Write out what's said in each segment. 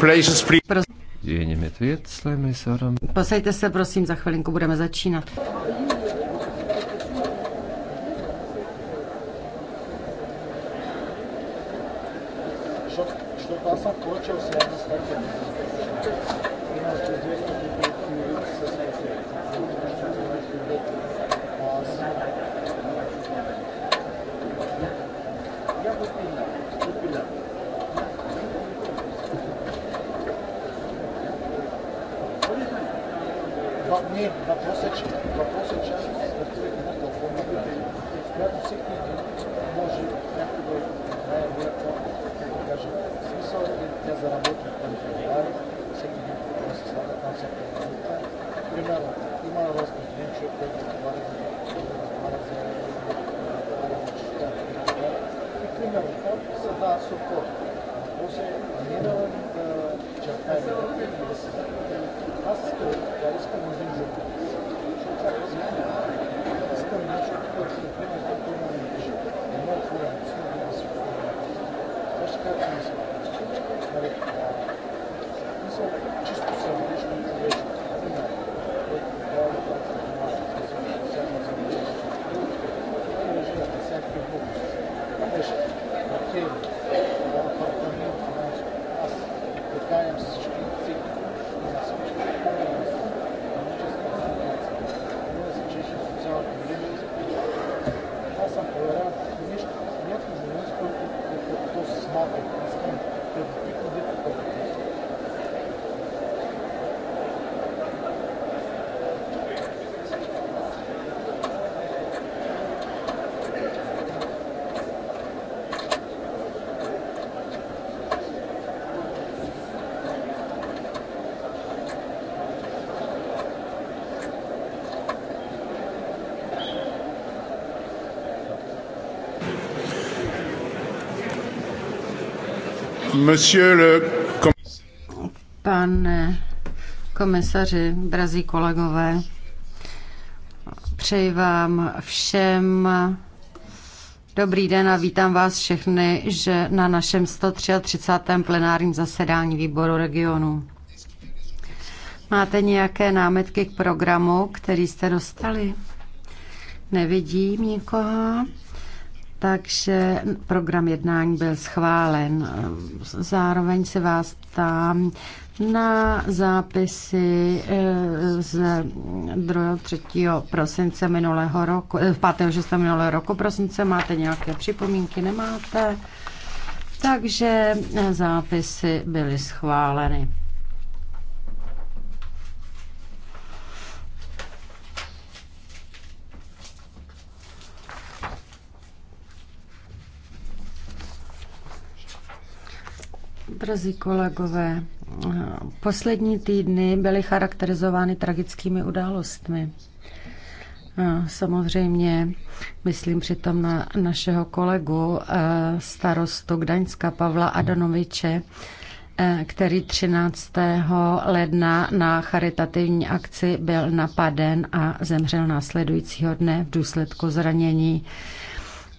places, please. Vyměněte Posejte se, prosím, za chvilinku budeme začínat. Что-то, что-то, что что что что что Проблем. Въпрос е, че, въпрос е част от една платформа, която всеки един може някога знае някаква, как да кажа, смисъл и тя заработи там календари, всеки един да се слага там всяка минута. Примерно, има разпределен човек, който отговаря за отговаря за отговаря за чиста. И примерно, там се дава сопорт. Въпрос е не да чертаем, да се často se Monsieur le... Pane komisaři, drazí kolegové, přeji vám všem Dobrý den a vítám vás všechny že na našem 133. plenárním zasedání výboru regionu. Máte nějaké námitky k programu, který jste dostali? Nevidím nikoho. Takže program jednání byl schválen. Zároveň se vás ptám na zápisy eh, z 2. 3. prosince minulého roku, 5. Eh, 6. minulého roku prosince. Máte nějaké připomínky? Nemáte? Takže eh, zápisy byly schváleny. Drazí kolegové, poslední týdny byly charakterizovány tragickými událostmi. Samozřejmě myslím přitom na našeho kolegu e, starostu Gdaňska Pavla Adanoviče, e, který 13. ledna na charitativní akci byl napaden a zemřel následujícího dne v důsledku zranění.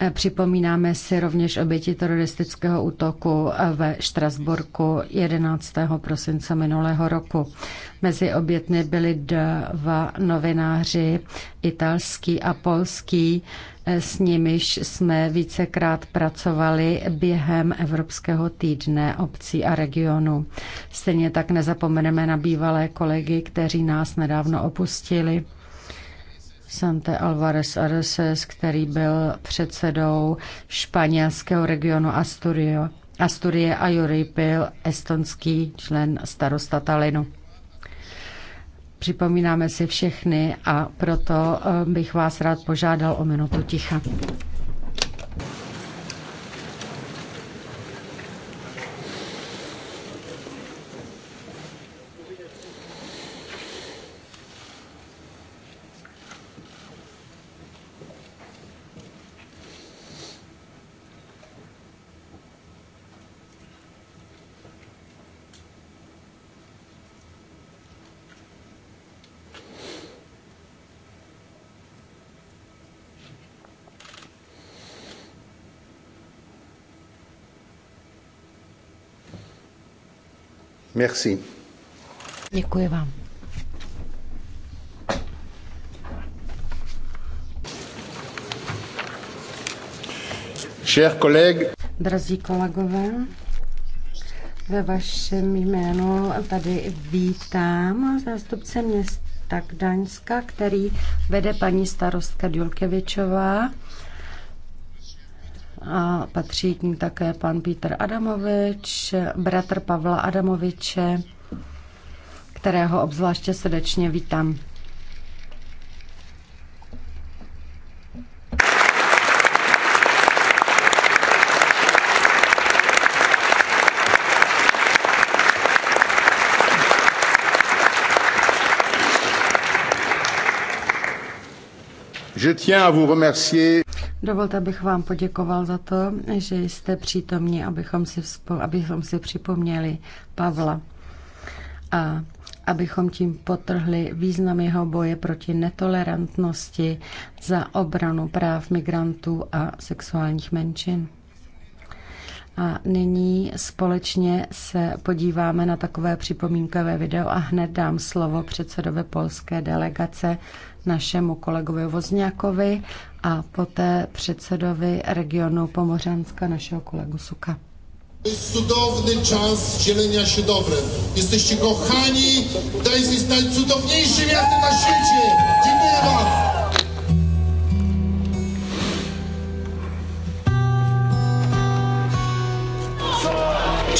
Připomínáme si rovněž oběti teroristického útoku ve Štrasburku 11. prosince minulého roku. Mezi obětmi byli dva novináři, italský a polský, s nimiž jsme vícekrát pracovali během Evropského týdne obcí a regionu. Stejně tak nezapomeneme na bývalé kolegy, kteří nás nedávno opustili Sante Alvarez Arces, který byl předsedou španělského regionu Asturio, Asturie a Jury byl estonský člen starosta Talinu. Připomínáme si všechny a proto eh, bych vás rád požádal o minutu ticha. Merci. Děkuji vám. Drazí kolegové, ve vašem jménu tady vítám zástupce města Gdaňska, který vede paní starostka Dulkevičová a patří k ní také pan Peter Adamovič, bratr Pavla Adamoviče, kterého obzvláště srdečně vítám. Je tiens à vous remercier. Dovolte, abych vám poděkoval za to, že jste přítomní, abychom si, vzpo, abychom si připomněli Pavla a abychom tím potrhli význam jeho boje proti netolerantnosti za obranu práv migrantů a sexuálních menšin. A nyní společně se podíváme na takové připomínkové video a hned dám slovo předsedové polské delegace našemu kolegovi Vozňákovi a poté předsedovi regionu Pomořanska našeho kolegu Suka. Jest cudowny czas dzielenia się dobrem. Jesteście kochani, daj zostać cudowniejszym miastem na świecie. Dziękuję vám.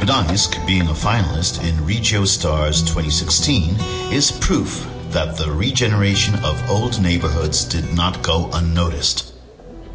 Gdansk being a finalist in Regio Stars 2016 is proof that the regeneration of old neighborhoods did not go unnoticed.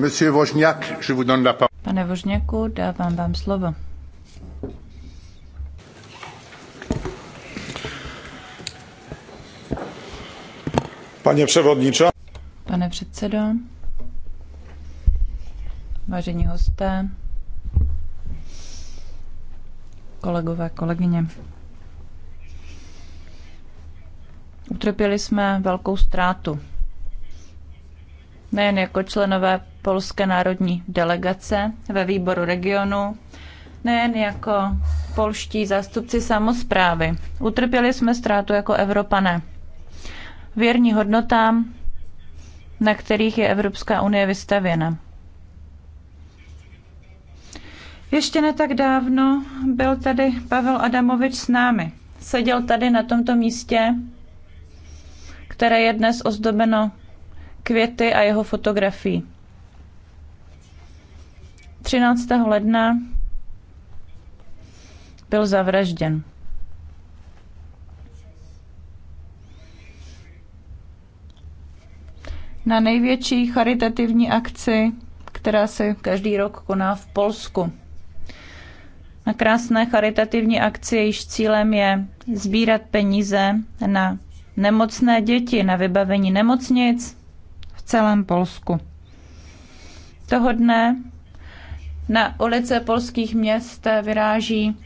Monsieur je vous donne la parole. Pane Vožňaku, dávám vám slovo. Pane předsedo. Pane předsedo, vážení hosté, kolegové, kolegyně. Utrpěli jsme velkou ztrátu. Nejen jako členové polské národní delegace ve výboru regionu, nejen jako polští zástupci samozprávy. Utrpěli jsme ztrátu jako Evropané. Věrní hodnotám, na kterých je Evropská unie vystavěna. Ještě ne tak dávno byl tady Pavel Adamovič s námi. Seděl tady na tomto místě, které je dnes ozdobeno květy a jeho fotografií. 13. ledna byl zavražděn. Na největší charitativní akci, která se každý rok koná v Polsku. Na krásné charitativní akci, jejíž cílem je sbírat peníze na nemocné děti, na vybavení nemocnic v celém Polsku. Toho dne na ulice polských měst vyráží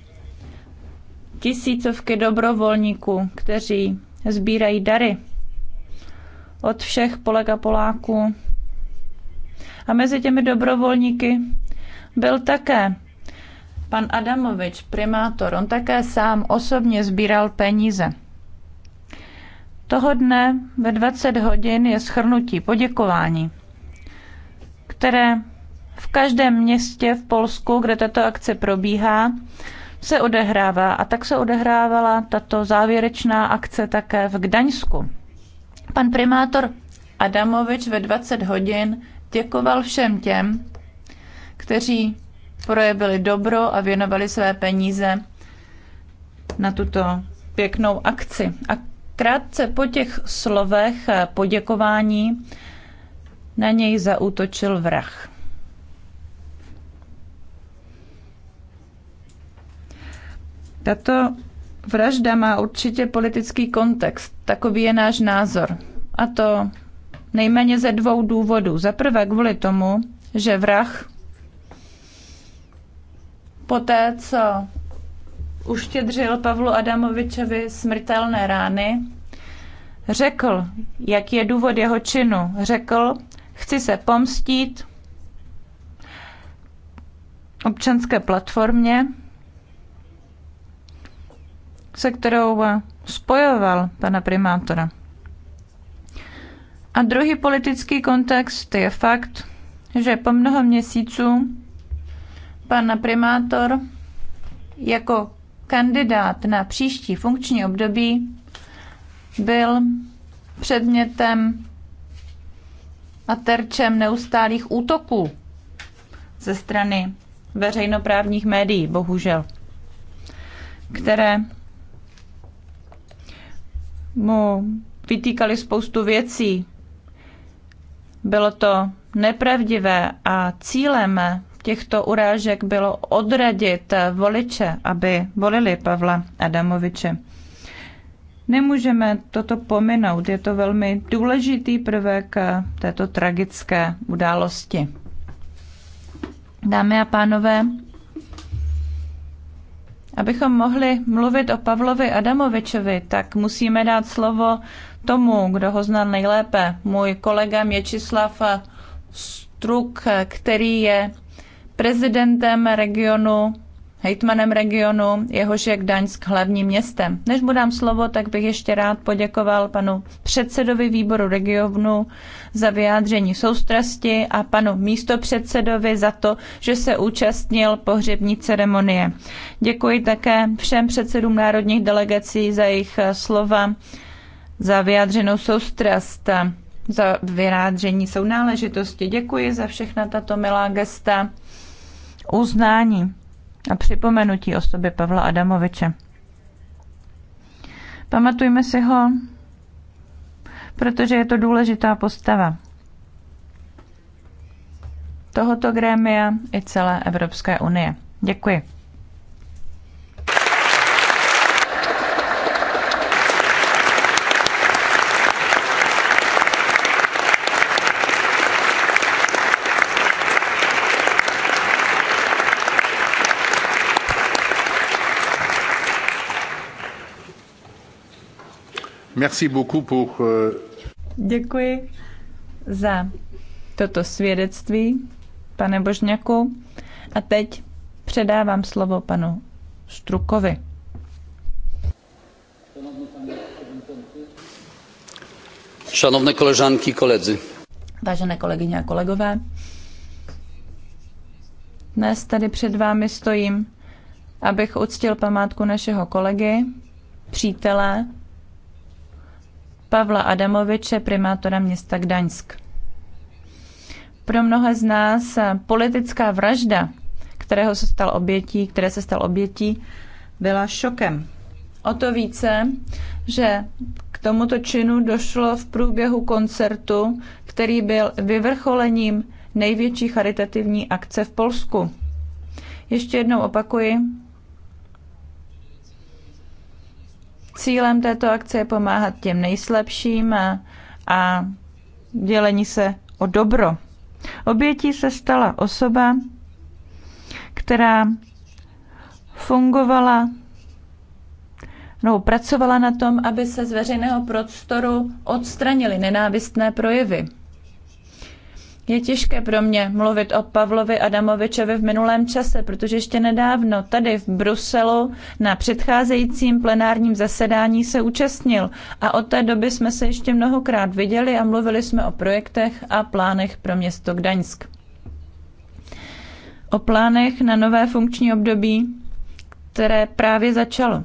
tisícovky dobrovolníků, kteří sbírají dary od všech Polek a Poláků. A mezi těmi dobrovolníky byl také pan Adamovič, primátor. On také sám osobně sbíral peníze. Toho dne ve 20 hodin je schrnutí poděkování, které v každém městě v Polsku, kde tato akce probíhá, se odehrává. A tak se odehrávala tato závěrečná akce také v Gdaňsku. Pan primátor Adamovič ve 20 hodin děkoval všem těm, kteří projevili dobro a věnovali své peníze na tuto pěknou akci. A krátce po těch slovech poděkování na něj zaútočil vrah. Tato vražda má určitě politický kontext. Takový je náš názor. A to nejméně ze dvou důvodů. Za prvé kvůli tomu, že vrah poté, co uštědřil Pavlu Adamovičovi smrtelné rány, řekl, jak je důvod jeho činu. Řekl, chci se pomstít občanské platformě se kterou eh, spojoval pana primátora. A druhý politický kontext je fakt, že po mnoho měsíců pan primátor jako kandidát na příští funkční období byl předmětem a terčem neustálých útoků ze strany veřejnoprávních médií, bohužel, které mu vytýkali spoustu věcí. Bylo to nepravdivé a cílem těchto urážek bylo odradit voliče, aby volili Pavla Adamoviče. Nemůžeme toto pominout, je to velmi důležitý prvek této tragické události. Dámy a pánové, Abychom mohli mluvit o Pavlovi Adamovičovi, tak musíme dát slovo tomu, kdo ho zná nejlépe. Můj kolega Měčislav Struk, který je prezidentem regionu hejtmanem regionu, jehož je Gdaňsk hlavním městem. Než mu dám slovo, tak bych ještě rád poděkoval panu předsedovi výboru regionu za vyjádření soustrasti a panu místopředsedovi za to, že se účastnil pohřební ceremonie. Děkuji také všem předsedům národních delegací za jejich slova, za vyjádřenou soustrast za vyjádření sounáležitosti. Děkuji za všechna tato milá gesta uznání a připomenutí osoby Pavla Adamoviče. Pamatujme si ho, protože je to důležitá postava tohoto grémia i celé Evropské unie. Děkuji. Merci beaucoup pour... Euh, Děkuji za toto svědectví, pane Božňaku. A teď předávám slovo panu Strukovi. Šanovné koležanky, koledzy. Vážené kolegyně a kolegové, dnes tady před vámi stojím, abych uctil památku našeho kolegy, přítele Pavla Adamoviče, primátora města Gdaňsk. Pro mnohé z nás politická vražda, kterého se stal obětí, které se stal obětí, byla šokem. O to více, že k tomuto činu došlo v průběhu koncertu, který byl vyvrcholením největší charitativní akce v Polsku. Ještě jednou opakuji, Cílem této akce je pomáhat těm nejslabším a, a dělení se o dobro. Obětí se stala osoba, která fungovala nebo pracovala na tom, aby se z veřejného prostoru odstranily nenávistné projevy. Je těžké pro mě mluvit o Pavlovi Adamovičovi v minulém čase, protože ještě nedávno tady v Bruselu na předcházejícím plenárním zasedání se účastnil a od té doby jsme se ještě mnohokrát viděli a mluvili jsme o projektech a plánech pro město Gdaňsk. O plánech na nové funkční období, které právě začalo.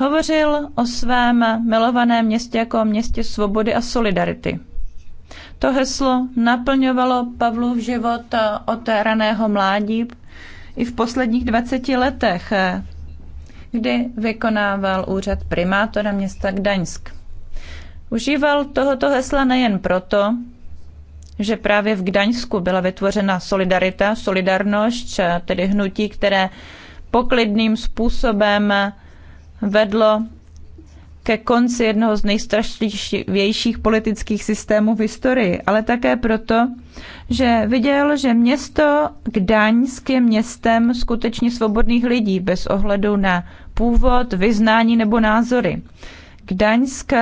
Hovořil o svém milovaném městě jako o městě svobody a solidarity. To heslo naplňovalo Pavlův život od raného mládí i v posledních 20 letech, kdy vykonával úřad primátora města Gdaňsk. Užíval tohoto hesla nejen proto, že právě v Gdaňsku byla vytvořena solidarita, solidarnost, tedy hnutí, které poklidným způsobem vedlo ke konci jednoho z nejstrašlivějších politických systémů v historii, ale také proto, že viděl, že město Gdaňsk je městem skutečně svobodných lidí bez ohledu na původ, vyznání nebo názory. Gdaňsk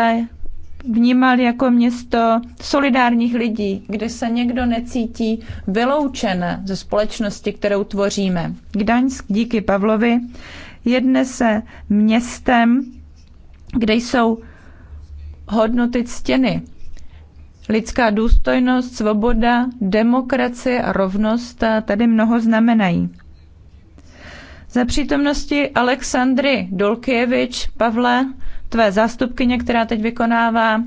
vnímal jako město solidárních lidí, kde se někdo necítí vyloučen ze společnosti, kterou tvoříme. Gdaňsk díky Pavlovi je dnes městem, kde jsou hodnoty ctěny. Lidská důstojnost, svoboda, demokracie a rovnost tady mnoho znamenají. Za přítomnosti Alexandry Dolkievič, Pavle, tvé zástupkyně, která teď vykonává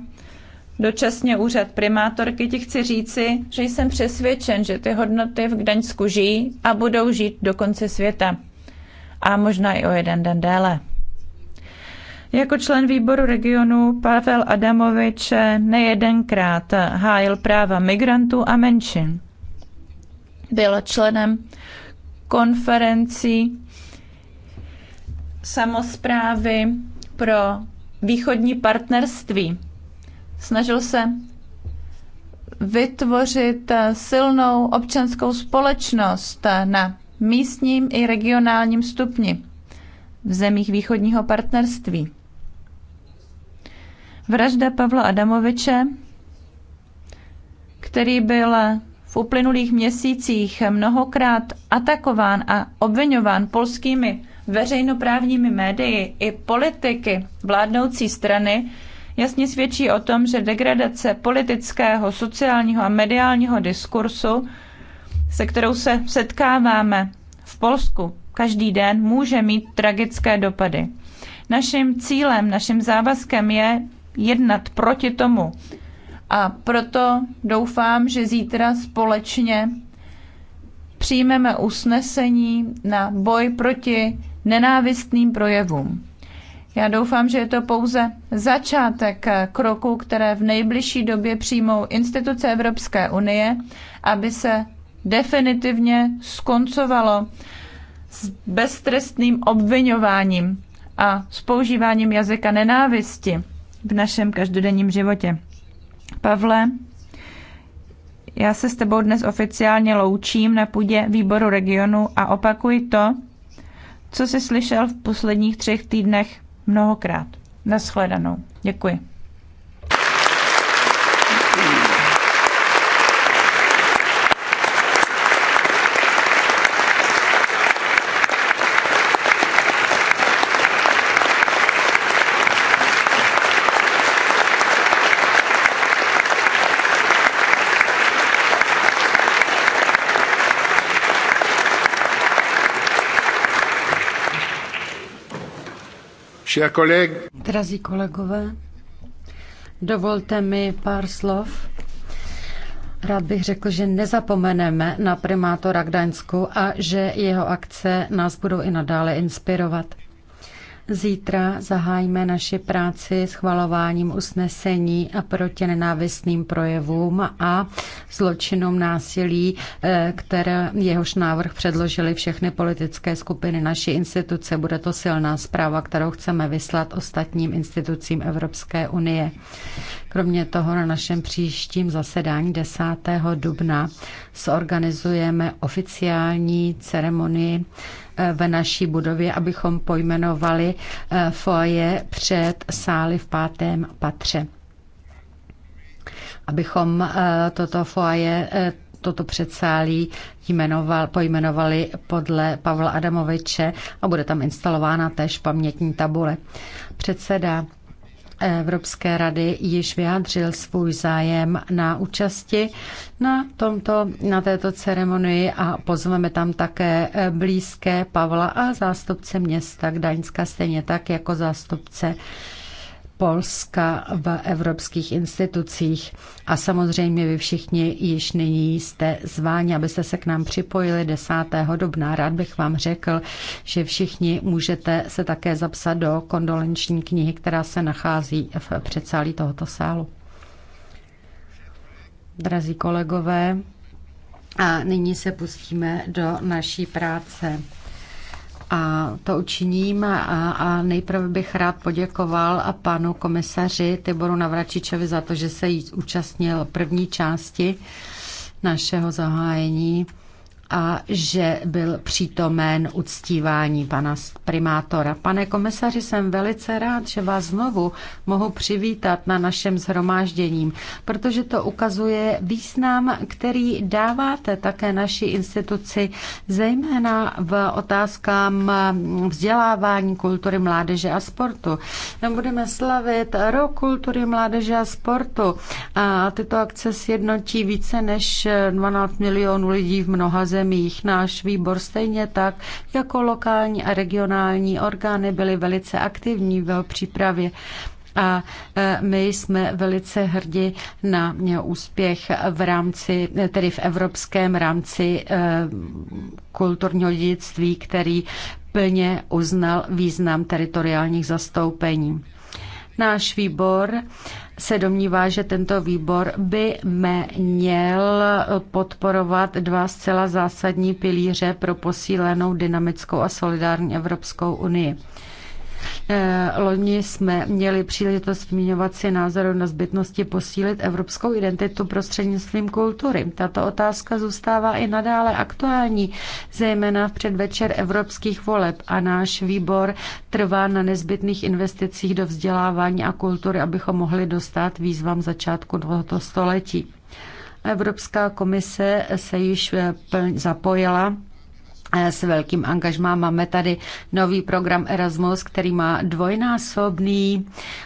dočasně úřad primátorky, ti chci říci, že jsem přesvědčen, že ty hodnoty v Gdaňsku žijí a budou žít do konce světa a možná i o jeden den déle. Jako člen výboru regionu Pavel Adamovič nejedenkrát hájil práva migrantů a menšin. Byl členem konferencí samozprávy pro východní partnerství. Snažil se vytvořit silnou občanskou společnost na místním i regionálním stupni v zemích východního partnerství. Vražda Pavla Adamoviče, který byl v uplynulých měsících mnohokrát atakován a obvinován polskými veřejnoprávními médii i politiky vládnoucí strany, jasně svědčí o tom, že degradace politického, sociálního a mediálního diskursu se kterou se setkáváme v Polsku každý den, může mít tragické dopady. Naším cílem, naším závazkem je jednat proti tomu. A proto doufám, že zítra společně přijmeme usnesení na boj proti nenávistným projevům. Já doufám, že je to pouze začátek kroků, které v nejbližší době přijmou instituce Evropské unie, aby se definitivně skoncovalo s beztrestným obvinováním a s používáním jazyka nenávisti v našem každodenním životě. Pavle, já se s tebou dnes oficiálně loučím na půdě výboru regionu a opakuji to, co jsi slyšel v posledních třech týdnech mnohokrát. Naschledanou. Děkuji. Drazí kolegové, dovolte mi pár slov. Rád bych řekl, že nezapomeneme na primátora Gdaňsku a že jeho akce nás budou i nadále inspirovat. Zítra zahájíme naši práci schvalováním usnesení a proti nenávistným projevům a zločinům násilí, eh, které jehož návrh předložili všechny politické skupiny naší instituce. Bude to silná zpráva, kterou chceme vyslat ostatním institucím Evropské unie. Kromě toho na našem příštím zasedání 10. dubna zorganizujeme oficiální ceremonii Eh, v naší budově, abychom pojmenovali eh, foje před sály v pátém patře. Abychom eh, toto foje toto předsálí jmenoval, pojmenovali podle Pavla Adamoviče a bude tam instalována též pamětní tabule. Předseda Evropské rady již vyjádřil svůj zájem na účasti na, tomto, na této ceremonii a pozveme tam také blízké Pavla a zástupce města Gdaňska, stejně tak jako zástupce Polska v evropských institucích. A samozřejmě vy všichni již nyní jste zváni, abyste se k nám připojili 10. dubna. Rád bych vám řekl, že všichni můžete se také zapsat do kondolenční knihy, která se nachází v předsálí tohoto sálu. Drazí kolegové, a nyní se pustíme do naší práce a to učiním a, a nejprve bych rád poděkoval a panu komisaři Tiboru Navračičovi za to, že se jí účastnil první části našeho zahájení a že byl přítomen uctívání pana primátora. Pane komisaři, jsem velice rád, že vás znovu mohu přivítat na našem zhromážděním, protože to ukazuje význam, který dáváte také naší instituci, zejména v otázkám vzdělávání kultury mládeže a sportu. Budeme slavit rok kultury mládeže a sportu a tyto akce sjednotí více než 12 milionů lidí v mnoha zemích zemích. Náš výbor stejně tak jako lokální a regionální orgány byly velice aktivní v přípravě. A e, my jsme velice hrdi na úspěch v rámci, tedy v evropském rámci e, kulturního dědictví, který plně uznal význam teritoriálních zastoupení. Náš výbor se domnívá, že tento výbor by měl podporovat dva zcela zásadní pilíře pro posílenou dynamickou a solidární Evropskou unii. Eh, loni jsme měli příležitost zmiňovat si názoru na zbytnosti posílit evropskou identitu prostřednictvím kultury. Tato otázka zůstává i nadále aktuální, zejména v předvečer evropských voleb a náš výbor trvá na nezbytných investicích do vzdělávání a kultury, abychom mohli dostat výzvám začátku tohoto století. Evropská komise se již eh, zapojila s velkým angažmá. Máme tady nový program Erasmus, který má dvojnásobný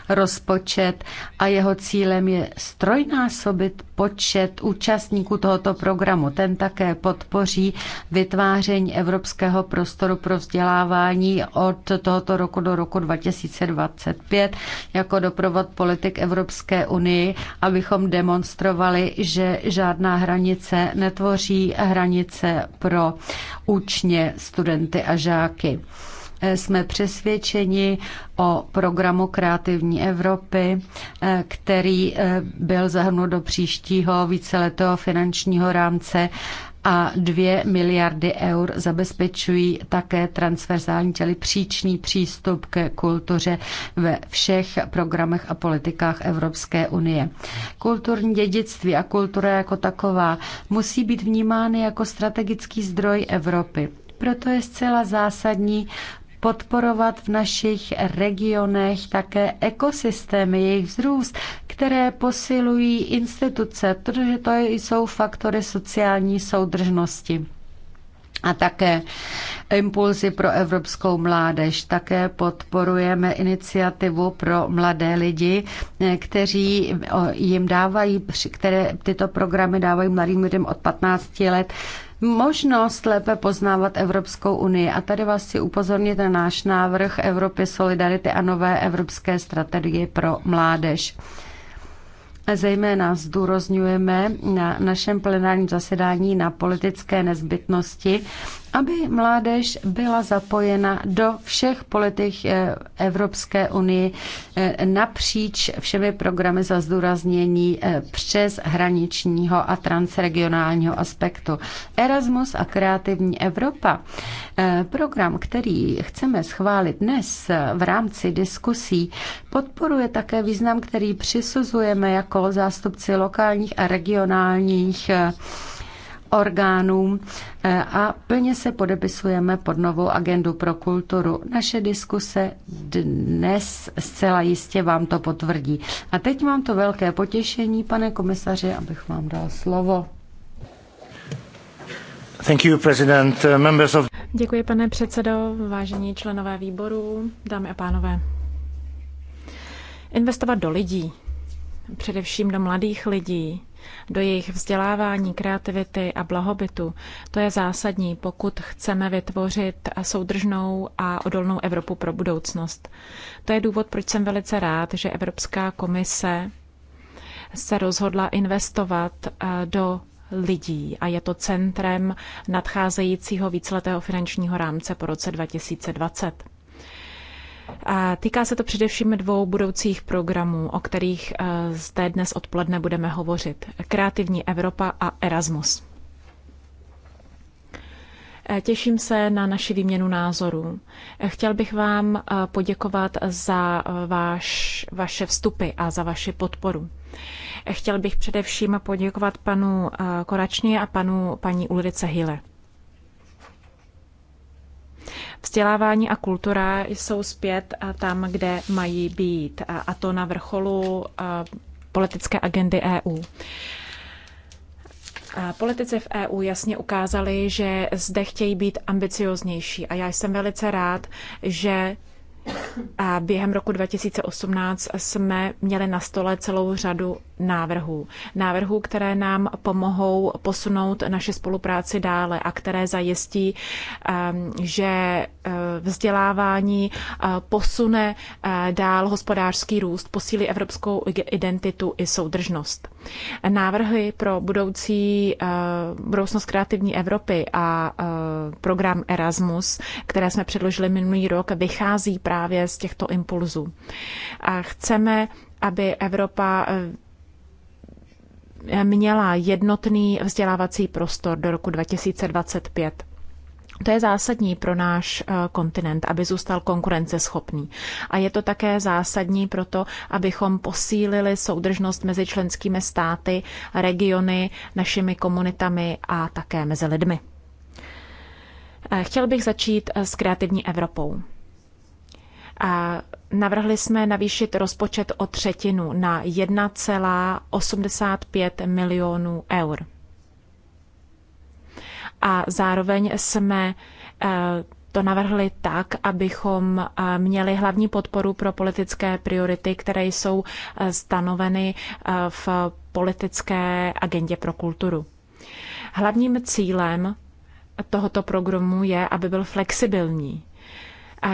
rozpočet a jeho cílem je strojnásobit počet účastníků tohoto programu. Ten také podpoří vytváření Evropského prostoru pro vzdělávání od tohoto roku do roku 2025 jako doprovod politik Evropské unii, abychom demonstrovali, že žádná hranice netvoří hranice pro účastníky společně studenty a žáky. Eh, jsme přesvědčeni o programu Kreativní Evropy, eh, který eh, byl zahrnut do příštího víceletého finančního rámce a 2 miliardy eur zabezpečují také transverzální, tedy příčný přístup ke kultuře ve všech programech a politikách Evropské unie. Kulturní dědictví a kultura jako taková musí být vnímány jako strategický zdroj Evropy. Proto je zcela zásadní podporovat v našich regionech také ekosystémy, jejich vzrůst, které posilují instituce, protože to jsou faktory sociální soudržnosti a také impulzy pro evropskou mládež. Také podporujeme iniciativu pro mladé lidi, kteří jim dávají, které tyto programy dávají mladým lidem od 15 let možnost lépe poznávat Evropskou unii. A tady vás si upozornit na náš návrh Evropy Solidarity a nové evropské strategie pro mládež. Zejména zdůrozňujeme na našem plenárním zasedání na politické nezbytnosti aby mládež byla zapojena do všech politik eh, Evropské unie eh, napříč všemi programy za zdůraznění eh, přes hraničního a transregionálního aspektu. Erasmus a kreativní Evropa, program, který chceme schválit dnes v rámci diskusí, podporuje také význam, který přisuzujeme jako zástupci lokálních a regionálních orgánům eh, a plně se podepisujeme pod novou agendu pro kulturu. Naše diskuse dnes zcela jistě vám to potvrdí. A teď mám to velké potěšení, pane komisaři, abych vám dal slovo. Thank you, president. Eh, members of... Děkuji, pane předsedo, vážení členové výboru, dámy a pánové. Investovat do lidí, především do mladých lidí, do jejich vzdělávání, kreativity a blahobytu. To je zásadní, pokud chceme vytvořit soudržnou a odolnou Evropu pro budoucnost. To je důvod, proč jsem velice rád, že Evropská komise se rozhodla investovat eh, do lidí a je to centrem nadcházejícího víceletého finančního rámce po roce 2020. Týká se to především dvou budoucích programů, o kterých eh, zde dnes odpoledne budeme hovořit. Kreativní Evropa a Erasmus. Eh, těším se na naši výměnu názorů. Eh, chtěl bych vám poděkovat za váš, vaše vstupy a za vaši podporu. Chtěl bych především poděkovat panu Koračně a panu paní Ulrice Hille. Vzdělávání a kultura jsou zpět eh, tam, kde mají být, eh, a to na vrcholu eh, politické agendy EU. Politici v EU jasně ukázali, že zde chtějí být ambicioznější a já jsem velice rád, že a během roku 2018 jsme měli na stole celou řadu návrhů. Návrhů, které nám pomohou posunout naše spolupráci dále a které zajistí, ehm, že eh, vzdělávání eh, posune eh, dál hospodářský růst, posílí evropskou identitu i soudržnost. Návrhy pro budoucí budoucnost kreativní Evropy a program Erasmus, které jsme předložili minulý rok, vychází právě právě z těchto impulzů. A chceme, aby Evropa eh, měla jednotný vzdělávací prostor do roku 2025. To je zásadní pro náš eh, kontinent, aby zůstal konkurenceschopný. A je to také zásadní pro to, abychom posílili soudržnost mezi členskými státy, regiony, našimi komunitami a také mezi lidmi. Eh, chtěl bych začít s kreativní Evropou. Navrhli jsme navýšit rozpočet o třetinu na 1,85 milionů eur. A zároveň jsme eh, to navrhli tak, abychom eh, měli hlavní podporu pro politické priority, které jsou eh, stanoveny v politické agendě pro kulturu. Hlavním cílem tohoto programu je, aby byl flexibilní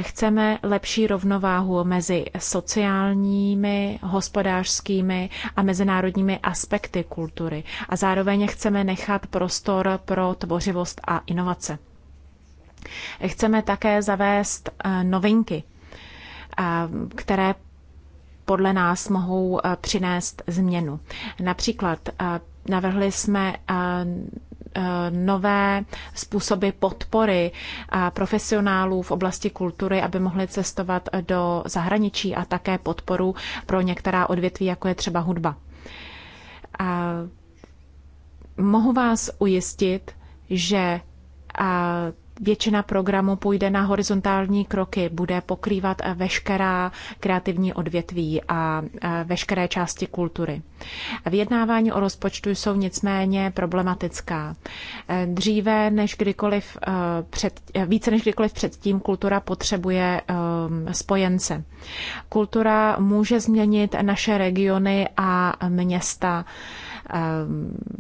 Chceme lepší rovnováhu mezi sociálními, hospodářskými a mezinárodními aspekty kultury a zároveň chceme nechat prostor pro tvořivost a inovace. Chceme také zavést eh, novinky, eh, které podle nás mohou eh, přinést změnu. Například navrhli jsme Eh, nové způsoby podpory eh, profesionálů v oblasti kultury, aby mohli cestovat do zahraničí a také podporu pro některá odvětví, jako je třeba hudba. A mohu vás ujistit, že Většina programu půjde na horizontální kroky, bude pokrývat eh, veškerá kreativní odvětví a eh, veškeré části kultury. Vyjednávání o rozpočtu jsou nicméně problematická. Eh, dříve než kdykoliv před, více než kdykoliv předtím kultura potřebuje spojence. Kultura může změnit naše regiony a města. Eh,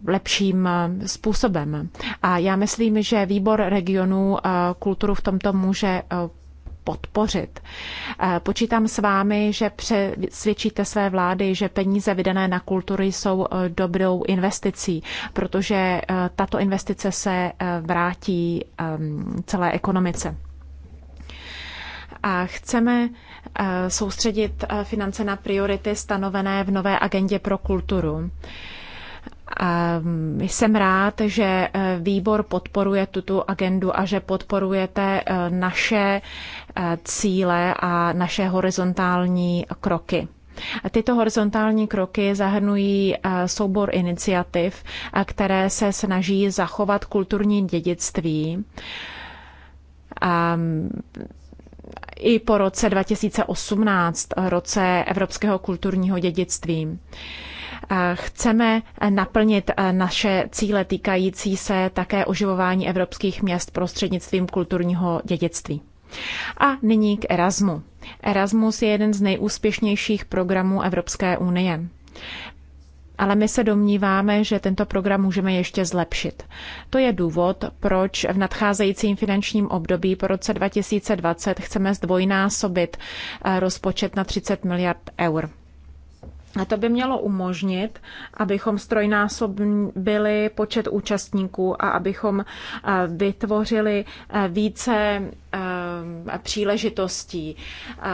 lepším způsobem. A já myslím, že výbor regionů eh, kulturu v tomto může eh, podpořit. Počítám s vámi, že přesvědčíte své vlády, že peníze vydané na kultury jsou dobrou investicí, protože tato investice se vrátí celé ekonomice. A chceme soustředit finance na priority stanovené v nové agendě pro kulturu. Ehm, jsem rád, že eh, výbor podporuje tuto agendu a že podporujete eh, naše eh, cíle a naše horizontální kroky. Tyto horizontální kroky zahrnují soubor iniciativ, které se snaží zachovat kulturní dědictví ehm, i po roce 2018, roce Evropského kulturního dědictví. Chceme naplnit e, naše cíle týkající se také oživování evropských měst prostřednictvím kulturního dědictví. A nyní k Erasmu. Erasmus je jeden z nejúspěšnějších programů Evropské unie. Ale my se domníváme, že tento program můžeme ještě zlepšit. To je důvod, proč v nadcházejícím finančním období po roce 2020 chceme zdvojnásobit e, rozpočet na 30 miliard eur. A to by mělo umožnit, abychom byli počet účastníků a abychom eh, vytvořili eh, více eh, příležitostí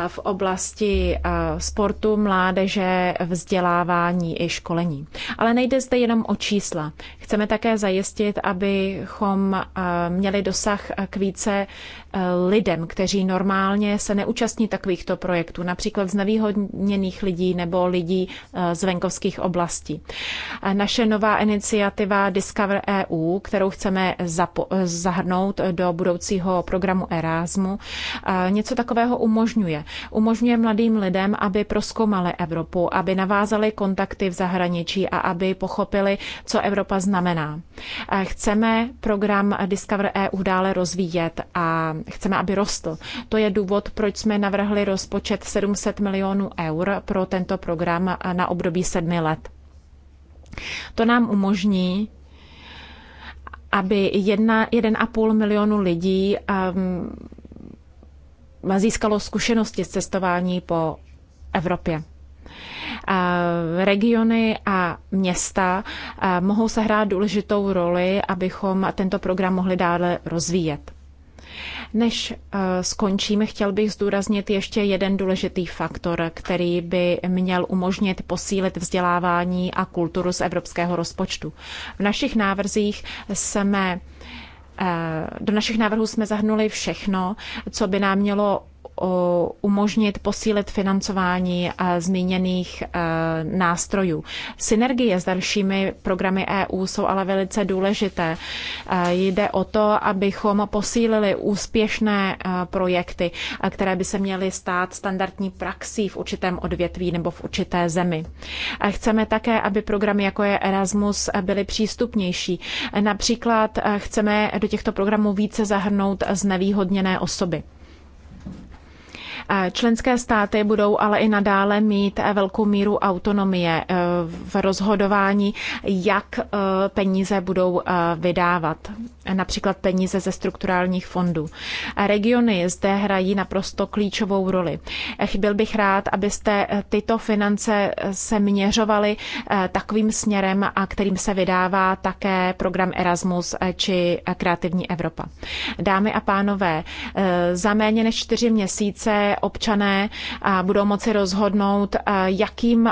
v oblasti sportu, mládeže, vzdělávání i školení. Ale nejde zde jenom o čísla. Chceme také zajistit, abychom eh, měli dosah k více eh, lidem, kteří normálně se neúčastní takovýchto projektů, například nevýhodněných lidí nebo lidí eh, z venkovských oblastí. Naše nová iniciativa Discover EU, kterou chceme zahrnout do budoucího programu Erasmu, něco takového umožňuje. Umožňuje mladým lidem, aby proskoumali Evropu, aby navázali kontakty v zahraničí a aby pochopili, co Evropa znamená znamená. Eh, chceme program Discover EU dále rozvíjet a chceme, aby rostl. To je důvod, proč jsme navrhli rozpočet 700 milionů eur pro tento program eh, na období sedmi let. To nám umožní aby 1,5 milionu lidí um, získalo zkušenosti z cestování po Evropě. Regiony a města mohou sehrát důležitou roli, abychom tento program mohli dále rozvíjet. Než e, skončíme, chtěl bych zdůraznit ještě jeden důležitý faktor, který by měl umožnit posílit vzdělávání a kulturu z evropského rozpočtu. V našich návrzích jsme e, do našich návrhů jsme zahrnuli všechno, co by nám mělo umožnit posílit financování eh, zmíněných eh, nástrojů. Synergie s dalšími programy EU jsou ale velice důležité. Eh, jde o to, abychom posílili úspěšné projekty, které by se měly stát standardní praxí v určitém odvětví nebo v určité zemi. Chceme také, aby programy jako je Erasmus byly přístupnější. Například chceme do těchto programů více zahrnout znevýhodněné osoby. Členské státy budou ale i nadále mít eh, velkou míru autonomie eh, v rozhodování, jak eh, peníze budou vydávat, například peníze ze strukturálních fondů. Regiony zde hrají naprosto klíčovou roli. Byl bych rád, abyste tyto finance se měřovaly takovým směrem, a kterým se vydává také program Erasmus či Kreativní Evropa. Dámy a pánové, za méně než čtyři měsíce občané budou moci rozhodnout, eh, jakým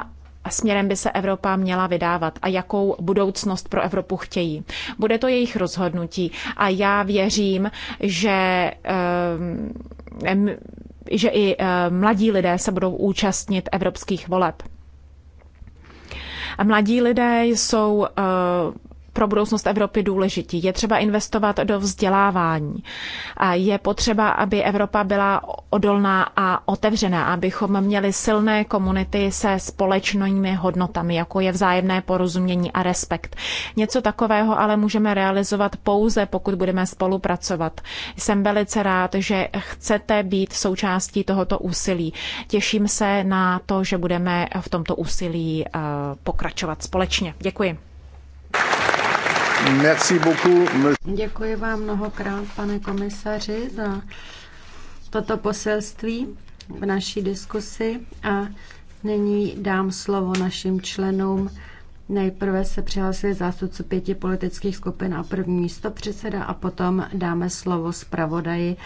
směrem by se Evropa měla vydávat a jakou budoucnost pro Evropu chtějí. Bude to jejich rozhodnutí a já věřím, že ehm, že i eh, mladí lidé se budou účastnit evropských voleb. Mladí lidé jsou eh, pro budoucnost Evropy důležití. Je třeba investovat do vzdělávání. Je potřeba, aby Evropa byla odolná a otevřená, abychom měli silné komunity se společnými hodnotami, jako je vzájemné porozumění a respekt. Něco takového ale můžeme realizovat pouze, pokud budeme spolupracovat. Jsem velice rád, že chcete být součástí tohoto úsilí. Těším se na to, že budeme v tomto úsilí eh, pokračovat společně. Děkuji. Merci beaucoup. Děkuji vám mnohokrát, pane komisaři, za toto poselství v naší diskusi a nyní dám slovo našim členům. Nejprve se přihlásili zástupci pěti politických skupin a první místo předseda a potom dáme slovo zpravodaji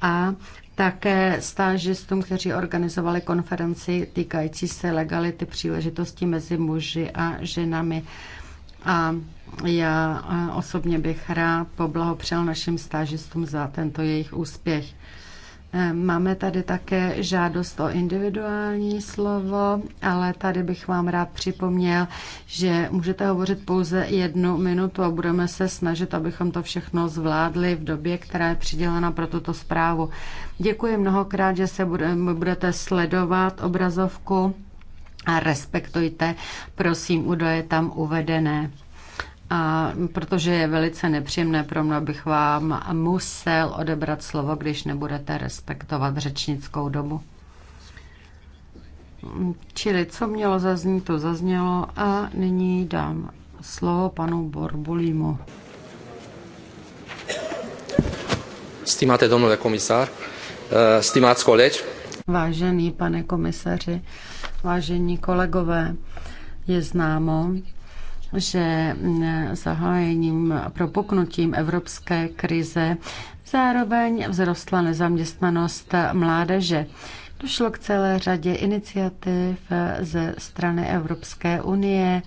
a také stážistům, kteří organizovali konferenci týkající se legality příležitostí mezi muži a ženami. A já eh, osobně bych rád poblahopřel našim stážistům za tento jejich úspěch. Eh, máme tady také žádost o individuální slovo, ale tady bych vám rád připomněl, že můžete hovořit pouze jednu minutu a budeme se snažit, abychom to všechno zvládli v době, která je přidělena pro tuto zprávu. Děkuji mnohokrát, že se budete sledovat obrazovku a respektujte, prosím, údaje tam uvedené. A protože je velice nepříjemné pro mě, bych vám musel odebrat slovo, když nebudete respektovat řečnickou dobu. Čili co mělo zaznít, to zaznělo a nyní dám slovo panu Borbolímu. Stimáte domnule komisár, eh, stimáci kolegi. Vážený pane komisaři, Vážení kolegové, je známo, že zahájením propuknutím evropské krize zároveň vzrostla nezaměstnanost mládeže. Došlo k celé řadě iniciativ ze strany Evropské unie,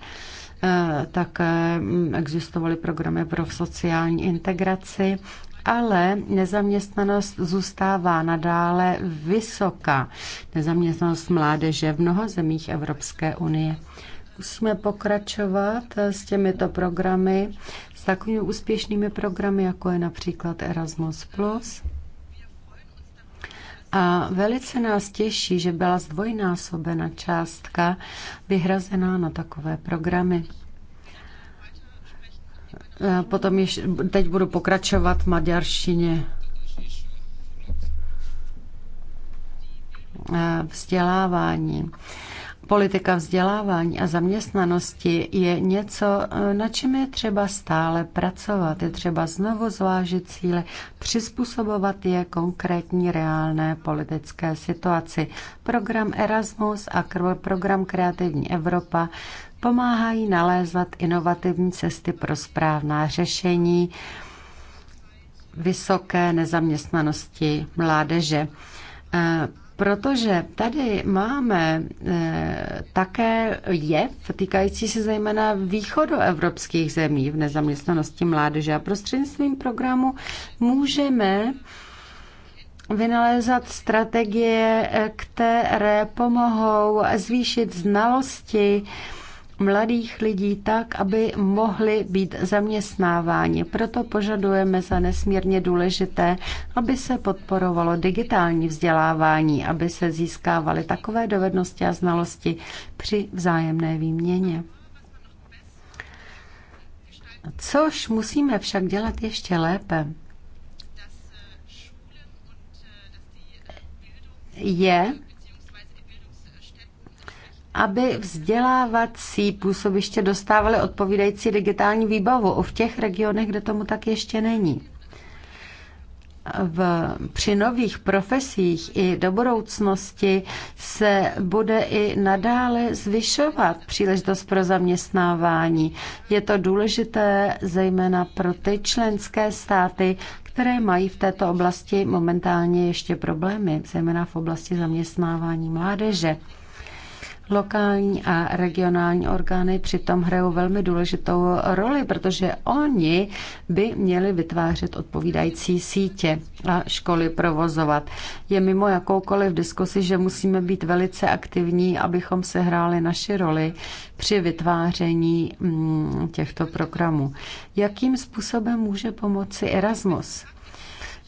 také existovaly programy pro sociální integraci ale nezaměstnanost zůstává nadále vysoká. Nezaměstnanost mládeže v mnoha zemích Evropské unie. Musíme pokračovat s těmito programy, s takovými úspěšnými programy, jako je například Erasmus+. A velice nás těší, že byla zdvojnásobena částka vyhrazená na takové programy. Eh, potom teď budu pokračovat v maďarštině. Eh, vzdělávání politika vzdělávání a zaměstnanosti je něco, eh, na čem je třeba stále pracovat. Je třeba znovu zvážit cíle, přizpůsobovat je konkrétní reálné politické situaci. Program Erasmus a program Kreativní Evropa pomáhají nalézat inovativní cesty pro správná řešení vysoké nezaměstnanosti mládeže. E, protože tady máme e, také jev týkající se zejména východoevropských zemí v nezaměstnanosti mládeže a prostřednictvím programu můžeme vynalézat strategie, e, které pomohou zvýšit znalosti, mladých lidí tak, aby mohli být zaměstnáváni. Proto požadujeme za nesmírně důležité, aby se podporovalo digitální vzdělávání, aby se získávaly takové dovednosti a znalosti při vzájemné výměně. Což musíme však dělat ještě lépe. Je, aby vzdělávací působiště dostávaly odpovídající digitální výbavu v těch regionech, kde tomu tak ještě není. V, při nových profesích i do budoucnosti se bude i nadále zvyšovat příležitost pro zaměstnávání. Je to důležité zejména pro ty členské státy, které mají v této oblasti momentálně ještě problémy, zejména v oblasti zaměstnávání mládeže. Lokální a regionální orgány přitom hrajou velmi důležitou roli, protože oni by měli vytvářet odpovídající sítě a školy provozovat. Je mimo jakoukoliv diskusi, že musíme být velice aktivní, abychom se hráli naši roli při vytváření mm, těchto programů. Jakým způsobem může pomoci Erasmus?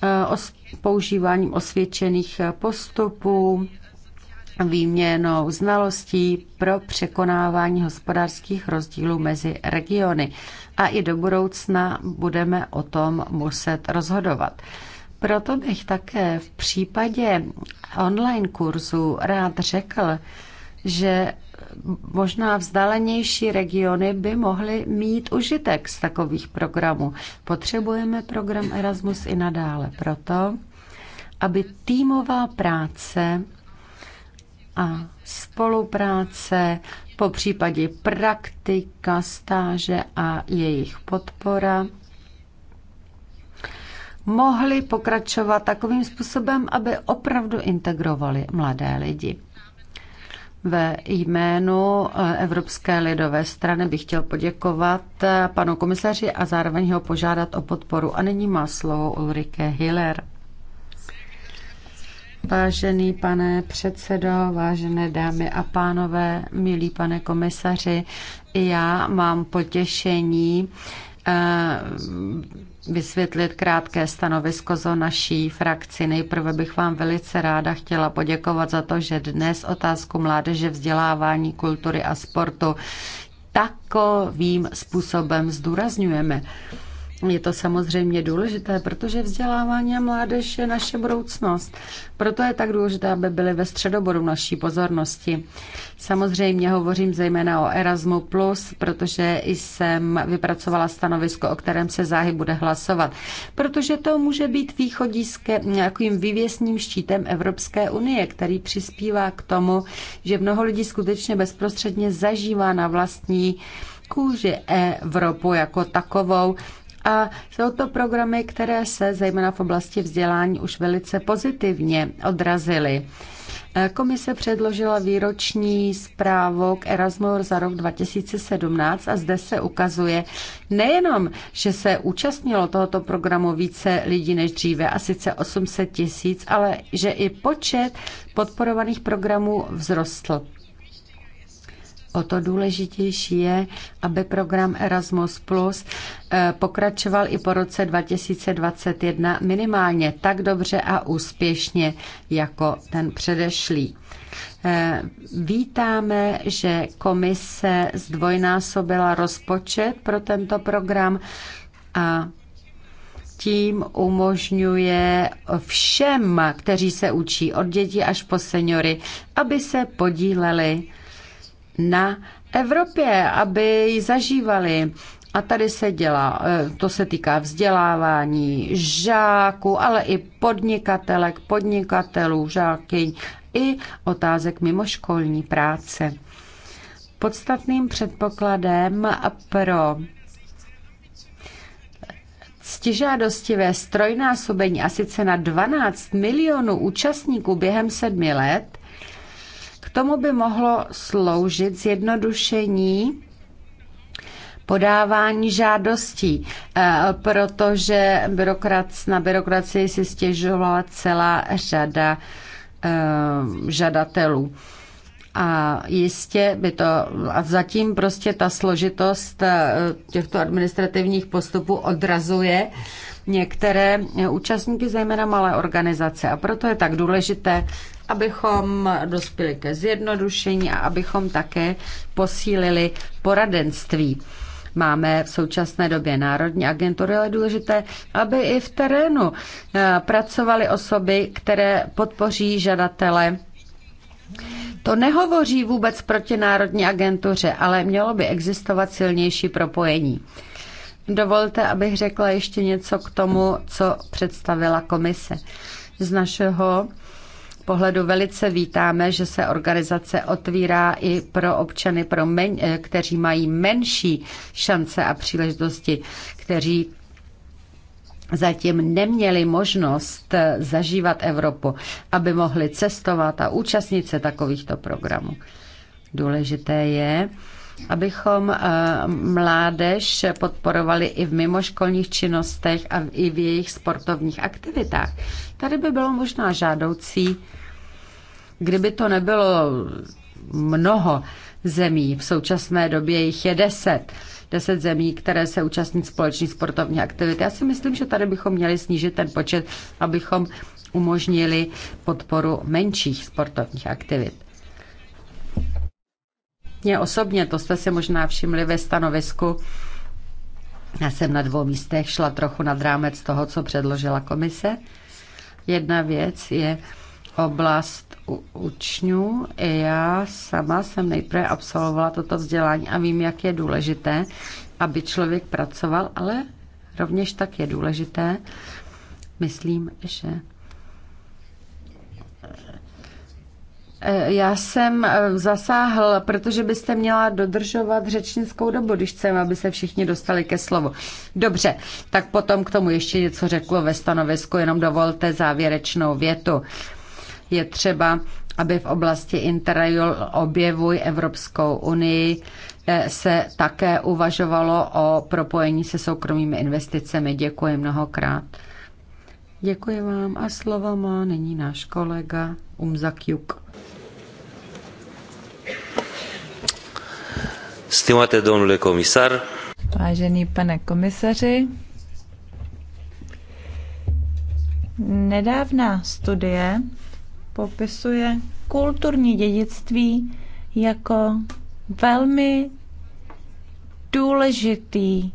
Eh, používáním osvědčených postupů, výměnou znalostí pro překonávání hospodářských rozdílů mezi regiony. A i do budoucna budeme o tom muset rozhodovat. Proto bych také v případě online kurzu rád řekl, že možná vzdálenější regiony by mohly mít užitek z takových programů. Potřebujeme program Erasmus i nadále proto, aby týmová práce a spolupráce, po případě praktika, stáže a jejich podpora mohli pokračovat takovým způsobem, aby opravdu integrovali mladé lidi. Ve jménu eh, Evropské lidové strany bych chtěl poděkovat eh, panu komisaři a zároveň ho požádat o podporu. A nyní má slovo Ulrike Hiller. Vážený pane předsedo, vážené dámy a pánové, milí pane komisaři, já mám potěšení eh, vysvětlit krátké stanovisko za naší frakci. Nejprve bych vám velice ráda chtěla poděkovat za to, že dnes otázku mládeže, vzdělávání, kultury a sportu takovým způsobem zdůrazňujeme. Je to samozřejmě důležité, protože vzdělávání a mládež je naše budoucnost. Proto je tak důležité, aby byly ve středoboru naší pozornosti. Samozřejmě hovořím zejména o Erasmu+, protože jsem vypracovala stanovisko, o kterém se záhy bude hlasovat. Protože to může být východiskem, nějakým vývěsním štítem Evropské unie, který přispívá k tomu, že mnoho lidí skutečně bezprostředně zažívá na vlastní kůži Evropu jako takovou, a jsou to programy, které se zejména v oblasti vzdělání už velice pozitivně odrazily. E, komise předložila výroční zprávu k Erasmu za rok 2017 a zde se ukazuje nejenom, že se účastnilo tohoto programu více lidí než dříve, a sice 800 tisíc, ale že i počet podporovaných programů vzrostl. O to důležitější je, aby program Erasmus Plus eh, pokračoval i po roce 2021 minimálně tak dobře a úspěšně jako ten předešlý. Eh, vítáme, že komise zdvojnásobila rozpočet pro tento program a tím umožňuje všem, kteří se učí od dětí až po seniory, aby se podíleli na Evropě, aby ji zažívali. A tady se dělá, eh, to se týká vzdělávání žáků, ale i podnikatelek, podnikatelů, žáky, i otázek mimoškolní práce. Podstatným předpokladem pro ctižádostivé strojnásobení a sice na 12 milionů účastníků během sedmi let tomu by mohlo sloužit zjednodušení podávání žádostí, eh, protože byrokrac, na byrokracii si stěžovala celá řada eh, žadatelů. A jistě by to, a zatím prostě ta složitost eh, těchto administrativních postupů odrazuje některé účastníky, zejména malé organizace. A proto je tak důležité abychom dospěli ke zjednodušení a abychom také posílili poradenství. Máme v současné době národní agentury, ale důležité, aby i v terénu eh, pracovaly osoby, které podpoří žadatele to nehovoří vůbec proti Národní agentuře, ale mělo by existovat silnější propojení. Dovolte, abych řekla ještě něco k tomu, co představila komise. Z našeho pohledu velice vítáme, že se organizace otvírá i pro občany, pro men, eh, kteří mají menší šance a příležitosti, kteří zatím neměli možnost eh, zažívat Evropu, aby mohli cestovat a účastnit se takovýchto programů. Důležité je, abychom eh, mládež podporovali i v mimoškolních činnostech a i v jejich sportovních aktivitách. Tady by bylo možná žádoucí, kdyby to nebylo mnoho zemí, v současné době jich je deset, deset zemí, které se účastní společných sportovní aktivity. Já si myslím, že tady bychom měli snížit ten počet, abychom umožnili podporu menších sportovních aktivit mě osobně, to jste si možná všimli ve stanovisku, já jsem na dvou místech šla trochu nad rámec toho, co předložila komise. Jedna věc je oblast u učňů. Já sama jsem nejprve absolvovala toto vzdělání a vím, jak je důležité, aby člověk pracoval, ale rovněž tak je důležité, myslím, že Eh, já jsem eh, zasáhl, protože byste měla dodržovat řečnickou dobu, když chceme, aby se všichni dostali ke slovu. Dobře, tak potom k tomu ještě něco řeklo ve stanovisku, jenom dovolte závěrečnou větu. Je třeba, aby v oblasti Interrail objevuj Evropskou unii eh, se také uvažovalo o propojení se soukromými investicemi. Děkuji mnohokrát. Děkuji vám a slova má nyní náš kolega Umzak Juk. Stimate domnule komisar. Vážený pane komisaři, nedávná studie popisuje kulturní dědictví jako velmi důležitý,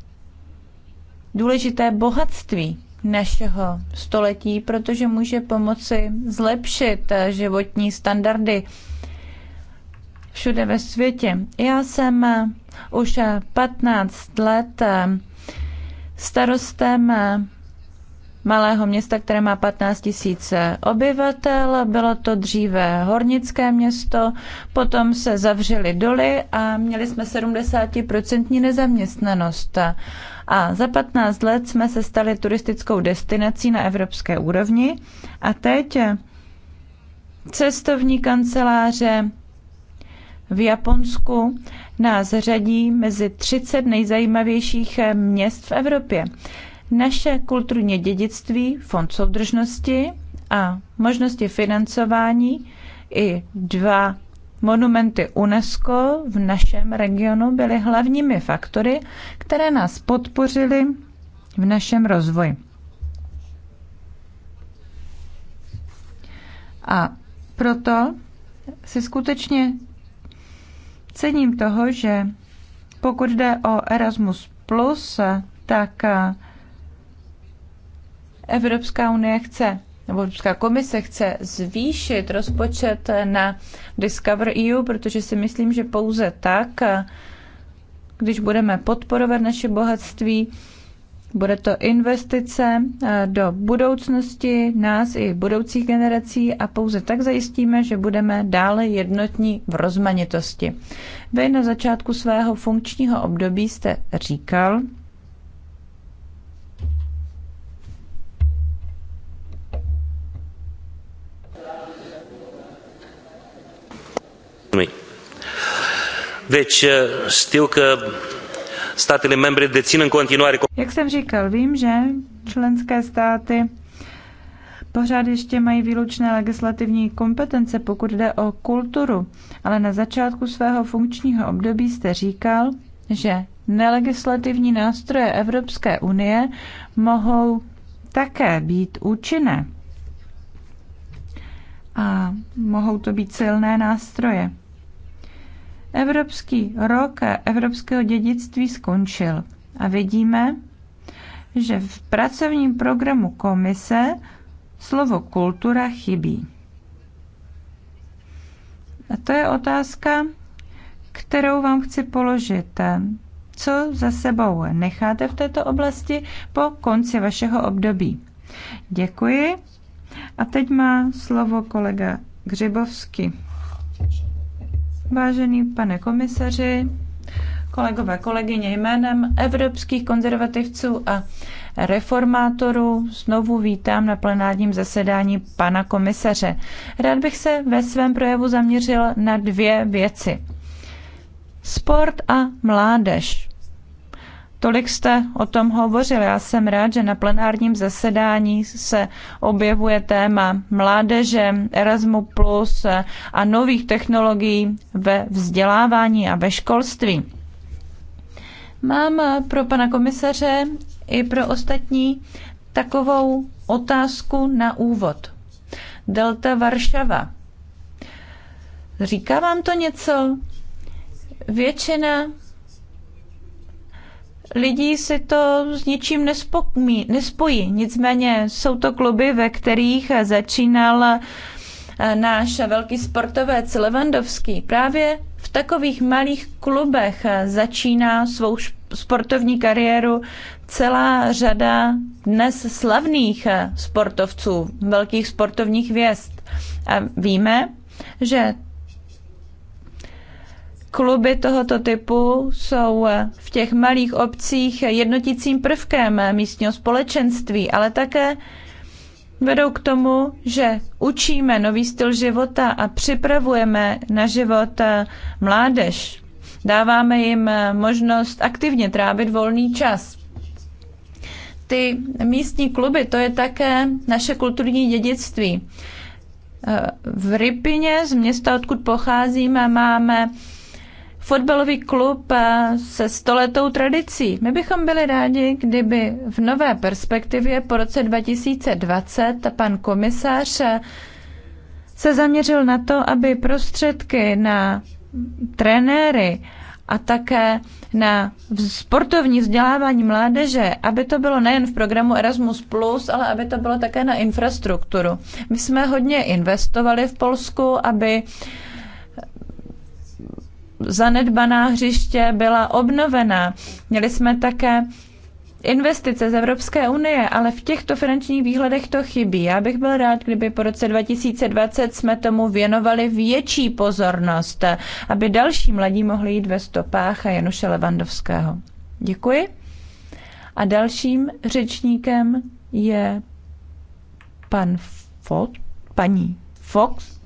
důležité bohatství našeho století, protože může pomoci zlepšit životní standardy všude ve světě. Já jsem eh, už 15 eh, let eh, starostem malého města, které má 15 tisíc obyvatel. Bylo to dříve hornické město, potom se zavřely doly a měli jsme 70% nezaměstnanost. A za 15 let jsme se stali turistickou destinací na evropské úrovni a teď cestovní kanceláře, v Japonsku nás řadí mezi 30 nejzajímavějších měst v Evropě. Naše kulturní dědictví, fond soudržnosti a možnosti financování i dva monumenty UNESCO v našem regionu byly hlavními faktory, které nás podpořily v našem rozvoji. A proto si skutečně cením toho, že pokud jde o Erasmus+, plus, tak Evropská unie chce, nebo Evropská komise chce zvýšit rozpočet na Discover EU, protože si myslím, že pouze tak, když budeme podporovat naše bohatství, bude to investice eh, do budoucnosti nás i budoucích generací a pouze tak zajistíme, že budeme dále jednotní v rozmanitosti. Vy na začátku svého funkčního období jste říkal, Deci știu că statele membre dețin în continuare... Jak jsem říkal, vím, že členské státy pořád ještě mají výlučné legislativní kompetence, pokud jde o kulturu, ale na začátku svého funkčního období jste říkal, že nelegislativní nástroje Evropské unie mohou také být účinné. A mohou to být silné nástroje. Evropský rok evropského dědictví skončil a vidíme, že v pracovním programu komise slovo kultura chybí. A to je otázka, kterou vám chci položit. Co za sebou necháte v této oblasti po konci vašeho období? Děkuji. A teď má slovo kolega Gřibovský. Vážený pane komisaři, kolegové, kolegyně, jménem evropských konzervativců a reformátorů znovu vítám na plenárním zasedání pana komisaře. Rád bych se ve svém projevu zaměřil na dvě věci. Sport a mládež. Tolik jste o tom hovořil. Já jsem rád, že na plenárním zasedání se objevuje téma mládeže, Erasmu plus a nových technologií ve vzdělávání a ve školství. Mám pro pana komisaře i pro ostatní takovou otázku na úvod. Delta Varšava. Říká vám to něco? Většina lidí si to s ničím nespokmí, nespojí. Nicméně jsou to kluby, ve kterých začínal eh, náš velký sportovec Levandovský. Právě v takových malých klubech eh, začíná svou sportovní kariéru celá řada dnes slavných eh, sportovců, velkých sportovních věst A víme, že Kluby tohoto typu jsou eh, v těch malých obcích jednotícím prvkem eh, místního společenství, ale také vedou k tomu, že učíme nový styl života a připravujeme na život eh, mládež. Dáváme jim možnost aktivně trávit volný čas. Ty místní kluby, to je také naše kulturní dědictví. V Rypině, z města, odkud pocházíme, máme fotbalový klub eh, se stoletou tradicí. My bychom byli rádi, kdyby v nové perspektivě po roce 2020 pan komisář eh, se zaměřil na to, aby prostředky na trenéry a také na sportovní vzdělávání mládeže, aby to bylo nejen v programu Erasmus+, ale aby to bylo také na infrastrukturu. My jsme hodně investovali v Polsku, aby uh, zanedbaná hřiště byla obnovena. Měli jsme také investice z Evropské unie, ale v těchto finančních výhledech to chybí. Já bych byl rád, kdyby po roce 2020 jsme tomu věnovali větší pozornost, aby další mladí mohli jít ve stopách a Januše Levandovského. Děkuji. A dalším řečníkem je pan Fox, paní Fox.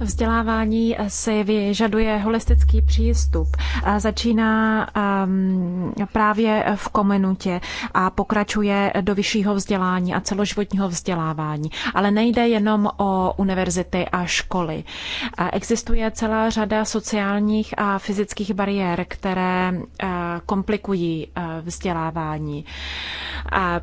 Vzdělávání si vyžaduje holistický přístup. Začíná um, právě v komunitě a pokračuje do vyššího vzdělání a celoživotního vzdělávání. Ale nejde jenom o univerzity a školy. Existuje celá řada sociálních a fyzických bariér, které eh, komplikují eh, vzdělávání.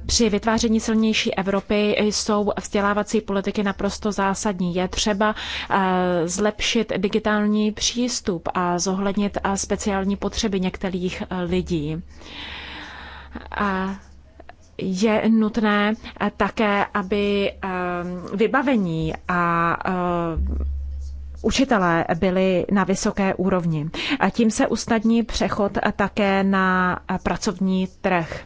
Při vytváření silnější Evropy jsou vzdělávací politiky naprosto zásadní. Je třeba třeba eh, zlepšit digitální přístup a zohlednit eh, speciální potřeby některých eh, lidí. A je nutné také, aby vybavení a učitelé byli na vysoké úrovni. A tím se usnadní přechod také na pracovní trh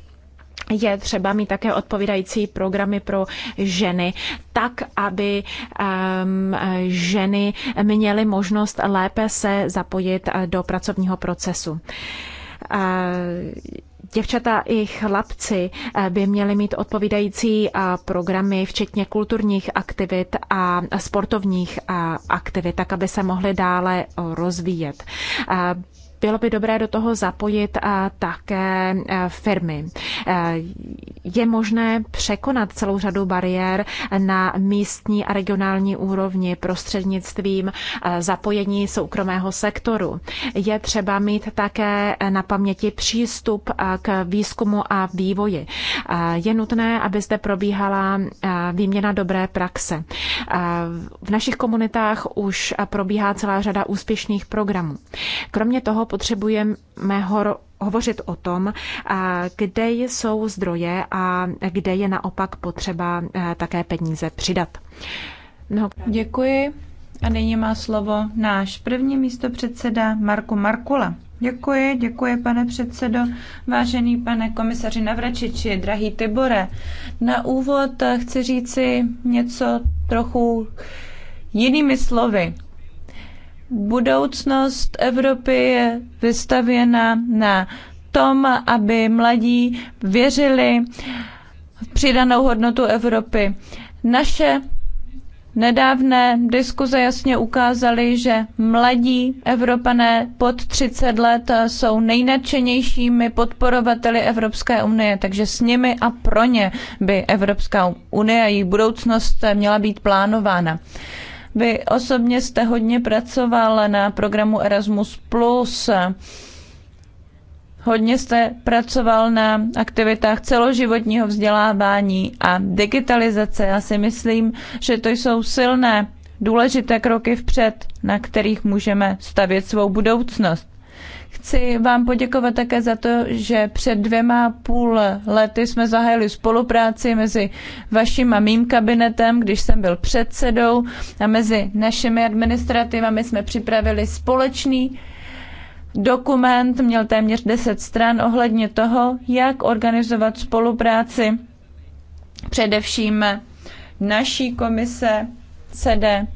je třeba mít také odpovídající programy pro ženy, tak, aby um, ženy měly možnost lépe se zapojit eh, do pracovního procesu. Uh, děvčata i chlapci eh, by měli mít odpovídající programy, včetně kulturních aktivit a sportovních aktivit, tak aby se mohli dále rozvíjet bylo by dobré do toho zapojit také e, firmy. E, je možné překonat celou řadu bariér na místní a regionální úrovni prostřednictvím e, zapojení soukromého sektoru. Je třeba mít také na paměti přístup k výzkumu a vývoji. Je nutné, aby zde probíhala výměna dobré praxe. V našich komunitách už probíhá celá řada úspěšných programů. Kromě toho potřebujeme ho hovořit o tom, kde jsou zdroje a kde je naopak potřeba také peníze přidat. No. Děkuji. A nyní má slovo náš první místo předseda Marku Markula. Děkuji, děkuji, pane předsedo. Vážený pane komisaři Navračiči, drahý Tibore, na úvod chci říci něco trochu jinými slovy. Budoucnost Evropy je vystavěna na tom, aby mladí věřili v přidanou hodnotu Evropy. Naše Nedávné diskuze jasně ukázaly, že mladí Evropané pod 30 let jsou nejnadšenějšími podporovateli Evropské unie, takže s nimi a pro ně by Evropská unie a její budoucnost měla být plánována. Vy osobně jste hodně pracoval na programu Erasmus+, hodně jste pracoval na aktivitách celoživotního vzdělávání a digitalizace. Já si myslím, že to jsou silné, důležité kroky vpřed, na kterých můžeme stavět svou budoucnost. Chci vám poděkovat také za to, že před dvěma půl lety jsme zahájili spolupráci mezi vaším a mým kabinetem, když jsem byl předsedou a mezi našimi administrativami jsme připravili společný dokument, měl téměř 10 stran ohledně toho, jak organizovat spolupráci především naší komise CD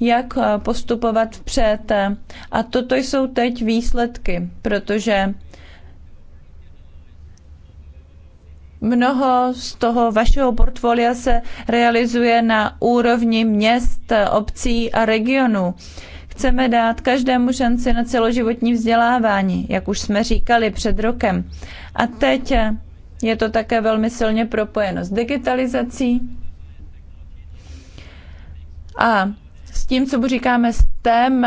jak eh, postupovat vpřed. Eh, a toto jsou teď výsledky, protože mnoho z toho vašeho portfolia se realizuje na úrovni měst, obcí a regionů. Chceme dát každému šanci na celoživotní vzdělávání, jak už jsme říkali před rokem. A teď eh, je to také velmi silně propojeno s digitalizací a s tím, co mu říkáme STEM,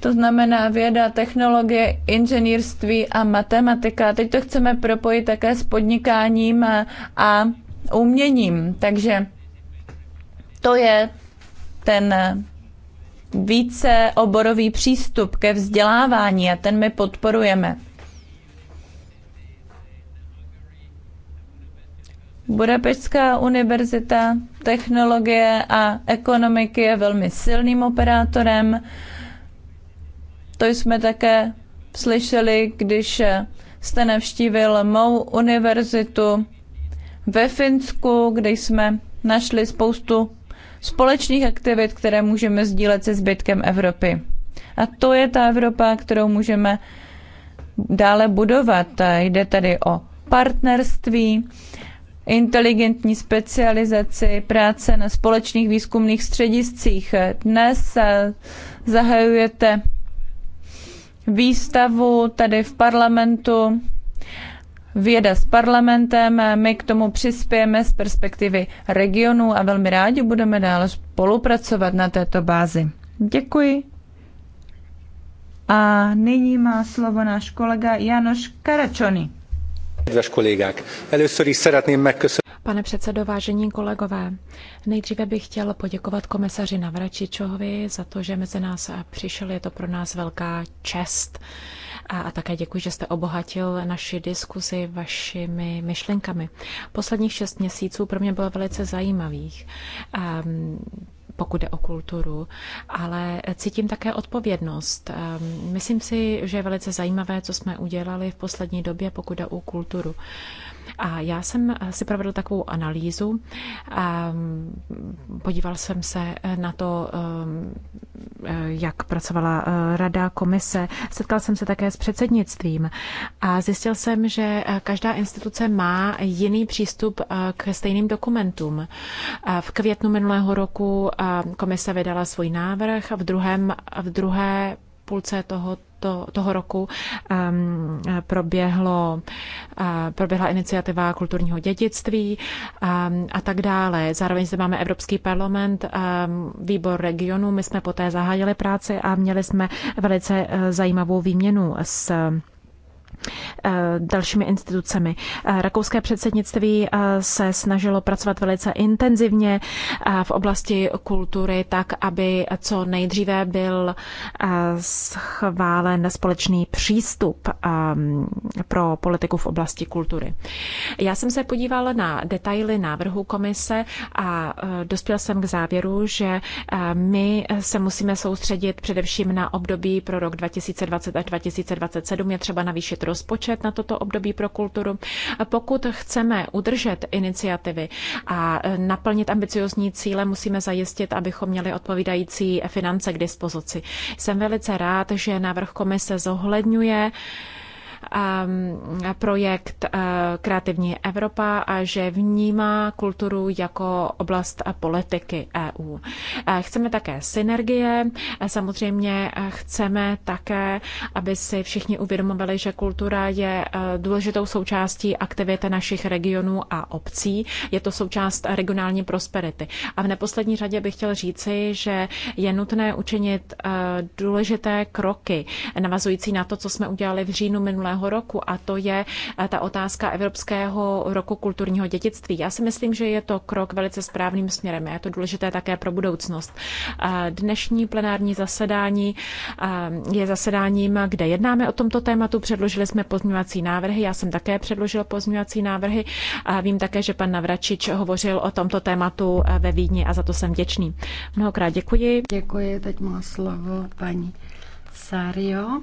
to znamená věda, technologie, inženýrství a matematika. Teď to chceme propojit také s podnikáním a uměním. Takže to je ten více oborový přístup ke vzdělávání a ten my podporujeme. Budapešská univerzita technologie a ekonomiky je velmi silným operátorem. To jsme také slyšeli, když jste navštívil mou univerzitu ve Finsku, kde jsme našli spoustu společných aktivit, které můžeme sdílet se zbytkem Evropy. A to je ta Evropa, kterou můžeme dále budovat. Jde tady o partnerství, inteligentní specializaci, práce na společných výzkumných střediscích. Dnes eh, zahajujete výstavu tady v parlamentu Věda s parlamentem. My k tomu přispějeme z perspektivy regionu a velmi rádi budeme dále spolupracovat na této bázi. Děkuji. A nyní má slovo náš kolega Janoš Karačony. Pane předsedo, vážení kolegové, nejdříve bych chtěl poděkovat komisaři Navračičovi za to, že mezi nás přišel. Je to pro nás velká čest. A, a také děkuji, že jste obohatil naši diskuzi vašimi myšlenkami. Posledních šest měsíců pro mě bylo velice zajímavých. Um, pokud jde o kulturu, ale cítím také odpovědnost. Ehm, myslím si, že je velice zajímavé, co jsme udělali v poslední době, pokud jde o kulturu. A já jsem eh, si provedl takovou analýzu. Ehm, podíval jsem se eh, na to, ehm, eh, jak pracovala rada, komise. Setkal jsem se také s předsednictvím a zjistil jsem, že každá instituce má jiný přístup k stejným dokumentům. V květnu minulého roku komise vydala svůj návrh, v, druhém, v druhé půlce toho to, toho roku um, proběhlo, uh, proběhla iniciativa kulturního dědictví um, a tak dále. Zároveň zde máme Evropský parlament, um, výbor regionu. My jsme poté zahájili práci a měli jsme velice uh, zajímavou výměnu s Eh, dalšími institucemi. Eh, rakouské předsednictví eh, se snažilo pracovat velice intenzivně v oblasti kultury tak, aby co nejdříve byl schválen společný přístup ehm, pro politiku v oblasti kultury. Já jsem se podívala na detaily návrhu komise a dospěl jsem k závěru, že my se musíme soustředit především na období pro rok 2020 až 2027. Je třeba navýšit rozpočet na toto období pro kulturu. Pokud chceme udržet iniciativy a e, naplnit ambiciozní cíle, musíme zajistit, abychom měli odpovídající finance k dispozici. Jsem velice rád, že návrh komise zohledňuje Um, projekt uh, Kreativní Evropa a že vnímá kulturu jako oblast politiky EU. Uh, chceme také synergie, uh, samozřejmě chceme také, aby si všichni uvědomovali, že kultura je důležitou součástí aktivit našich regionů a obcí. Je to součást regionální prosperity. A v neposlední řadě bych chtěl říci, že je nutné učinit důležité kroky navazující na to, co jsme udělali v říjnu minulého minulého roku a to je eh, ta otázka Evropského roku kulturního dědictví. Já si myslím, že je to krok velice správným směrem. Je to důležité také pro budoucnost. Eh, dnešní plenární zasedání eh, je zasedáním, kde jednáme o tomto tématu. Předložili jsme pozměňovací návrhy. Já jsem také předložil pozměňovací návrhy. Vím také, že pan Navračič hovořil o tomto tématu ve Vídni a za to jsem vděčný. Mnohokrát děkuji. Děkuji, teď má slovo paní Sario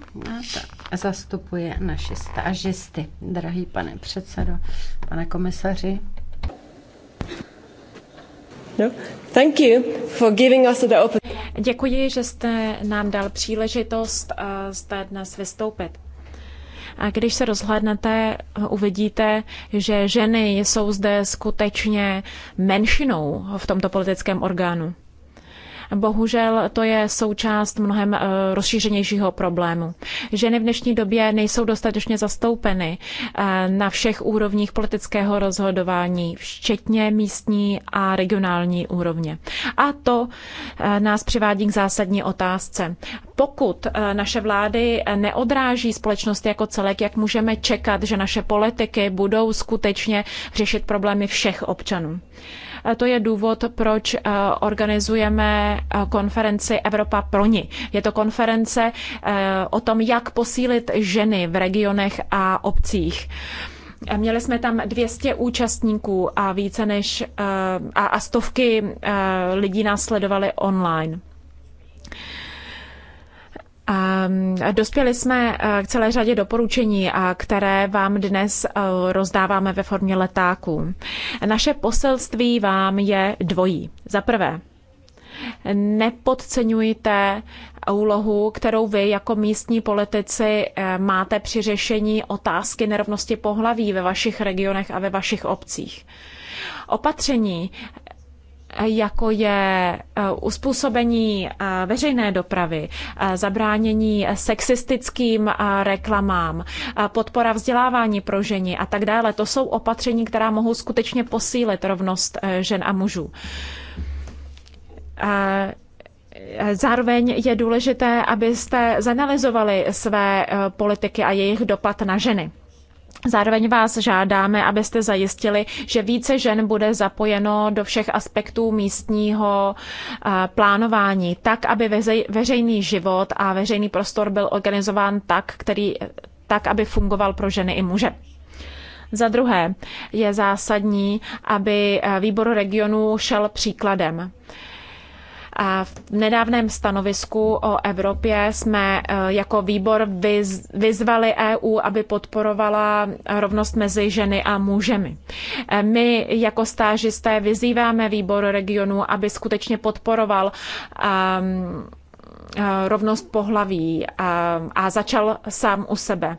zastupuje naše stážisty. Drahý pane předsedo, pane komisaři. No, thank you for giving us the open... Děkuji, že jste nám dal příležitost eh, zde dnes vystoupit. A když se rozhlédnete, uvidíte, že ženy jsou zde skutečně menšinou v tomto politickém orgánu. Bohužel to je součást mnohem eh, rozšířenějšího problému. Ženy v dnešní době nejsou dostatečně zastoupeny eh, na všech úrovních politického rozhodování, včetně místní a regionální úrovně. A to eh, nás přivádí k zásadní otázce. Pokud naše vlády neodráží společnost jako celek, jak můžeme čekat, že naše politiky budou skutečně řešit problémy všech občanů? To je důvod, proč eh, organizujeme eh, konferenci Evropa pro ní. Je to konference eh, o tom, jak posílit ženy v regionech a obcích. Měli jsme tam 200 účastníků a více než a, a stovky lidí nás sledovali online. Dospěli jsme e, k celé řadě doporučení, které vám dnes e, rozdáváme ve formě letáků. Naše poselství vám je dvojí. Za prvé, nepodceňujte úlohu, kterou vy jako místní politici e, máte při řešení otázky nerovnosti pohlaví ve vašich regionech a ve vašich obcích. Opatření, jako je eh, uspůsobení eh, veřejné dopravy, eh, zabránění sexistickým reklamám, podpora vzdělávání pro ženy a tak dále. To jsou opatření, která mohou skutečně posílit rovnost žen a mužů. Zároveň je důležité, abyste zanalizovali své politiky a jejich dopad na ženy. Zároveň vás žádáme, abyste zajistili, že více žen bude zapojeno do všech aspektů místního eh, plánování, tak, aby veřejný život a veřejný prostor byl organizován tak, který, tak aby fungoval pro ženy i muže. Za druhé je zásadní, aby eh, výbor regionů šel příkladem. V nedávném stanovisku o Evropě jsme e, jako výbor vyzvali EU, aby podporovala rovnost mezi ženy a mužemi. E, my jako stážisté vyzýváme výbor regionu, aby skutečně podporoval um, Eh, rovnost pohlaví eh, a začal sám u sebe.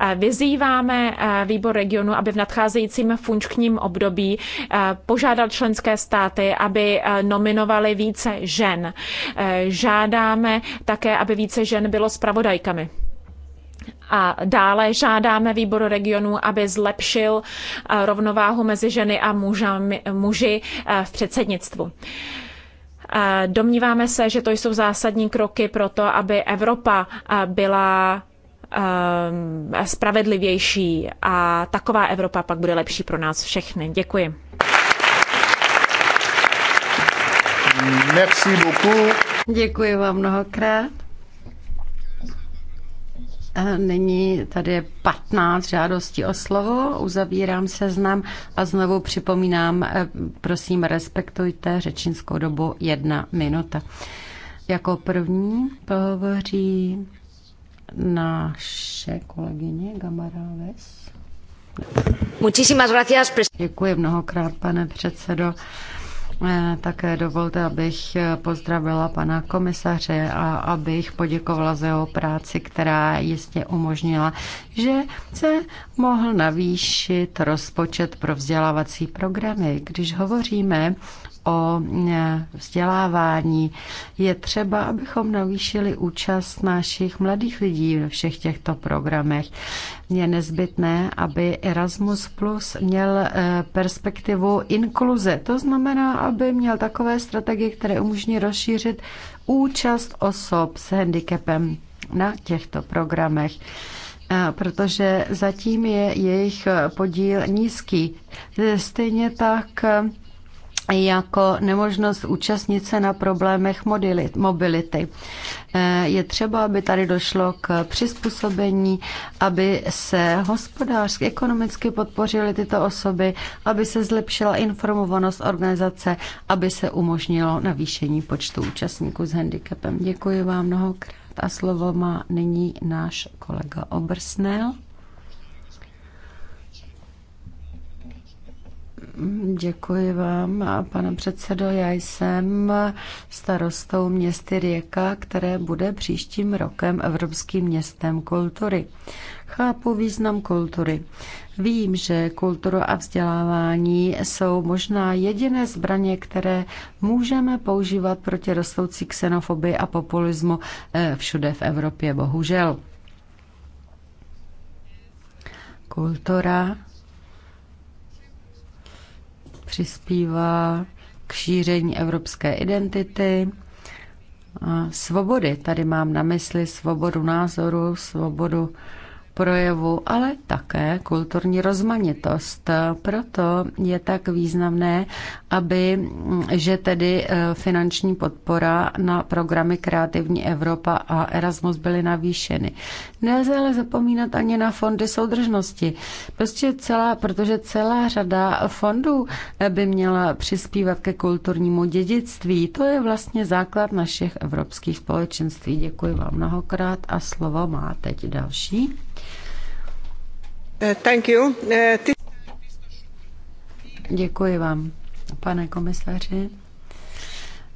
Eh, vyzýváme výbor regionu, aby v nadcházejícím funkčním období požádal členské státy, aby nominovali více žen. Žádáme také, aby více žen bylo spravodajkami. A dále žádáme výbor regionu, aby zlepšil rovnováhu mezi ženy a muži v předsednictvu. Domníváme se, že to jsou zásadní kroky pro to, aby Evropa byla spravedlivější a taková Evropa pak bude lepší pro nás všechny. Děkuji. Merci beaucoup. Děkuji vám mnohokrát. Nyní tady je 15 žádostí o slovo, uzavírám seznam a znovu připomínám, eh, prosím, respektujte řečnickou dobu jedna minuta. Jako první pohovoří naše kolegyně Gamaraves. Děkuji mnohokrát, pane předsedo. Eh, také dovolte, abych pozdravila pana komisaře a abych poděkovala za jeho práci, která jistě umožnila, že se mohl navýšit rozpočet pro vzdělávací programy. Když hovoříme o e, vzdělávání. Je třeba, abychom navýšili účast našich mladých lidí ve všech těchto programech. Je nezbytné, aby Erasmus Plus měl e, perspektivu inkluze. To znamená, aby měl takové strategie, které umožní rozšířit účast osob s handicapem na těchto programech e, protože zatím je jejich podíl nízký. Stejně tak jako nemožnost účastnit se na problémech mobility. E, je třeba, aby tady došlo k přizpůsobení, aby se hospodářsky, ekonomicky podpořily tyto osoby, aby se zlepšila informovanost organizace, aby se umožnilo navýšení počtu účastníků s handicapem. Děkuji vám mnohokrát a slovo má nyní náš kolega Obrsnel. Děkuji vám, pane předsedo. Já jsem starostou městy Rijeka, které bude příštím rokem Evropským městem kultury. Chápu význam kultury. Vím, že kultura a vzdělávání jsou možná jediné zbraně, které můžeme používat proti rostoucí xenofobii a populismu eh, všude v Evropě, bohužel. Kultura přispívá k šíření evropské identity. Svobody, tady mám na mysli svobodu názoru, svobodu projevu, ale také kulturní rozmanitost. Proto je tak významné, aby, že tedy eh, finanční podpora na programy Kreativní Evropa a Erasmus byly navýšeny. Nelze ale zapomínat ani na fondy soudržnosti. Prostě celá, protože celá řada fondů eh, by měla přispívat ke kulturnímu dědictví. To je vlastně základ našich evropských společenství. Děkuji vám mnohokrát a slovo má teď další. Eh, eh, Děkuji vám, pane komisaři.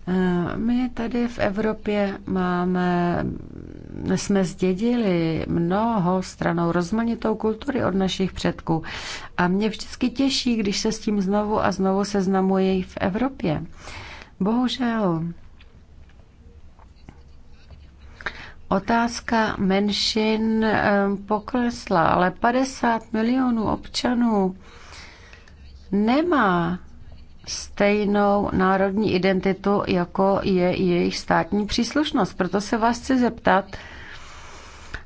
Eh, my tady v Evropě máme, jsme zdědili mnoho stranou rozmanitou kultury od našich předků a mě vždycky těší, když se s tím znovu a znovu seznamuji v Evropě. Bohužel, Otázka menšin ehm, poklesla, ale 50 milionů občanů nemá stejnou národní identitu, jako je jejich státní příslušnost. Proto se vás chci zeptat,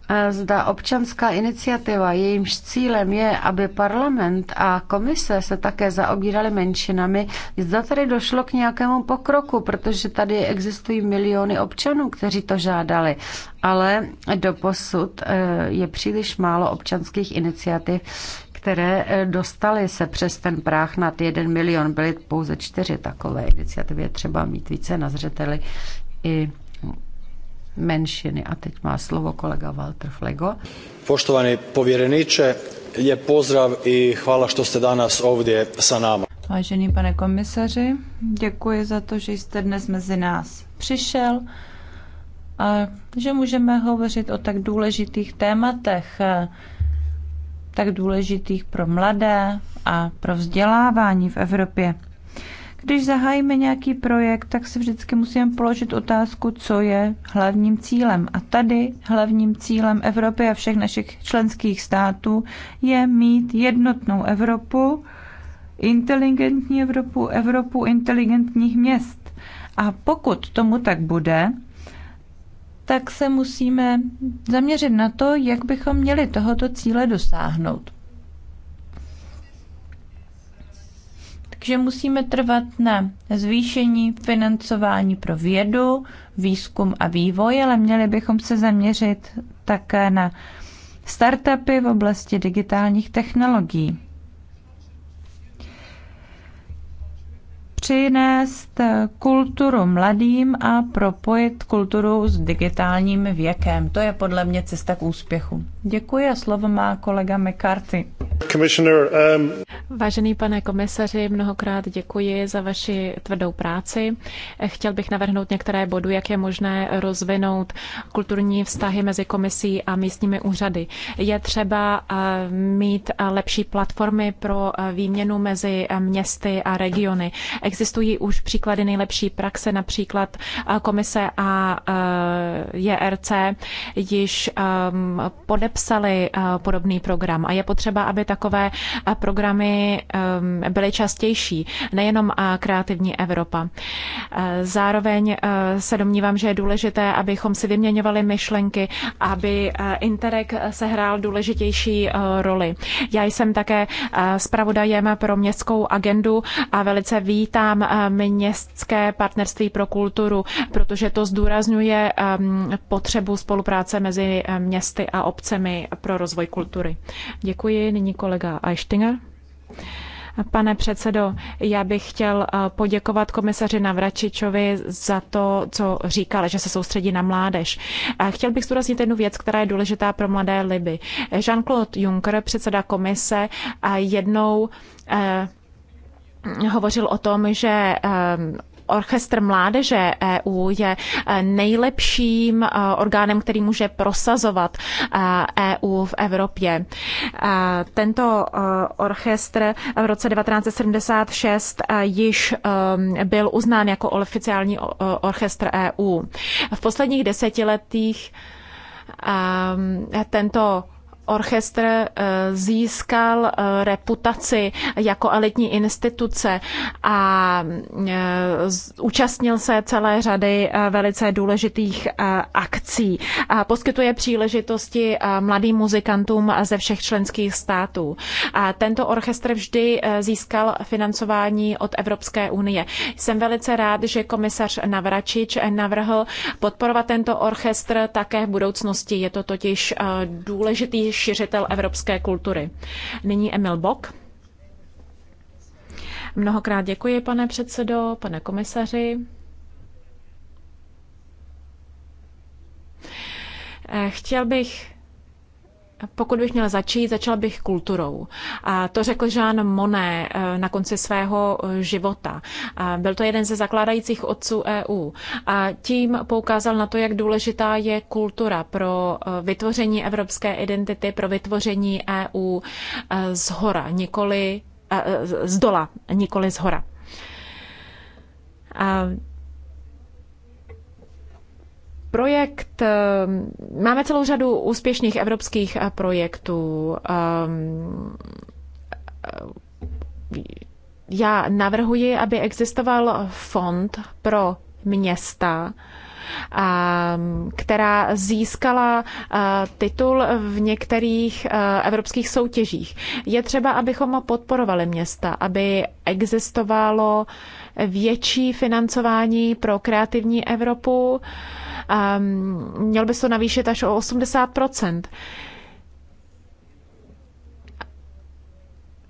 E, zda občanská iniciativa, jejímž cílem je, aby parlament a komise se také zaobíraly menšinami, zda tady došlo k nějakému pokroku, protože tady existují miliony občanů, kteří to žádali. Ale do posud e, je příliš málo občanských iniciativ, které e, dostaly se přes ten práh nad jeden milion. Byly pouze čtyři takové iniciativy, třeba mít více na zřeteli i menšiny. A teď má slovo kolega Walter Flego. Poštovani povjereniče, je pozdrav i hvala što ste danas ovdje sa nama. Vážený pane komisaři, děkuji za to, že jste dnes mezi nás přišel a že můžeme hovořit o tak důležitých tématech, eh, tak důležitých pro mladé a pro vzdělávání v Evropě. Když zahájíme nějaký projekt, tak si vždycky musíme položit otázku, co je hlavním cílem. A tady hlavním cílem Evropy a všech našich členských států je mít jednotnou Evropu, inteligentní Evropu, Evropu inteligentních měst. A pokud tomu tak bude, tak se musíme zaměřit na to, jak bychom měli tohoto cíle dosáhnout. že musíme trvat na zvýšení financování pro vědu, výzkum a vývoj, ale měli bychom se zaměřit také na startupy v oblasti digitálních technologií. přinést kulturu mladým a propojit kulturu s digitálním věkem. To je podle mě cesta k úspěchu. Děkuji a slovo má kolega McCarthy. Um... Vážený pane komisaři, mnohokrát děkuji za vaši tvrdou práci. Chtěl bych navrhnout některé body, jak je možné rozvinout kulturní vztahy mezi komisí a místními úřady. Je třeba eh, mít eh, lepší platformy pro eh, výměnu mezi městy a regiony. Existují už příklady nejlepší praxe, například eh, komise a eh, JRC již ehm, podepsali eh, podobný program a je potřeba, aby takové programy ehm, byly častější, nejenom kreativní Evropa. Zároveň se domnívám, že je důležité, abychom si vyměňovali myšlenky, aby Interreg sehrál důležitější roli. Já jsem také zpravodajem pro městskou agendu a velice vítám vítám eh, městské partnerství pro kulturu, protože to zdůrazňuje ehm, potřebu spolupráce mezi eh, městy a obcemi pro rozvoj kultury. Děkuji. Nyní kolega Eichtinger. Pane předsedo, já bych chtěl eh, poděkovat komisaři Navračičovi za to, co říkal, že se soustředí na mládež. Chtěl bych zdůraznit jednu věc, která je důležitá pro mladé Liby. Jean-Claude Juncker, předseda komise, jednou hovořil o tom, že ehm, Orchestr mládeže EU je eh, nejlepším eh, orgánem, který může prosazovat EU eh, e v Evropě. Tento orchestr v roce 1976 již ehm, byl uznán jako oficiální orchestr EU. V posledních desetiletích ehm, tento orchestr eh, získal eh, reputaci jako elitní instituce a mm, eh, účastnil se celé řady velice důležitých akcí. A poskytuje příležitosti mladým muzikantům ze všech členských států. A tento orchestr vždy získal financování od Evropské unie. Jsem velice rád, že komisař Navračič navrhl podporovat tento orchestr také v budoucnosti. Je to totiž důležitý šiřitel evropské kultury. Nyní Emil Bok. Mnohokrát děkuji, pane předsedo, pane komisaři. Eh, chtěl bych pokud bych měl začít, začal bych kulturou. A to řekl Jean Monet eh, na konci svého eh, života. A byl to jeden ze zakládajících otců EU. A tím poukázal na to, jak důležitá je kultura pro eh, vytvoření evropské identity, pro vytvoření EU z hora, nikoli z dola, nikoli z hora. A projekt, eh, máme celou řadu úspěšných evropských eh, projektů. Eh, já navrhuji, aby existoval fond pro města, která získala titul v některých evropských soutěžích. Je třeba, abychom podporovali města, aby existovalo větší financování pro kreativní Evropu, Mm, měl by se to navýšit až o 80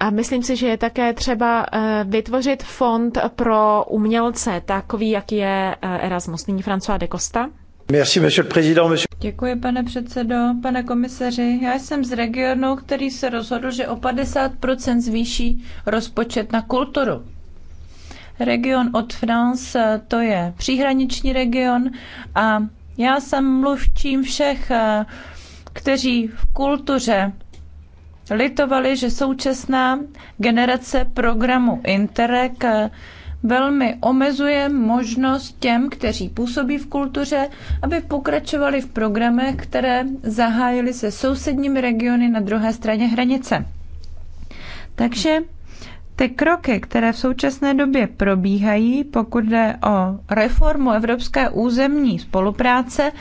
A myslím si, že je také třeba eh, vytvořit fond pro umělce, takový, jak je eh, Erasmus. Nyní François de Costa. Merci, monsieur le président, monsieur... Děkuji, pane předsedo, pane komisaři. Já jsem z regionu, který se rozhodl, že o 50% zvýší rozpočet na kulturu region od France, eh, to je příhraniční region a já jsem mluvčím všech, eh, kteří v kultuře litovali, že současná generace programu Interreg eh, velmi omezuje možnost těm, kteří působí v kultuře, aby pokračovali v programech, které zahájily se sousedními regiony na druhé straně hranice. Takže ty kroky, které v současné době probíhají, pokud jde o reformu evropské územní spolupráce,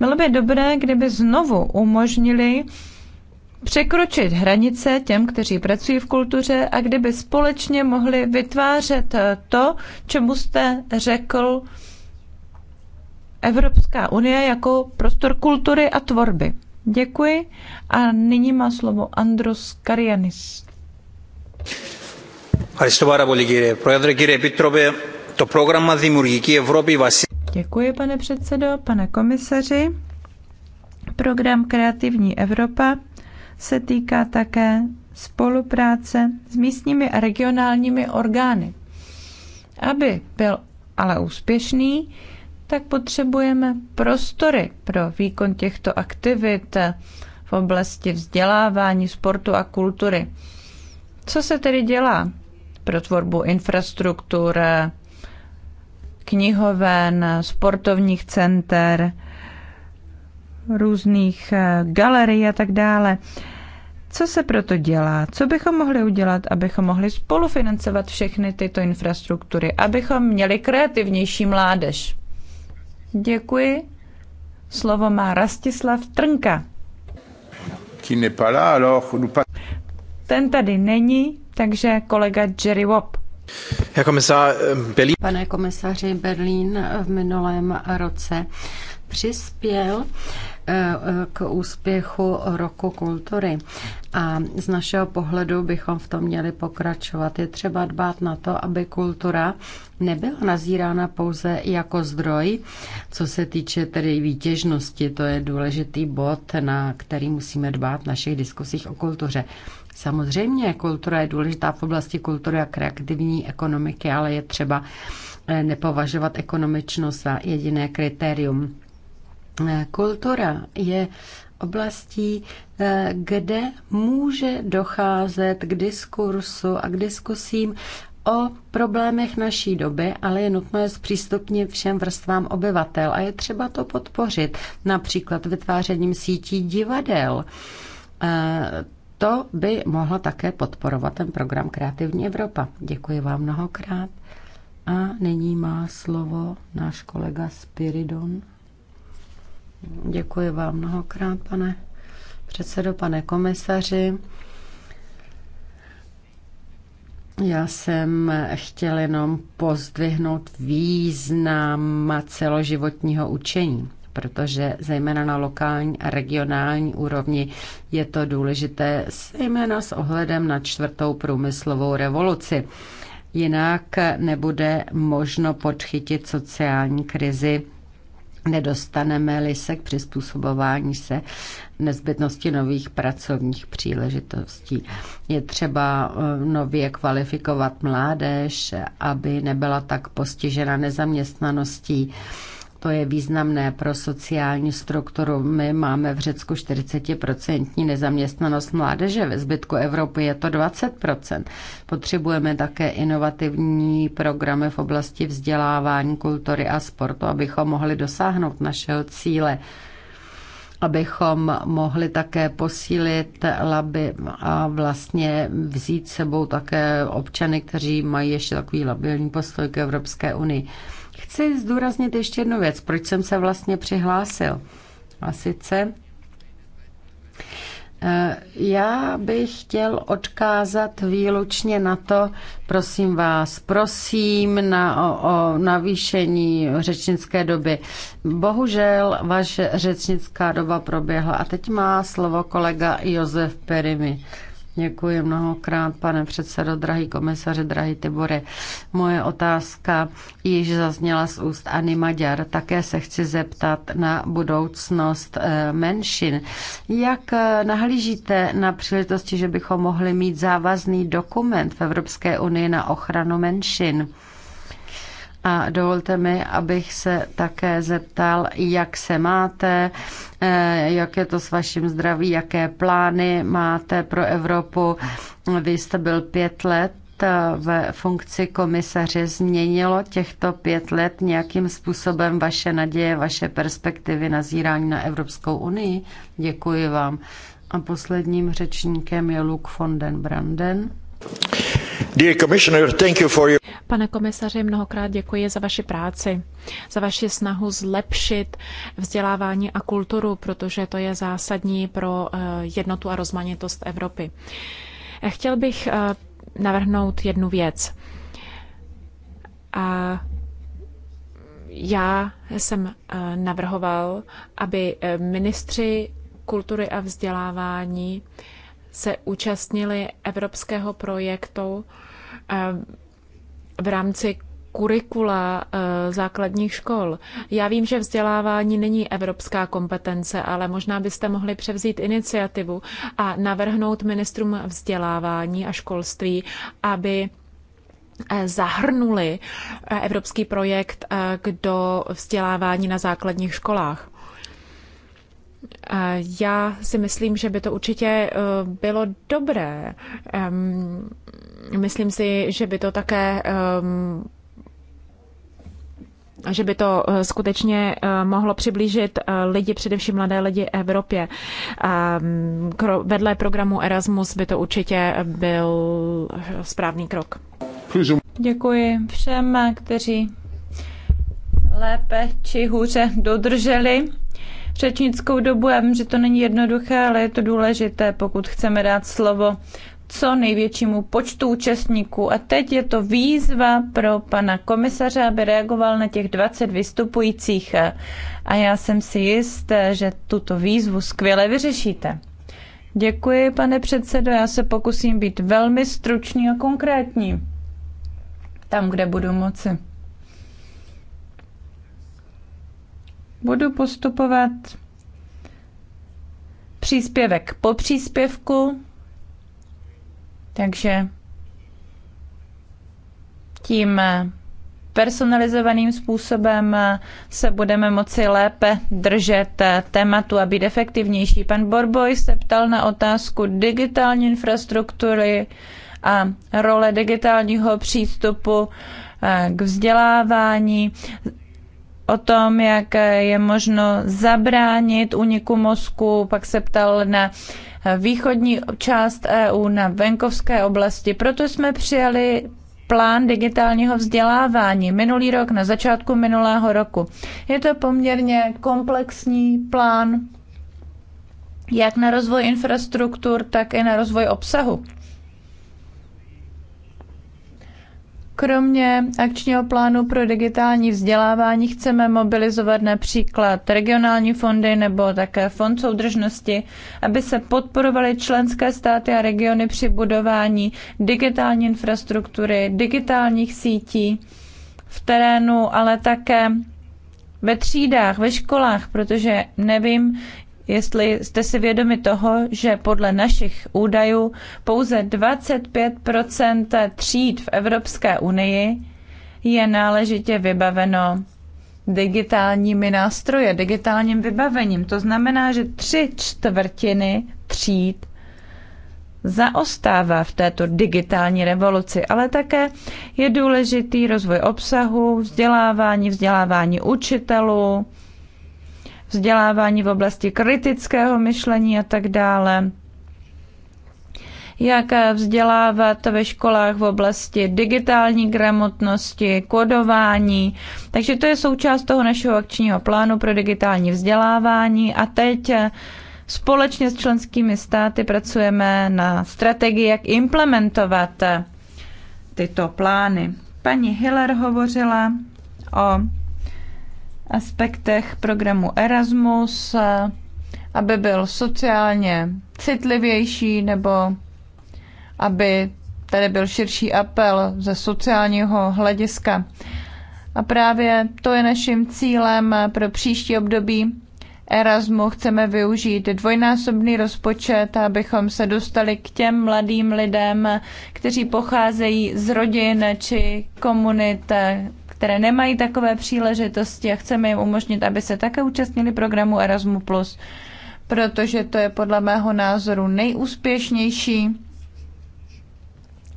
bylo by dobré, kdyby znovu umožnili překročit hranice těm, kteří pracují v kultuře a kdyby společně mohli vytvářet to, čemu jste řekl Evropská unie jako prostor kultury a tvorby. Děkuji a nyní má slovo Andros Karianis. Děkuji, pane předsedo, pane komisaři. Program Kreativní Evropa se týká také spolupráce s místními a regionálními orgány. Aby byl ale úspěšný, tak potřebujeme prostory pro výkon těchto aktivit v oblasti vzdělávání, sportu a kultury. Co se tedy dělá pro tvorbu infrastruktur, knihoven, sportovních center, různých eh, galerií a tak dále? Co se proto dělá? Co bychom mohli udělat, abychom mohli spolufinancovat všechny tyto infrastruktury, abychom měli kreativnější mládež? Děkuji. Slovo má Rastislav Trnka. Ten tady není, takže kolega Jerry Wop. Ähm, Pane komisaři, Berlín v minulém roce přispěl eh, eh, k úspěchu roku kultury. A z našeho pohledu bychom v tom měli pokračovat. Je třeba dbát na to, aby kultura nebyla nazírána pouze jako zdroj, co se týče tedy výtěžnosti. To je důležitý bod, na který musíme dbát v našich diskusích o kultuře. Samozřejmě kultura je důležitá v oblasti kultury a kreativní ekonomiky, ale je třeba eh, nepovažovat ekonomičnost za jediné kritérium. Eh, kultura je oblastí, eh, kde může docházet k diskursu a k diskusím o problémech naší doby, ale je nutno je zpřístupnit všem vrstvám obyvatel a je třeba to podpořit, například vytvářením sítí divadel to by mohlo také podporovat ten program Kreativní Evropa. Děkuji vám mnohokrát. A nyní má slovo náš kolega Spiridon. Děkuji vám mnohokrát, pane předsedo, pane komisaři. Já jsem chtěl jenom pozdvihnout význam celoživotního učení protože zejména na lokální a regionální úrovni je to důležité, zejména s ohledem na čtvrtou průmyslovou revoluci. Jinak nebude možno podchytit sociální krizi nedostaneme-li se k přizpůsobování se nezbytnosti nových pracovních příležitostí. Je třeba eh, nově kvalifikovat mládež, aby nebyla tak postižena nezaměstnaností to je významné pro sociální strukturu. My máme v Řecku 40% nezaměstnanost mládeže, ve zbytku Evropy je to 20%. Potřebujeme také inovativní programy v oblasti vzdělávání, kultury a sportu, abychom mohli dosáhnout našeho cíle abychom mohli také posílit laby a vlastně vzít sebou také občany, kteří mají ještě takový labilní postoj k Evropské unii. Chci zdůraznit ještě jednu věc, proč jsem se vlastně přihlásil. A sice eh, já bych chtěl odkázat výlučně na to, prosím vás, prosím na, o, o navýšení řečnické doby. Bohužel vaše řečnická doba proběhla a teď má slovo kolega Josef Perimi. Děkuji mnohokrát, pane předsedo, drahý komisaře, drahý Tibore. Moje otázka již zazněla z úst Ani Maďar. Také se chci zeptat na budoucnost eh, menšin. Jak eh, nahlížíte na příležitosti, že bychom mohli mít závazný dokument v Evropské unii na ochranu menšin? A dovolte mi, abych se také zeptal, jak se máte, eh, jak je to s vaším zdraví, jaké plány máte pro Evropu. Vy jste byl pět let eh, ve funkci komisaře změnilo těchto pět let nějakým způsobem vaše naděje, vaše perspektivy na zírání na Evropskou unii? Děkuji vám. A posledním řečníkem je Luk von den Branden. Dear Commissioner, thank you for your... Pane komisaři, mnohokrát děkuji za vaši práci, za vaši snahu zlepšit vzdělávání a kulturu, protože to je zásadní pro eh, jednotu a rozmanitost Evropy. Chtěl bych eh, navrhnout jednu věc. A já jsem eh, navrhoval, aby ministři kultury a vzdělávání se účastnili evropského projektu eh, v rámci kurikula eh, základních škol. Já vím, že vzdělávání není evropská kompetence, ale možná byste mohli převzít iniciativu a navrhnout ministrům vzdělávání a školství, aby eh, zahrnuli evropský projekt do vzdělávání na základních školách. Já si myslím, že by to určitě eh, bylo dobré. Myslím si, že by to také že by to eh, skutečně eh, mohlo přiblížit lidi, především mladé lidi Evropě. Vedle programu Erasmus by to určitě byl správný krok. Děkuji všem, kteří lépe či hůře dodrželi řečnickou dobu. Já vím, že to není jednoduché, ale je to důležité, pokud chceme dát slovo co největšímu počtu účastníků. A teď je to výzva pro pana komisaře, aby reagoval na těch 20 vystupujících. A já jsem si jist, že tuto výzvu skvěle vyřešíte. Děkuji, pane předsedo. Já se pokusím být velmi stručný a konkrétní. Tam, kde budu moci. Budu postupovat příspěvek po příspěvku, takže tím personalizovaným způsobem se budeme moci lépe držet tématu a být efektivnější. Pan Borboj se ptal na otázku digitální infrastruktury a role digitálního přístupu k vzdělávání o tom, jak je možno zabránit uniku mozku, pak se ptal na východní část EU, na venkovské oblasti. Proto jsme přijali plán digitálního vzdělávání minulý rok, na začátku minulého roku. Je to poměrně komplexní plán, jak na rozvoj infrastruktur, tak i na rozvoj obsahu. Kromě akčního plánu pro digitální vzdělávání chceme mobilizovat například regionální fondy nebo také fond soudržnosti, aby se podporovaly členské státy a regiony při budování digitální infrastruktury, digitálních sítí v terénu, ale také ve třídách, ve školách, protože nevím, jestli jste si vědomi toho, že podle našich údajů pouze 25 tříd v Evropské unii je náležitě vybaveno digitálními nástroje, digitálním vybavením. To znamená, že tři čtvrtiny tříd zaostává v této digitální revoluci, ale také je důležitý rozvoj obsahu, vzdělávání, vzdělávání učitelů, vzdělávání v oblasti kritického myšlení a tak dále jak vzdělávat ve školách v oblasti digitální gramotnosti, kodování. Takže to je součást toho našeho akčního plánu pro digitální vzdělávání a teď společně s členskými státy pracujeme na strategii, jak implementovat tyto plány. Paní Hiller hovořila o aspektech programu Erasmus, eh, aby byl sociálně citlivější nebo aby tady byl širší apel ze sociálního hlediska. A právě to je naším cílem pro příští období Erasmu. Chceme využít dvojnásobný rozpočet, abychom se dostali k těm mladým lidem, kteří pocházejí z rodin či komunit, eh, které nemají takové příležitosti a chceme jim umožnit, aby se také účastnili programu Erasmus+, protože to je podle mého názoru nejúspěšnější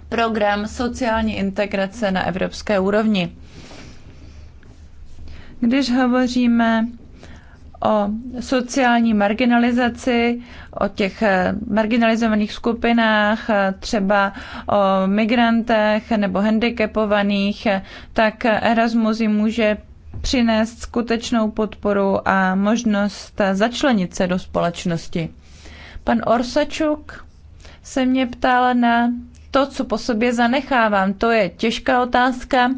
program sociální integrace na evropské úrovni. Když hovoříme o sociální marginalizaci, o těch eh, marginalizovaných skupinách, eh, třeba o migrantech nebo handicapovaných, eh, tak Erasmus jim může přinést skutečnou podporu a možnost začlenit se do společnosti. Pan Orsačuk se mě ptal na to, co po sobě zanechávám. To je těžká otázka.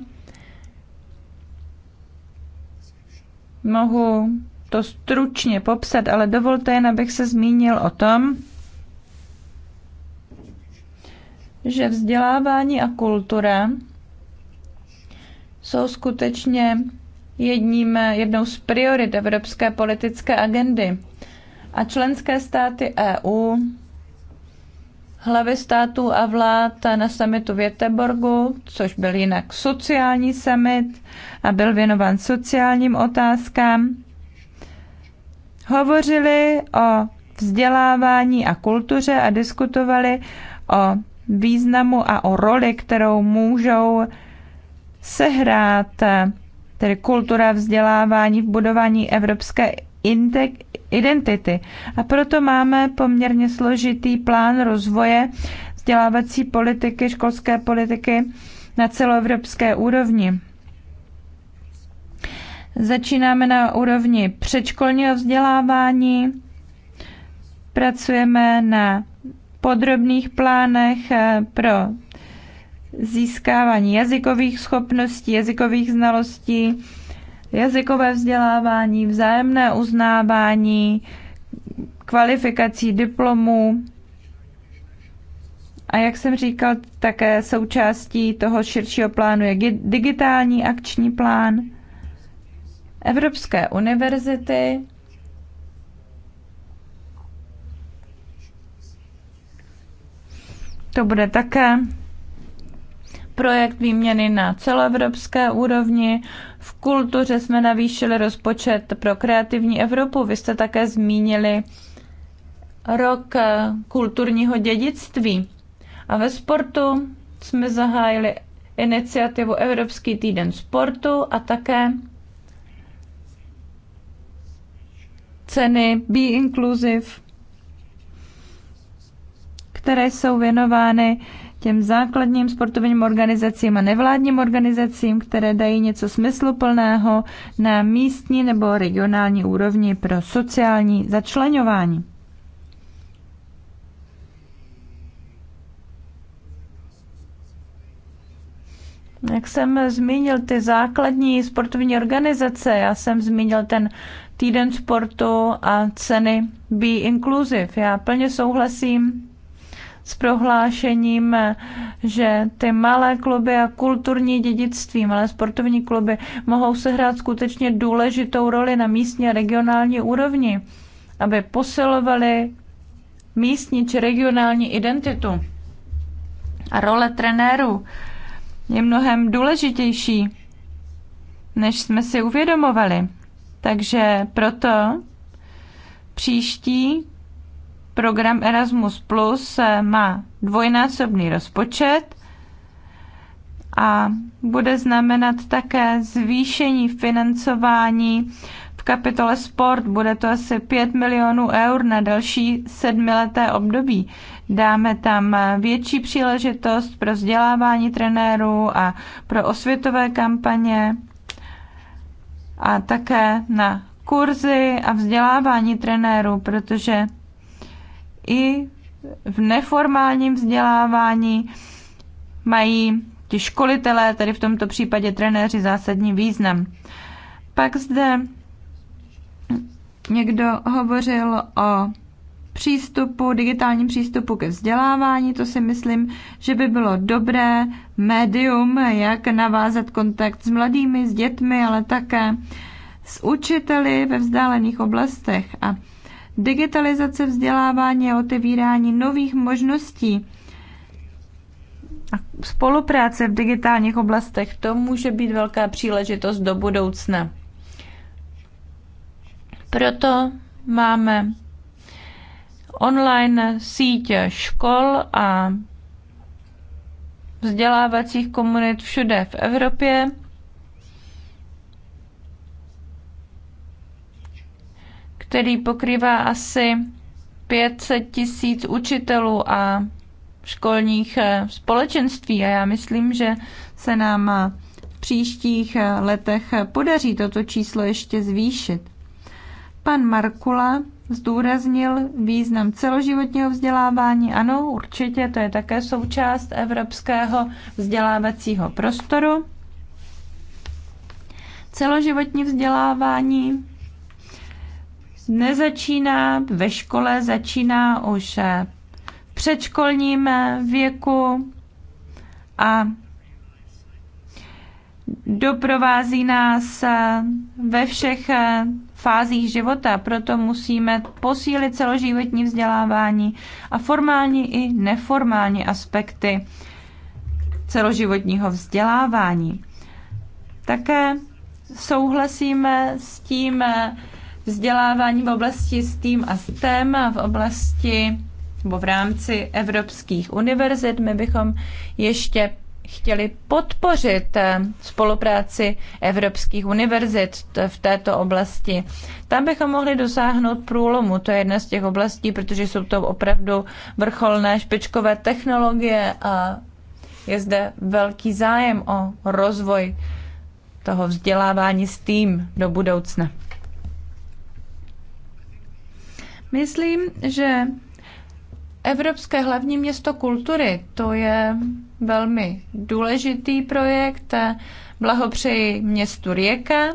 Mohu to stručně popsat, ale dovolte jen, abych se zmínil o tom, že vzdělávání a kultura jsou skutečně jedním, jednou z priorit evropské politické agendy. A členské státy EU, hlavy států a vlád na summitu v Jeteborgu, což byl jinak sociální summit a byl věnován sociálním otázkám, hovořili o vzdělávání a kultuře a diskutovali o významu a o roli, kterou můžou sehrát tedy kultura vzdělávání v budování evropské identity. A proto máme poměrně složitý plán rozvoje vzdělávací politiky, školské politiky na celoevropské úrovni. Začínáme na úrovni předškolního vzdělávání, pracujeme na podrobných plánech eh, pro získávání jazykových schopností, jazykových znalostí, jazykové vzdělávání, vzájemné uznávání, kvalifikací diplomů. A jak jsem říkal, také součástí toho širšího plánu je digitální akční plán. Evropské univerzity To bude také projekt výměny na celoevropské úrovni. V kultuře jsme navýšili rozpočet pro kreativní Evropu. Vy jste také zmínili rok kulturního dědictví. A ve sportu jsme zahájili iniciativu Evropský týden sportu a také ceny Be Inclusive, které jsou věnovány těm základním sportovním organizacím a nevládním organizacím, které dají něco smysluplného na místní nebo regionální úrovni pro sociální začlenování. Jak jsem zmínil ty základní sportovní organizace, já jsem zmínil ten týden sportu a ceny Be Inclusive. Já plně souhlasím s prohlášením, že ty malé kluby a kulturní dědictví, malé sportovní kluby mohou sehrát skutečně důležitou roli na místní a regionální úrovni, aby posilovali místní či regionální identitu. A role trenérů je mnohem důležitější, než jsme si uvědomovali. Takže proto příští program Erasmus Plus eh, má dvojnásobný rozpočet a bude znamenat také zvýšení financování v kapitole sport. Bude to asi 5 milionů eur na další sedmileté období. Dáme tam větší příležitost pro vzdělávání trenérů a pro osvětové kampaně a také na kurzy a vzdělávání trenérů, protože i v neformálním vzdělávání mají ti školitelé, tedy v tomto případě trenéři, zásadní význam. Pak zde někdo hovořil o přístupu, digitálním přístupu ke vzdělávání. To si myslím, že by bylo dobré médium, jak navázat kontakt s mladými, s dětmi, ale také s učiteli ve vzdálených oblastech. A digitalizace vzdělávání a otevírání nových možností a spolupráce v digitálních oblastech, to může být velká příležitost do budoucna. Proto máme online síť škol a vzdělávacích komunit všude v Evropě. který pokrývá asi 500 tisíc učitelů a školních eh, společenství a já myslím, že se nám eh, v příštích eh, letech podaří toto číslo ještě zvýšit. Pan Markula zdůraznil význam celoživotního vzdělávání. Ano, určitě, to je také součást evropského vzdělávacího prostoru. Celoživotní vzdělávání nezačíná ve škole, začíná už v předškolním věku a doprovází nás ve všech fázích života. Proto musíme posílit celoživotní vzdělávání a formální i neformální aspekty celoživotního vzdělávání. Také souhlasíme s tím vzdělávání v oblasti s tím a STEM a v oblasti nebo v rámci evropských univerzit. My bychom ještě chtěli podpořit eh, spolupráci evropských univerzit v této oblasti. Tam bychom mohli dosáhnout průlomu, to je jedna z těch oblastí, protože jsou to opravdu vrcholné špičkové technologie a je zde velký zájem o rozvoj toho vzdělávání s tým do budoucna. Myslím, že Evropské hlavní město kultury, to je velmi důležitý projekt. Blahopřeji městu Rijeka.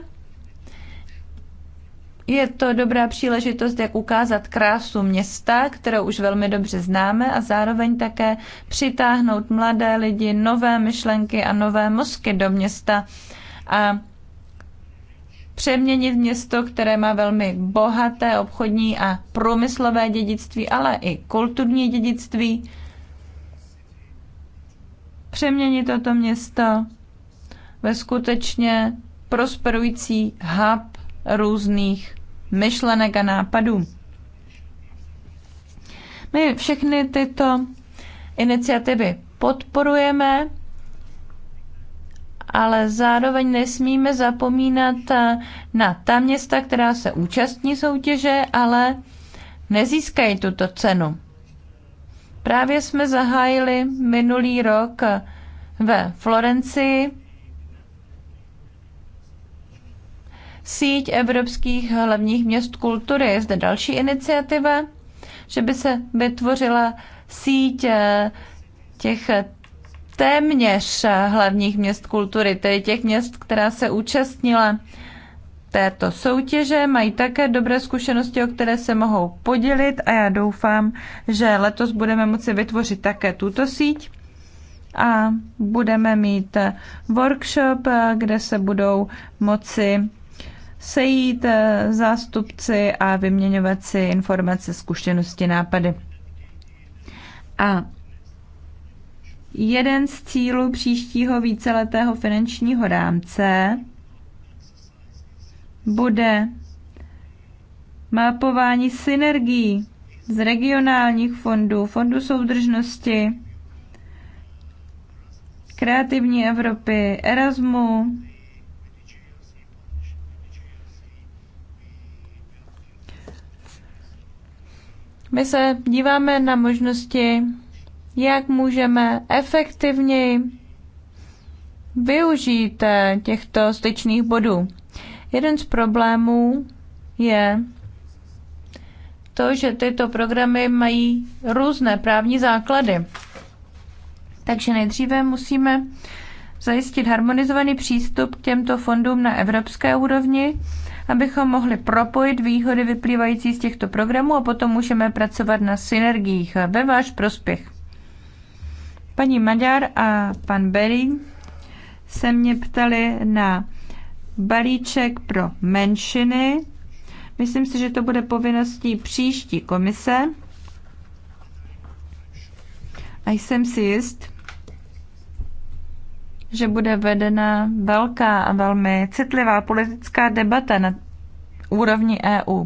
Je to dobrá příležitost, jak ukázat krásu města, kterou už velmi dobře známe, a zároveň také přitáhnout mladé lidi, nové myšlenky a nové mozky do města a přeměnit město, které má velmi bohaté obchodní a průmyslové dědictví, ale i kulturní dědictví, přeměnit toto město ve skutečně prosperující hub různých myšlenek a nápadů. My všechny tyto iniciativy podporujeme, ale zároveň nesmíme zapomínat na ta města, která se účastní soutěže, ale nezískají tuto cenu. Právě jsme zahájili minulý rok ve Florencii síť evropských hlavních měst kultury. Je zde další iniciativa, že by se vytvořila síť eh, těch téměř hlavních měst kultury, tedy těch měst, která se účastnila této soutěže, mají také dobré zkušenosti, o které se mohou podělit a já doufám, že letos budeme moci vytvořit také tuto síť a budeme mít workshop, kde se budou moci sejít zástupci a vyměňovat si informace, zkušenosti, nápady. A jeden z cílů příštího víceletého finančního rámce bude mapování synergií z regionálních fondů, fondů soudržnosti, kreativní Evropy, Erasmu, My se díváme na možnosti, jak můžeme efektivněji využít eh, těchto styčných bodů. Jeden z problémů je to, že tyto programy mají různé právní základy. Takže nejdříve musíme zajistit harmonizovaný přístup k těmto fondům na evropské úrovni, abychom mohli propojit výhody vyplývající z těchto programů a potom můžeme pracovat na synergiích ve váš prospěch. Paní Maďar a pan Berry se mě ptali na balíček pro menšiny. Myslím si, že to bude povinností příští komise. A jsem si jist, že bude vedena velká a velmi citlivá politická debata na úrovni EU.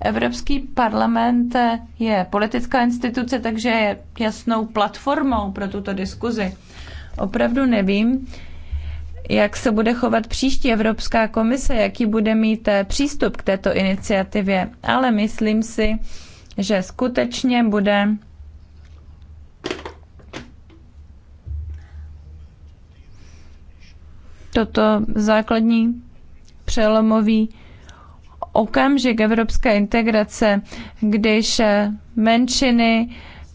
Evropský parlament je politická instituce, takže je jasnou platformou pro tuto diskuzi. Opravdu nevím, jak se bude chovat příští Evropská komise, jaký bude mít eh, přístup k této iniciativě, ale myslím si, že skutečně bude toto základní přelomový okamžik evropské integrace, když eh, menšiny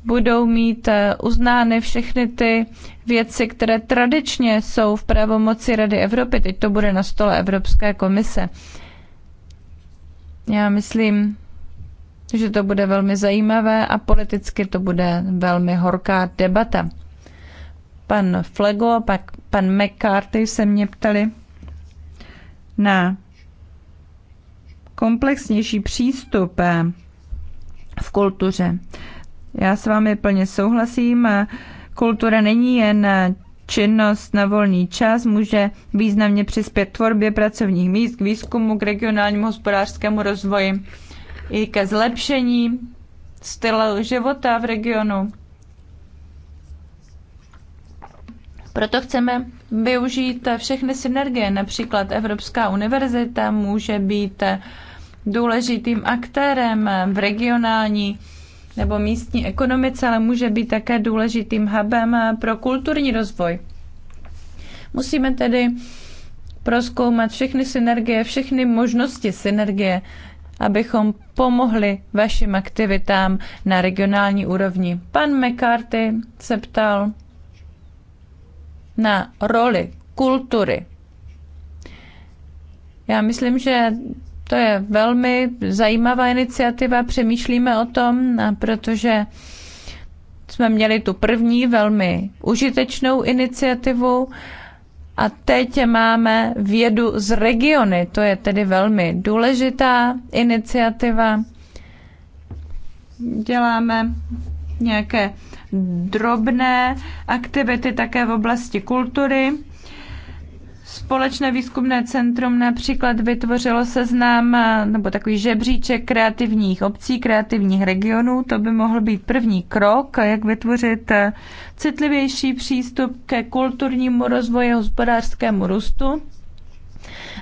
budou mít eh, uznány všechny ty věci, které tradičně jsou v pravomoci Rady Evropy. Teď to bude na stole Evropské komise. Já myslím, že to bude velmi zajímavé a politicky to bude velmi horká debata. Pan Flego a pak pan McCarthy se mě ptali na komplexnější přístup eh, v kultuře. Já s vámi plně souhlasím. Kultura není jen činnost na volný čas může významně přispět tvorbě pracovních míst, k výzkumu, k regionálnímu hospodářskému rozvoji i ke zlepšení stylu života v regionu. Proto chceme využít všechny synergie. Například Evropská univerzita může být důležitým aktérem v regionální nebo místní ekonomice, ale může být také důležitým hubem pro kulturní rozvoj. Musíme tedy proskoumat všechny synergie, všechny možnosti synergie, abychom pomohli vašim aktivitám na regionální úrovni. Pan McCarthy se ptal na roli kultury. Já myslím, že to je velmi zajímavá iniciativa, přemýšlíme o tom, protože jsme měli tu první velmi užitečnou iniciativu a teď máme vědu z regiony. To je tedy velmi důležitá iniciativa. Děláme nějaké drobné aktivity také v oblasti kultury. Společné výzkumné centrum například vytvořilo seznam eh, nebo takový žebříček kreativních obcí, kreativních regionů. To by mohl být první krok, jak vytvořit eh, citlivější přístup ke kulturnímu rozvoji hospodářskému růstu.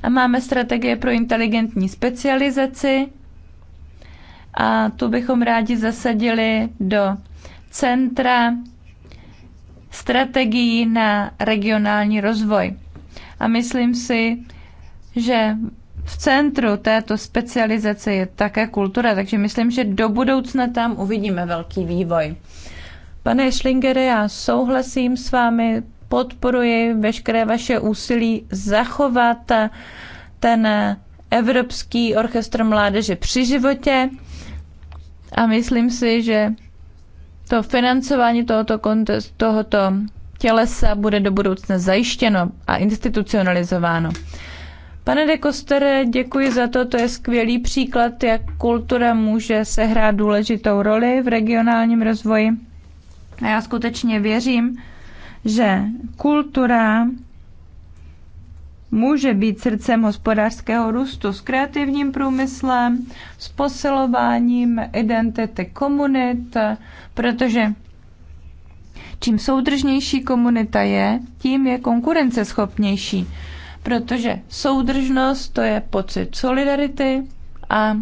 A máme strategie pro inteligentní specializaci a tu bychom rádi zasadili do centra strategií na regionální rozvoj. A myslím si, že v centru této specializace je také kultura, takže myslím, že do budoucna tam uvidíme velký vývoj. Pane Schlingere, já souhlasím s vámi, podporuji veškeré vaše úsilí zachovat ten Evropský orchestr mládeže při životě a myslím si, že to financování tohoto, kontestu, tohoto tělesa bude do budoucna zajištěno a institucionalizováno. Pane de Kostere, děkuji za to. To je skvělý příklad, jak kultura může sehrát důležitou roli v regionálním rozvoji. A já skutečně věřím, že kultura může být srdcem hospodářského růstu s kreativním průmyslem, s posilováním identity komunit, protože Čím soudržnější komunita je, tím je konkurenceschopnější, protože soudržnost to je pocit solidarity a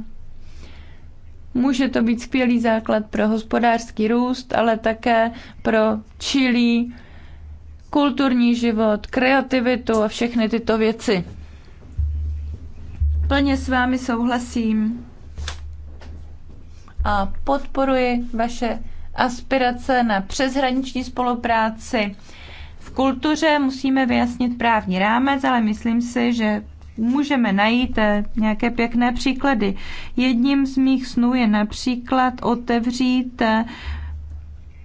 může to být skvělý základ pro hospodářský růst, ale také pro čilý kulturní život, kreativitu a všechny tyto věci. Plně s vámi souhlasím a podporuji vaše aspirace na přeshraniční spolupráci v kultuře. Musíme vyjasnit právní rámec, ale myslím si, že můžeme najít eh, nějaké pěkné příklady. Jedním z mých snů je například otevřít eh,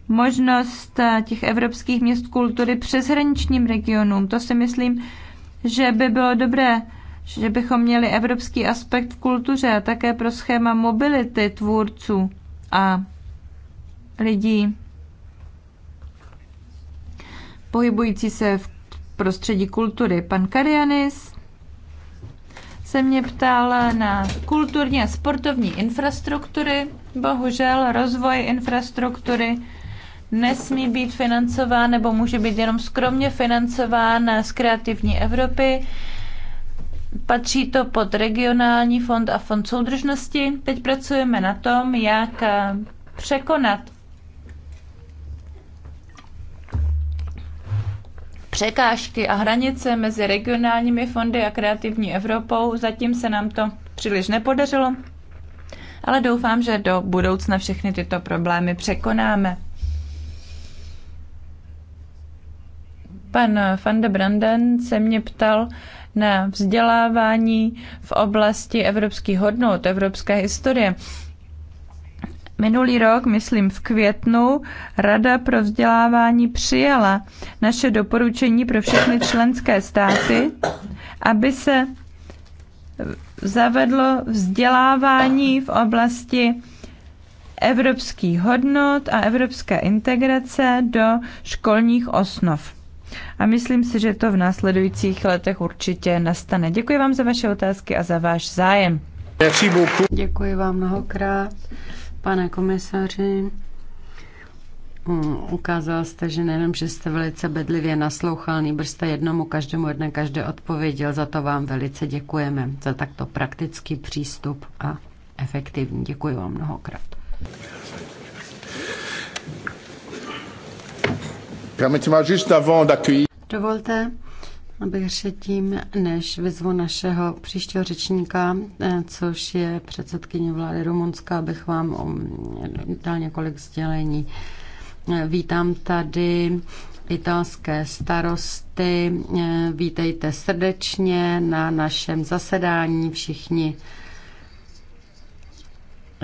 možnost eh, těch evropských měst kultury přeshraničním regionům. To si myslím, že by bylo dobré, že bychom měli evropský aspekt v kultuře a také pro schéma mobility tvůrců a lidí pohybující se v prostředí kultury. Pan Karianis se mě ptal na kulturní a sportovní infrastruktury. Bohužel rozvoj infrastruktury nesmí být financován nebo může být jenom skromně financován z kreativní Evropy. Patří to pod regionální fond a fond soudržnosti. Teď pracujeme na tom, jak překonat překážky a hranice mezi regionálními fondy a kreativní Evropou. Zatím se nám to příliš nepodařilo, ale doufám, že do budoucna všechny tyto problémy překonáme. Pan van de Branden se mě ptal na vzdělávání v oblasti evropských hodnot, evropské historie. Minulý rok, myslím v květnu, Rada pro vzdělávání přijala naše doporučení pro všechny členské státy, aby se zavedlo vzdělávání v oblasti evropských hodnot a evropské integrace do školních osnov. A myslím si, že to v následujících letech určitě nastane. Děkuji vám za vaše otázky a za váš zájem. Děkuji vám mnohokrát. Pane komisaři, mm, ukázal jste, že nejenom, že jste velice bedlivě naslouchal, nýbrž jste jednomu každému jedné každé odpověděl. Za to vám velice děkujeme, za takto praktický přístup a efektivní. Děkuji vám mnohokrát. Dovolte, Abych tím, než vyzvu našeho příštího řečníka, eh, což je předsedkyně vlády Rumunska, abych vám um, dal několik sdělení. Eh, vítám tady italské starosty. Eh, vítejte srdečně na našem zasedání všichni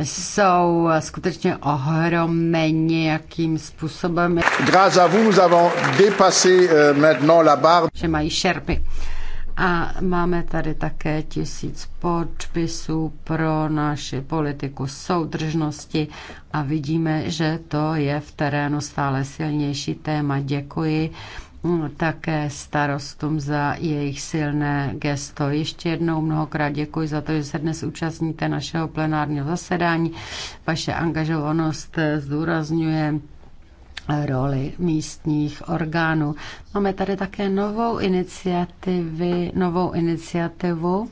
jsou skutečně ohromeni, jakým způsobem... Grâce à vous, nous avons dépassé euh, maintenant la barre. Že mají šerpy. A máme tady také tisíc podpisů pro naši politiku soudržnosti a vidíme, že to je v terénu stále silnější téma. Děkuji Mm, také starostům za jejich silné gesto. Ještě jednou mnohokrát děkuji za to, že se dnes účastníte našeho plenárního zasedání. Vaše angažovanost zdůrazňuje roli místních orgánů. Máme tady také novou, iniciativu, novou iniciativu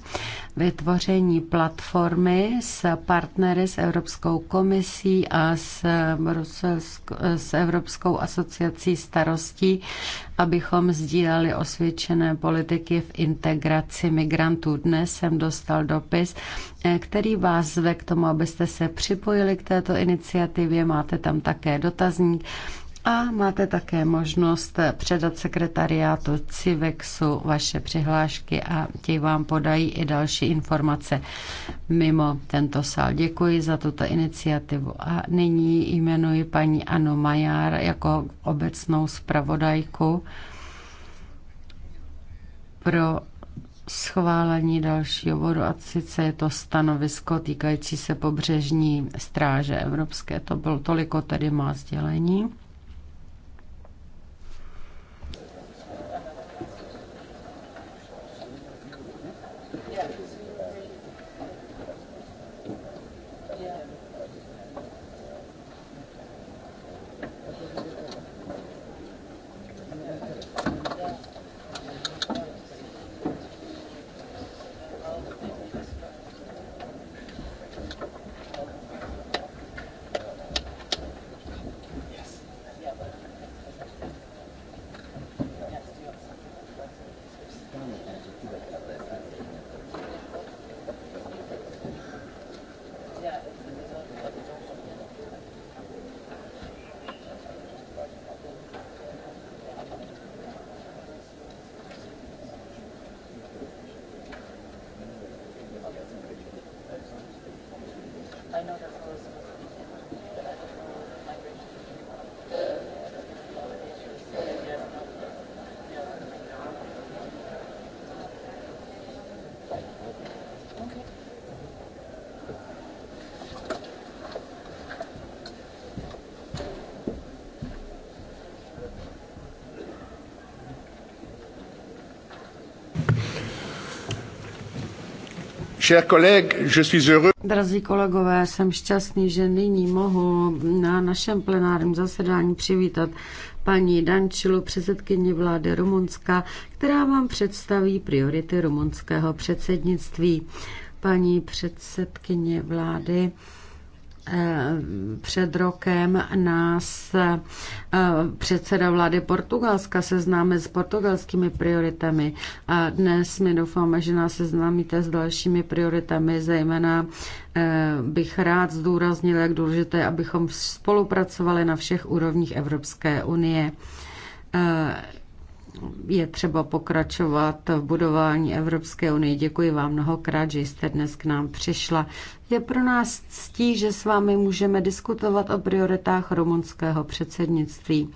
vytvoření platformy s partnery s Evropskou komisí a s, s Evropskou asociací starostí, abychom sdíleli osvědčené politiky v integraci migrantů. Dnes jsem dostal dopis, eh, který vás zve k tomu, abyste se připojili k této iniciativě. Máte tam také dotazník a máte také možnost předat sekretariátu CIVEXu vaše přihlášky a ti vám podají i další informace mimo tento sál. Děkuji za tuto iniciativu. A nyní jmenuji paní Anu Majár jako obecnou zpravodajku pro schválení dalšího bodu a sice je to stanovisko týkající se pobřežní stráže evropské. To bylo toliko tedy má sdělení. Drazí kolegové, jsem šťastný, že nyní mohu na našem plenárním zasedání přivítat paní Dančilu, předsedkyni vlády Rumunska, která vám představí priority rumunského předsednictví. Paní předsedkyně vlády, Eh, před rokem nás eh, předseda vlády Portugalska seznámil s portugalskými prioritami a dnes my doufáme, že nás seznámíte s dalšími prioritami, zejména eh, bych rád zdůraznil, jak důležité, abychom spolupracovali na všech úrovních Evropské unie je třeba pokračovat v budování Evropské unie. Děkuji vám mnohokrát, že jste dnes k nám přišla. Je pro nás ctí, že s vámi můžeme diskutovat o prioritách rumunského předsednictví.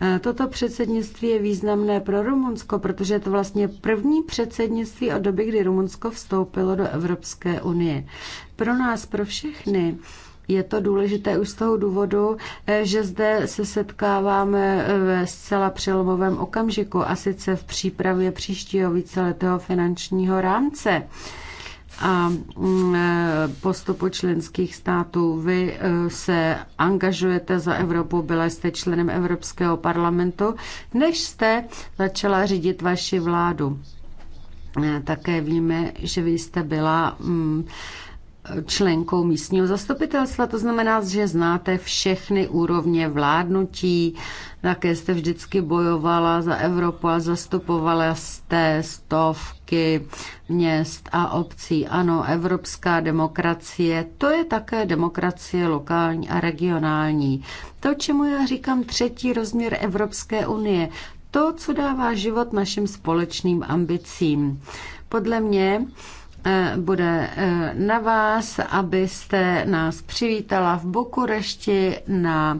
Eh, toto předsednictví je významné pro Rumunsko, protože je to vlastně první předsednictví od doby, kdy Rumunsko vstoupilo do Evropské unie. Pro nás, pro všechny, je to důležité už z toho důvodu, eh, že zde se setkáváme eh, ve zcela přelomovém okamžiku, a sice v přípravě příštího víceletého finančního rámce a mm, eh, postupu členských států. Vy se angažujete za Evropu, byla jste členem Evropského parlamentu, než jste začala řídit vaši vládu. Také víme, že vy jste byla mm, členkou místního zastupitelstva, to znamená, že znáte všechny úrovně vládnutí, také jste vždycky bojovala za Evropu a zastupovala jste stovky měst a obcí. Ano, evropská demokracie, to je také demokracie lokální a regionální. To, čemu já říkám třetí rozměr Evropské unie, to, co dává život našim společným ambicím. Podle mě Eh, bude eh, na vás, abyste nás přivítala v Bukurešti na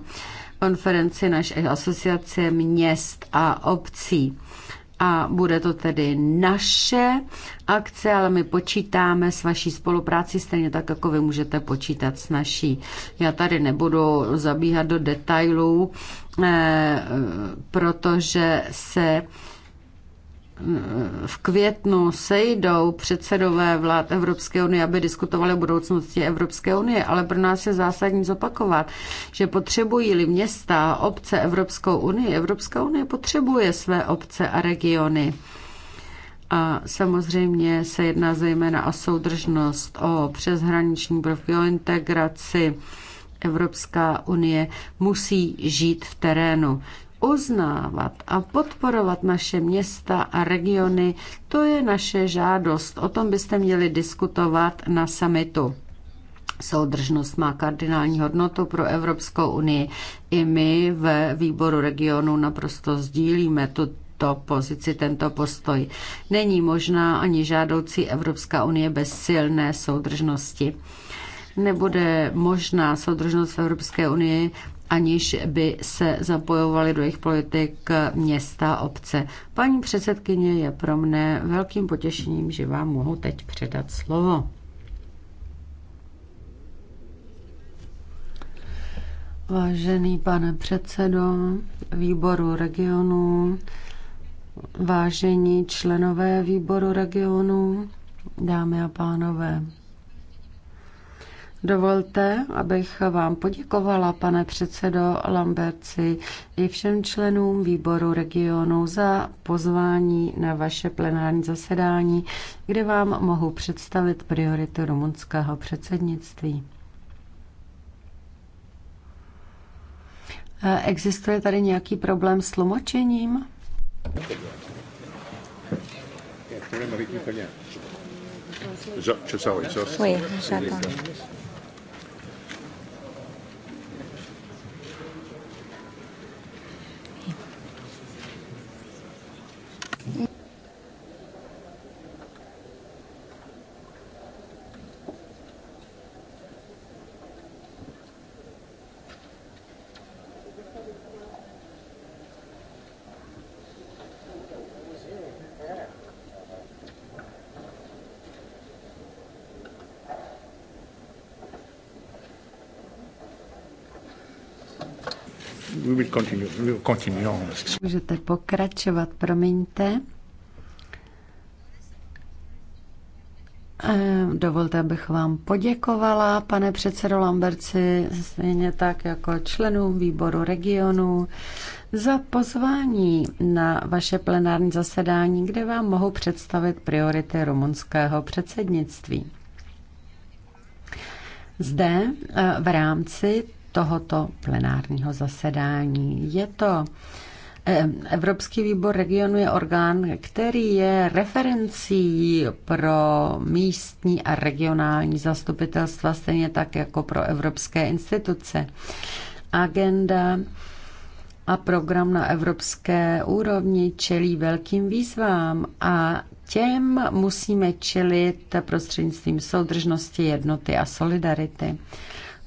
konferenci naší asociace měst a obcí. A bude to tedy naše akce, ale my počítáme s vaší spolupráci stejně tak, jako vy můžete počítat s naší. Já tady nebudu zabíhat do detailů, eh, protože se v květnu sejdou předsedové vlád Evropské unie, aby diskutovali o budoucnosti Evropské unie, ale pro nás je zásadní zopakovat, že potřebují-li města, obce Evropskou unii, Evropská unie potřebuje své obce a regiony. A samozřejmě se jedná zejména o soudržnost, o přeshraniční prvky, o integraci. Evropská unie musí žít v terénu uznávat a podporovat naše města a regiony, to je naše žádost. O tom byste měli diskutovat na summitu. Soudržnost má kardinální hodnotu pro Evropskou unii. I my ve výboru regionu naprosto sdílíme tu tuto pozici, tento postoj. Není možná ani žádoucí Evropská unie bez silné soudržnosti. Nebude možná soudržnost v Evropské unii, aniž by se zapojovali do jejich politik města obce. Paní předsedkyně, je pro mne velkým potěšením, že vám mohu teď předat slovo. Vážený pane předsedo výboru regionu, vážení členové výboru regionu, dámy a pánové, Dovolte, abych vám poděkovala, pane předsedo Lamberci, i všem členům výboru regionu za pozvání na vaše plenární zasedání, kde vám mohu představit priority rumunského předsednictví. Existuje tady nějaký problém s tlumočením? Oui, j'attends. will Můžete pokračovat, promiňte. Eh, dovolte, abych vám poděkovala, pane předsedo Lamberci, stejně tak jako členům výboru regionu, za pozvání na vaše plenární zasedání, kde vám mohu představit priority rumunského předsednictví. Zde eh, v rámci tohoto plenárního zasedání. Je to eh, Evropský výbor regionu je orgán, který je referencí pro místní a regionální zastupitelstva, stejně tak jako pro evropské instituce. Agenda a program na evropské úrovni čelí velkým výzvám a těm musíme čelit prostřednictvím soudržnosti, jednoty a solidarity.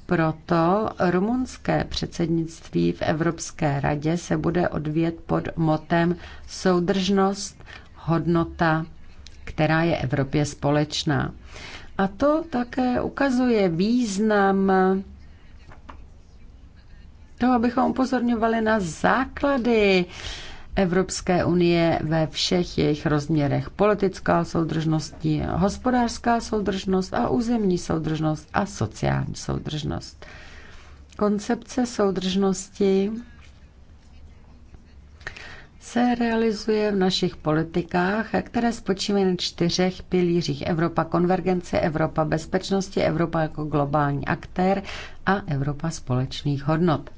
Proto rumunské předsednictví v Evropské radě se bude odvět pod motem soudržnost, hodnota, která je Evropě společná. A to také ukazuje význam toho, abychom upozorňovali na základy Evropské unie ve všech jejich rozměrech. Politická soudržnost, hospodářská soudržnost a územní soudržnost a sociální soudržnost. Koncepce soudržnosti se realizuje v našich politikách, které spočívají na čtyřech pilířích. Evropa konvergence, Evropa bezpečnosti, Evropa jako globální aktér a Evropa společných hodnot.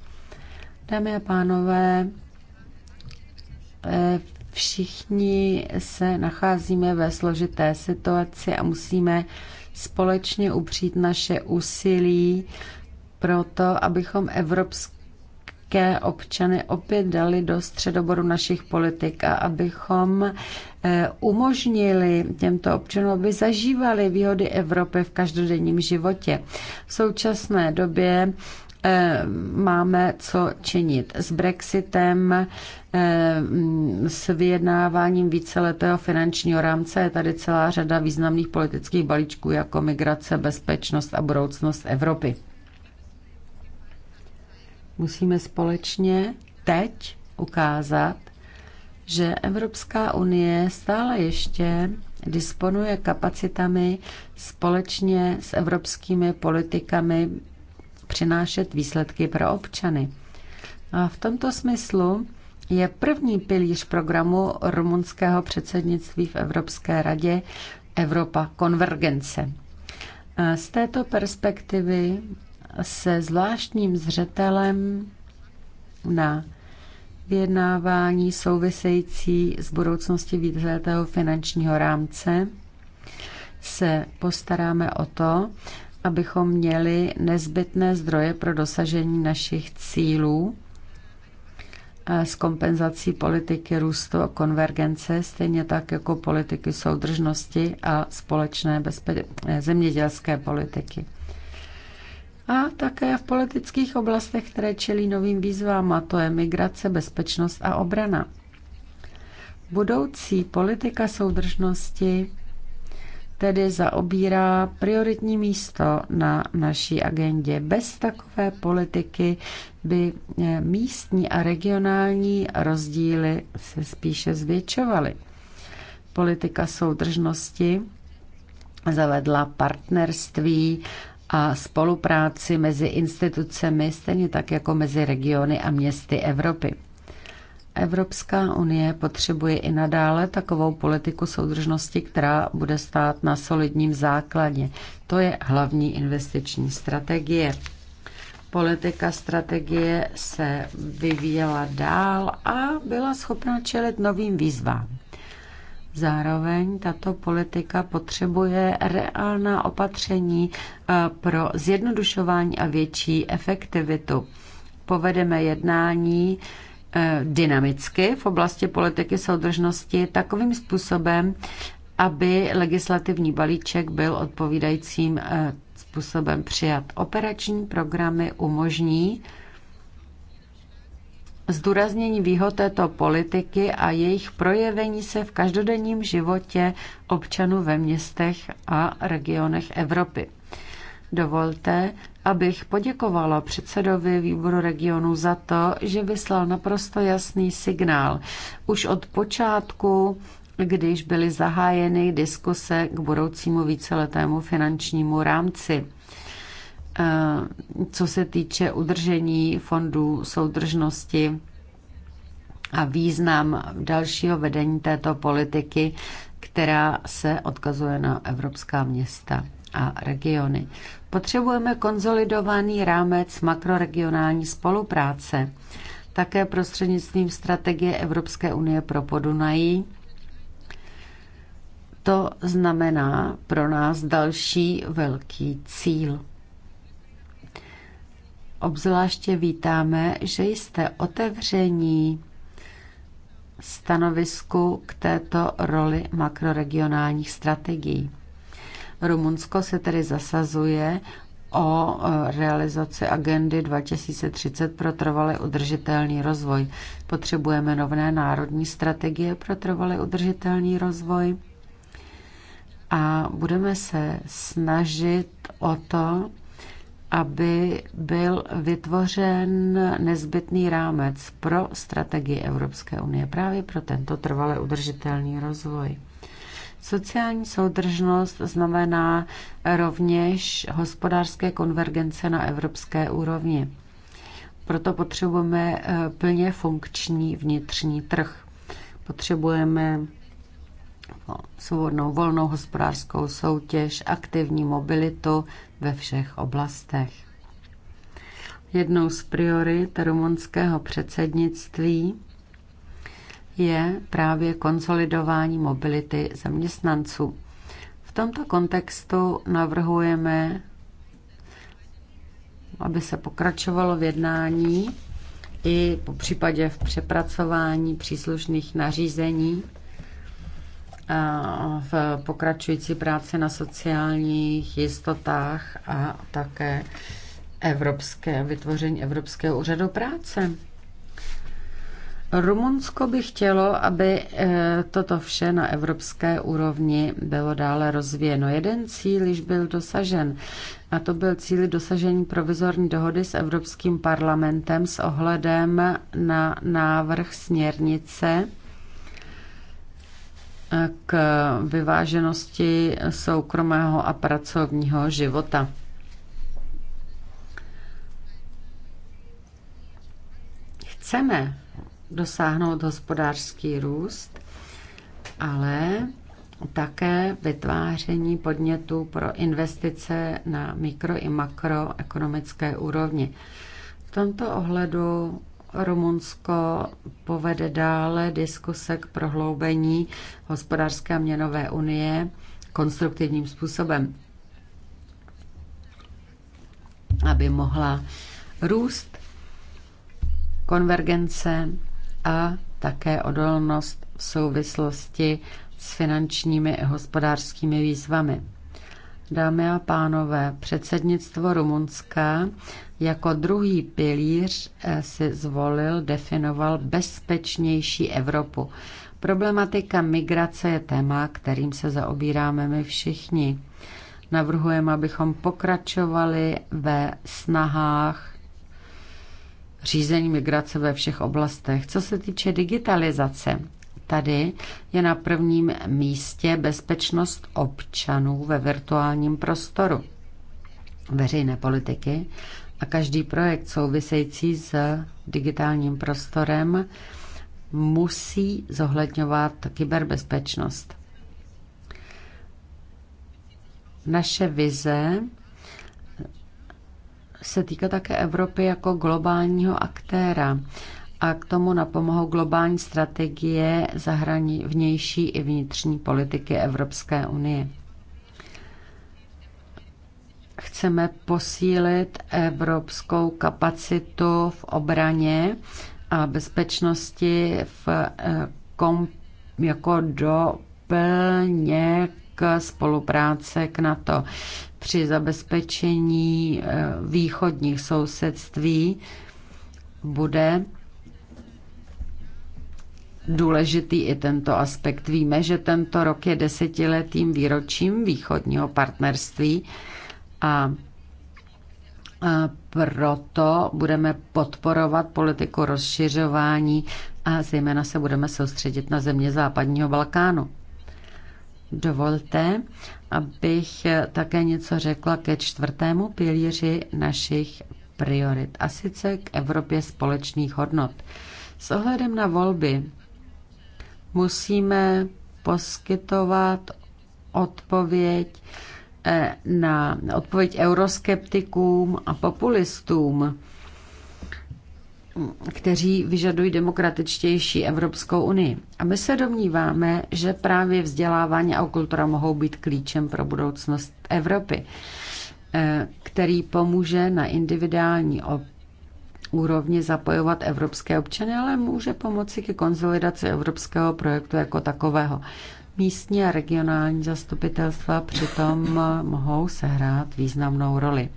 Dámy a pánové, Eh, všichni se nacházíme ve složité situaci a musíme společně upřít naše úsilí pro to, abychom evropské občany opět dali do středoboru našich politik a abychom eh, umožnili těmto občanům, aby zažívali výhody Evropy v každodenním životě. V současné době Eh, máme co činit s Brexitem, eh, s vyjednáváním víceletého finančního rámce. Je tady celá řada významných politických balíčků jako migrace, bezpečnost a budoucnost Evropy. Musíme společně teď ukázat, že Evropská unie stále ještě disponuje kapacitami společně s evropskými politikami přinášet výsledky pro občany. A v tomto smyslu je první pilíř programu rumunského předsednictví v Evropské radě Evropa konvergence. Z této perspektivy se zvláštním zřetelem na vyjednávání související s budoucností víceletého finančního rámce se postaráme o to, abychom měli nezbytné zdroje pro dosažení našich cílů eh, s kompenzací politiky růstu a konvergence, stejně tak jako politiky soudržnosti a společné eh, zemědělské politiky. A také v politických oblastech, které čelí novým výzvám, a to je migrace, bezpečnost a obrana. Budoucí politika soudržnosti tedy zaobírá prioritní místo na naší agendě. Bez takové politiky by eh, místní a regionální rozdíly se spíše zvětšovaly. Politika soudržnosti zavedla partnerství a spolupráci mezi institucemi, stejně tak jako mezi regiony a městy Evropy. Evropská unie potřebuje i nadále takovou politiku soudržnosti, která bude stát na solidním základě. To je hlavní investiční strategie. Politika strategie se vyvíjela dál a byla schopna čelit novým výzvám. Zároveň tato politika potřebuje reálná opatření eh, pro zjednodušování a větší efektivitu. Povedeme jednání Eh, dynamicky v oblasti politiky soudržnosti takovým způsobem, aby legislativní balíček byl odpovídajícím eh, způsobem přijat. Operační programy umožní zdůraznění výhod této politiky a jejich projevení se v každodenním životě občanů ve městech a regionech Evropy. Dovolte, abych poděkovala předsedovi výboru regionu za to, že vyslal naprosto jasný signál. Už od počátku když byly zahájeny diskuse k budoucímu víceletému finančnímu rámci. Eh, co se týče udržení fondů soudržnosti a význam dalšího vedení této politiky, která se odkazuje na evropská města a regiony. Potřebujeme konzolidovaný rámec makroregionální spolupráce, také prostřednictvím strategie Evropské unie pro Podunají. To znamená pro nás další velký cíl. Obzvláště vítáme, že jste otevření stanovisku k této roli makroregionálních strategií. Rumunsko se tedy zasazuje o e, realizaci agendy 2030 pro trvalý udržitelný rozvoj. Potřebujeme nové národní strategie pro trvalý udržitelný rozvoj a budeme se snažit o to, aby byl vytvořen nezbytný rámec pro strategii Evropské unie právě pro tento trvalý udržitelný rozvoj. Sociální soudržnost znamená rovněž hospodářské konvergence na evropské úrovni. Proto potřebujeme eh, plně funkční vnitřní trh. Potřebujeme svobodnou volnou hospodářskou soutěž, aktivní mobilitu ve všech oblastech. Jednou z priorit rumunského předsednictví je právě konsolidování mobility zaměstnanců. V tomto kontextu navrhujeme, aby se pokračovalo v jednání i po případě v přepracování příslušných nařízení v pokračující práci na sociálních jistotách a také evropské, vytvoření Evropského úřadu práce. Rumunsko by chtělo, aby eh, toto vše na evropské úrovni bylo dále rozvíjeno. Jeden cíl již byl dosažen a to byl cíl dosažení provizorní dohody s Evropským parlamentem s ohledem na návrh směrnice eh, k vyváženosti soukromého a pracovního života. Chceme dosáhnout hospodářský růst, ale také vytváření podnětů pro investice na mikro i makroekonomické úrovni. V tomto ohledu Rumunsko povede dále diskuse k prohloubení hospodářské a měnové unie konstruktivním způsobem, aby mohla růst konvergence a také odolnost v souvislosti s finančními a hospodářskými výzvami. Dámy a pánové, předsednictvo Rumunska jako druhý pilíř eh, si zvolil, definoval bezpečnější Evropu. Problematika migrace je téma, kterým se zaobíráme my všichni. Navrhujeme, abychom pokračovali ve snahách řízení migrace ve všech oblastech. Co se týče digitalizace, tady je na prvním místě bezpečnost občanů ve virtuálním prostoru veřejné politiky a každý projekt související s digitálním prostorem musí zohledňovat kyberbezpečnost. Naše vize se týká také Evropy jako globálního aktéra a k tomu napomohou globální strategie zahrani, vnější i vnitřní politiky Evropské unie. Chceme posílit evropskou kapacitu v obraně a bezpečnosti v, eh, kom, jako doplněk k spolupráce k NATO při zabezpečení eh, východních sousedství bude důležitý i tento aspekt. Víme, že tento rok je desetiletým výročím východního partnerství a proto budeme podporovat politiku rozšiřování a zejména se budeme soustředit na země západního Balkánu. Dovolte, abych také něco řekla ke čtvrtému pilíři našich priorit, a sice k Evropě společných hodnot. S ohledem na volby musíme poskytovat odpověď eh, na odpověď euroskeptikům a populistům kteří vyžadují demokratičtější Evropskou unii. A my se domníváme, že právě vzdělávání a kultura mohou být klíčem pro budoucnost Evropy, eh, který pomůže na individuální úrovni zapojovat evropské občany, ale může pomoci ke konzolidaci evropského projektu jako takového. Místní a regionální zastupitelstva přitom mohou sehrát významnou roli.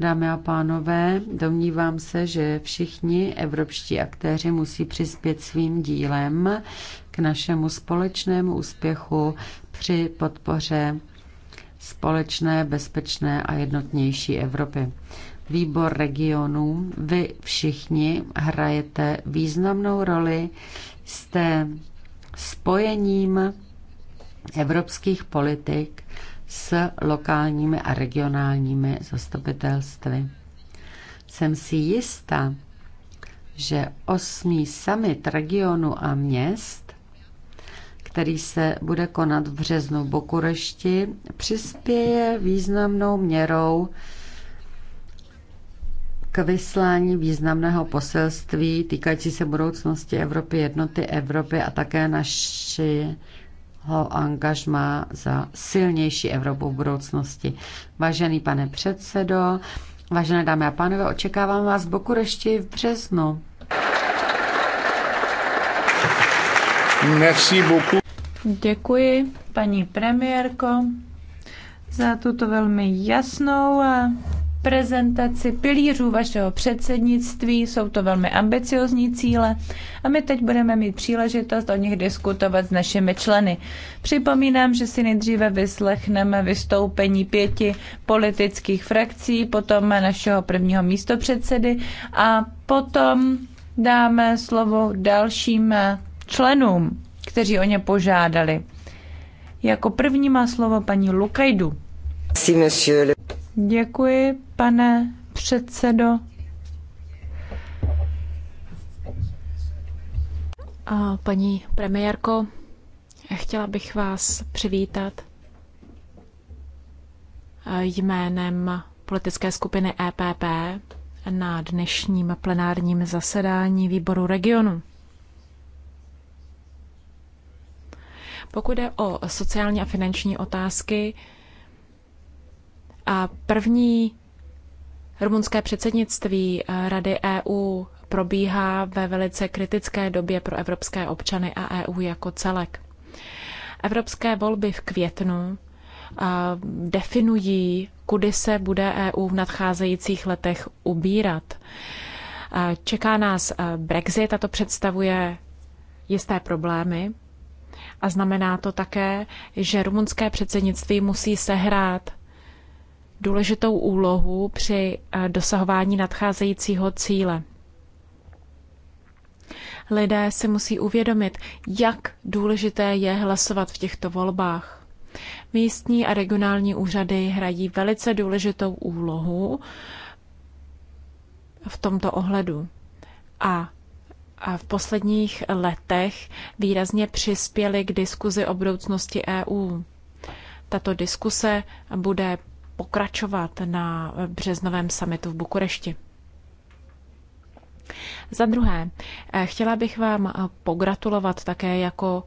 Dámy a pánové, domnívám se, že všichni evropští aktéři musí přispět svým dílem k našemu společnému úspěchu při podpoře společné, bezpečné a jednotnější Evropy. Výbor regionů, vy všichni hrajete významnou roli, jste spojením evropských politik s lokálními a regionálními zastupitelstvy. Jsem si jistá, že osmý summit regionu a měst, který se bude konat v březnu v Bukurešti, přispěje významnou měrou k vyslání významného poselství týkající se budoucnosti Evropy, jednoty Evropy a také naši ho angažma za silnější Evropu v budoucnosti. Vážený pane předsedo, vážené dámy a pánové, očekávám vás v Bukurešti v březnu. Merci beaucoup. Děkuji, paní premiérko, za tuto velmi jasnou a prezentaci pilířů vašeho předsednictví. Jsou to velmi ambiciozní cíle a my teď budeme mít příležitost o nich diskutovat s našimi členy. Připomínám, že si nejdříve vyslechneme vystoupení pěti politických frakcí, potom našeho prvního místopředsedy a potom dáme slovo dalším členům, kteří o ně požádali. Jako první má slovo paní Lukajdu. Děkuji, pane předsedo. A paní premiérko, chtěla bych vás přivítat jménem politické skupiny EPP na dnešním plenárním zasedání výboru regionu. Pokud jde o sociální a finanční otázky, a první rumunské předsednictví eh, Rady EU probíhá ve velice kritické době pro evropské občany a EU jako celek. Evropské volby v květnu eh, definují, kudy se bude EU v nadcházejících letech ubírat. Eh, čeká nás Brexit a to představuje jisté problémy. A znamená to také, že rumunské předsednictví musí sehrát důležitou úlohu při eh, dosahování nadcházejícího cíle. Lidé si musí uvědomit, jak důležité je hlasovat v těchto volbách. Místní a regionální úřady hrají velice důležitou úlohu v tomto ohledu. A a v posledních letech výrazně přispěli k diskuzi o budoucnosti EU. Tato diskuse bude pokračovat na březnovém summitu v Bukurešti. Za druhé, eh, chtěla bych vám eh, pogratulovat také jako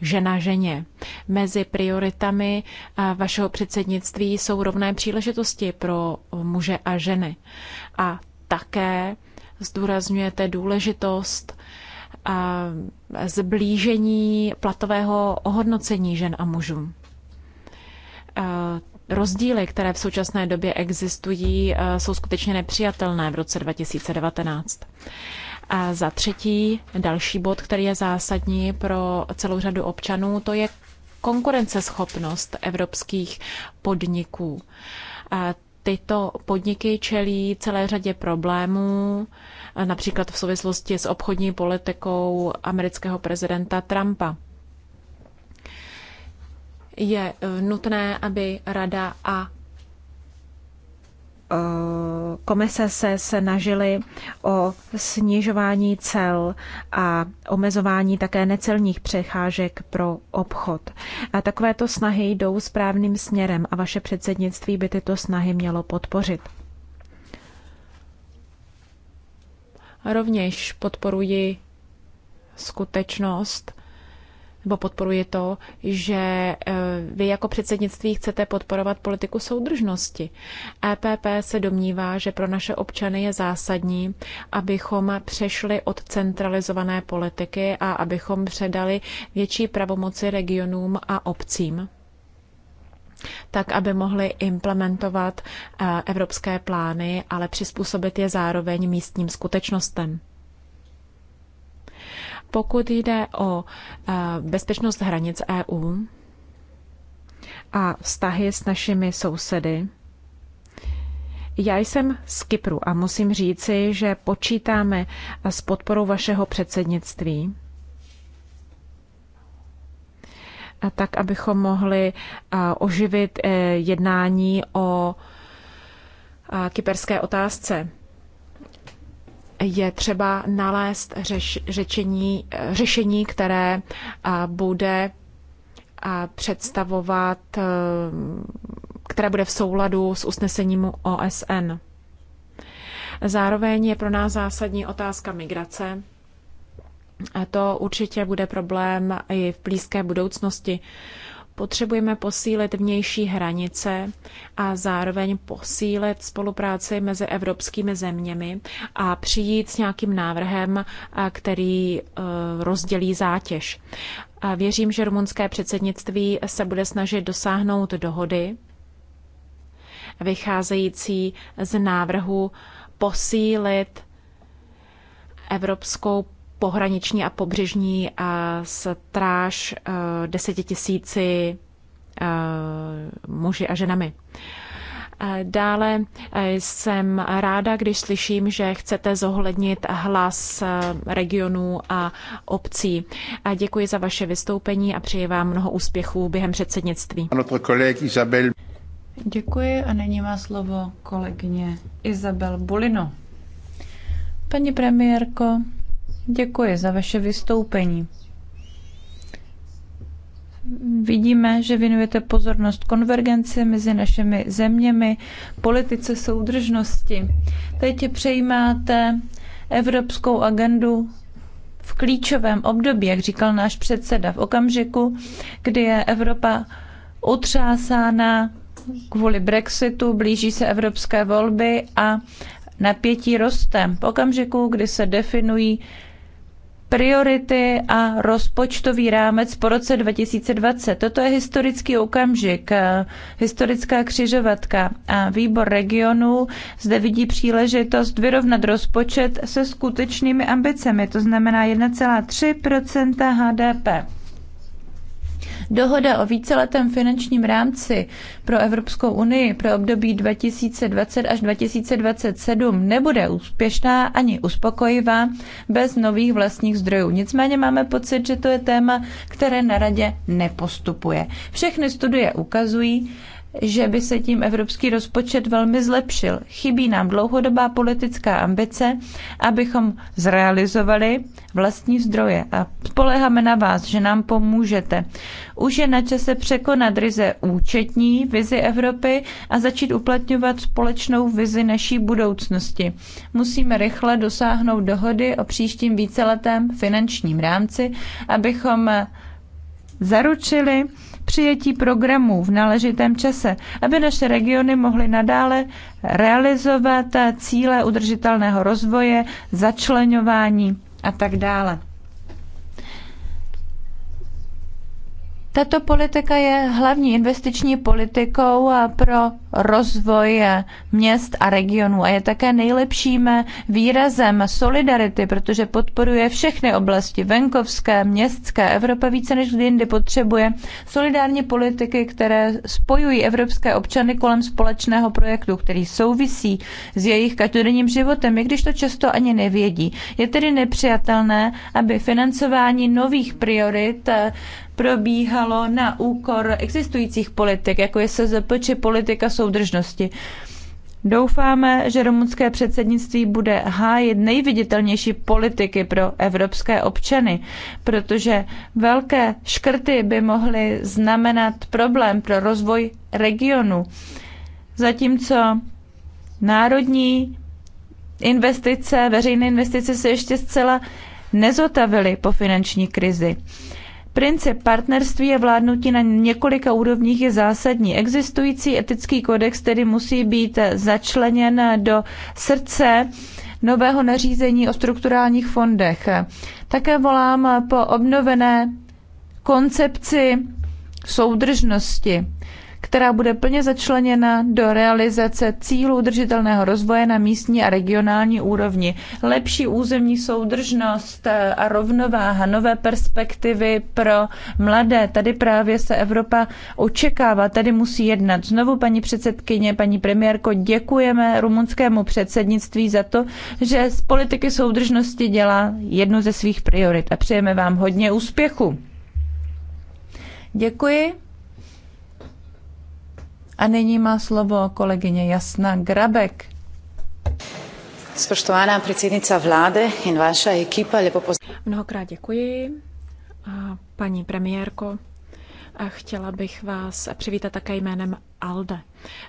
žena ženě. Mezi prioritami eh, vašeho předsednictví jsou rovné příležitosti pro muže a ženy. A také zdůrazňujete důležitost zblížení platového ohodnocení žen a mužů rozdíly, které v současné době existují, eh, jsou skutečně nepřijatelné v roce 2019. A za třetí, další bod, který je zásadní pro celou řadu občanů, to je konkurenceschopnost evropských podniků. A tyto podniky čelí celé řadě problémů, eh, například v souvislosti s obchodní politikou amerického prezidenta Trumpa je eh, nutné, aby rada a eh, komise se snažili o snižování cel a omezování také necelních přecházek pro obchod. A takovéto snahy jdou správným směrem a vaše předsednictví by tyto snahy mělo podpořit. Rovněž podporuji skutečnost, nebo podporuje to, že eh, vy jako předsednictví chcete podporovat politiku soudržnosti. EPP se domnívá, že pro naše občany je zásadní, abychom přešli od centralizované politiky a abychom předali větší pravomoci regionům a obcím tak aby mohli implementovat eh, evropské plány, ale přizpůsobit je zároveň místním skutečnostem. Pokud jde o eh, bezpečnost hranic EU a vztahy s našimi sousedy, já jsem z Kypru a musím říci, že počítáme s podporou vašeho předsednictví. A tak, abychom mohli eh, oživit eh, jednání o kyperské otázce je třeba nalézt řeš, řečení, řešení, které bude představovat, které bude v souladu s usnesením OSN. Zároveň je pro nás zásadní otázka migrace. A to určitě bude problém i v blízké budoucnosti. Potřebujeme posílit vnější hranice a zároveň posílit spolupráci mezi evropskými zeměmi a přijít s nějakým návrhem, který e, rozdělí zátěž. A věřím, že rumunské předsednictví se bude snažit dosáhnout dohody vycházející z návrhu posílit evropskou pohraniční a pobřežní stráž eh, deseti tisíci eh, muži a ženami. Eh, dále jsem ráda, když slyším, že chcete zohlednit hlas regionů a obcí. A děkuji za vaše vystoupení a přeji vám mnoho úspěchů během předsednictví. Děkuji a nyní má slovo kolegyně Izabel Bulino. Paní premiérko, Děkuji za vaše vystoupení. Vidíme, že věnujete pozornost konvergenci mezi našimi zeměmi, politice soudržnosti. Teď přejímáte evropskou agendu v klíčovém období, jak říkal náš předseda, v okamžiku, kdy je Evropa otřásána kvůli Brexitu, blíží se evropské volby a napětí roste. V okamžiku, kdy se definují priority a rozpočtový rámec po roce 2020. Toto je historický okamžik, eh, historická křižovatka a výbor regionů zde vidí příležitost vyrovnat rozpočet se skutečnými ambicemi, to znamená 1,3 HDP. Dohoda o víceletém finančním rámci pro Evropskou unii pro období 2020 až 2027 nebude úspěšná ani uspokojivá bez nových vlastních zdrojů. Nicméně máme pocit, že to je téma, které na radě nepostupuje. Všechny studie ukazují, že by se tím evropský rozpočet velmi zlepšil. Chybí nám dlouhodobá politická ambice, abychom zrealizovali vlastní zdroje a spoleháme na vás, že nám pomůžete. Už je na čase překonat ryze účetní vizi Evropy a začít uplatňovat společnou vizi naší budoucnosti. Musíme rychle dosáhnout dohody o příštím víceletém finančním rámci, abychom zaručili, přijetí programů v náležitém čase, aby naše regiony mohly nadále realizovat cíle udržitelného rozvoje, začlenování a tak dále. Tato politika je hlavní investiční politikou pro rozvoj měst a regionů a je také nejlepším výrazem solidarity, protože podporuje všechny oblasti venkovské, městské. Evropa více než kdy jindy potřebuje solidární politiky, které spojují evropské občany kolem společného projektu, který souvisí s jejich každodenním životem, i když to často ani nevědí. Je tedy nepřijatelné, aby financování nových priorit probíhalo na úkor existujících politik, jako je SZP či politika soudržnosti. Doufáme, že rumunské předsednictví bude hájit nejviditelnější politiky pro evropské občany, protože velké škrty by mohly znamenat problém pro rozvoj regionu. Zatímco národní investice, veřejné investice se ještě zcela nezotavily po finanční krizi. Princip partnerství a vládnutí na několika úrovních je zásadní. Existující etický kodex tedy musí být začleněn do srdce nového nařízení o strukturálních fondech. Také volám po obnovené koncepci soudržnosti která bude plně začleněna do realizace cílů udržitelného rozvoje na místní a regionální úrovni. Lepší územní soudržnost a rovnováha, nové perspektivy pro mladé. Tady právě se Evropa očekává, tady musí jednat. Znovu, paní předsedkyně, paní premiérko, děkujeme rumunskému předsednictví za to, že z politiky soudržnosti dělá jednu ze svých priorit a přejeme vám hodně úspěchu. Děkuji. A nyní má slovo kolegyně Jasna Grabek. Spoštovaná předsednica vlády in vaša ekipa, lepo poz... Mnohokrát děkuji. A paní premiérko, a chtěla bych vás přivítat také jménem ALDE.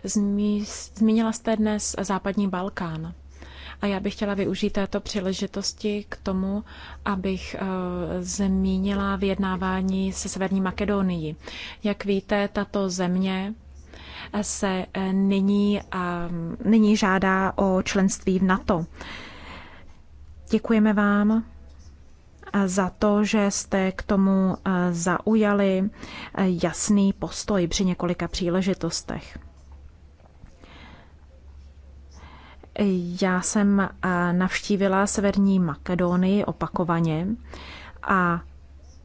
Zmí, zmínila jste dnes západní Balkán. A já bych chtěla využít této příležitosti k tomu, abych uh, zmínila vyjednávání se Severní Makedonií. Jak víte, tato země se eh, nyní, eh, nyní žádá o členství v NATO. Děkujeme vám eh, za to, že jste k tomu zaujali jasný postoj při několika příležitostech. Já jsem navštívila Severní Makedonii opakovaně a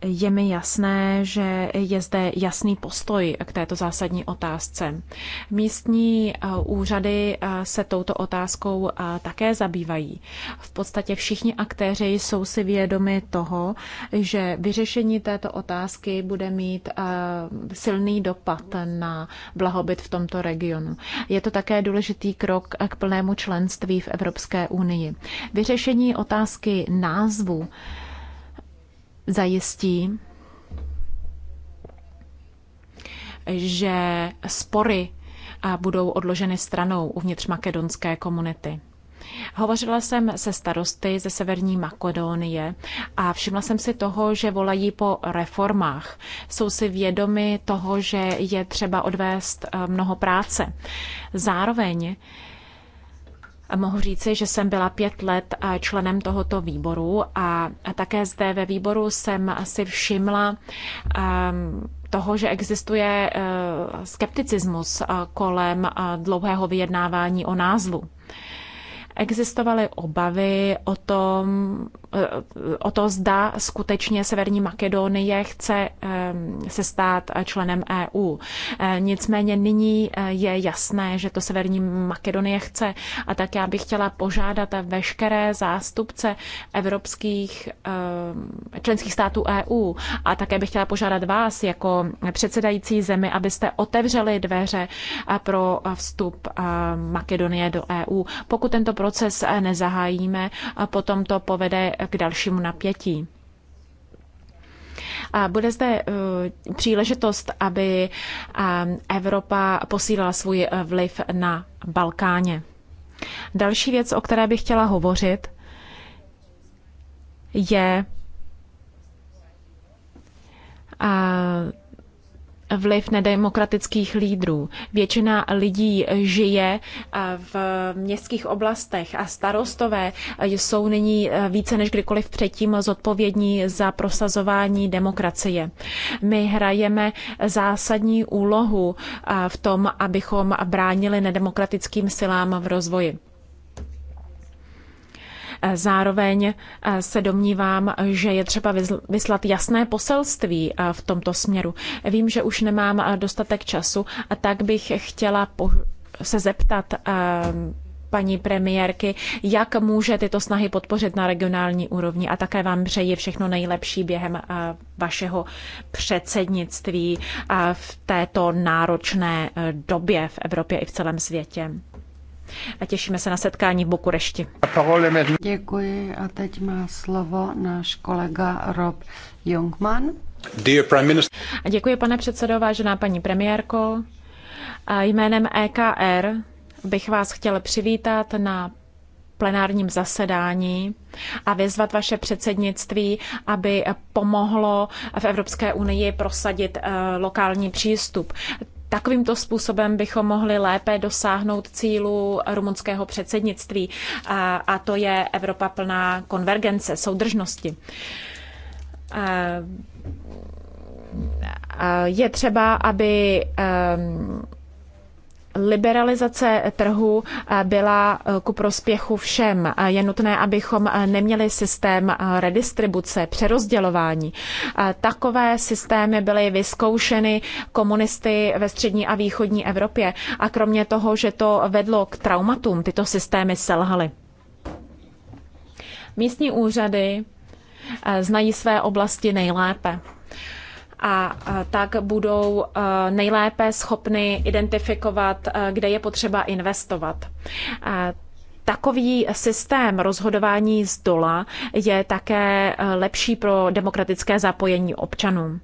je mi jasné, že je zde jasný postoj k této zásadní otázce. Místní eh, úřady eh, se touto otázkou eh, také zabývají. V podstatě všichni aktéři jsou si vědomi toho, že vyřešení této otázky bude mít silný dopad na blahobyt v tomto regionu. Je to také důležitý krok k plnému členství v Evropské unii. Vyřešení otázky názvu zajistí, že spory budou odloženy stranou uvnitř makedonské komunity. Hovořila jsem se starosty ze Severní Makedonie a všimla jsem si toho, že volají po reformách. Jsou si vědomi toho, že je třeba odvést mnoho práce. Zároveň Mohu říci, že jsem byla pět let eh, členem tohoto výboru a také zde ve výboru jsem asi všimla ehm, toho, že existuje eh, skepticismus eh, kolem dlouhého vyjednávání o názvu existovaly obavy o, tom, eh, o to, zda skutečně Severní Makedonie chce ehm, se stát eh, členem EU. Eh, nicméně nyní je jasné, že to Severní Makedonie chce a tak já bych chtěla požádat veškeré zástupce evropských ehm, členských států EU a také bych chtěla požádat vás jako předsedající zemi, abyste otevřeli dveře pro vstup Makedonie do EU. Pokud tento proces nezahájíme, potom to povede k dalšímu napětí. A bude zde eh, příležitost, aby eh, Evropa posílala svůj eh, vliv na Balkáně. Další věc, o které bych chtěla hovořit, je vliv nedemokratických lídrů. Většina lidí žije eh, v městských oblastech a starostové eh, jsou nyní eh, více než kdykoliv předtím zodpovědní za prosazování demokracie. My hrajeme zásadní úlohu v tom, abychom bránili nedemokratickým silám v rozvoji. Zároveň se domnívám, že je třeba vyslat jasné poselství v tomto směru. Vím, že už nemám dostatek času a tak bych chtěla se zeptat paní premiérky, jak může tyto snahy podpořit na regionální úrovni a také vám přeji všechno nejlepší během vašeho předsednictví v této náročné e, době v Evropě i v celém světě a těšíme se na setkání v Bukurešti. Děkuji a teď má slovo náš kolega Rob Jungman. Děkuji, pane předsedo, vážená paní premiérko. Jménem EKR bych vás chtěl přivítat na plenárním zasedání a vyzvat vaše předsednictví, aby pomohlo v Evropské unii prosadit eh, lokální přístup. Takovýmto způsobem bychom mohli lépe dosáhnout cílu rumunského předsednictví a, a to je Evropa plná konvergence, soudržnosti. A, je třeba, aby ehm, Liberalizace trhu eh, byla eh, ku prospěchu všem. Eh, je nutné, abychom neměli systém redistribuce, přerozdělování. Takové systémy byly vyzkoušeny komunisty ve střední a východní Evropě a kromě toho, že to vedlo k traumatům, tyto systémy selhaly. Místní úřady znají své oblasti nejlépe a e, tak budou e, nejlépe schopny identifikovat, e, kde je potřeba investovat. Takový systém rozhodování z dola je také lepší pro demokratické zapojení občanů.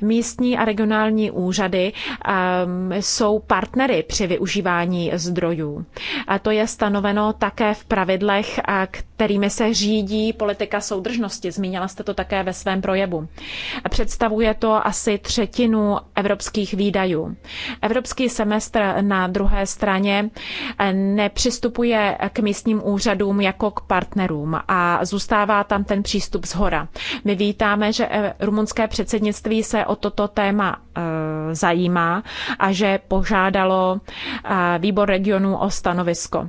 Místní a regionální úřady jsou partnery při využívání zdrojů. A to je stanoveno také v pravidlech, které kterými se řídí politika soudržnosti. Zmínila jste to také ve svém projevu. Představuje to asi třetinu evropských výdajů. Evropský semestr na druhé straně eh, nepřistupuje k místním úřadům jako k partnerům a zůstává tam ten přístup zhora. My vítáme, že eh, rumunské předsednictví se o toto téma eh, zajímá a že požádalo výbor regionů o stanovisko.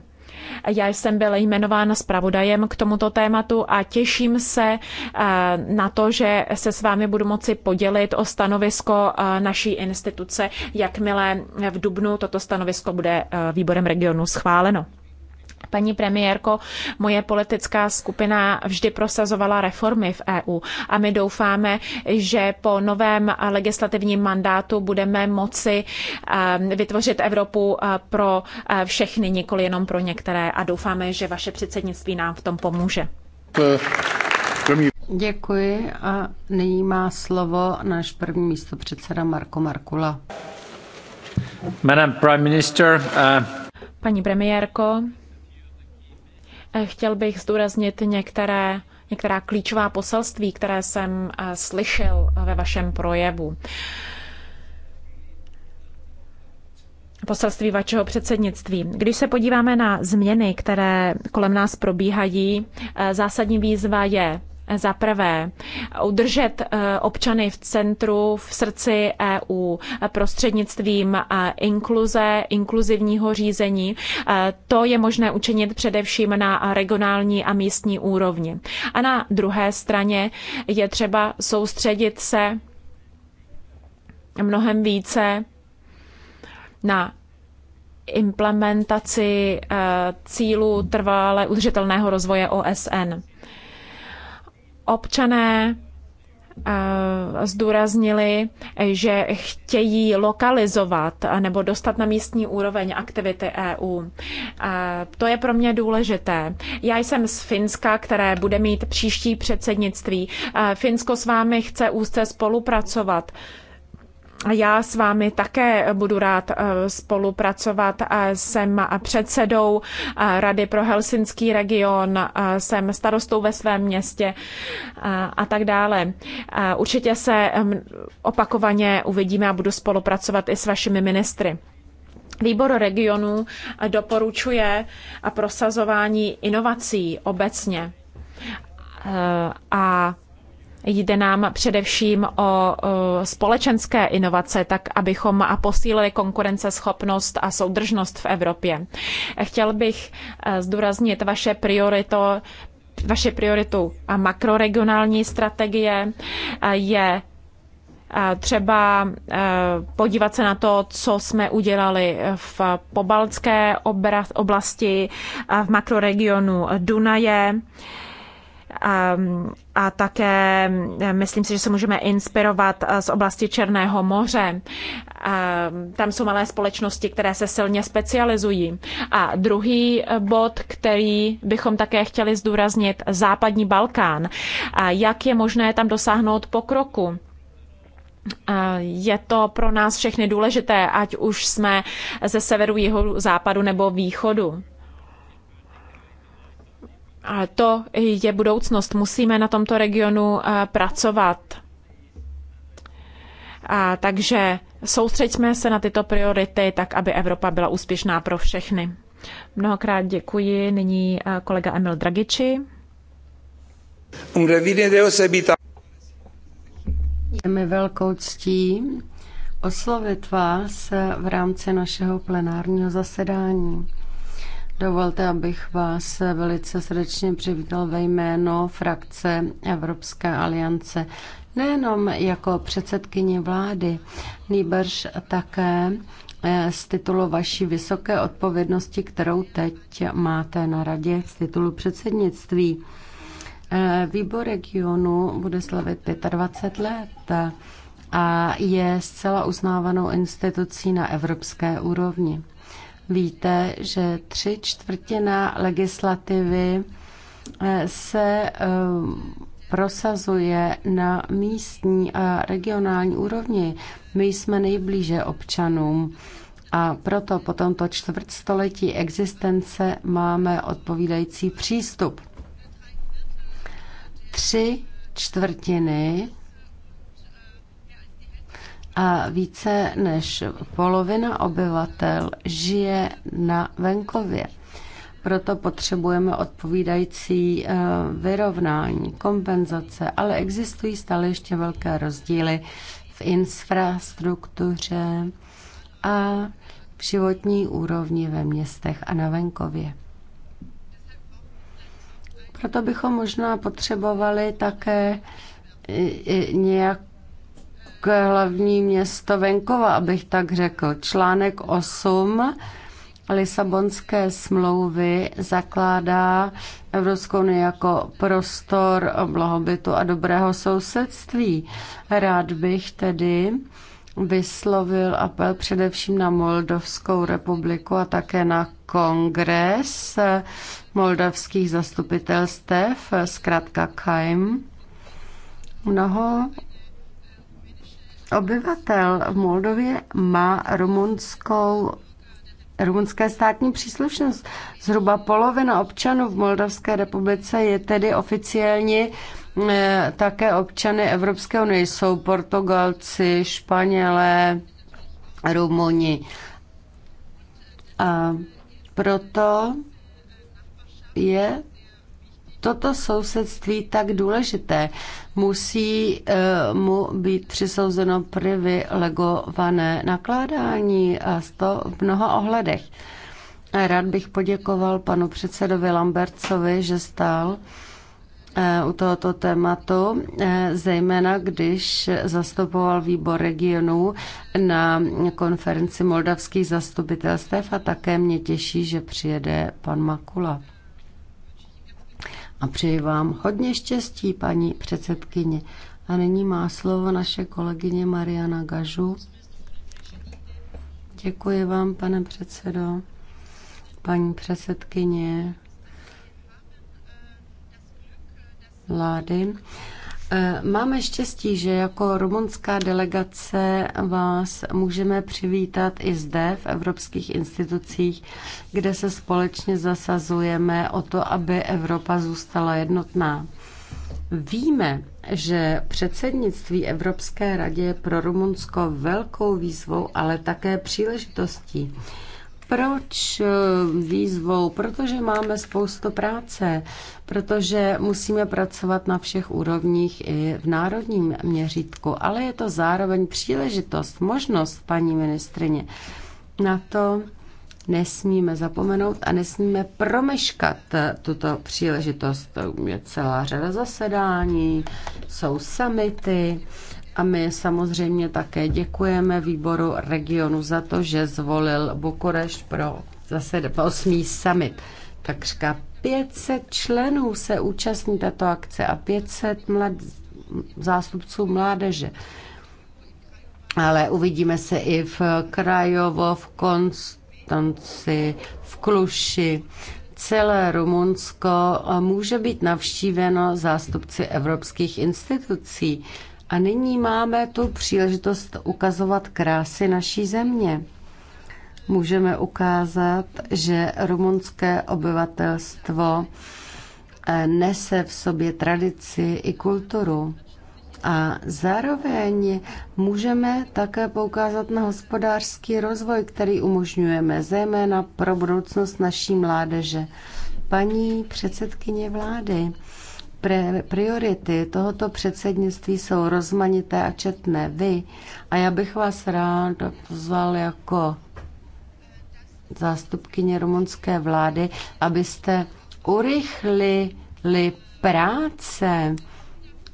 Já jsem byla jmenována zpravodajem k tomuto tématu a těším se eh, na to, že se s vámi budu moci podělit o stanovisko eh, naší instituce, jakmile v Dubnu toto stanovisko bude eh, výborem regionu schváleno. Paní premiérko, moje politická skupina vždy prosazovala reformy v EU a my doufáme, že po novém legislativním mandátu budeme moci ehm, vytvořit Evropu eh, pro eh, všechny, nikoli jenom pro některé a doufáme, že vaše předsednictví nám v tom pomůže. Děkuji a nyní má slovo náš první místo předseda Marko Markula. Madam Prime Minister, uh... Paní premiérko, Eh, chtěl bych zdůraznit některé, některá klíčová poselství, které jsem eh, slyšel eh, ve vašem projevu. Poselství vašeho předsednictví. Když se podíváme na změny, které kolem nás probíhají, zásadní výzva je za prvé, udržet eh, občany v centru, v srdci EU eh, prostřednictvím eh, inkluze, inkluzivního řízení. To je možné učinit především na regionální a místní úrovni. A na druhé straně je třeba soustředit se mnohem více na implementaci cílů trvale udržitelného rozvoje OSN. Občané eh, zdůraznili, že chtějí lokalizovat nebo dostat na místní úroveň aktivity EU. Eh, to je pro mě důležité. Já jsem z Finska, které bude mít příští předsednictví. Eh, Finsko s vámi chce úzce spolupracovat já s vámi také budu rád eh, spolupracovat. Eh, jsem předsedou eh, Rady pro Helsinský region, jsem starostou ve svém městě a tak dále. Určitě se opakovaně uvidíme a budu spolupracovat i s vašimi ministry. Výbor regionů doporučuje prosazování inovací obecně a Jde nám především o společenské inovace, tak abychom posílili konkurenceschopnost a soudržnost v Evropě. Chtěl bych e, zdůraznit vaše priorito, vaše prioritu a makroregionální strategie e, je e, třeba podívat se na to, co jsme udělali v pobaltské oblasti, v makroregionu Dunaje Ehm, a také ehm, myslím si, že se můžeme inspirovat eh, z oblasti Černého moře. Ehm, tam jsou malé společnosti, které se silně specializují. A druhý eh, bod, který bychom také chtěli zdůraznit, západní Balkán. Jak je možné tam dosáhnout pokroku? Eh, je to pro nás všechny důležité, ať už jsme ze severu, jihu, západu nebo východu. A to je budoucnost. Musíme na tomto regionu eh, pracovat. A takže soustřeďme se na tyto priority, tak aby Evropa byla úspěšná pro všechny. Mnohokrát děkuji. Nyní eh, kolega Emil Dragiči. Je mi velkou ctí oslovit vás v rámci našeho plenárního zasedání. Dovolte, abych vás velice srdečně přivítal ve jméno frakce Evropské aliance. Nejenom jako předsedkyně vlády, nýbrž také eh, z titulu vaší vysoké odpovědnosti, kterou teď máte na radě z titulu předsednictví. Eh, výbor regionu bude slavit 25 let a je zcela uznávanou institucí na evropské úrovni víte, že tři čtvrtina legislativy eh, se eh, prosazuje na místní a regionální úrovni. My jsme nejblíže občanům a proto po tomto čtvrtstoletí existence máme odpovídající přístup. Tři čtvrtiny a více než polovina obyvatel žije na venkově. Proto potřebujeme odpovídající eh, vyrovnání, kompenzace, ale existují stále ještě velké rozdíly v infrastruktuře a v životní úrovni ve městech a na venkově. Proto bychom možná potřebovali také eh, eh, nějak k hlavní město venkova, abych tak řekl. Článek 8 Lisabonské smlouvy zakládá Evropskou unii jako prostor blahobytu a dobrého sousedství. Rád bych tedy vyslovil apel především na Moldovskou republiku a také na kongres moldavských zastupitelstev, zkrátka KAIM. Mnoho obyvatel v Moldově má rumunskou rumunské státní příslušnost. Zhruba polovina občanů v Moldavské republice je tedy oficiálně eh, také občany Evropské unie. Jsou Portugalci, Španělé, Rumuni. A proto je toto sousedství tak důležité, musí eh, mu být přisouzeno privilegované nakládání a to v mnoha ohledech. Rád bych poděkoval panu předsedovi Lambertsovi, že stál eh, u tohoto tématu, eh, zejména když zastupoval výbor regionů na konferenci moldavských zastupitelstv a také mě těší, že přijede pan Makula. A přeji vám hodně štěstí, paní předsedkyně. A nyní má slovo naše kolegyně Mariana Gažu. Děkuji vám, pane předsedo, paní předsedkyně vlády. Eh, Máme štěstí, že jako rumunská delegace vás můžeme přivítat i zde v evropských institucích, kde se společně zasazujeme o to, aby Evropa zůstala jednotná. Víme, že předsednictví Evropské radě je pro Rumunsko velkou výzvou, ale také příležitostí. Proč eh, výzvou? Protože máme spoustu práce, protože musíme pracovat na všech úrovních i v národním měřítku, ale je to zároveň příležitost, možnost, paní ministrině, na to, nesmíme zapomenout a nesmíme promeškat tuto příležitost. Je celá řada zasedání, jsou samity, a my samozřejmě také děkujeme výboru regionu za to, že zvolil Bukurešť pro zase osmý summit. Takřka 500 členů se účastní této akce a 500 mlad, zástupců mládeže. Ale uvidíme se i v Krajovo, v Konstanci, v Kluši. Celé Rumunsko může být navštíveno zástupci evropských institucí. A nyní máme tu příležitost ukazovat krásy naší země. Můžeme ukázat, že rumunské obyvatelstvo eh, nese v sobě tradici i kulturu. A zároveň můžeme také poukázat na hospodářský rozvoj, který umožňujeme, zejména pro budoucnost naší mládeže. Paní předsedkyně vlády, Priority tohoto předsednictví jsou rozmanité a četné. Vy a já bych vás rád pozval jako zástupkyně rumunské vlády, abyste urychlili práce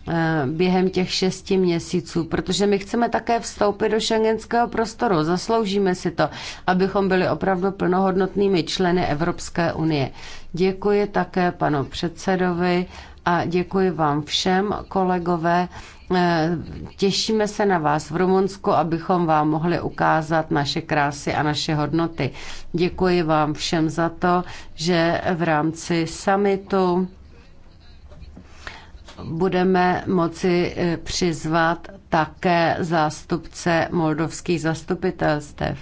eh, během těch šesti měsíců, protože my chceme také vstoupit do šengenského prostoru. Zasloužíme si to, abychom byli opravdu plnohodnotnými členy Evropské unie. Děkuji také panu předsedovi a děkuji vám všem, kolegové. Eh, těšíme se na vás v Rumunsku, abychom vám mohli ukázat naše krásy a naše hodnoty. Děkuji vám všem za to, že v rámci summitu budeme moci eh, přizvat také zástupce moldovských zastupitelstev.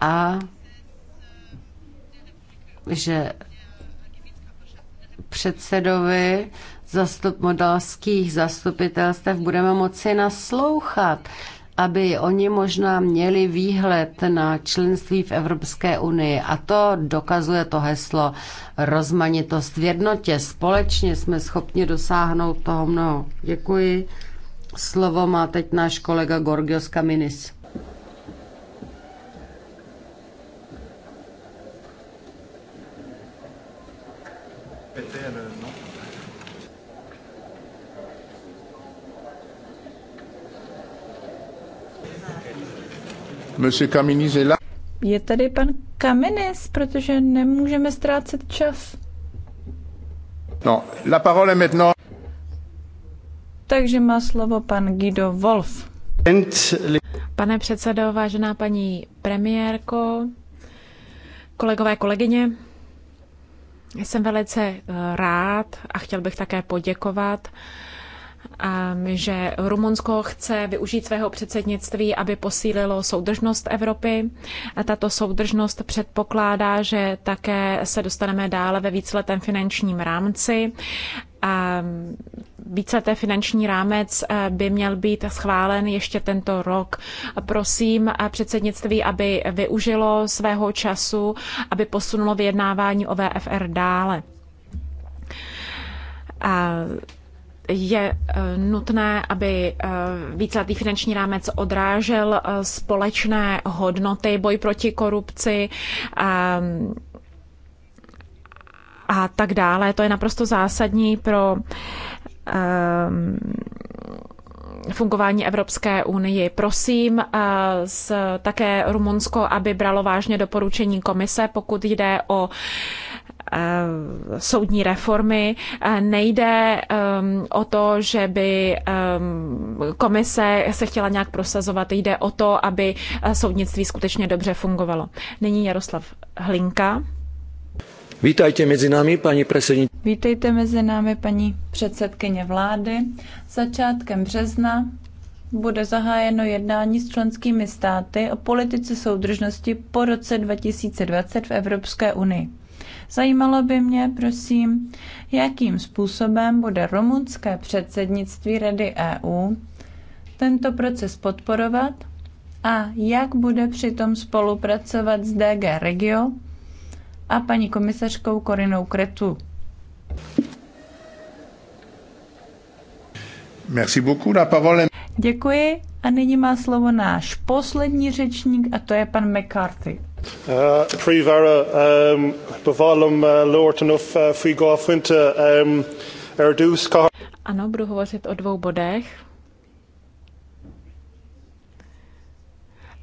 A že předsedovi zastup modalských zastupitelstev budeme moci naslouchat, aby oni možná měli výhled na členství v Evropské unii. A to dokazuje to heslo rozmanitost v jednotě. Společně jsme schopni dosáhnout toho mnoho. Děkuji. Slovo má teď náš kolega Gorgios Kaminis. péter le no. Monsieur est là. Je tady pan Kamenis, protože nemůžeme ztrácet čas. No, la parole est maintenant. Takže má slovo pan Guido Wolf. Pane předsedo, vážená paní premiérko, kolegové, kolegyně, jsem velice eh, rád a chtěl bych také poděkovat že Rumunsko chce využít svého předsednictví, aby posílilo soudržnost Evropy. A tato soudržnost předpokládá, že také se dostaneme dále ve víceletém finančním rámci. A víceleté finanční rámec eh, by měl být schválen ještě tento rok. Prosím eh, předsednictví, aby využilo svého času, aby posunulo vyjednávání o VFR dále. A je eh, nutné, aby eh, víceletý finanční rámec odrážel eh, společné hodnoty, boj proti korupci a, a tak dále. To je naprosto zásadní pro um, fungování Evropské unii. Prosím s, také Rumunsko, aby bralo vážně doporučení komise, pokud jde o Eh, soudní reformy. Eh, nejde ehm, o to, že by ehm, komise se chtěla nějak prosazovat, jde o to, aby eh, soudnictví skutečně dobře fungovalo. Nyní Jaroslav Hlinka. Vítajte mezi námi, paní předsedkyně. Vítejte mezi námi, paní předsedkyně vlády. Začátkem března bude zahájeno jednání s členskými státy o politice soudržnosti po roce 2020 v Evropské unii. Zajímalo by mě, prosím, jakým způsobem bude rumunské předsednictví Rady EU tento proces podporovat a jak bude přitom spolupracovat s DG Regio a paní komisařkou Korinou Kretu. Merci beaucoup, la parole... Děkuji a nyní má slovo náš poslední řečník a to je pan McCarthy. Trí bhera bhálum leirtanmh faoi gá fuinte ar dús Ano, budu hovořit o dvou bodech.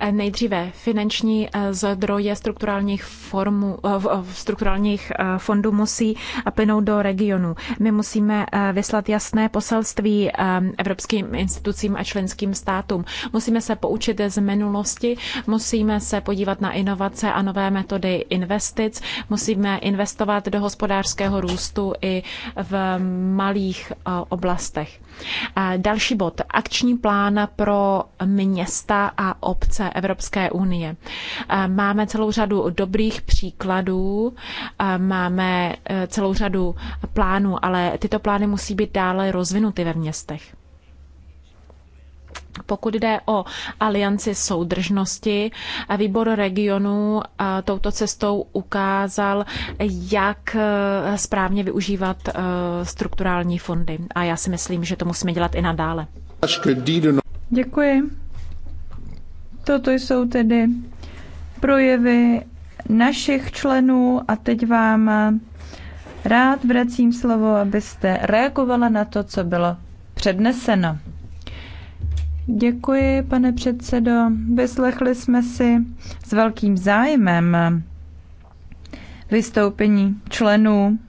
Eh, nejdříve finanční eh, zdroje strukturálních, formu, eh, strukturálních fondů musí plynout do regionu. My musíme vyslat jasné poselství evropským institucím a členským státům. Musíme se poučit z minulosti, musíme se podívat na inovace a nové metody investic, musíme investovat do hospodářského růstu i v malých oblastech. Další bod. Akční plán pro města a obce Evropské unie. Máme celou řadu dobrých příkladů, máme e, celou řadu plánů, ale tyto plány musí být dále rozvinuty ve městech. Pokud jde o alianci soudržnosti, výbor regionu, touto cestou ukázal, jak e, správně využívat e, strukturální fondy. A já si myslím, že to musíme dělat i nadále. Děkuji. Toto jsou tedy projevy našich členů a teď vám rád vracím slovo, abyste reagovala na to, co bylo předneseno. Děkuji, pane předsedo. Vyslechli jsme si s velkým zájmem vystoupení členů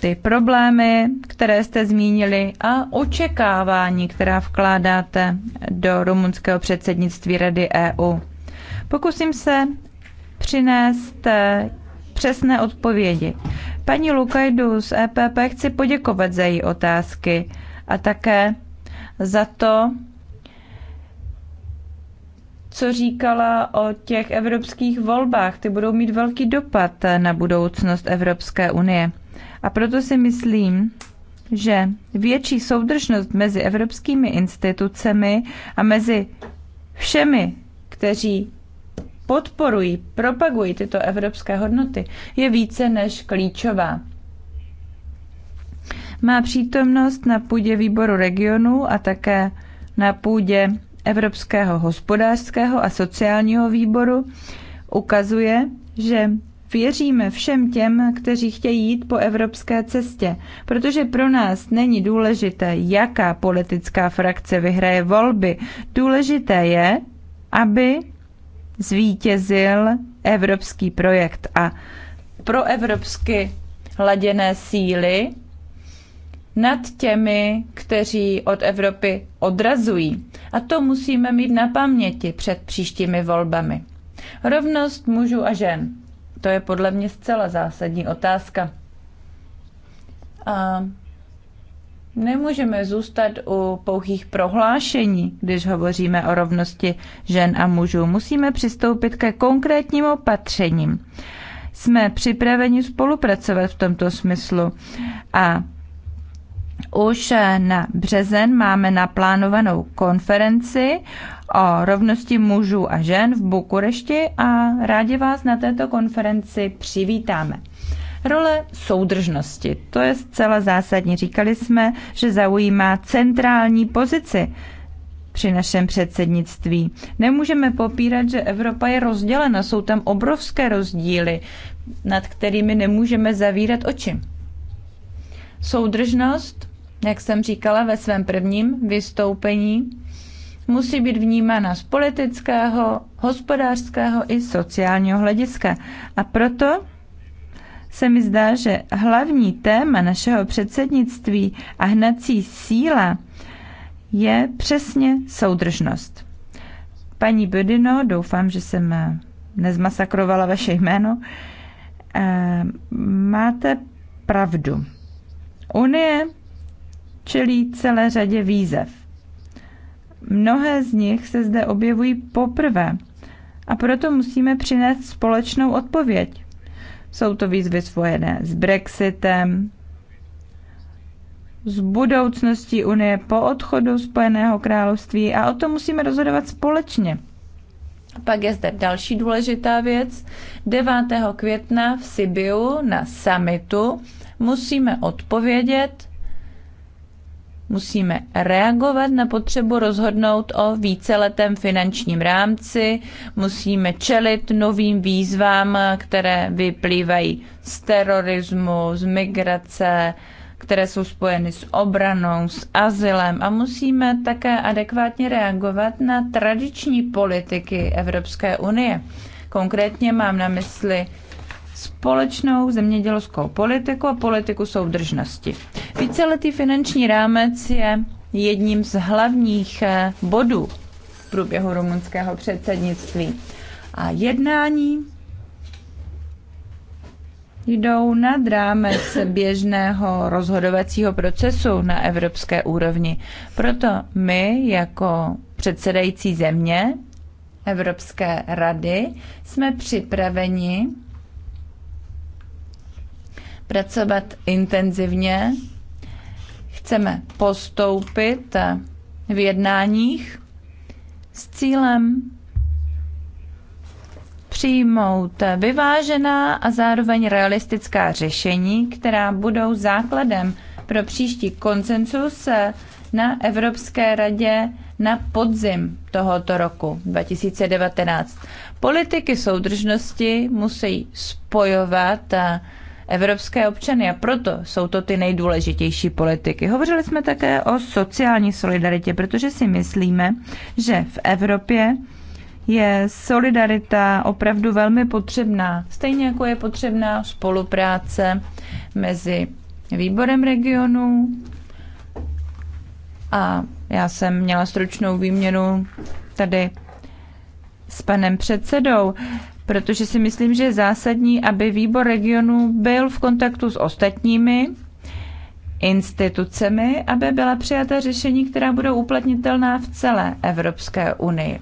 ty problémy, které jste zmínili a očekávání, která vkládáte do rumunského předsednictví Rady EU. Pokusím se přinést eh, přesné odpovědi. Paní Lukajdu z EPP chci poděkovat za její otázky a také za to, co říkala o těch evropských volbách. Ty budou mít velký dopad na budoucnost Evropské unie. A proto si myslím, že větší soudržnost mezi evropskými institucemi a mezi všemi, kteří podporují, propagují tyto evropské hodnoty, je více než klíčová. Má přítomnost na půdě výboru regionu a také na půdě Evropského hospodářského a sociálního výboru ukazuje, že věříme všem těm, kteří chtějí jít po evropské cestě, protože pro nás není důležité, jaká politická frakce vyhraje volby. Důležité je, aby zvítězil evropský projekt a pro evropsky laděné síly nad těmi, kteří od Evropy odrazují. A to musíme mít na paměti před příštími volbami. Rovnost mužů a žen. To je podle mě zcela zásadní otázka. A nemůžeme zůstat u pouhých prohlášení, když hovoříme o rovnosti žen a mužů. Musíme přistoupit ke konkrétním opatřením. Jsme připraveni spolupracovat v tomto smyslu a už eh, na březen máme naplánovanou konferenci o rovnosti mužů a žen v Bukurešti a rádi vás na této konferenci přivítáme. Role soudržnosti, to je zcela zásadní. Říkali jsme, že zaujímá centrální pozici při našem předsednictví. Nemůžeme popírat, že Evropa je rozdělena, jsou tam obrovské rozdíly, nad kterými nemůžeme zavírat oči. Soudržnost jak jsem říkala ve svém prvním vystoupení, musí být vnímána z politického, hospodářského i sociálního hlediska. A proto se mi zdá, že hlavní téma našeho předsednictví a hnací síla je přesně soudržnost. Paní Bedino, doufám, že jsem eh, nezmasakrovala vaše jméno, eh, máte pravdu. Unie čelí celé řadě výzev. Mnohé z nich se zde objevují poprvé a proto musíme přinést společnou odpověď. Jsou to výzvy spojené s Brexitem, s budoucností Unie po odchodu Spojeného království a o tom musíme rozhodovat společně. Pak je zde další důležitá věc. 9. května v Sibiu na summitu musíme odpovědět musíme reagovat na potřebu rozhodnout o víceletém finančním rámci, musíme čelit novým výzvám, které vyplývají z terorismu, z migrace, které jsou spojeny s obranou, s azylem a musíme také adekvátně reagovat na tradiční politiky Evropské unie. Konkrétně mám na mysli společnou zemědělskou politiku a politiku soudržnosti. Víceletý finanční rámec je jedním z hlavních eh, bodů v průběhu rumunského předsednictví. A jednání jdou nad rámec běžného rozhodovacího procesu na evropské úrovni. Proto my jako předsedající země Evropské rady jsme připraveni pracovat intenzivně chceme postoupit v jednáních s cílem přijmout vyvážená a zároveň realistická řešení, která budou základem pro příští koncensus na Evropské radě na podzim tohoto roku 2019. Politiky soudržnosti musí spojovat evropské občany a proto jsou to ty nejdůležitější politiky. Hovořili jsme také o sociální solidaritě, protože si myslíme, že v Evropě je solidarita opravdu velmi potřebná, stejně jako je potřebná spolupráce mezi výborem regionů a já jsem měla stručnou výměnu tady s panem předsedou protože si myslím, že je zásadní, aby výbor regionů byl v kontaktu s ostatními institucemi, aby byla přijata řešení, která budou uplatnitelná v celé Evropské unii.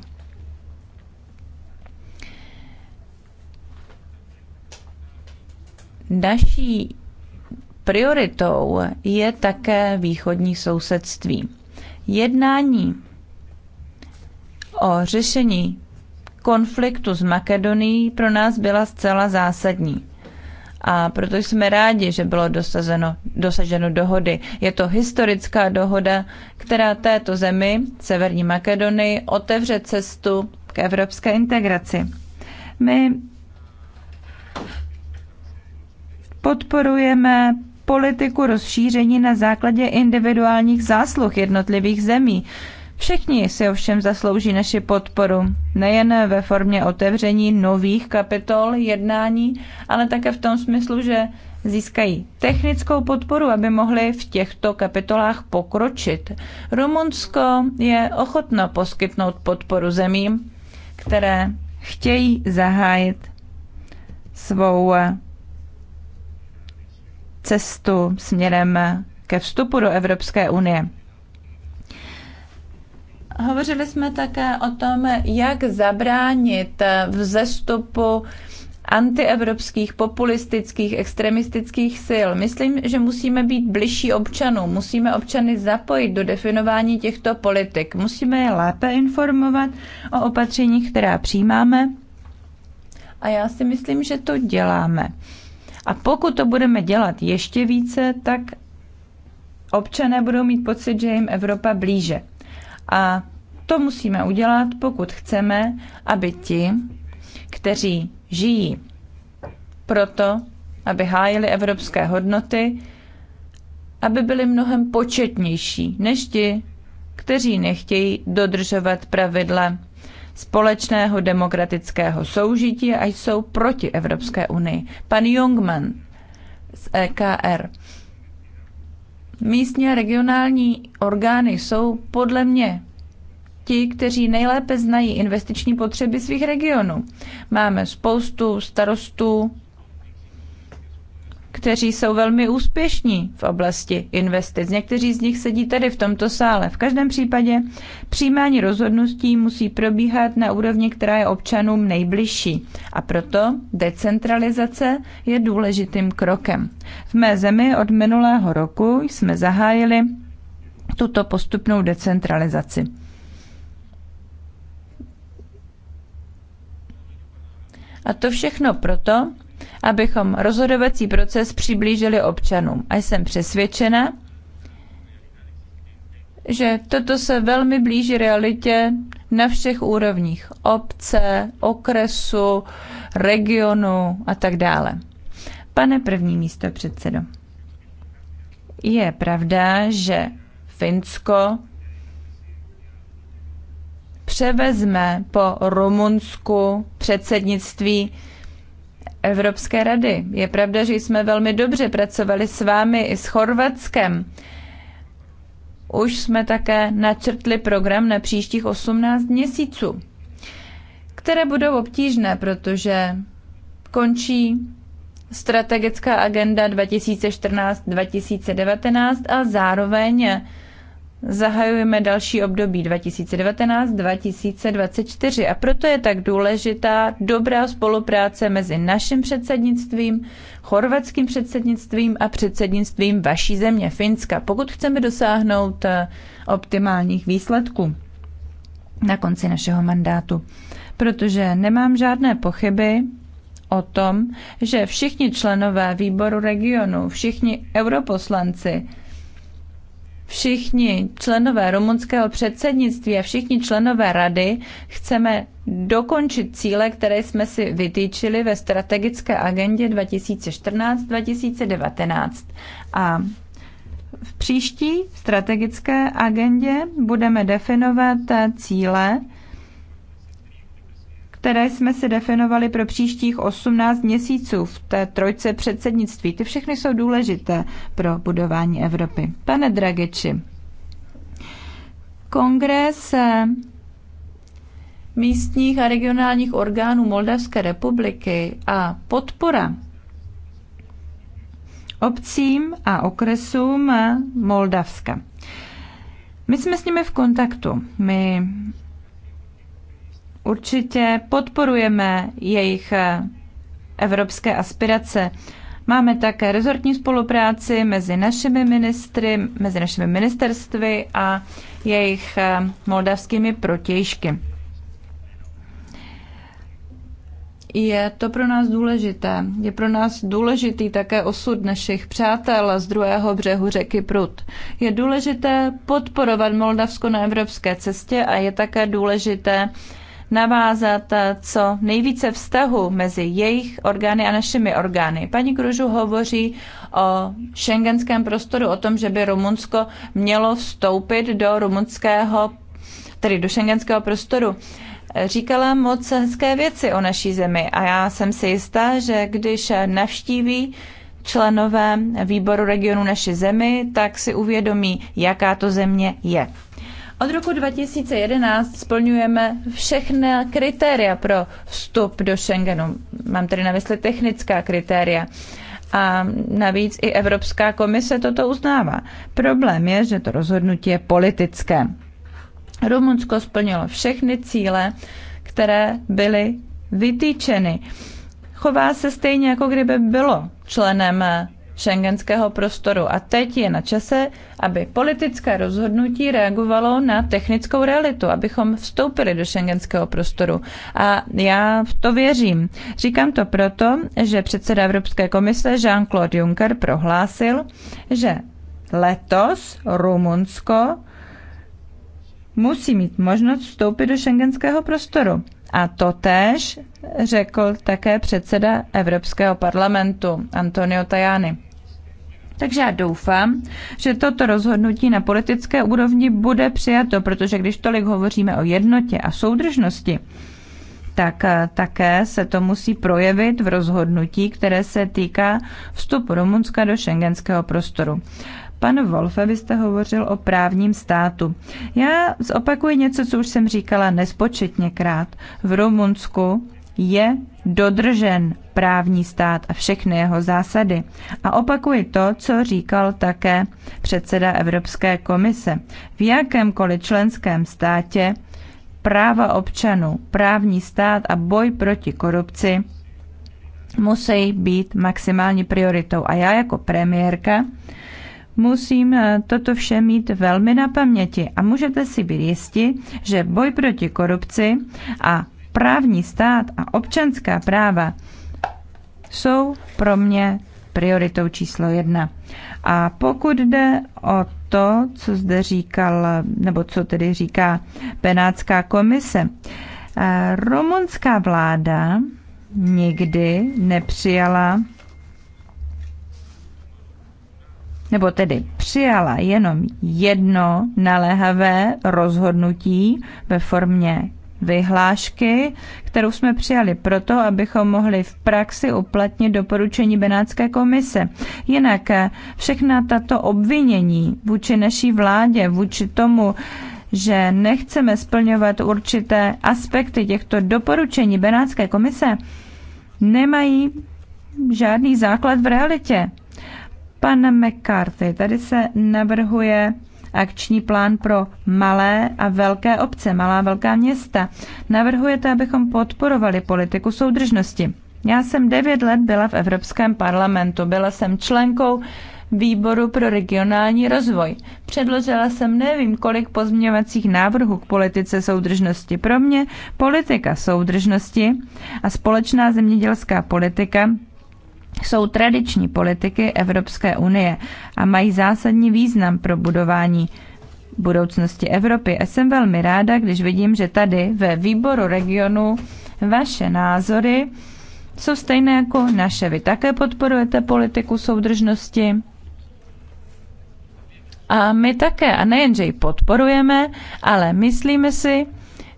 Naší prioritou je také východní sousedství. Jednání o řešení konfliktu s Makedonií pro nás byla zcela zásadní. A proto jsme rádi, že bylo dosazeno, dosaženo dohody. Je to historická dohoda, která této zemi, Severní Makedonii, otevře cestu k evropské integraci. My podporujeme politiku rozšíření na základě individuálních zásluh jednotlivých zemí. Všichni si ovšem zaslouží naši podporu, nejen ve formě otevření nových kapitol jednání, ale také v tom smyslu, že získají technickou podporu, aby mohli v těchto kapitolách pokročit. Rumunsko je ochotno poskytnout podporu zemím, které chtějí zahájit svou cestu směrem ke vstupu do Evropské unie. Hovořili jsme také o tom, jak zabránit vzestupu antievropských, populistických, extremistických sil. Myslím, že musíme být bližší občanům, musíme občany zapojit do definování těchto politik, musíme je lépe informovat o opatřeních, která přijímáme. A já si myslím, že to děláme. A pokud to budeme dělat ještě více, tak občané budou mít pocit, že jim Evropa blíže. A to musíme udělat, pokud chceme, aby ti, kteří žijí proto, aby hájili evropské hodnoty, aby byli mnohem početnější než ti, kteří nechtějí dodržovat pravidla společného demokratického soužití a jsou proti Evropské unii. Pan Jungman z EKR. Místní a regionální orgány jsou podle mě ti, kteří nejlépe znají investiční potřeby svých regionů. Máme spoustu starostů, kteří jsou velmi úspěšní v oblasti investic. Někteří z nich sedí tady v tomto sále. V každém případě přijímání rozhodnutí musí probíhat na úrovni, která je občanům nejbližší. A proto decentralizace je důležitým krokem. V mé zemi od minulého roku jsme zahájili tuto postupnou decentralizaci. A to všechno proto, abychom rozhodovací proces přiblížili občanům. A jsem přesvědčena, že toto se velmi blíží realitě na všech úrovních obce, okresu, regionu a tak dále. Pane první místo předsedo, je pravda, že Finsko převezme po Rumunsku předsednictví Evropské rady. Je pravda, že jsme velmi dobře pracovali s vámi i s Chorvatskem. Už jsme také načrtli program na příštích 18 měsíců, které budou obtížné, protože končí strategická agenda 2014-2019 a zároveň zahajujeme další období 2019-2024 a proto je tak důležitá dobrá spolupráce mezi naším předsednictvím, chorvatským předsednictvím a předsednictvím vaší země Finska, pokud chceme dosáhnout eh, optimálních výsledků na konci našeho mandátu. Protože nemám žádné pochyby, o tom, že všichni členové výboru regionu, všichni europoslanci všichni členové rumunského předsednictví a všichni členové rady chceme dokončit cíle, které jsme si vytýčili ve strategické agendě 2014-2019. A v příští strategické agendě budeme definovat cíle, které jsme si definovali pro příštích 18 měsíců v té trojce předsednictví. Ty všechny jsou důležité pro budování Evropy. Pane Drageči, kongres místních a regionálních orgánů Moldavské republiky a podpora obcím a okresům Moldavska. My jsme s nimi v kontaktu. My Určitě podporujeme jejich eh, evropské aspirace. Máme také rezortní spolupráci mezi našimi ministry, mezi našimi ministerstvy a jejich eh, moldavskými protějšky. Je to pro nás důležité. Je pro nás důležitý také osud našich přátel z druhého břehu řeky Prut. Je důležité podporovat Moldavsko na evropské cestě a je také důležité navázat eh, co nejvíce vztahu mezi jejich orgány a našimi orgány. Paní Kružu hovoří o šengenském prostoru, o tom, že by Rumunsko mělo vstoupit do rumunského, tedy do šengenského prostoru říkala moc hezké věci o naší zemi a já jsem si jistá, že když navštíví členové výboru regionu naši zemi, tak si uvědomí, jaká to země je. Od roku 2011 splňujeme všechny kritéria pro vstup do Schengenu. Mám tedy na mysli technická kritéria. A navíc i Evropská komise toto uznává. Problém je, že to rozhodnutí je politické. Rumunsko splnilo všechny cíle, které byly vytýčeny. Chová se stejně, jako kdyby bylo členem šengenského prostoru. A teď je na čase, aby politické rozhodnutí reagovalo na technickou realitu, abychom vstoupili do šengenského prostoru. A já v to věřím. Říkám to proto, že předseda Evropské komise Jean-Claude Juncker prohlásil, že letos Rumunsko musí mít možnost vstoupit do šengenského prostoru. A to též řekl také předseda Evropského parlamentu Antonio Tajani. Takže já doufám, že toto rozhodnutí na politické úrovni bude přijato, protože když tolik hovoříme o jednotě a soudržnosti, tak eh, také se to musí projevit v rozhodnutí, které se týká vstupu Rumunska do šengenského prostoru. Pan Wolfe, vy jste hovořil o právním státu. Já zopakuji něco, co už jsem říkala nespočetněkrát. V Rumunsku je dodržen právní stát a všechny jeho zásady. A opakuji to, co říkal také předseda Evropské komise. V jakémkoliv členském státě práva občanů, právní stát a boj proti korupci musí být maximální prioritou. A já jako premiérka musím eh, toto vše mít velmi na paměti a můžete si být jisti, že boj proti korupci a právní stát a občanská práva jsou pro mě prioritou číslo jedna. A pokud jde o to, co zde říkal, nebo co tedy říká penácká komise, eh, rumunská vláda nikdy nepřijala nebo tedy přijala jenom jedno naléhavé rozhodnutí ve formě vyhlášky, kterou jsme přijali proto, abychom mohli v praxi uplatnit doporučení Benátské komise. Jinak eh, všechna tato obvinění vůči naší vládě, vůči tomu, že nechceme splňovat určité aspekty těchto doporučení Benátské komise, nemají žádný základ v realitě. Pan McCarthy, tady se navrhuje akční plán pro malé a velké obce, malá a velká města. Navrhujete, abychom podporovali politiku soudržnosti. Já jsem devět let byla v Evropském parlamentu, byla jsem členkou výboru pro regionální rozvoj. Předložila jsem nevím kolik pozměňovacích návrhů k politice soudržnosti. Pro mě politika soudržnosti a společná zemědělská politika jsou tradiční politiky Evropské unie a mají zásadní význam pro budování budoucnosti Evropy. A jsem velmi ráda, když vidím, že tady ve výboru regionu vaše názory jsou stejné jako naše. Vy také podporujete politiku soudržnosti. A my také, a nejen, že ji podporujeme, ale myslíme si,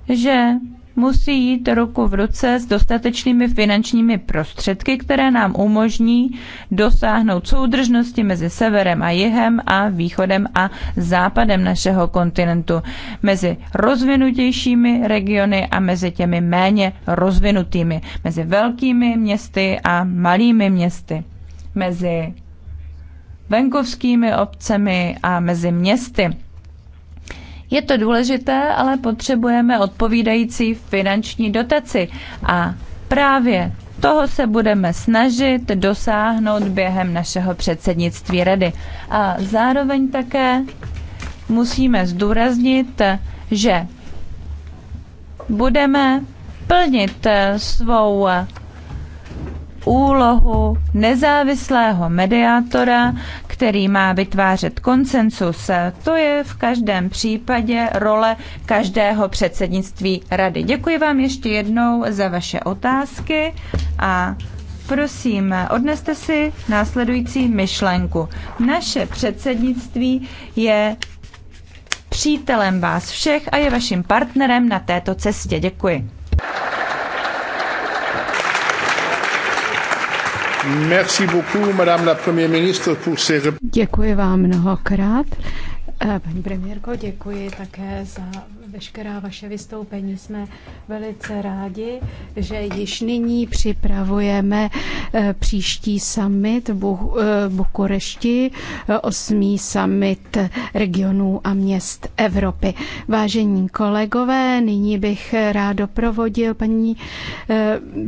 že musí jít ruku v ruce s dostatečnými finančními prostředky, které nám umožní dosáhnout soudržnosti mezi severem a jihem a východem a západem našeho kontinentu, mezi rozvinutějšími regiony a mezi těmi méně rozvinutými, mezi velkými městy a malými městy, mezi venkovskými obcemi a mezi městy. Je to důležité, ale potřebujeme odpovídající finanční dotaci. A právě toho se budeme snažit dosáhnout během našeho předsednictví rady. A zároveň také musíme zdůraznit, že budeme plnit svou úlohu nezávislého mediátora, který má vytvářet konsensus. To je v každém případě role každého předsednictví rady. Děkuji vám ještě jednou za vaše otázky a prosím, odneste si následující myšlenku. Naše předsednictví je přítelem vás všech a je vaším partnerem na této cestě. Děkuji. Děkuji vám mnohokrát. Eh, paní premiérko, děkuji také za veškerá vaše vystoupení. Jsme velice rádi, že již nyní připravujeme eh, příští summit v eh, Bukurešti, eh, osmý summit regionů a měst Evropy. Vážení kolegové, nyní bych rád doprovodil paní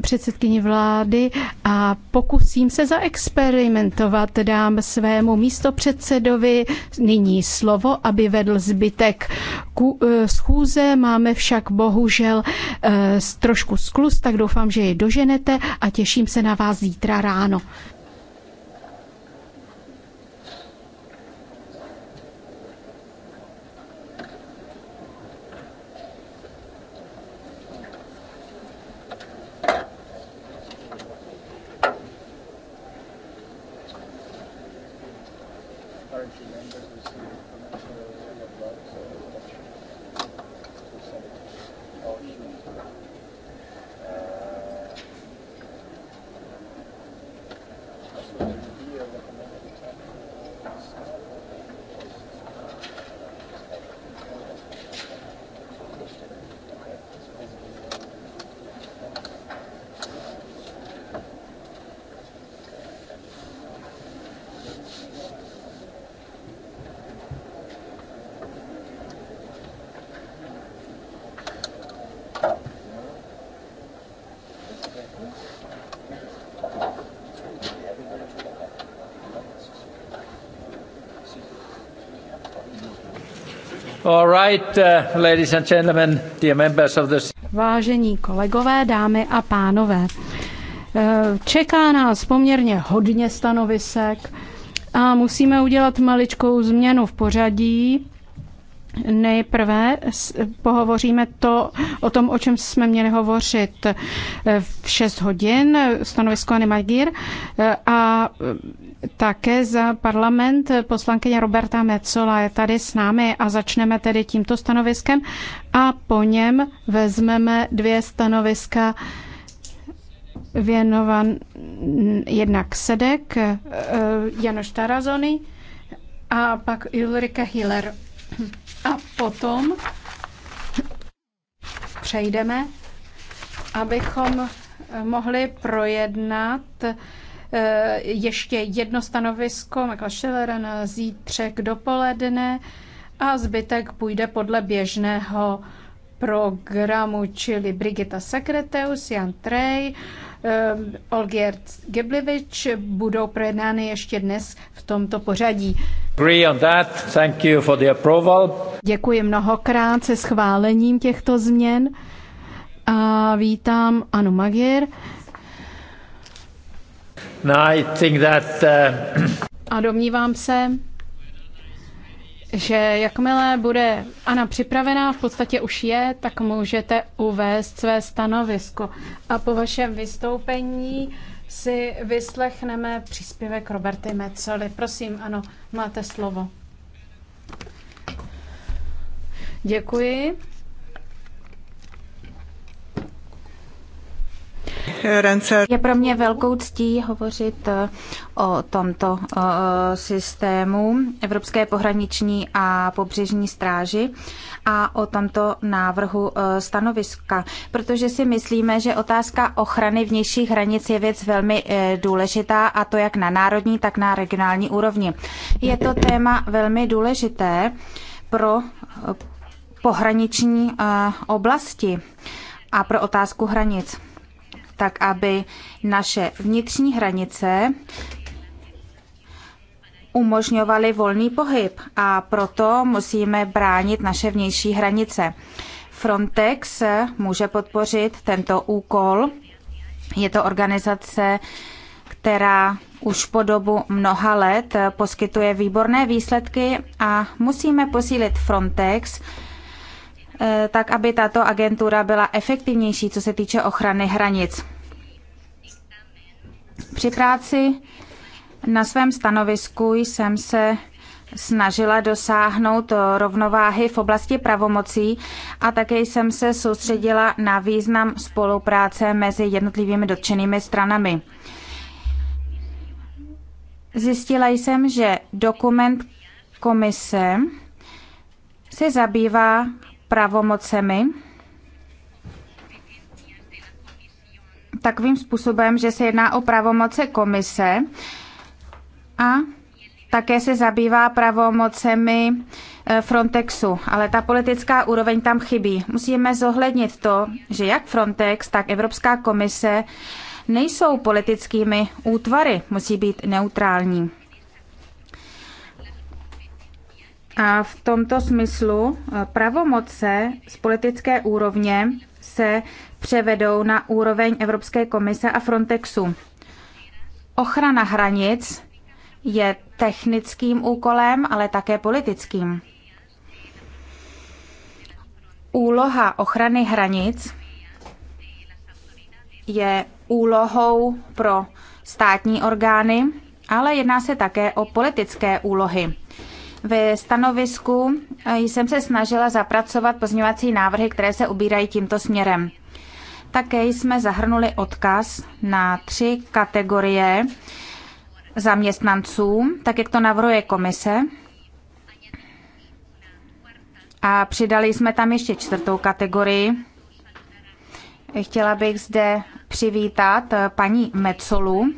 předsedkyni vlády a pokusím se zaexperimentovat. Dám svému místopředsedovi nyní slovo, aby vedl zbytek schůzky schůze. Máme však bohužel eh, trošku sklus, tak doufám, že je doženete a těším se na vás zítra ráno. Uh, Vážení kolegové, dámy a pánové, eh, čeká nás poměrně hodně stanovisek a musíme udělat maličkou změnu v pořadí. Nejprve pohovoříme to o tom, o čem jsme měli hovořit eh, v 6 hodin, stanovisko Anny Magír eh, a také za parlament poslankyně Roberta Mecola je tady s námi a začneme tedy tímto stanoviskem a po něm vezmeme dvě stanoviska věnovan jednak Sedek, eh, Janoš Tarazony a pak Ulrike Hiller. A potom přejdeme, abychom mohli projednat Eh, ještě jedno stanovisko Michaela Schillera na zítřek dopoledne a zbytek půjde podle běžného programu, čili Brigita Sekreteus, Jan Trej, eh, Olgier Giblivič budou projednány ještě dnes v tomto pořadí. Děkuji mnohokrát se schválením těchto změn a vítám Anu Magier. No, I think that, uh... A domnívám se, že jakmile bude Ana připravená, v podstatě už je, tak můžete uvést své stanovisko. A po vašem vystoupení si vyslechneme příspěvek Roberty Mecoli. Prosím, ano, máte slovo. Děkuji. Je pro mě velkou ctí hovořit eh, o tomto eh, systému Evropské pohraniční a pobřežní stráži a o tomto návrhu eh, stanoviska, protože si myslíme, že otázka ochrany vnějších hranic je věc velmi důležitá a to jak na národní, tak na regionální úrovni. Je to téma velmi důležité pro pohraniční oblasti a pro otázku hranic tak aby naše vnitřní hranice umožňovaly volný pohyb a proto musíme bránit naše vnější hranice. Frontex může podpořit tento úkol. Je to organizace, která už po dobu mnoha let poskytuje výborné výsledky a musíme posílit Frontex, Eh, tak aby tato agentura byla efektivnější, co se týče ochrany hranic. Při práci na svém stanovisku jsem se snažila dosáhnout rovnováhy v oblasti pravomocí a také jsem se soustředila na význam spolupráce mezi jednotlivými dotčenými stranami. Zjistila jsem, že dokument komise se zabývá pravomocemi takovým způsobem, že se jedná o pravomoce komise a také se zabývá pravomocemi eh, Frontexu, ale ta politická úroveň tam chybí. Musíme zohlednit to, že jak Frontex, tak Evropská komise nejsou politickými útvary, musí být neutrální. A v tomto smyslu eh, pravomoce z politické úrovně se převedou na úroveň Evropské komise a Frontexu. Ochrana hranic je technickým úkolem, ale také politickým. Úloha ochrany hranic je úlohou pro státní orgány, ale jedná se také o politické úlohy. Ve stanovisku eh, jsem se snažila zapracovat pozměňovací návrhy, které se ubírají tímto směrem. Také jsme zahrnuli odkaz na tři kategorie zaměstnanců, tak jak to navrhuje komise. A přidali jsme tam ještě čtvrtou kategorii. Chtěla bych zde přivítat eh, paní Mecolu,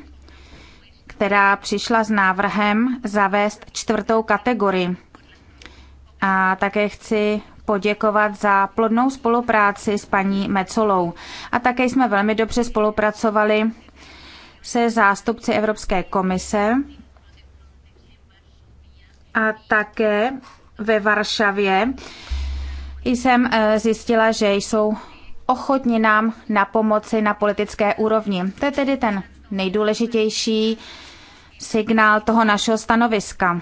která přišla s návrhem zavést čtvrtou kategorii. A také chci poděkovat za plodnou spolupráci s paní Mecolou. A také jsme velmi dobře spolupracovali se zástupci Evropské komise a také ve Varšavě jsem e, zjistila, že jsou ochotni nám na pomoci na politické úrovni. To je tedy ten nejdůležitější signál toho našeho stanoviska.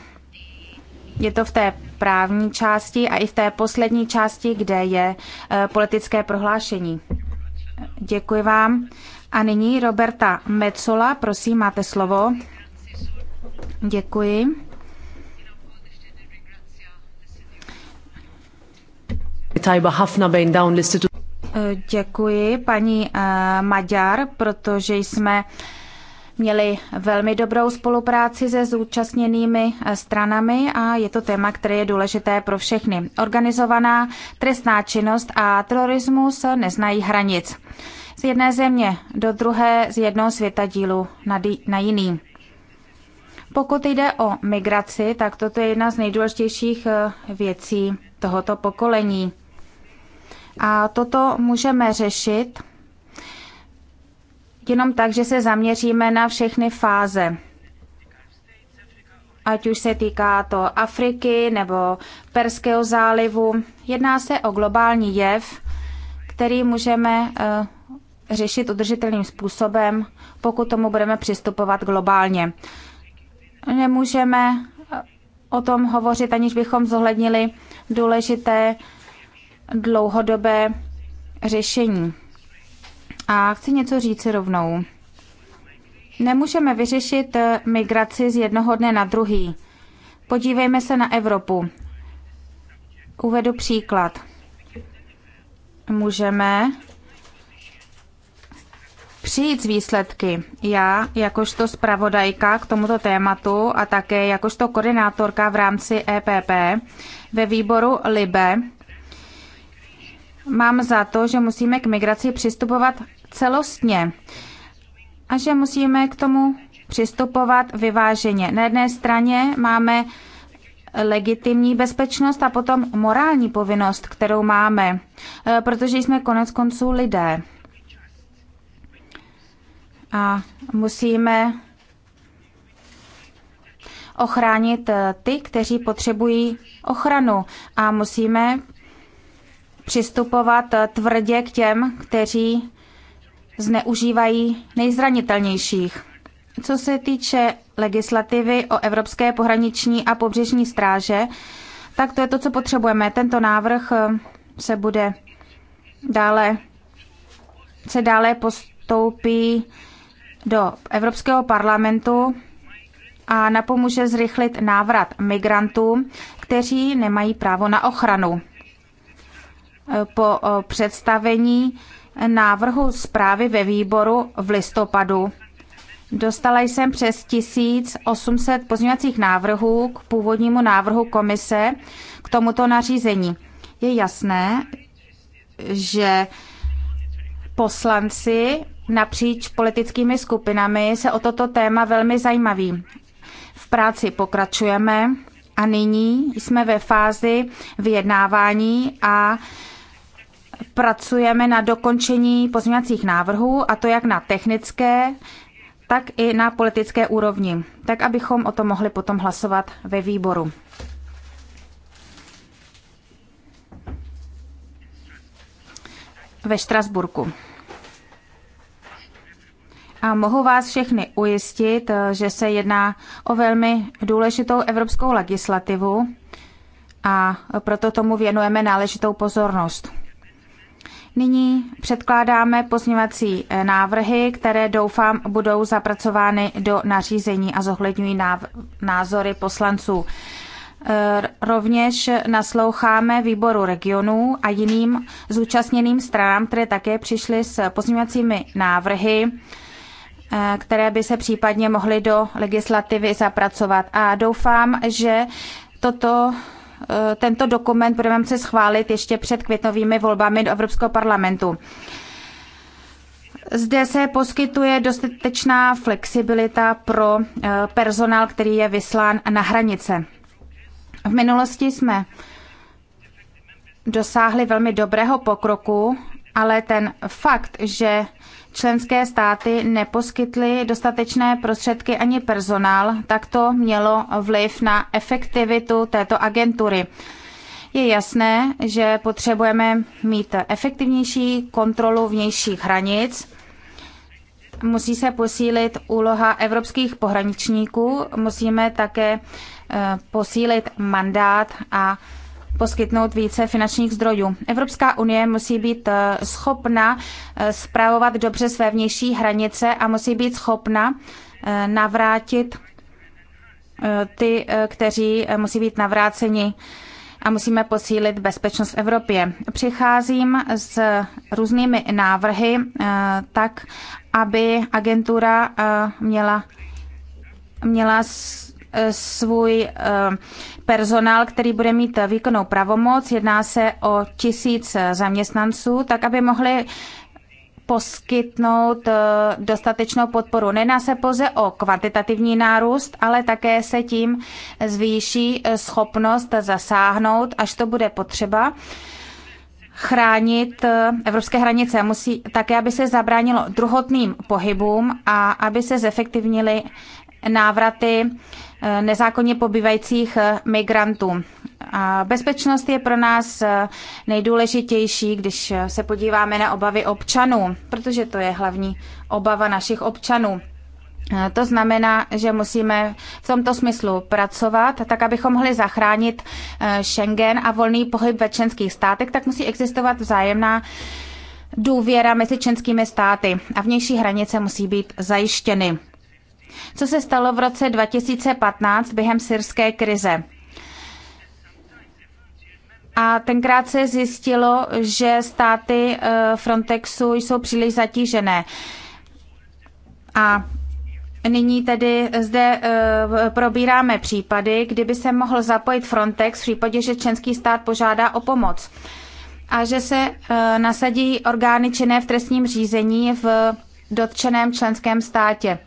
Je to v té právní části a i v té poslední části, kde je e, politické prohlášení. Děkuji vám. A nyní Roberta Mecola, prosím, máte slovo. Děkuji. E, děkuji, paní e, Maďar, protože jsme měli velmi dobrou spolupráci se zúčastněnými eh, stranami a je to téma, které je důležité pro všechny. Organizovaná trestná činnost a terorismus neznají hranic. Z jedné země do druhé, z jednoho světa dílu na jiný. Pokud jde o migraci, tak toto je jedna z nejdůležitějších eh, věcí tohoto pokolení. A toto můžeme řešit jenom tak, že se zaměříme na všechny fáze. Ať už se týká to Afriky nebo Perského zálivu. Jedná se o globální jev, který můžeme eh, řešit udržitelným způsobem, pokud tomu budeme přistupovat globálně. Nemůžeme eh, o tom hovořit, aniž bychom zohlednili důležité dlouhodobé řešení. A chci něco říci rovnou. Nemůžeme vyřešit eh, migraci z jednoho dne na druhý. Podívejme se na Evropu. Uvedu příklad. Můžeme přijít s výsledky. Já, jakožto zpravodajka k tomuto tématu a také jakožto koordinátorka v rámci EPP ve výboru LIBE, mám za to, že musíme k migraci přistupovat celostně a že musíme k tomu přistupovat vyváženě. Na jedné straně máme legitimní bezpečnost a potom morální povinnost, kterou máme, e, protože jsme konec konců lidé. A musíme ochránit e, ty, kteří potřebují ochranu a musíme přistupovat eh, tvrdě k těm, kteří zneužívají nejzranitelnějších. Co se týče legislativy o Evropské pohraniční a pobřežní stráže, tak to je to, co potřebujeme. Tento návrh eh, se bude dále, se dále postoupí do Evropského parlamentu a napomůže zrychlit návrat migrantů, kteří nemají právo na ochranu po představení návrhu zprávy ve výboru v listopadu. Dostala jsem přes 1800 pozměňovacích návrhů k původnímu návrhu komise k tomuto nařízení. Je jasné, že poslanci napříč politickými skupinami se o toto téma velmi zajímaví. V práci pokračujeme a nyní jsme ve fázi vyjednávání a pracujeme na dokončení pozměňovacích návrhů, a to jak na technické, tak i na politické úrovni, tak abychom o tom mohli potom hlasovat ve výboru. Ve Štrasburku. A mohu vás všechny ujistit, že se jedná o velmi důležitou evropskou legislativu a proto tomu věnujeme náležitou pozornost. Nyní předkládáme pozměňovací eh, návrhy, které doufám budou zapracovány do nařízení a zohledňují názory poslanců. Eh, rovněž nasloucháme výboru regionů a jiným zúčastněným stranám, které také přišly s pozměňovacími návrhy, eh, které by se případně mohly do legislativy zapracovat. A doufám, že toto Eh, tento dokument budeme muset schválit ještě před květnovými volbami do Evropského parlamentu. Zde se poskytuje dostatečná flexibilita pro eh, personál, který je vyslán na hranice. V minulosti jsme dosáhli velmi dobrého pokroku, ale ten fakt, že členské státy neposkytly dostatečné prostředky ani personál, tak to mělo vliv na efektivitu této agentury. Je jasné, že potřebujeme mít efektivnější kontrolu vnějších hranic, musí se posílit úloha evropských pohraničníků, musíme také eh, posílit mandát a poskytnout více finančních zdrojů. Evropská unie musí být eh, schopna zpravovat eh, dobře své vnější hranice a musí být schopna eh, navrátit ty, kteří musí být navráceni a musíme posílit bezpečnost v Evropě. Přicházím s různými návrhy tak, aby agentura měla, měla svůj eh, personál, který bude mít výkonnou pravomoc, jedná se o tisíc zaměstnanců, tak aby mohli poskytnout eh, dostatečnou podporu. Nená se pouze o kvantitativní nárůst, ale také se tím zvýší eh, schopnost zasáhnout, až to bude potřeba chránit evropské hranice. Musí také, aby se zabránilo druhotným pohybům a aby se zefektivnily návraty eh, nezákonně pobývajících eh, migrantů. A bezpečnost je pro nás eh, nejdůležitější, když se podíváme na obavy občanů, protože to je hlavní obava našich občanů. To znamená, že musíme v tomto smyslu pracovat, tak abychom mohli zachránit Schengen a volný pohyb ve členských státech, tak musí existovat vzájemná důvěra mezi členskými státy a vnější hranice musí být zajištěny co se stalo v roce 2015 během syrské krize. A tenkrát se zjistilo, že státy eh, Frontexu jsou příliš zatížené. A Nyní tedy zde eh, probíráme případy, kdyby se mohl zapojit Frontex v případě, že členský stát požádá o pomoc a že se eh, nasadí orgány činné v trestním řízení v dotčeném členském státě.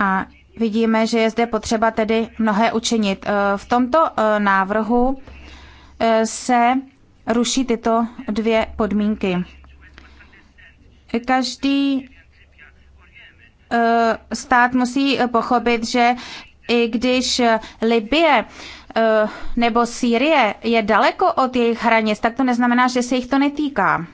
A vidíme, že je zde potřeba tedy mnohé učinit. E, v tomto e, návrhu e, se ruší tyto dvě podmínky. Každý stát musí pochopit, že i když Libie nebo Sýrie je daleko od jejich hranic, tak to neznamená, že se jich to netýká.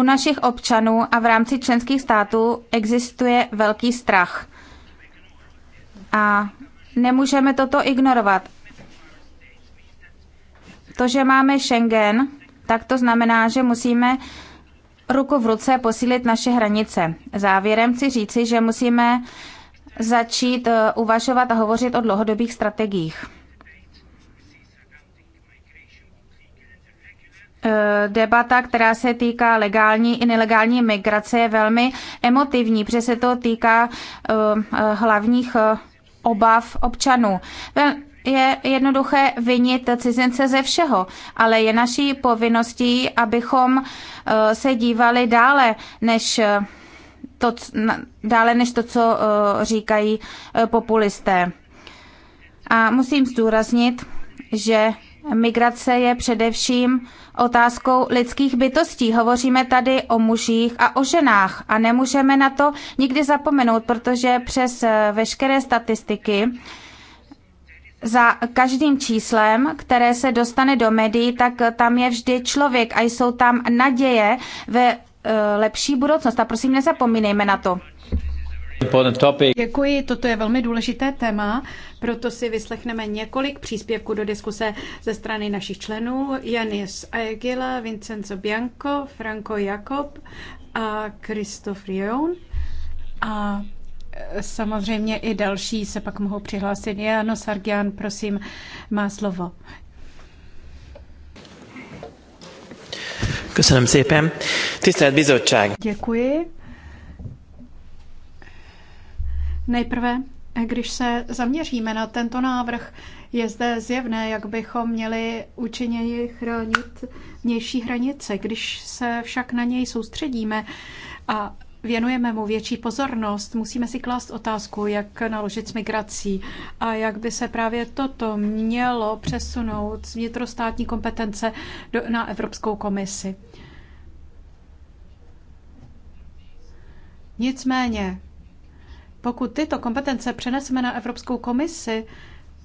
U našich občanů a v rámci členských států existuje velký strach. A nemůžeme toto ignorovat. To, že máme Schengen, tak to znamená, že musíme ruku v ruce posílit naše hranice. Závěrem chci říci, že musíme začít eh, uvažovat a hovořit o dlouhodobých strategiích. Eh, debata, která se týká legální i nelegální migrace, je velmi emotivní, protože se to týká eh, hlavních eh, obav občanů. Je jednoduché vinit cizince ze všeho, ale je naší povinností, abychom se dívali dále než to, dále než to, co říkají populisté. A musím zdůraznit, že Migrace je především otázkou lidských bytostí. Hovoříme tady o mužích a o ženách a nemůžeme na to nikdy zapomenout, protože přes eh, veškeré statistiky za každým číslem, které se dostane do médií, tak tam je vždy člověk a jsou tam naděje ve eh, lepší budoucnost. A prosím, nezapomínejme na to. Děkuji, toto je velmi důležité téma, proto si vyslechneme několik příspěvků do diskuse ze strany našich členů. Janis Aegila, Vincenzo Bianco, Franco Jakob a Christoph Rion. A e, samozřejmě i další se pak mohou přihlásit. Jano Sargian, prosím, má slovo. Děkuji. Nejprve, když se zaměříme na tento návrh, je zde zjevné, jak bychom měli účinněji chránit vnější hranice. Když se však na něj soustředíme a věnujeme mu větší pozornost, musíme si klást otázku, jak naložit s migrací a jak by se právě toto mělo přesunout z vnitrostátní kompetence do, na Evropskou komisi. Nicméně pokud tyto kompetence přeneseme na Evropskou komisi,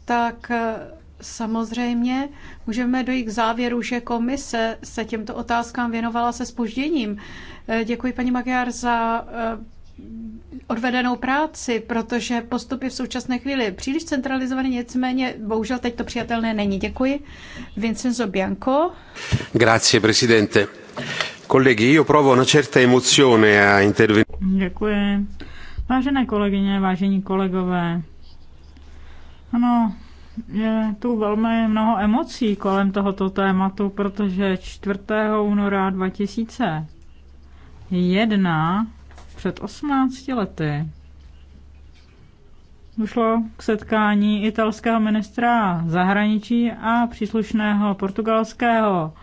tak eh, samozřejmě můžeme dojít k závěru, že komise se těmto otázkám věnovala se spožděním. Eh, děkuji paní Magyar za eh, odvedenou práci, protože postup je v současné chvíli příliš centralizovaný, nicméně bohužel teď to přijatelné není. Děkuji. Vincenzo Bianco. Grazie, presidente. Colleghi, io provo una certa emozione a intervenire. Děkuji. Vážené kolegyně, vážení kolegové, ano, je tu velmi mnoho emocí kolem tohoto tématu, protože 4. února 2001, před 18 lety, došlo k setkání italského ministra zahraničí a příslušného portugalského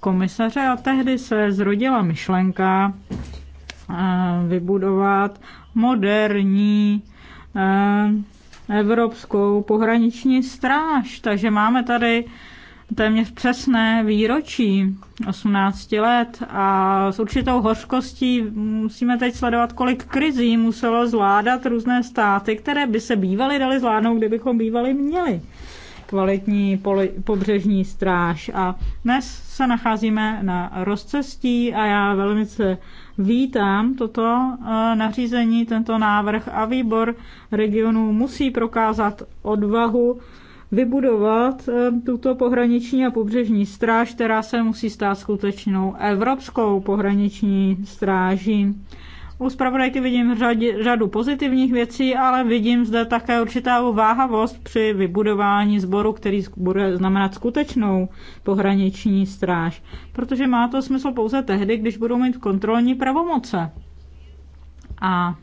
komisaře a tehdy se zrodila myšlenka eh, vybudovat moderní eh, evropskou pohraniční stráž. Takže máme tady téměř přesné výročí 18 let a s určitou hořkostí musíme teď sledovat, kolik krizí muselo zvládat různé státy, které by se bývaly dali zvládnout, kdybychom bývali měli kvalitní poli, pobřežní stráž. A dnes se nacházíme na rozcestí a já velmi se Vítám toto eh, nařízení, tento návrh a výbor regionů musí prokázat odvahu vybudovat eh, tuto pohraniční a pobřežní stráž, která se musí stát skutečnou evropskou pohraniční stráží. U zpravodajky vidím řadě, řadu pozitivních věcí, ale vidím zde také určitá váhavost při vybudování sboru, který bude znamenat skutečnou pohraniční stráž. Protože má to smysl pouze tehdy, když budou mít kontrolní pravomoce. A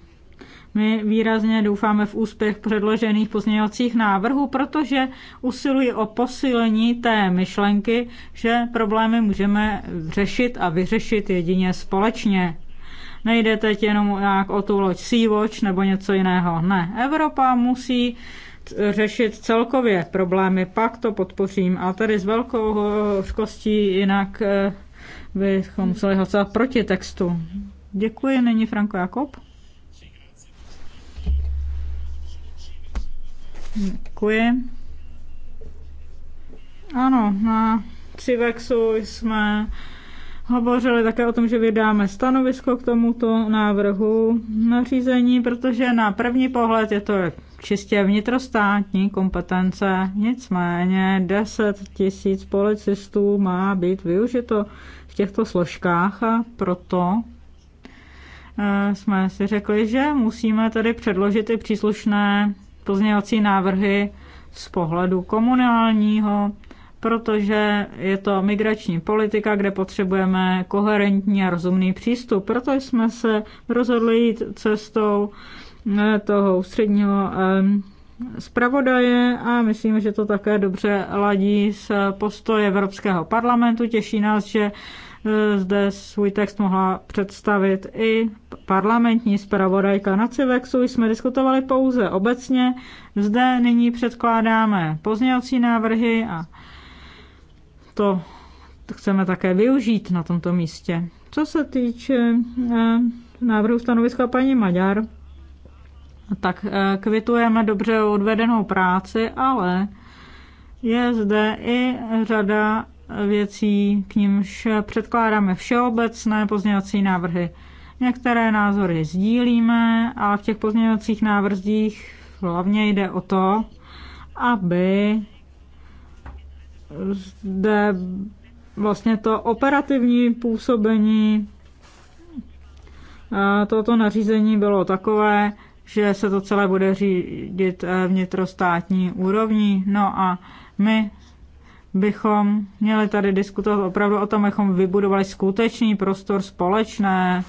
my výrazně doufáme v úspěch předložených pozměňovacích návrhů, protože usilují o posílení té myšlenky, že problémy můžeme řešit a vyřešit jedině společně. Nejde teď jenom nějak o tu loď Sea-Watch nebo něco jiného. Ne, Evropa musí řešit celkově problémy, pak to podpořím. A tady s velkou hořkostí jinak eh, bychom museli hlasovat proti textu. Děkuji, není Franko Jakob. Děkuji. Ano, na Civexu jsme hovořili také o tom, že vydáme stanovisko k tomuto návrhu nařízení, protože na první pohled je to čistě vnitrostátní kompetence, nicméně 10 tisíc policistů má být využito v těchto složkách a proto eh, jsme si řekli, že musíme tady předložit i příslušné pozměňovací návrhy z pohledu komunálního, protože je to migrační politika, kde potřebujeme koherentní a rozumný přístup. Proto jsme se rozhodli jít cestou eh, toho středního eh, zpravodaje a myslím, že to také dobře ladí s postoje Evropského parlamentu. Těší nás, že eh, zde svůj text mohla představit i parlamentní zpravodajka. Na Civexu jsme diskutovali pouze obecně. Zde nyní předkládáme pozněvací návrhy a to chceme také využít na tomto místě. Co se týče eh, návrhu stanoviska paní Maďar, tak eh, kvitujeme dobře odvedenou práci, ale je zde i řada věcí, k nímž předkládáme všeobecné pozměňovací návrhy. Některé názory sdílíme, ale v těch pozměňovacích návrzích hlavně jde o to, aby zde vlastně to operativní působení eh, tohoto nařízení bylo takové, že se to celé bude řídit eh, vnitrostátní úrovní. No a my bychom měli tady diskutovat opravdu o tom, abychom vybudovali skutečný prostor společného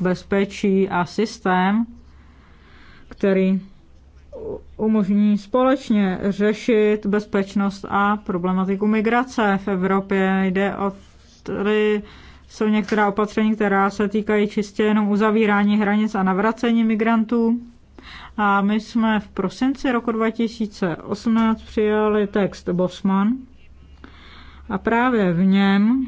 bezpečí a systém, který umožní společně řešit bezpečnost a problematiku migrace v Evropě. Jde o tři, jsou některá opatření, která se týkají čistě jenom uzavírání hranic a navracení migrantů. A my jsme v prosinci roku 2018 přijali text Bosman a právě v něm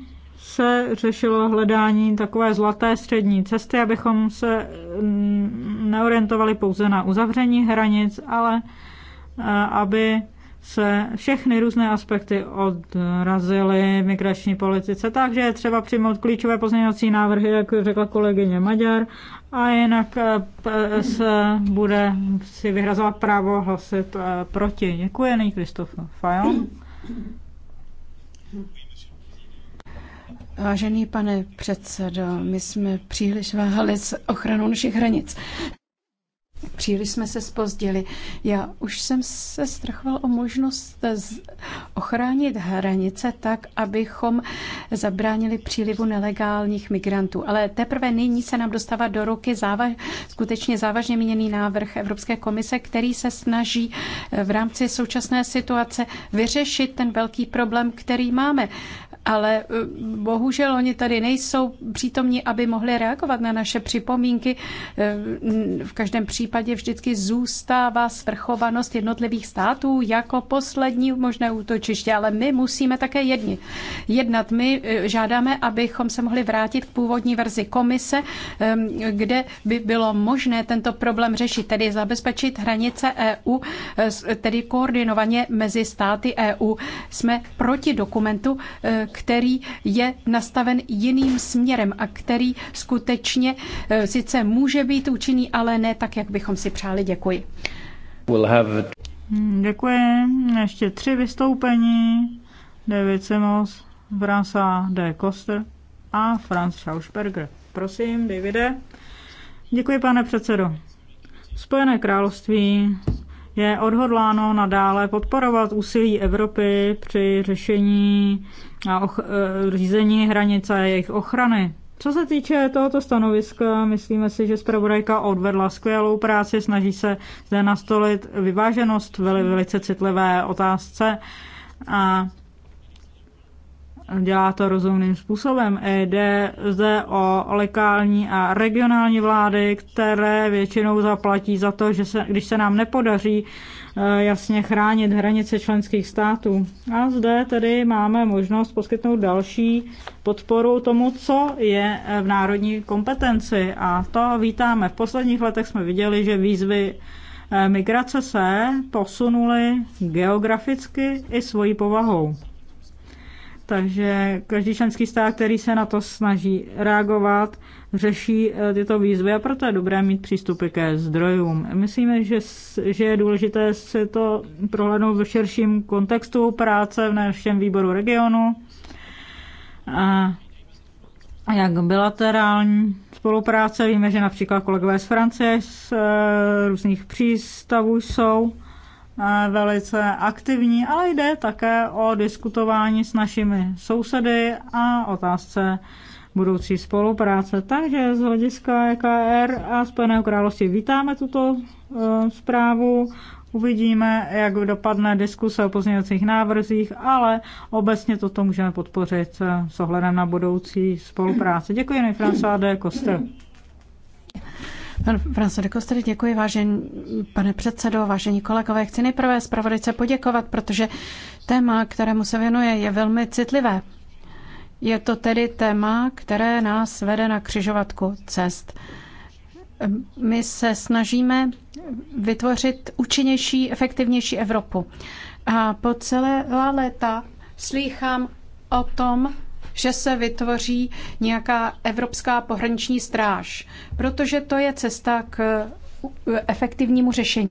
se řešilo hledání takové zlaté střední cesty, abychom se mm, neorientovali pouze na uzavření hranic, ale eh, aby se všechny různé aspekty odrazily v migrační politice. Takže je třeba přijmout klíčové pozměňovací návrhy, jak řekla kolegyně Maďar, a jinak eh, se bude si vyhrazovat právo hlasit eh, proti. Děkuji, Kristof Fajon. Vážený pane předsedo, my jsme příliš váhali s ochranou našich hranic. Příliš jsme se spozdili. Já už jsem se strachoval o možnost ochránit hranice tak, abychom zabránili přílivu nelegálních migrantů. Ale teprve nyní se nám dostává do ruky závaž, skutečně závažně měněný návrh Evropské komise, který se snaží eh, v rámci současné situace vyřešit ten velký problém, který máme ale eh, bohužel oni tady nejsou přítomní, aby mohli reagovat na naše připomínky. Eh, v každém případě vždycky zůstává svrchovanost jednotlivých států jako poslední možné útočiště, ale my musíme také jedni. Jednat my eh, žádáme, abychom se mohli vrátit k původní verzi komise, ehm, kde by bylo možné tento problém řešit, tedy zabezpečit hranice EU, tedy koordinovaně mezi státy EU. Jsme proti dokumentu, který je nastaven jiným směrem a který skutečně eh, sice může být účinný, ale ne tak, jak bychom si přáli. Děkuji. We'll have... Hmm, děkuji. Ještě tři vystoupení. David Simons, Brasa D. Koster a Franz Schausberger. Prosím, Davide. Děkuji, pane předsedo. Spojené království je odhodláno nadále podporovat úsilí Evropy při řešení a och- e, řízení hranice a jejich ochrany. Co se týče tohoto stanoviska, myslíme si, že zpravodajka odvedla skvělou práci, snaží se zde nastolit vyváženost v velice citlivé otázce a dělá to rozumným způsobem. Jde zde o lokální a regionální vlády, které většinou zaplatí za to, že se, když se nám nepodaří e, jasně chránit hranice členských států. A zde tedy máme možnost poskytnout další podporu tomu, co je e, v národní kompetenci. A to vítáme. V posledních letech jsme viděli, že výzvy e, migrace se posunuly geograficky i svojí povahou. Takže každý členský stát, který se na to snaží reagovat, řeší eh, tyto výzvy a proto je dobré mít přístupy ke zdrojům. Myslíme, že, že je důležité si to prohlédnout v širším kontextu práce v našem výboru regionu. A jak bilaterální spolupráce, víme, že například kolegové z Francie z eh, různých přístavů jsou Eh, velice aktivní, ale jde také o diskutování s našimi sousedy a otázce budoucí spolupráce. Takže z hlediska EKR a Spojeného království vítáme tuto eh, zprávu. Uvidíme, jak dopadne diskuse o pozměňovacích návrzích, ale obecně toto můžeme podpořit eh, s ohledem na budoucí spolupráci. Děkuji, François de Franco de děkuji, vážení pane předsedo, vážení kolegové. Chci nejprve zpravodajce poděkovat, protože téma, kterému se věnuje, je velmi citlivé. Je to tedy téma, které nás vede na křižovatku cest. My se snažíme vytvořit účinnější, efektivnější Evropu. A po celé léta slýchám o tom, že se vytvoří nějaká evropská pohraniční stráž, protože to je cesta k efektivnímu řešení.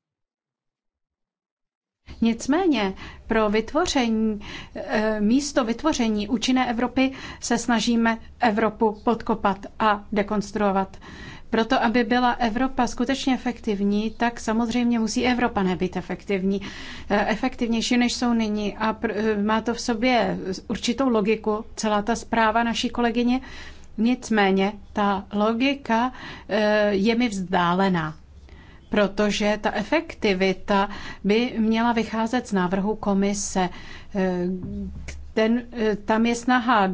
Nicméně pro vytvoření, eh, místo vytvoření účinné Evropy se snažíme Evropu podkopat a dekonstruovat. Proto, aby byla Evropa skutečně efektivní, tak samozřejmě musí Evropa nebýt efektivní. Eh, efektivnější, než jsou nyní. A eh, má to v sobě určitou logiku, celá ta zpráva naší kolegyně. Nicméně ta logika eh, je mi vzdálená protože ta efektivita by měla vycházet z návrhu komise, ten, eh, tam je snaha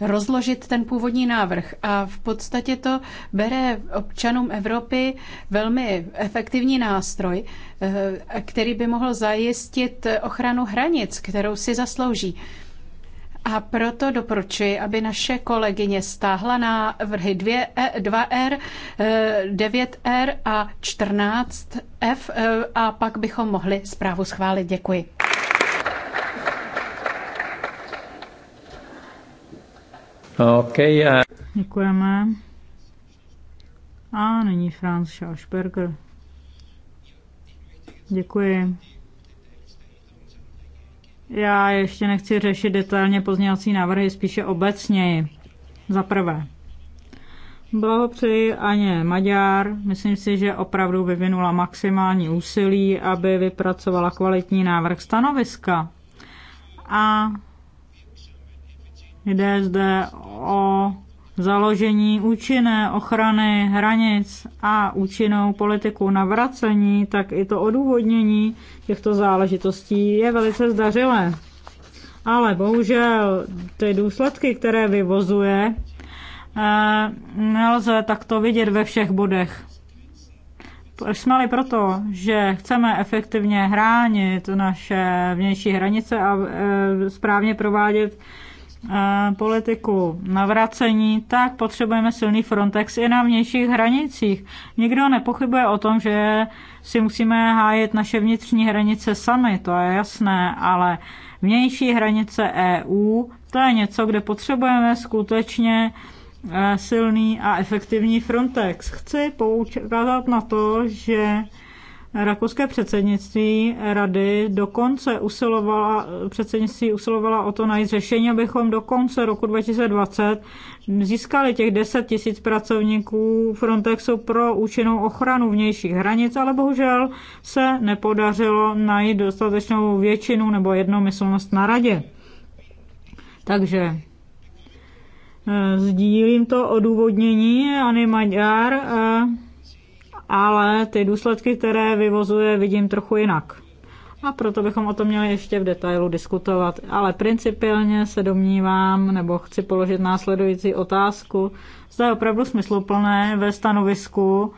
rozložit ten původní návrh a v podstatě to bere občanům Evropy velmi efektivní nástroj, eh, který by mohl zajistit ochranu hranic, kterou si zaslouží. A proto doporučuji, aby naše kolegyně stáhla na vrhy 2, e, r 9R eh, a 14F a pak bychom mohli zprávu schválit. Děkuji. Okay, uh... Děkujeme. A nyní Franz Schausberger. Děkuji. Já ještě nechci řešit detailně pozněvací návrhy, spíše obecněji. Za prvé. Blahopřeji Aně Maďar. Myslím si, že opravdu vyvinula maximální úsilí, aby vypracovala kvalitní návrh stanoviska. A Jde zde o založení účinné ochrany hranic a účinnou politiku navracení, tak i to odůvodnění těchto záležitostí je velice zdařilé. Ale bohužel ty důsledky, které vyvozuje, eh, nelze takto vidět ve všech bodech. Jsme-li proto, že chceme efektivně hránit naše vnější hranice a eh, správně provádět politiku navracení, tak potřebujeme silný Frontex i na vnějších hranicích. Nikdo nepochybuje o tom, že si musíme hájit naše vnitřní hranice sami, to je jasné, ale vnější hranice EU, to je něco, kde potřebujeme skutečně eh, silný a efektivní Frontex. Chci poukázat na to, že Rakouské předsednictví rady dokonce usilovala, předsednictví usilovala o to najít řešení, abychom do konce roku 2020 získali těch 10 tisíc pracovníků Frontexu pro účinnou ochranu vnějších hranic, ale bohužel se nepodařilo najít dostatečnou většinu nebo jednomyslnost na radě. Takže eh, sdílím to odůvodnění ani Maďar. A eh, ale ty důsledky, které vyvozuje, vidím trochu jinak. A proto bychom o tom měli ještě v detailu diskutovat. Ale principiálně se domnívám, nebo chci položit následující otázku, zda je opravdu smysluplné ve stanovisku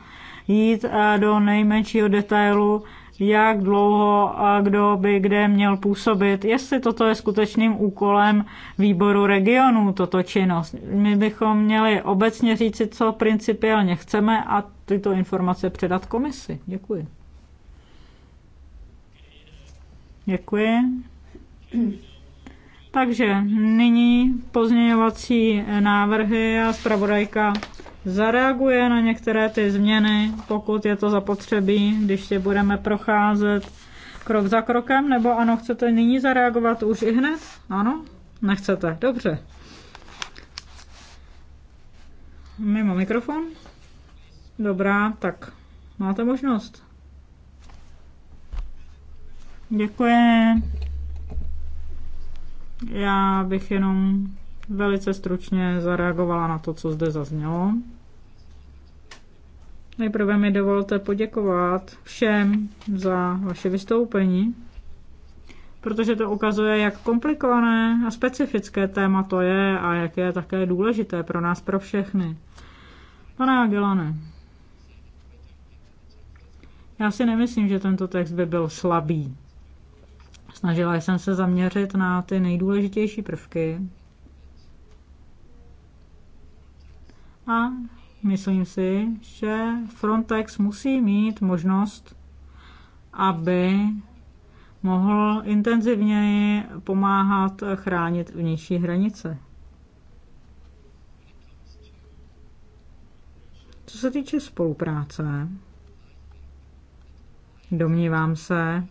jít eh, do nejmenšího detailu jak dlouho a kdo by kde měl působit, jestli toto je skutečným úkolem výboru regionů, toto činnost. My bychom měli obecně říci, co principiálně chceme a tyto informace předat komisi. Děkuji. Děkuji. Takže nyní pozměňovací návrhy a zpravodajka zareaguje na některé ty změny, pokud je to zapotřebí, když je budeme procházet krok za krokem, nebo ano, chcete nyní zareagovat už i hned? Ano? Nechcete? Dobře. Mimo mikrofon? Dobrá, tak máte možnost. Děkuji. Já bych jenom velice stručně zareagovala na to, co zde zaznělo. Nejprve mi dovolte poděkovat všem za vaše vystoupení, protože to ukazuje, jak komplikované a specifické téma to je a jak je také důležité pro nás, pro všechny. Pane Agilane, já si nemyslím, že tento text by byl slabý. Snažila jsem se zaměřit na ty nejdůležitější prvky. A myslím si, že Frontex musí mít možnost, aby mohl intenzivněji pomáhat chránit vnější hranice. Co se týče spolupráce, domnívám se,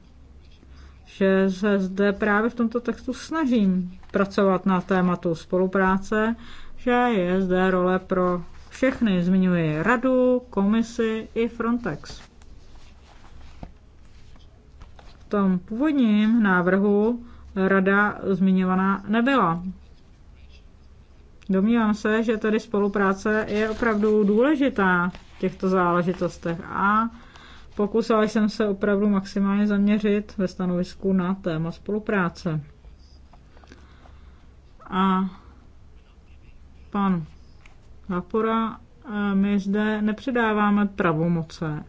že se zde právě v tomto textu snažím pracovat na tématu spolupráce, že je zde role pro všechny. Zmiňuji radu, komisi i Frontex. V tom původním návrhu rada zmiňovaná nebyla. Domnívám se, že tady spolupráce je opravdu důležitá v těchto záležitostech a Pokusila jsem se opravdu maximálně zaměřit ve stanovisku na téma spolupráce. A pan Vapora, eh, my zde nepředáváme pravomoce.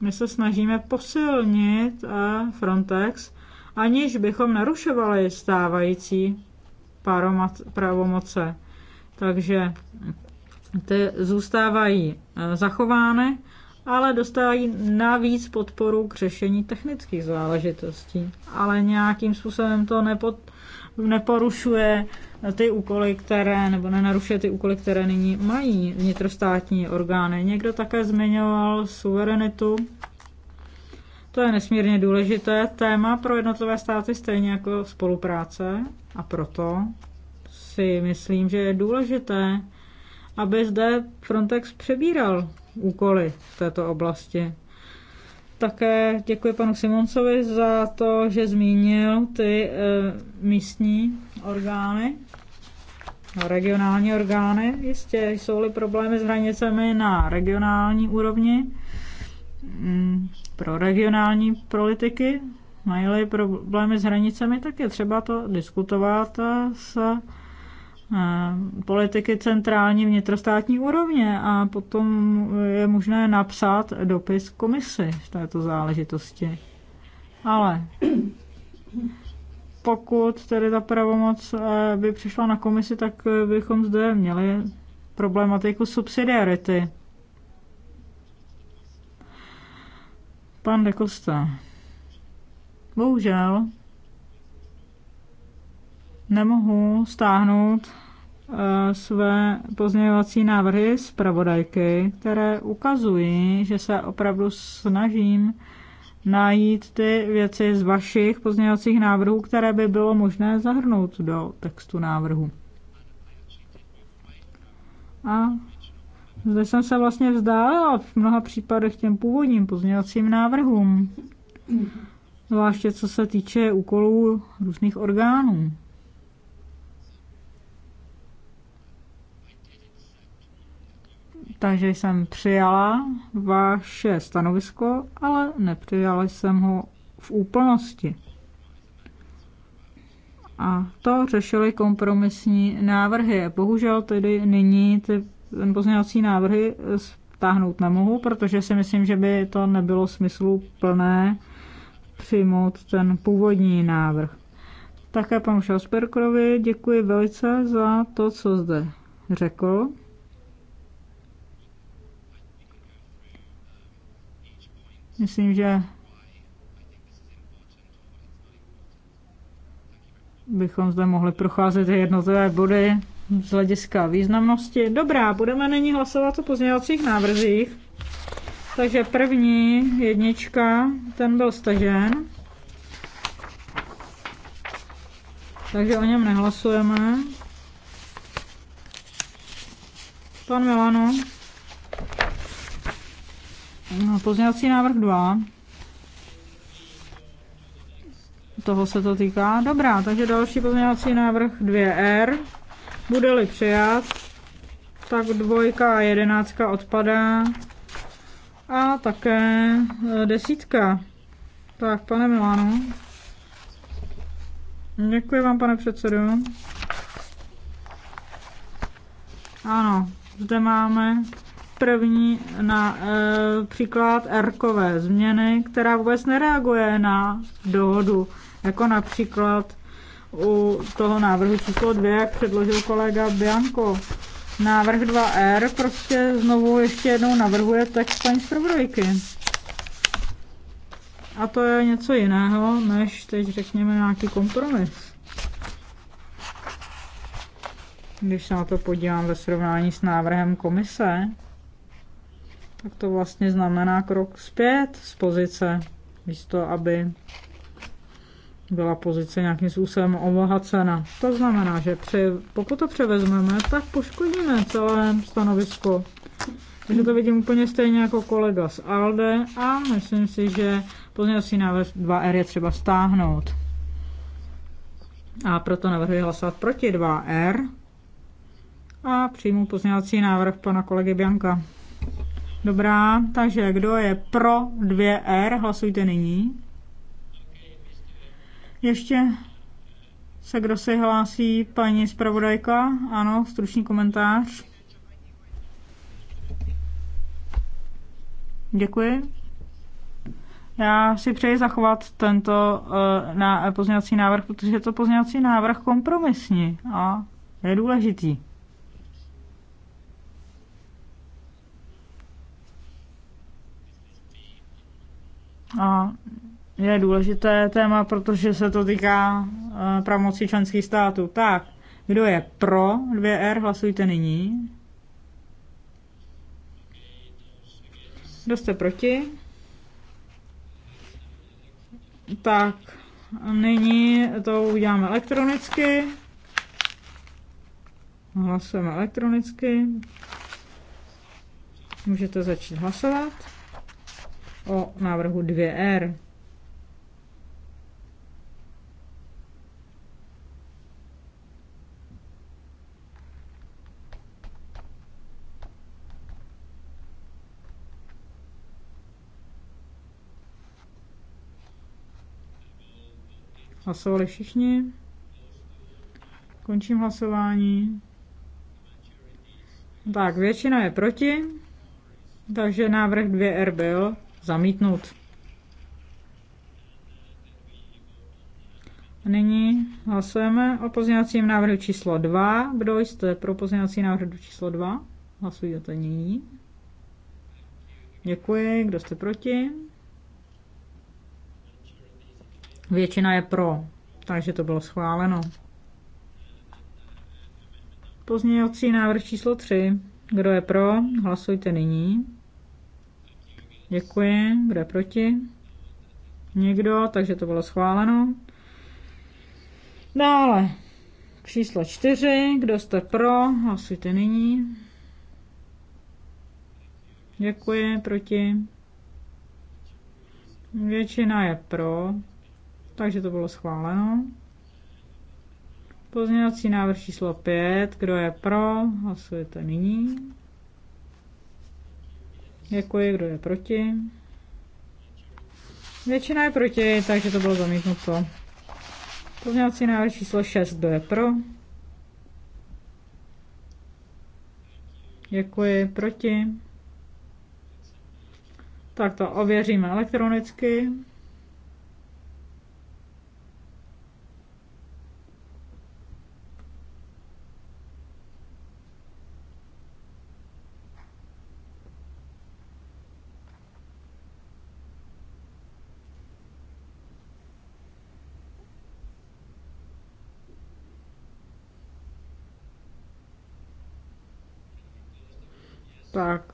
My se snažíme posilnit eh, Frontex, aniž bychom narušovali stávající pravomoce. Takže ty zůstávají e, zachovány, ale dostávají navíc podporu k řešení technických záležitostí. Ale nějakým způsobem to nepo, neporušuje ty úkoly, které, nebo nenarušuje ty úkoly, které nyní mají vnitrostátní orgány. Někdo také zmiňoval suverenitu. To je nesmírně důležité téma pro jednotlivé státy, stejně jako spolupráce. A proto si myslím, že je důležité aby zde Frontex přebíral úkoly v této oblasti. Také děkuji panu Simoncovi za to, že zmínil ty e, místní orgány, no, regionální orgány. Jistě jsou-li problémy s hranicemi na regionální úrovni, mm, pro regionální politiky, mají li problémy s hranicemi, tak je třeba to diskutovat s politiky centrální vnitrostátní úrovně a potom je možné napsat dopis komisi v této záležitosti. Ale pokud tedy ta pravomoc eh, by přišla na komisi, tak eh, bychom zde měli problematiku subsidiarity. Pan de Costa. Bohužel, nemohu stáhnout eh, své pozměňovací návrhy z pravodajky, které ukazují, že se opravdu snažím najít ty věci z vašich pozměňovacích návrhů, které by bylo možné zahrnout do textu návrhu. A zde jsem se vlastně vzdálila v mnoha případech těm původním pozměňovacím návrhům, zvláště co se týče úkolů různých orgánů. takže jsem přijala vaše stanovisko, ale nepřijala jsem ho v úplnosti. A to řešily kompromisní návrhy. Bohužel tedy nyní ty pozměňovací návrhy stáhnout nemohu, protože si myslím, že by to nebylo smyslu plné přijmout ten původní návrh. Také panu Šasperkrovi děkuji velice za to, co zde řekl. Myslím, že bychom zde mohli procházet jednotlivé body z hlediska významnosti. Dobrá, budeme nyní hlasovat o pozměňovacích návrzích. Takže první jednička, ten byl stažen. Takže o něm nehlasujeme. Pan Milano. No, pozměňovací návrh 2. Toho se to týká. Dobrá, takže další pozměňovací návrh 2R. Bude-li přijat, tak dvojka a jedenáctka odpadá. A také e, desítka. Tak, pane Milánu. Děkuji vám, pane předsedu. Ano, zde máme první na e, příklad kové změny, která vůbec nereaguje na dohodu, jako například u toho návrhu číslo 2, jak předložil kolega Bianco. Návrh 2R prostě znovu ještě jednou navrhuje text paní zpravodajky. A to je něco jiného, než teď řekněme nějaký kompromis. Když se na to podívám ve srovnání s návrhem komise, tak to vlastně znamená krok zpět z pozice, místo aby byla pozice nějakým způsobem obohacena. To znamená, že při, pokud to převezmeme, tak poškodíme celé stanovisko. Takže to vidím úplně stejně jako kolega z ALDE a myslím si, že pozměňovací návrh 2R je třeba stáhnout. A proto navrhuji hlasovat proti 2R a přijmu pozměňovací návrh pana kolegy Bianka. Dobrá, takže kdo je pro 2R, hlasujte nyní. Ještě se kdo se hlásí, paní zpravodajka? Ano, stručný komentář. Děkuji. Já si přeji zachovat tento uh, na, pozměňovací návrh, protože je to pozměňovací návrh kompromisní a je důležitý. A je důležité téma, protože se to týká eh, pravomocí členských států. Tak, kdo je pro 2R, hlasujte nyní. Kdo jste proti? Tak, nyní to uděláme elektronicky. Hlasujeme elektronicky. Můžete začít hlasovat o návrhu 2R. Er. Hlasovali všichni. Končím hlasování. Tak, většina je proti, takže návrh 2R er byl Zamítnout. Nyní hlasujeme o pozměňovacím návrhu číslo 2. Kdo jste pro pozměňovací návrh číslo 2? Hlasujete nyní. Děkuji. Kdo jste proti? Většina je pro, takže to bylo schváleno. Pozměňovací návrh číslo 3. Kdo je pro? Hlasujte nyní. Děkuji. Kdo je proti? Nikdo, takže to bylo schváleno. Dále číslo čtyři. Kdo jste pro? Hlasujte nyní. Děkuji. Proti? Většina je pro, takže to bylo schváleno. Pozměňovací návrh číslo 5. Kdo je pro? Hlasujete nyní. Děkuji, kdo je proti. Většina je proti, takže to bylo zamítnuto. Pozměňovací návrh číslo 6, kdo je pro? Děkuji, proti. Tak to ověříme elektronicky.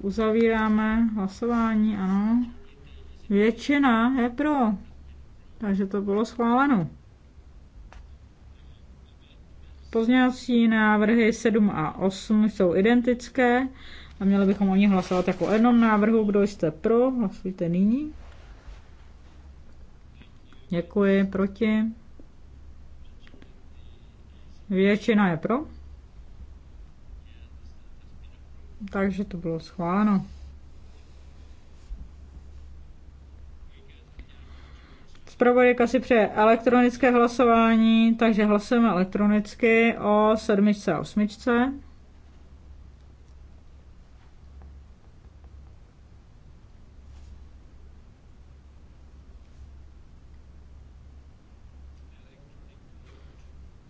Uzavíráme hlasování, ano. Většina je pro. Takže to bylo schváleno. Pozměňovací návrhy 7 a 8 jsou identické a měli bychom o nich hlasovat jako jednom návrhu. Kdo jste pro, hlasujte nyní. Děkuji, proti. Většina je pro. Takže to bylo schváleno. Zpravodajka si přeje elektronické hlasování, takže hlasujeme elektronicky o sedmičce a osmičce.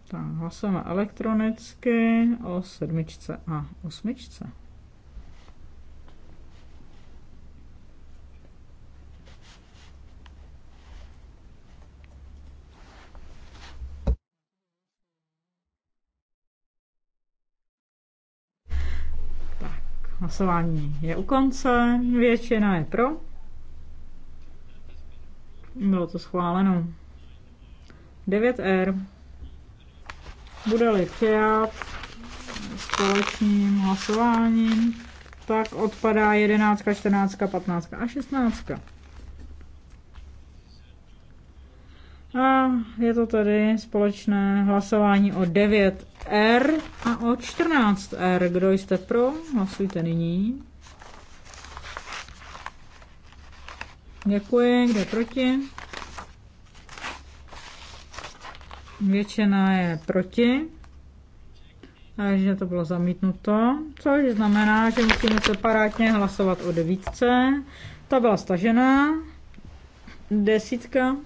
Tak, hlasujeme elektronicky o sedmičce a osmičce. Hlasování je u konce, většina je pro. Bylo to schváleno. 9R bude-li přijat společným hlasováním, tak odpadá 11, 14, 15 a 16. A je to tedy společné hlasování o 9R a o 14R. Kdo jste pro? Hlasujte nyní. Děkuji. Kdo je proti? Většina je proti. Takže to bylo zamítnuto, což znamená, že musíme separátně hlasovat o devítce. Ta byla stažená. Desítka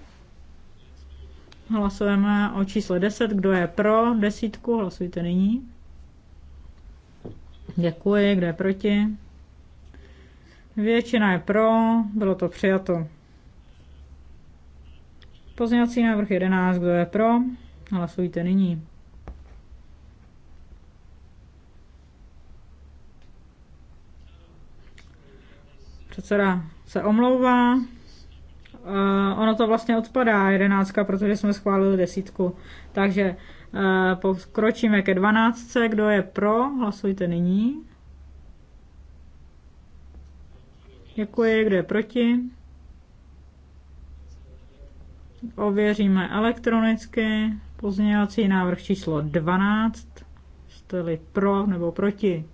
Hlasujeme o čísle 10. Kdo je pro desítku? Hlasujte nyní. Děkuji. Kdo je proti? Většina je pro. Bylo to přijato. Pozměňovací návrh 11. Kdo je pro? Hlasujte nyní. Předseda se omlouvá. Eh, ono to vlastně odpadá, jedenáctka, protože jsme schválili desítku. Takže eh, pokročíme ke dvanáctce. Kdo je pro, hlasujte nyní. Děkuji, kdo je proti. Ověříme elektronicky. Pozměňovací návrh číslo 12. Jste-li pro nebo proti?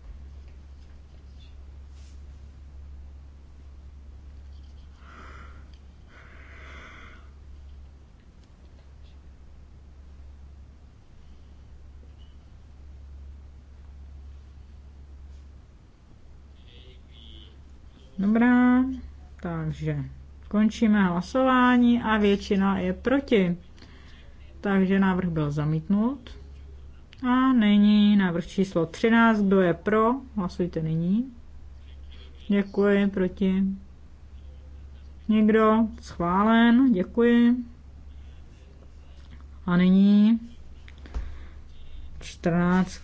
Takže končíme hlasování a většina je proti. Takže návrh byl zamítnut. A nyní návrh číslo 13. Kdo je pro? Hlasujte nyní. Děkuji, proti. Někdo? Schválen, děkuji. A nyní 14.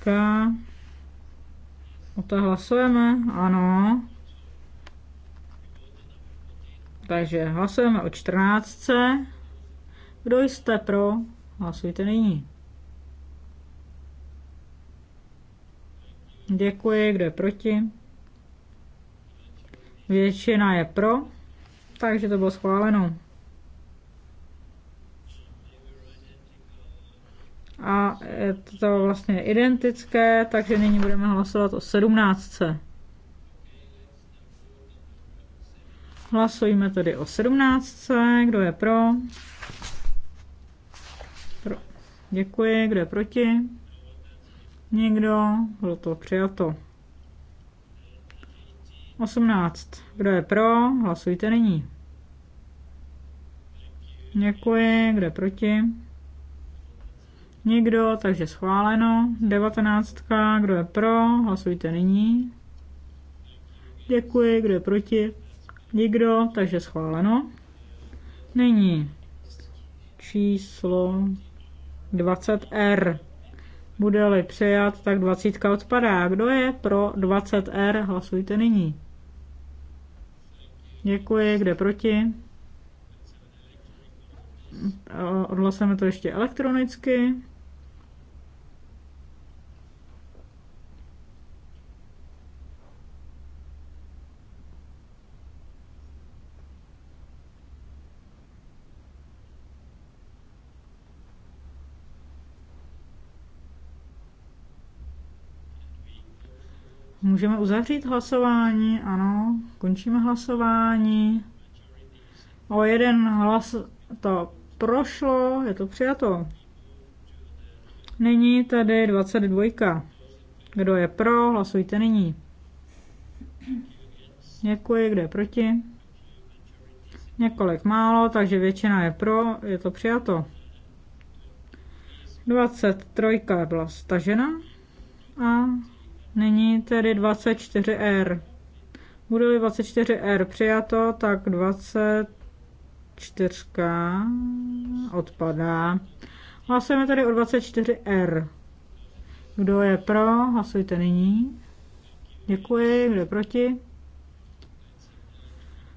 O to hlasujeme? Ano. Takže hlasujeme o 14. Kdo jste pro? Hlasujte nyní. Děkuji, kdo je proti? Většina je pro, takže to bylo schváleno. A je to vlastně identické, takže nyní budeme hlasovat o 17. Hlasujeme tedy o 17. Kdo je pro? pro. Děkuji. Kdo je proti? Nikdo. Bylo to přijato. 18. Kdo je pro? Hlasujte nyní. Děkuji. Kdo je proti? Nikdo, takže schváleno. 19. Kdo je pro? Hlasujte nyní. Děkuji. Kdo je proti? Nikdo, takže schváleno. Nyní číslo 20R. Bude-li přijat, tak 20 odpadá. Kdo je pro 20R? Hlasujte nyní. Děkuji. Kde proti? Odhlasujeme to ještě elektronicky. Můžeme uzavřít hlasování? Ano, končíme hlasování. O jeden hlas to prošlo, je to přijato. Nyní tady 22. Kdo je pro, hlasujte nyní. Děkuji, kdo je proti? Několik málo, takže většina je pro, je to přijato. 23 byla stažena a Nyní tedy 24R. Bude-li 24R přijato, tak 24 odpadá. Hlasujeme tedy o 24R. Er. Kdo je pro, hlasujte nyní. Děkuji. Kdo je proti?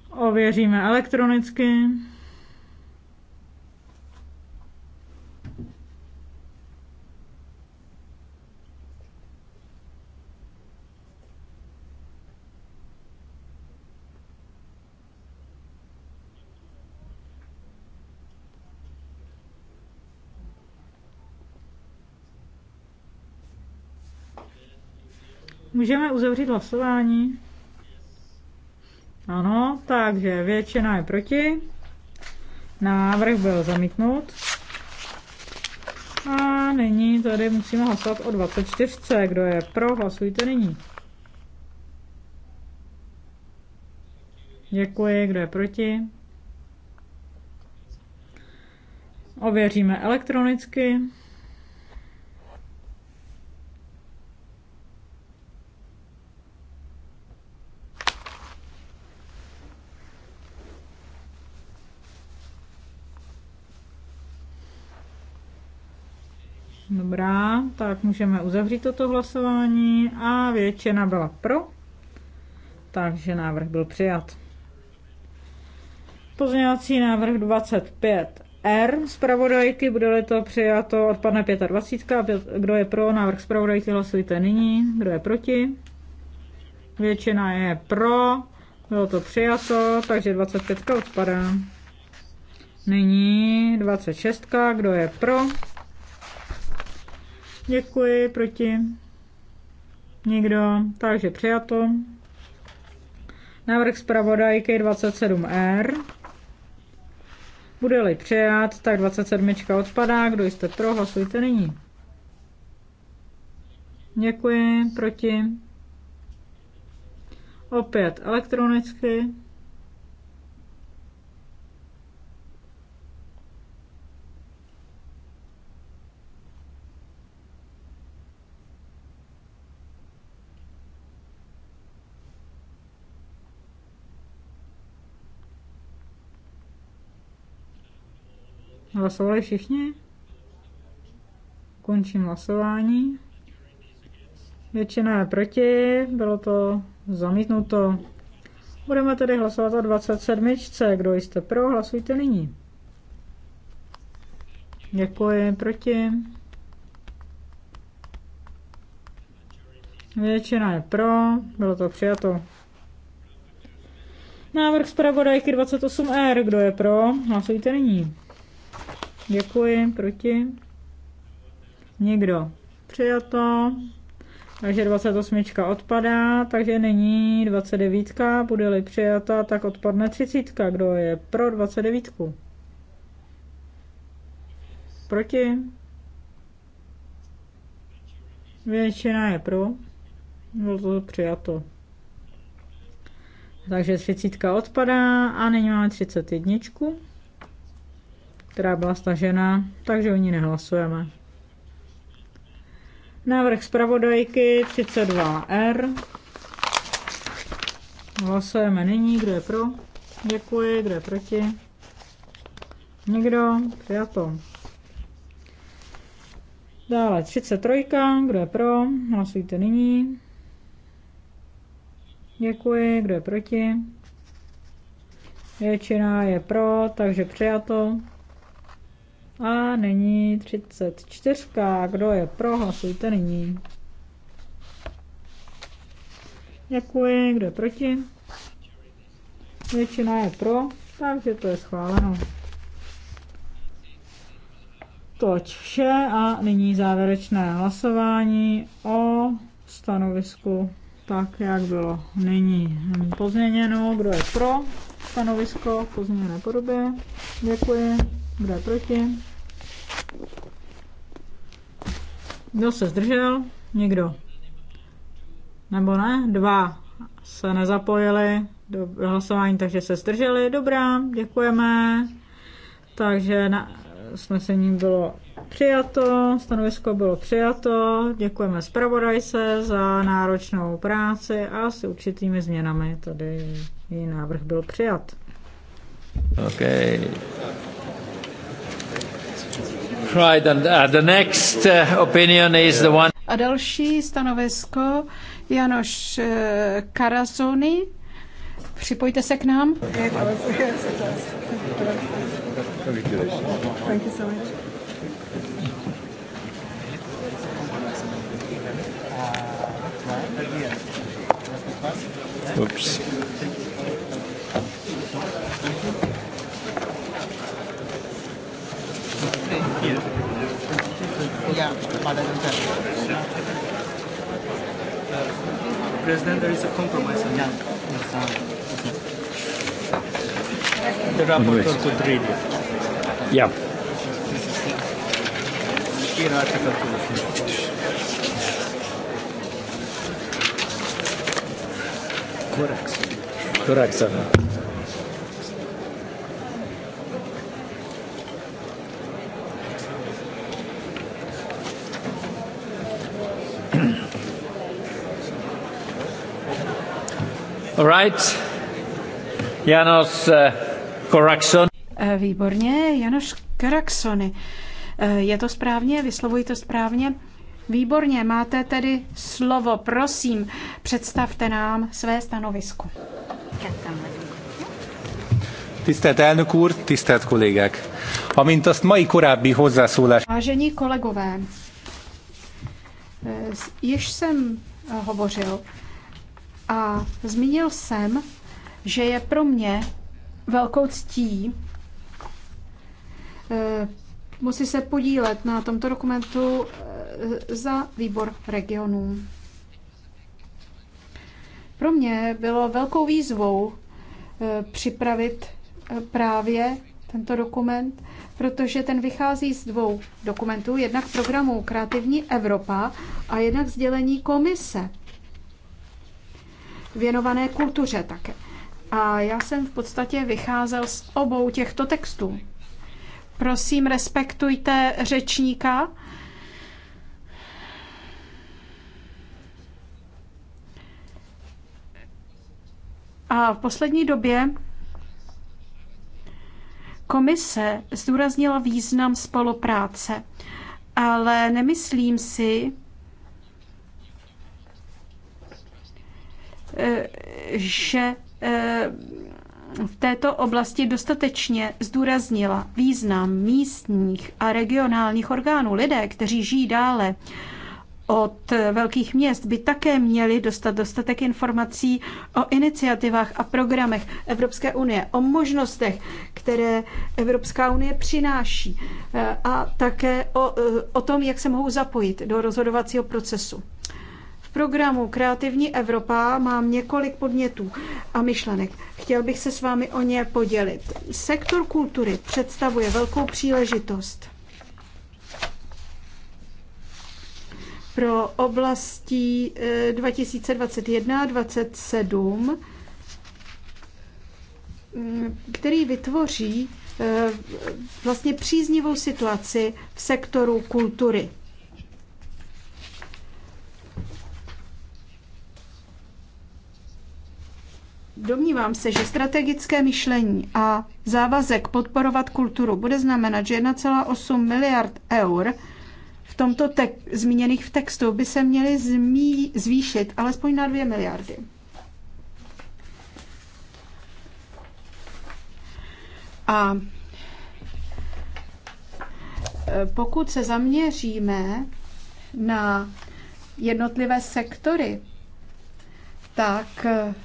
Ověříme elektronicky. Můžeme uzavřít hlasování? Ano, takže většina je proti. Návrh byl zamítnut. A nyní tady musíme hlasovat o 24. Kdo je pro, hlasujte nyní. Děkuji, kdo je proti. Ověříme elektronicky. tak můžeme uzavřít toto hlasování a většina byla pro, takže návrh byl přijat. Pozměňovací návrh 25R zpravodajky, bude-li to přijato, odpadne 25. Kdo je pro návrh zpravodajky, hlasujte nyní. Kdo je proti? Většina je pro, bylo to přijato, takže 25 odpadá. Nyní 26. Kdo je pro? Děkuji, proti. Nikdo, takže přijato. Návrh zpravodajky 27R. Bude-li přijat, tak 27 odpadá. Kdo jste pro, hlasujte nyní. Děkuji, proti. Opět elektronicky. Hlasovali všichni? Končím hlasování. Většina je proti, bylo to zamítnuto. Budeme tedy hlasovat o 27. Kdo jste pro, hlasujte nyní. Děkuji, proti. Většina je pro, bylo to přijato. Návrh zpravodajky 28R, kdo je pro, hlasujte nyní. Děkuji. Proti? Nikdo. Přijato. Takže 28 odpadá, takže není 29, bude-li přijata, tak odpadne 30. Kdo je pro 29? Proti? Většina je pro. Bylo to přijato. Takže 30 odpadá a nyní máme 31 která byla stažena, takže o ní nehlasujeme. Návrh zpravodajky 32R. Hlasujeme nyní, kdo je pro. Děkuji, kdo je proti. Nikdo, přijato. Dále 33, kdo je pro, hlasujte nyní. Děkuji, kdo je proti. Většina je pro, takže přijato. A není 34. Kdo je pro, hlasujte nyní. Děkuji. Kdo je proti? Většina je pro, takže to je schváleno. Toť vše a nyní závěrečné hlasování o stanovisku tak, jak bylo nyní pozměněno. Kdo je pro stanovisko v pozměněné podobě? Děkuji. Kdo je proti? Kdo se zdržel? Nikdo. Nebo ne? Dva se nezapojili do hlasování, takže se zdrželi. Dobrá, děkujeme. Takže na, snesení bylo přijato, stanovisko bylo přijato. Děkujeme zpravodajce za náročnou práci a s určitými změnami tady její návrh byl přijat. Okay. Uh, uh, A další stanovisko Janoš uh, Karazony. Připojte se k nám. Thank you so much. Oops. Rohingya pada नंतर President, there is a compromise on that. The rapporteur could read it. Yeah. Here article 2. Correct. Correct, sir. Right. Janos Korakson. Eh, eh, výborně, Janoš Karaksony. Eh, je to správně? Vyslovuji to správně? Výborně, máte tedy slovo. Prosím, představte nám své stanovisko. Tisztelt elnök úr, tisztelt kollégák! Amint azt mai korábbi hozzászólás... Vážení kolegové, již jsem hovořil a zmínil jsem, že je pro mě velkou ctí eh, musí se podílet na tomto dokumentu eh, za výbor regionů. Pro mě bylo velkou výzvou eh, připravit právě tento dokument, protože ten vychází z dvou dokumentů, jednak programu Kreativní Evropa a jednak sdělení komise věnované kultuře také. A já jsem v podstatě vycházel z obou těchto textů. Prosím, respektujte řečníka. A v poslední době komise zdůraznila význam spolupráce, ale nemyslím si, že eh, v této oblasti dostatečně zdůraznila význam místních a regionálních orgánů. Lidé, kteří žijí dále od velkých měst, by také měli dostat dostatek informací o iniciativách a programech Evropské unie, o možnostech, které Evropská unie přináší eh, a také o, eh, o tom, jak se mohou zapojit do rozhodovacího procesu programu Kreativní Evropa mám několik podnětů a myšlenek. Chtěl bych se s vámi o ně podělit. Sektor kultury představuje velkou příležitost pro oblasti 2021-2027, eh, mm, který vytvoří eh, vlastně příznivou situaci v sektoru kultury. Domnívám se, že strategické myšlení a závazek podporovat kulturu bude znamenat, že 1,8 miliard eur v tomto te- zmíněných v textu by se měly zmí- zvýšit alespoň na 2 miliardy. A e, pokud se zaměříme na jednotlivé sektory, tak e,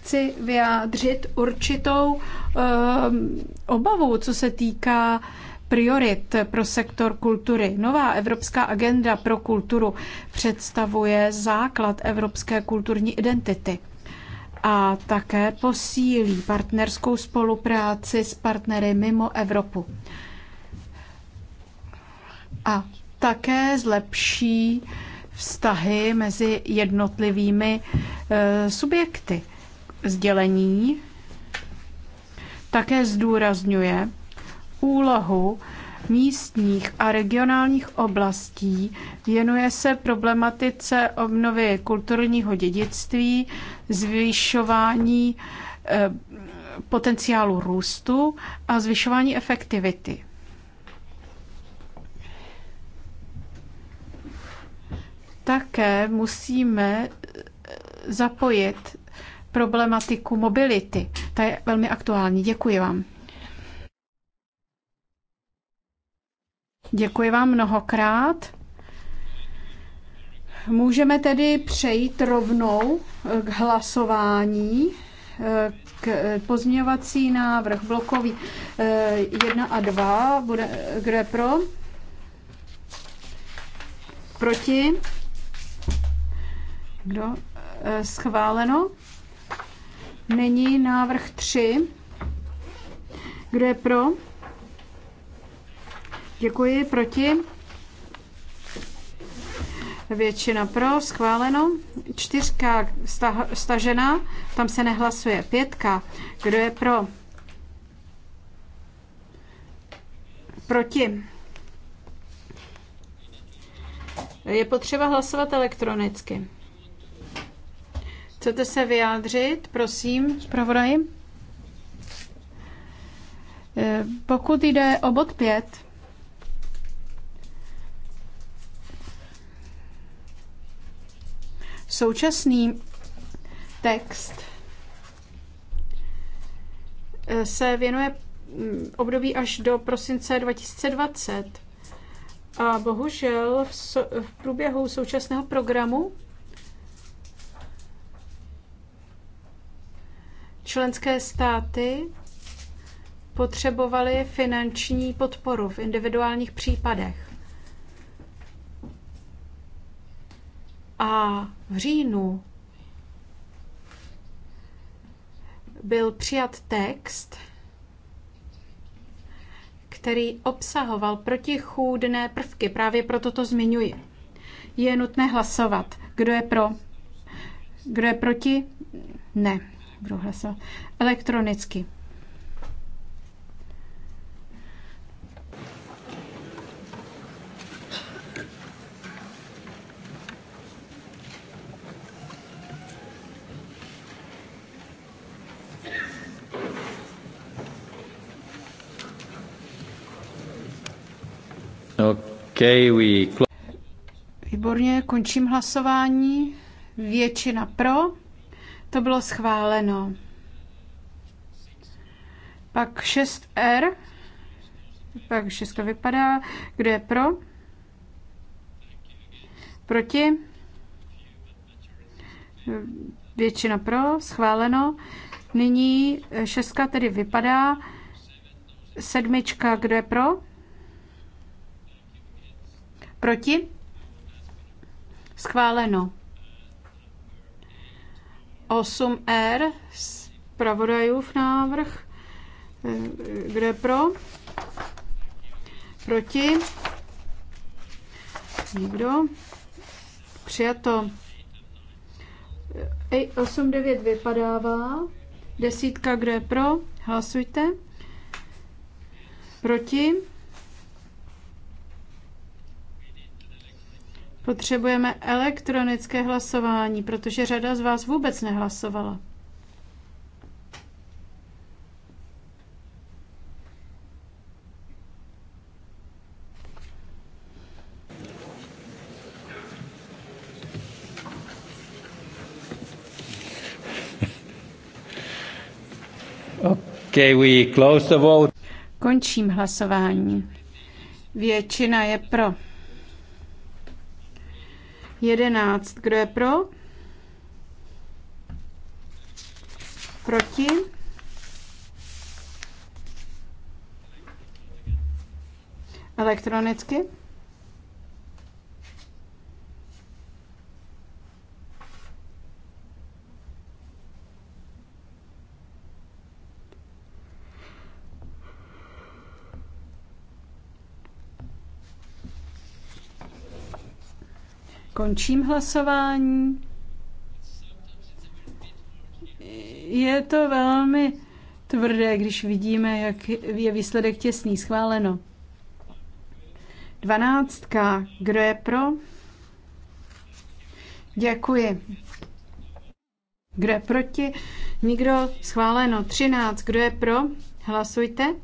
chci vyjádřit určitou ehm, obavu, co se týká priorit pro sektor kultury. Nová Evropská agenda pro kulturu představuje základ evropské kulturní identity a také posílí partnerskou spolupráci s partnery mimo Evropu. A také zlepší vztahy mezi jednotlivými eh, subjekty sdělení také zdůrazňuje úlohu místních a regionálních oblastí, věnuje se problematice obnovy kulturního dědictví, zvyšování eh, potenciálu růstu a zvyšování efektivity. Také musíme eh, zapojit problematiku mobility. Ta je velmi aktuální. Děkuji vám. Děkuji vám mnohokrát. Můžeme tedy přejít rovnou k hlasování, k pozměňovací návrh blokový 1 eh, a 2. Bude, kdo je pro? Proti? Kdo? Eh, schváleno. Nyní návrh 3. Kdo je pro? Děkuji. Proti? Většina pro, schváleno. Čtyřka stažena, tam se nehlasuje. Pětka. Kdo je pro? Proti. Je potřeba hlasovat elektronicky. Chcete se vyjádřit, prosím, zpravodaji? Eh, pokud jde o bod 5, současný text eh, se věnuje mm, období až do prosince 2020. A bohužel v, so, v průběhu současného programu Členské státy potřebovaly finanční podporu v individuálních případech. A v říjnu byl přijat text, který obsahoval protichůdné prvky. Právě proto to zmiňuji. Je nutné hlasovat. Kdo je pro? Kdo je proti? Ne kdo hlasoval elektronicky. Okay, we... Výborně, končím hlasování. Většina pro. To bylo schváleno. Pak 6R. Pak 6 vypadá. Kdo je pro? Proti? Většina pro, schváleno. Nyní 6 tedy vypadá. Sedmička, kdo je pro? Proti? Schváleno. 8R z pravodajův návrh. Kdo je pro? Proti? Nikdo? Přijato. 8-9 vypadává. Desítka, kdo je pro? Hlasujte. Proti? Potřebujeme elektronické hlasování, protože řada z vás vůbec nehlasovala. Okay, we close the vote. Končím hlasování. Většina je pro. 11. Kdo je pro? Proti? Elektronicky? Končím hlasování. Je to velmi tvrdé, když vidíme, jak je výsledek těsný. Schváleno. Dvanáctka. Kdo je pro? Děkuji. Kdo je proti? Nikdo. Schváleno. Třináct. Kdo je pro? Hlasujte.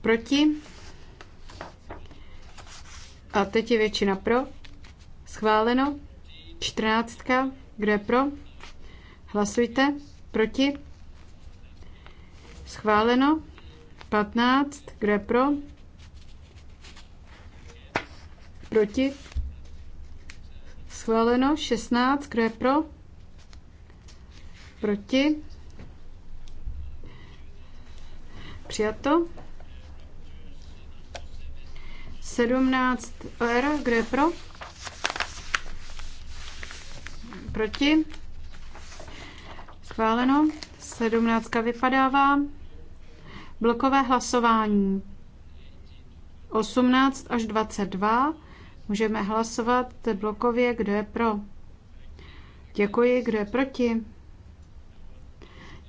Proti? A teď je většina pro. Schváleno. Čtrnáctka. Kdo je pro? Hlasujte. Proti? Schváleno. 15. Kdo je pro? Proti? Schváleno. 16. Kdo je pro? Proti? Přijato. 17 R, kdo je pro? Proti? Schváleno. 17 vypadává. Blokové hlasování. 18 až 22. Můžeme hlasovat blokově, kdo je pro. Děkuji, kdo je proti.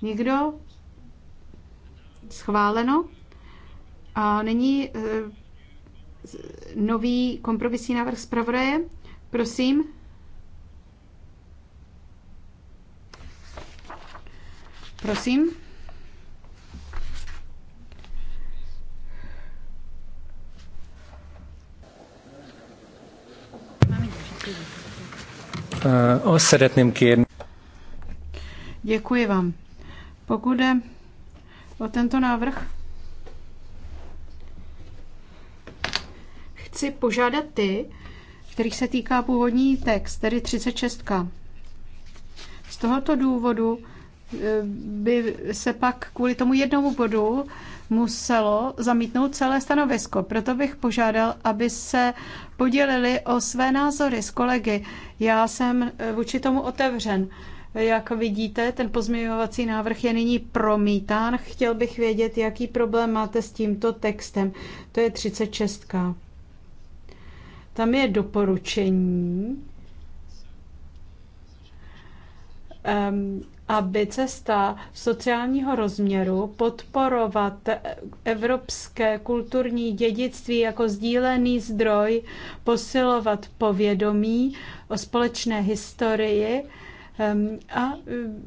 Nikdo? Schváleno. A nyní eh, nový kompromisní návrh zpravodaje. Prosím. Prosím. Eh, o sedetným szeretném Děkuji vám. Pokud je o tento návrh, chci požádat ty, kterých se týká původní text, tedy 36. Z tohoto důvodu eh, by se pak kvůli tomu jednomu bodu muselo zamítnout celé stanovisko. Proto bych požádal, aby se podělili o své názory s kolegy. Já jsem eh, vůči tomu otevřen. Jak vidíte, ten pozměňovací návrh je nyní promítán. Chtěl bych vědět, jaký problém máte s tímto textem. To je 36. Tam je doporučení, ehm, aby cesta sociálního rozměru podporovat evropské kulturní dědictví jako sdílený zdroj, posilovat povědomí o společné historii ehm, a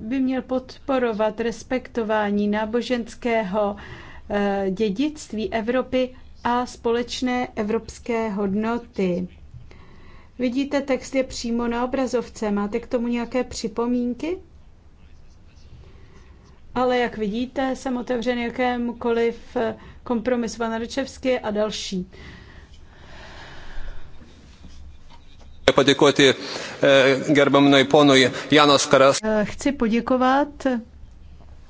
by měl podporovat respektování náboženského eh, dědictví Evropy a společné evropské hodnoty. Vidíte, text je přímo na obrazovce. Máte k tomu nějaké připomínky? Ale jak vidíte, jsem otevřen jakémukoliv kompromisu pana a další. Chci poděkovat eh,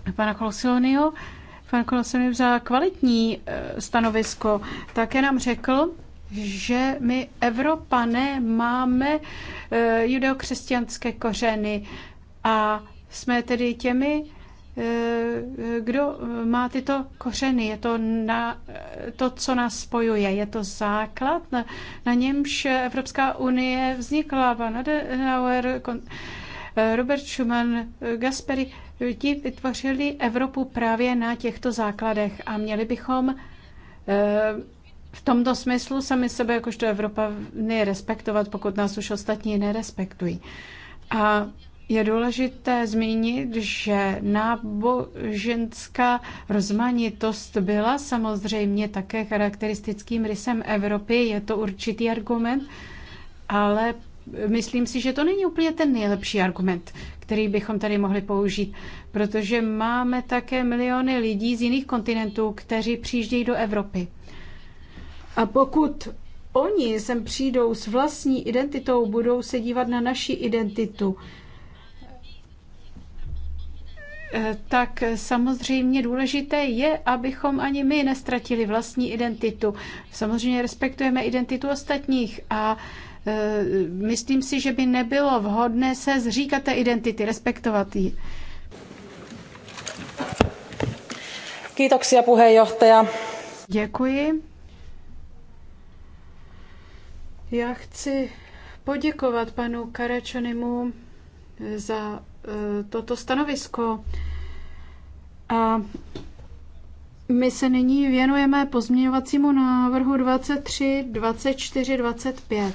eh, pana Kolosilonyho Pan Kolosem mi vzal kvalitní eh, stanovisko. Také nám řekl, že my Evropané máme eh, judeokřesťanské kořeny a jsme tedy těmi, eh, kdo má tyto kořeny. Je to na, to, co nás spojuje. Je to základ, na, na němž Evropská unie vznikla. Van Adenauer, kon, Robert Schuman, Gasperi, ti vytvořili Evropu právě na těchto základech a měli bychom eh, v tomto smyslu sami sebe jakožto Evropa respektovat, pokud nás už ostatní nerespektují. A je důležité zmínit, že náboženská rozmanitost byla samozřejmě také charakteristickým rysem Evropy, je to určitý argument, ale myslím si, že to není úplně ten nejlepší argument, který bychom tady mohli použít, protože máme také miliony lidí z jiných kontinentů, kteří přijíždějí do Evropy. A pokud oni sem přijdou s vlastní identitou, budou se dívat na naši identitu, eh, tak samozřejmě důležité je, abychom ani my nestratili vlastní identitu. Samozřejmě respektujeme identitu ostatních a Eh, myslím si, že by nebylo vhodné se zříkat té identity, respektovat ji. Kiitoksia puheenjohtaja. Děkuji. Já chci poděkovat panu Karačanimu eh, za eh, toto stanovisko. A my se nyní věnujeme pozměňovacímu návrhu 23, 24, 25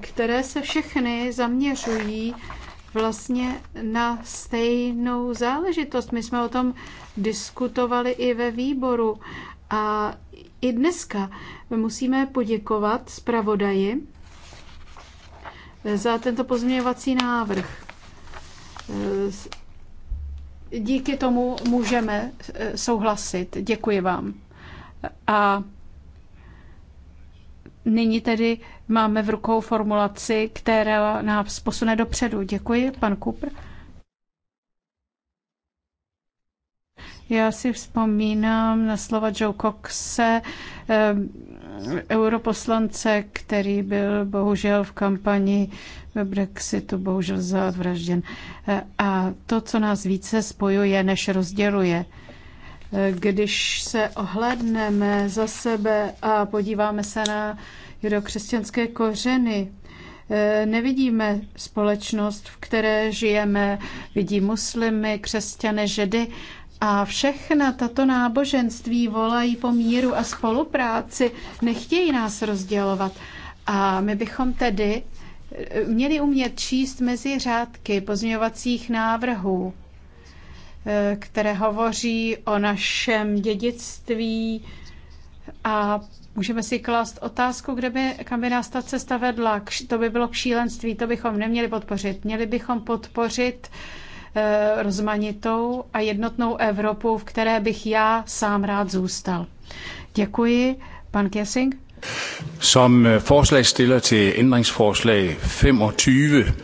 které se všechny zaměřují vlastně na stejnou záležitost. My jsme o tom diskutovali i ve výboru a i dneska musíme poděkovat zpravodaji za tento pozměňovací návrh. Díky tomu můžeme eh, souhlasit. Děkuji vám. A nyní tedy máme v rukou formulaci, která nás posune dopředu. Děkuji, pan Kupr. Já si vzpomínám na slova Joe Coxe, eh, europoslance, který byl bohužel v kampani Brexitu bohužel zavražděn. Eh, a to, co nás více spojuje, než rozděluje. Eh, když se ohledneme za sebe a podíváme se na judokřesťanské kořeny. E, nevidíme společnost, v které žijeme, vidí muslimy, křesťané, židy a všechna tato náboženství volají po míru a spolupráci, nechtějí nás rozdělovat. A my bychom tedy e, měli umět číst mezi řádky pozměňovacích návrhů, e, které hovoří o našem dědictví a Můžeme si klást otázku, kde by, kam by nás ta cesta vedla. To by bylo k šílenství, to bychom neměli podpořit. Měli bychom podpořit eh, rozmanitou a jednotnou Evropu, v které bych já sám rád zůstal. Děkuji. Pan Kessing? Som eh, forslagstiller til ændringsforslag 25.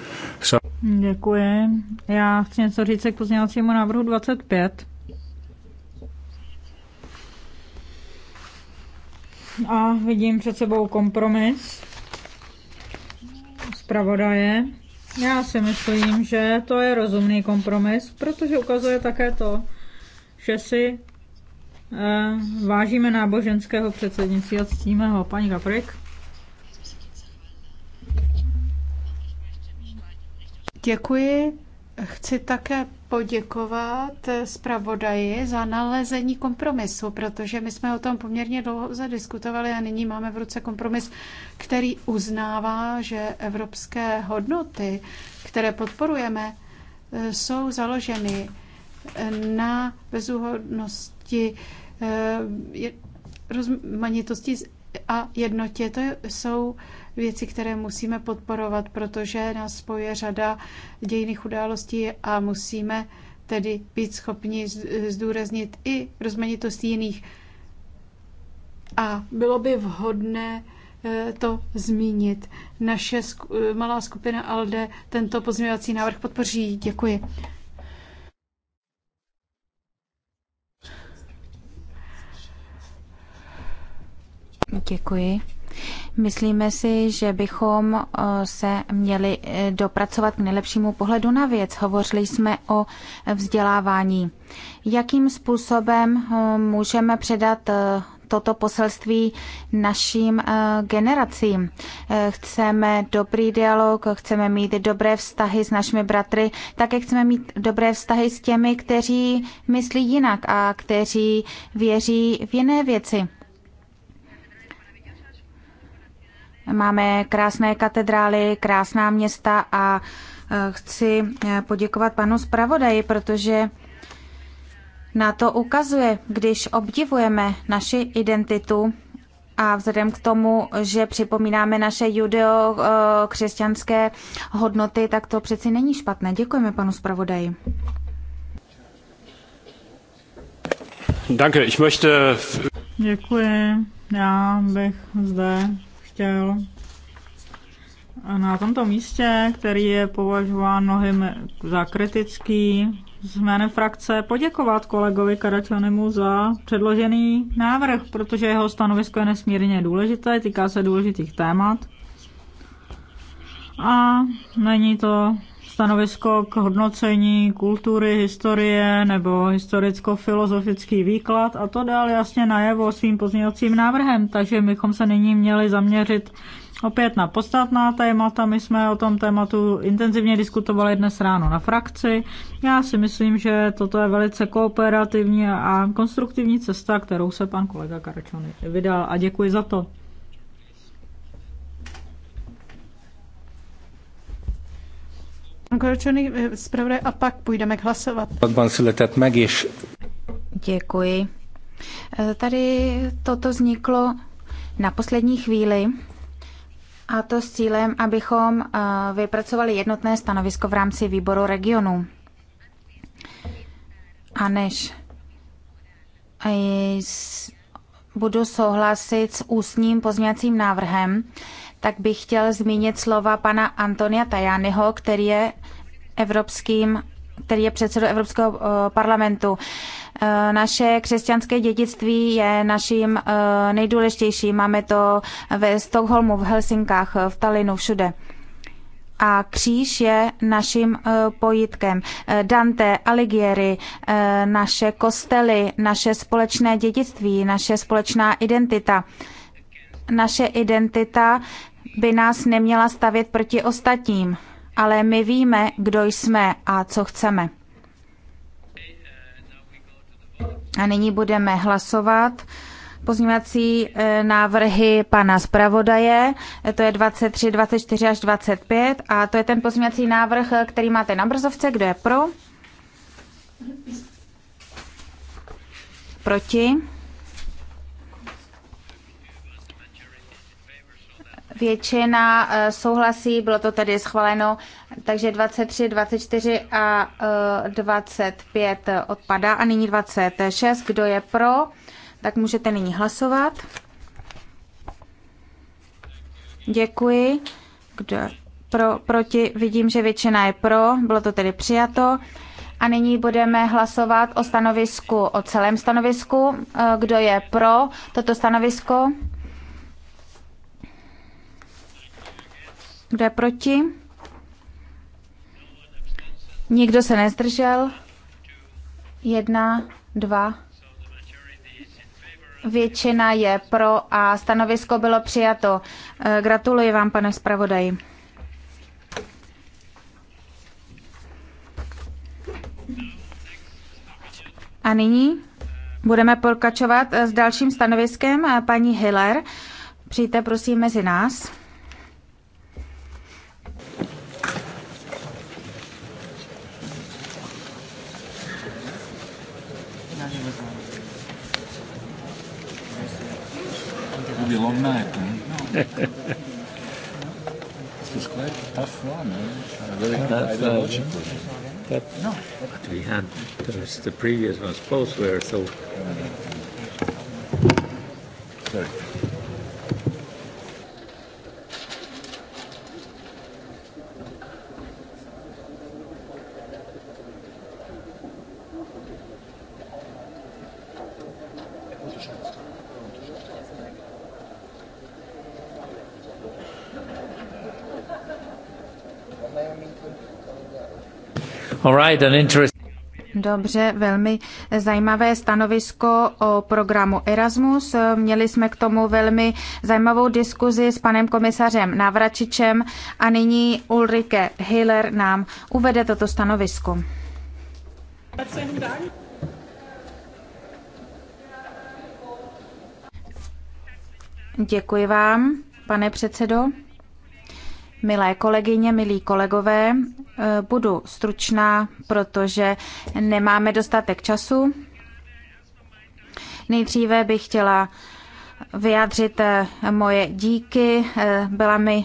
Så... Děkuji. Já chci něco říct k pozměňovacímu návrhu 25. a vidím před sebou kompromis zpravodaje. Já si myslím, že to je rozumný kompromis, protože ukazuje také to, že si eh, vážíme náboženského předsednictví a ctíme ho. Paní Kaprik. Děkuji. Chci také poděkovat zpravodaji za nalezení kompromisu, protože my jsme o tom poměrně dlouho zadiskutovali a nyní máme v ruce kompromis, který uznává, že evropské hodnoty, které podporujeme, jsou založeny na bezúhodnosti, eh, rozmanitosti a jednotě. To jsou věci, které musíme podporovat, protože nás spojuje řada dějných událostí a musíme tedy být schopni zdůraznit i rozmanitost jiných. A bylo by vhodné eh, to zmínit. Naše malá skupina ALDE tento pozměňovací návrh podpoří. Děkuji. Děkuji. Myslíme si, že bychom eh, se měli eh, dopracovat k nejlepšímu pohledu na věc. Hovořili jsme o vzdělávání. Jakým způsobem eh, můžeme předat toto poselství našim generacím. Chceme dobrý dialog, chceme mít dobré vztahy s našimi bratry, také chceme mít dobré vztahy s těmi, kteří myslí jinak a kteří věří v jiné věci. Máme krásné katedrály, krásná města a eh, chci eh, poděkovat panu zpravodaji, protože na to ukazuje, když obdivujeme naši identitu a vzhledem k tomu, že připomínáme naše judeo-křesťanské eh, hodnoty, tak to přeci není špatné. Děkujeme panu zpravodaji. Danke, ich möchte... Děkuji. Já bych zde chtěl na tomto místě, který je považován mnohem za kritický, z jménem frakce poděkovat kolegovi Karačanemu za předložený návrh, protože jeho stanovisko je nesmírně důležité, týká se důležitých témat. A není to stanovisko k hodnocení kultury, historie nebo historicko-filozofický výklad a to dal jasně najevo svým pozměňovacím návrhem, takže bychom se nyní měli zaměřit opět na podstatná témata. My jsme o tom tématu intenzivně diskutovali dnes ráno na frakci. Já si myslím, že toto je velice kooperativní a konstruktivní cesta, kterou se pan kolega Karčony vydal a děkuji za to. Konečný eh, zpravodaj a pak půjdeme k hlasovat. Děkuji. Eh, tady toto vzniklo na poslední chvíli a to s cílem, abychom eh, vypracovali jednotné stanovisko v rámci výboru regionu. A než budu souhlasit s ústním pozměňovacím návrhem, tak bych chtěl zmínit slova pana Antonia Tajányho, který je evropským který je předsedou Evropského eh, parlamentu. Eh, naše křesťanské dědictví je naším eh, nejdůležitějším. Máme to ve Stockholmu, v Helsinkách, v Talinu, všude a kříž je naším pojitkem. Dante, Alighieri, naše kostely, naše společné dědictví, naše společná identita. Naše identita by nás neměla stavět proti ostatním, ale my víme, kdo jsme a co chceme. A nyní budeme hlasovat pozměňovací e, návrhy pana zpravodaje, to je 23, 24 až 25 a to je ten pozměňovací návrh, který máte na brzovce, kdo je pro? Proti? většina eh, souhlasí, bylo to tedy schváleno, takže 23, 24 a 25 eh, eh, odpadá a nyní 26. Kdo je pro, tak můžete nyní hlasovat. Děkuji. Kdo pro, proti? Vidím, že většina je pro, bylo to tedy přijato. A nyní budeme hlasovat o stanovisku, o celém stanovisku. Kdo je pro toto stanovisko? Kdo je proti? Nikdo se nezdržel. Jedna, dva. Většina je pro a stanovisko bylo přijato. Eh, gratuluji vám, pane zpravodaji. A nyní budeme pokračovat s dalším stanoviskem eh, paní Hiller. Přijďte prosím mezi nás. be long night. Eh? it was quite a tough one. Eh? Very that's, Uh, that, no. But we had was, the previous ones both were so. Sorry. Dobře, velmi zajímavé stanovisko o programu Erasmus. Měli jsme k tomu velmi zajímavou diskuzi s panem komisařem Navračičem a nyní Ulrike Hiller nám uvede toto stanovisko. Děkuji vám, pane předsedo. Milé kolegyně, milí kolegové, eh, budu stručná, protože nemáme dostatek času. Nejdříve bych chtěla vyjádřit eh, moje díky. Eh, byla mi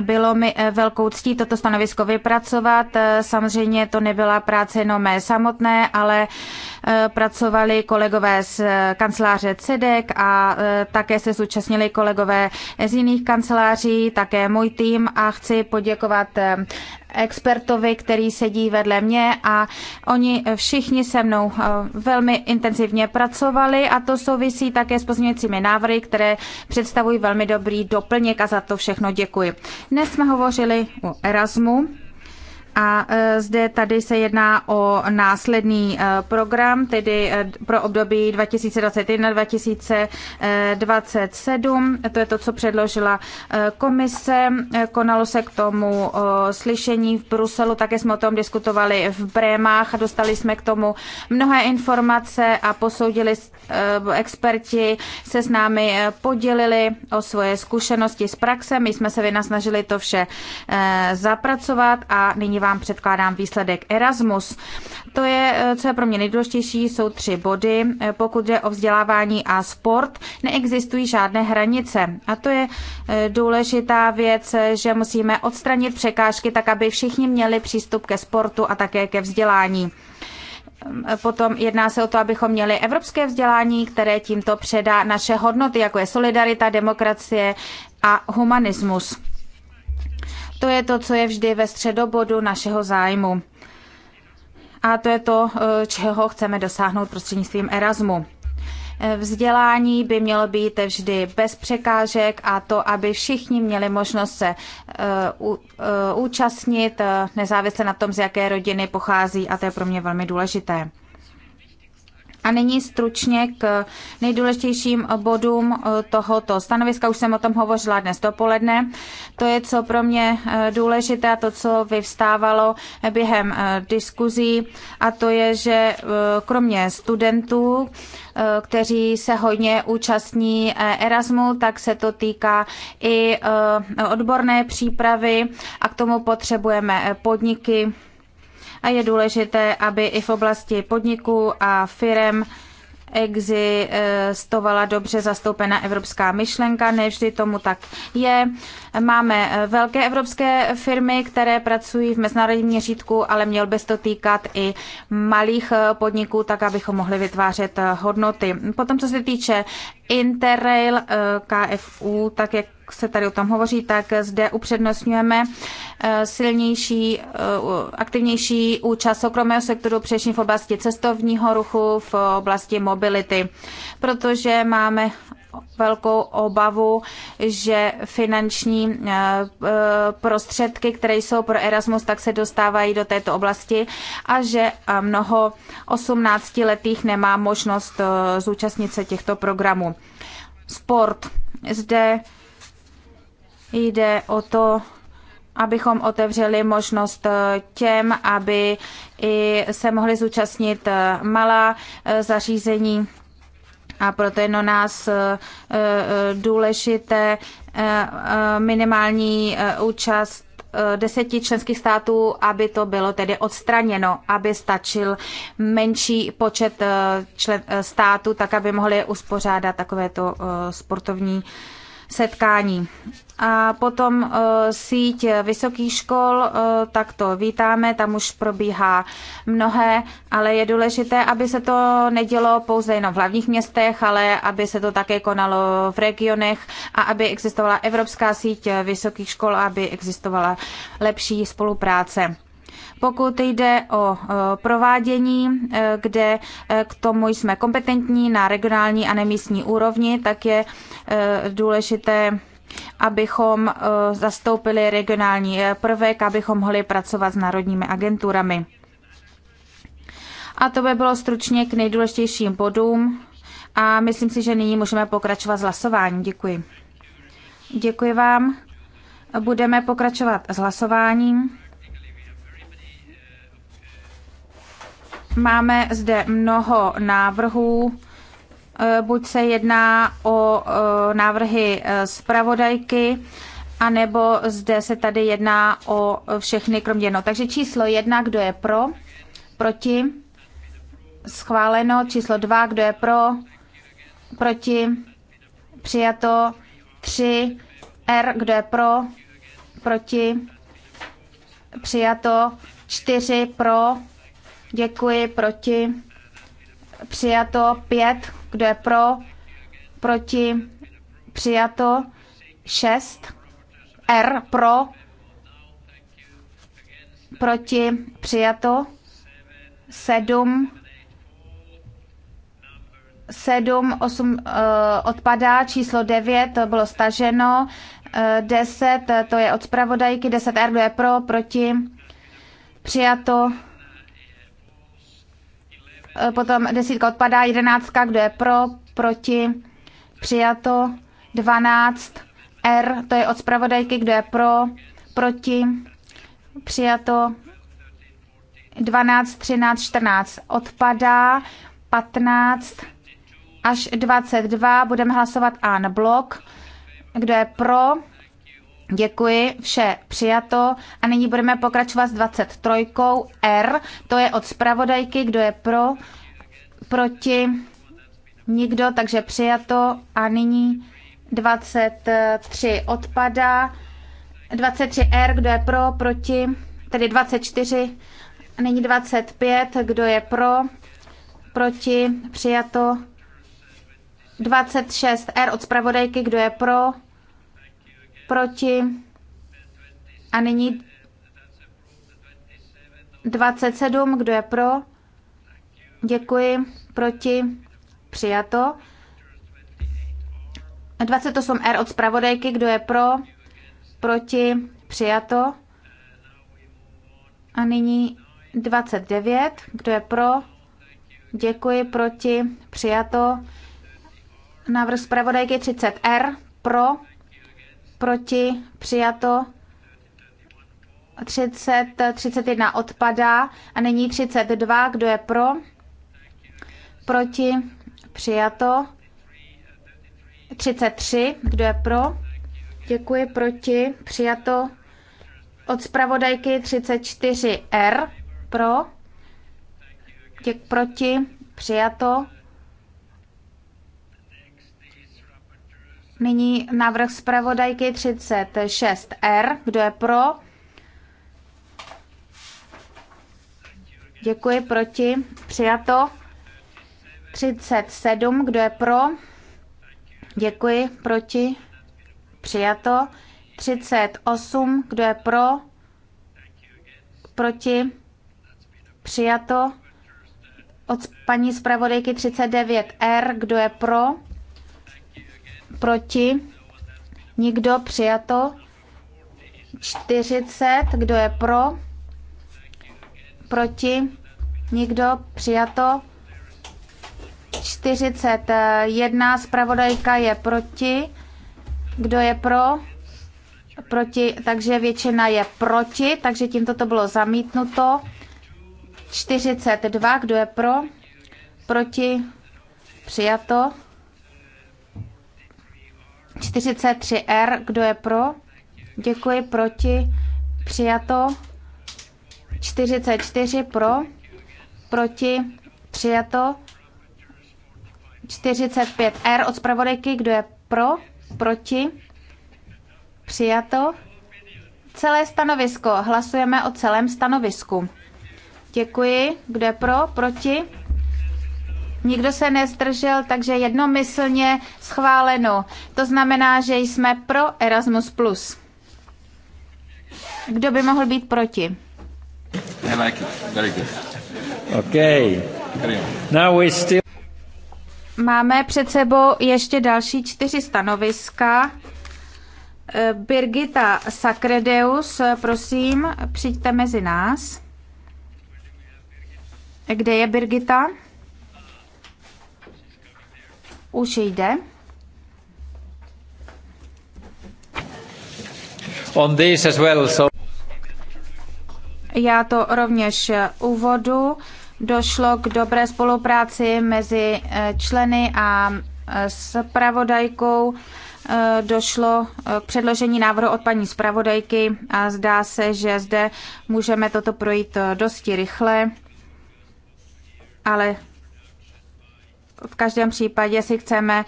bylo mi eh, velkou ctí toto stanovisko vypracovat. Eh, samozřejmě to nebyla práce jenom mé samotné, ale eh, pracovali kolegové z kanceláře CEDEK a také se zúčastnili kolegové z jiných kanceláří, také můj tým a chci poděkovat expertovi, který sedí vedle mě a oni všichni se mnou eh, velmi intenzivně pracovali a to souvisí také s pozměňujícími návrhy, které představují velmi dobrý doplněk a za to všechno děkuji. Dnes jsme hovořili o Erasmu. A e, zde tady se jedná o následný e, program, tedy e, pro období 2021-2027. To je to, co předložila komise. Konalo se k tomu slyšení v Bruselu, také jsme o tom diskutovali v Brémách a dostali jsme k tomu mnohé informace a posoudili experti se s námi podělili o svoje zkušenosti s praxe. My jsme se vynasnažili to vše zapracovat a nyní vám vám předkládám výsledek Erasmus. To je, eh, co je pro mě nejdůležitější, jsou tři body. Eh, pokud jde o vzdělávání a sport, neexistují žádné hranice. A to je eh, důležitá věc, že musíme odstranit překážky tak, aby všichni měli přístup ke sportu a také ke vzdělání. Potom jedná se o to, abychom měli evropské vzdělání, které tímto předá naše hodnoty, jako je solidarita, demokracie a humanismus. To je to, co je vždy ve středobodu našeho zájmu. A to je to, eh, čeho chceme dosáhnout prostřednictvím Erasmu. Eh, vzdělání by mělo být vždy bez překážek a to, aby všichni měli možnost se eh, účastnit, nezávisle na tom, z jaké rodiny pochází, a to je pro mě velmi důležité. A nyní stručně k nejdůležitějším bodům eh, tohoto stanoviska. Už jsem o tom hovořila dnes dopoledne. To je, co pro mě eh, důležité a to, co vyvstávalo eh, během diskuzí, a to je, že kromě studentů, kteří se hodně účastní Erasmu, tak se to týká i odborné přípravy a k tomu potřebujeme podniky a je důležité, aby i v oblasti podniků a firem existovala dobře zastoupena evropská myšlenka, nevždy tomu tak je. Máme velké evropské firmy, které pracují v mezinárodním měřítku, ale měl by se to týkat i malých podniků, tak abychom mohli vytvářet hodnoty. Potom, co se týče Interrail eh, KFU, tak jak se tady o tom hovoří, tak zde upřednostňujeme eh, silnější, eh, aktivnější účast soukromého sektoru, především v oblasti cestovního ruchu, v oblasti mobility, protože máme velkou obavu, že finanční eh, prostředky, které jsou pro Erasmus, tak se dostávají do této oblasti a že mnoho 18-letých nemá možnost zúčastnit se těchto programů. Sport. Zde Jde o to, abychom otevřeli možnost eh, těm, aby i se mohly zúčastnit eh, malá eh, zařízení a proto je na nás důležité minimální účast deseti členských států, aby to bylo tedy odstraněno, aby stačil menší počet člen, států, tak aby mohli uspořádat takovéto sportovní setkání. A potom e, síť vysokých škol, e, tak to vítáme, tam už probíhá mnohé, ale je důležité, aby se to nedělo pouze jenom v hlavních městech, ale aby se to také konalo v regionech a aby existovala evropská síť vysokých škol, aby existovala lepší spolupráce. Pokud jde o e, provádění, e, kde e, k tomu jsme kompetentní na regionální a nemístní úrovni, tak je důležité abychom zastoupili regionální prvek, abychom mohli pracovat s národními agenturami. A to by bylo stručně k nejdůležitějším bodům a myslím si, že nyní můžeme pokračovat s hlasováním. Děkuji. Děkuji vám. Budeme pokračovat s hlasováním. Máme zde mnoho návrhů, eh, buď se jedná o eh, návrhy eh, zpravodajky, anebo zde se tady jedná o všechny kromě jedno. Takže číslo jedna, kdo je pro, proti, schváleno, číslo dva, kdo je pro, proti, přijato, tři, R, kdo je pro, proti, přijato, čtyři, pro, Děkuji proti. Přijato pět. Kdo je pro? Proti. Přijato šest. R pro. Proti. Přijato sedm. Osm. Uh, odpadá, číslo devět. to bylo staženo, eh, Deset. to je od zpravodajky, deset R, kdo je pro, proti, přijato, Eh, potom desítka odpadá, jedenáctka, kdo je pro, proti, přijato, dvanáct R, to je od zpravodajky, kdo je pro, proti, přijato, dvanáct třináct čtrnáct odpadá, patnáct až dvacet dva budeme hlasovat an blok. Kdo je pro? Děkuji, vše přijato. A nyní budeme pokračovat s 23. R, to je od zpravodajky, kdo je pro, proti, nikdo, takže přijato. A nyní 23 odpadá. 23R, kdo je pro, proti, tedy 24, a nyní 25, kdo je pro, proti, přijato. 26R od zpravodajky, kdo je pro, proti a nyní 27, kdo je pro, děkuji, proti, přijato. 28R od zpravodajky, kdo je pro, proti, přijato. A nyní 29, kdo je pro, děkuji, proti, přijato. Návrh zpravodajky 30R, pro, proti, přijato. 30, 31 odpadá a není 32, kdo je pro, proti, přijato. 33, kdo je pro, děkuji, proti, přijato. Od zpravodajky 34R, pro, děk, proti, přijato. Nyní návrh zpravodajky 36R. Kdo je pro? Děkuji, proti. Přijato. 37. Kdo je pro? Děkuji, proti. Přijato. 38. Kdo je pro? Proti. Přijato. Od paní zpravodajky 39R. Kdo je pro? proti, nikdo přijato, 40, kdo je pro, proti, nikdo přijato, 41, zpravodajka je proti, kdo je pro, proti, takže většina je proti, takže tímto to bylo zamítnuto. 42, kdo je pro, proti, přijato. 43R, kdo je pro? Děkuji, proti? Přijato. 44 pro, proti? Přijato. 45R od zpravodajky, kdo je pro? Proti? Přijato. Celé stanovisko. Hlasujeme o celém stanovisku. Děkuji. Kdo je pro? Proti? Nikdo se nezdržel, takže jednomyslně schváleno. To znamená, že jsme pro Erasmus+. Kdo by mohl být proti? I like it. Very good. Okay. Now we still... Máme před sebou ještě další čtyři stanoviska. Eh, Birgita Sakredeus, prosím, přijďte mezi nás. Kde je Birgita? Už jde. On this as well, so... Já to rovněž uvodu. Došlo k dobré spolupráci mezi eh, členy a zpravodajkou eh, eh, došlo k předložení návrhu od paní zpravodajky a zdá se, že zde můžeme toto projít dosti rychle, ale v každém případě si chceme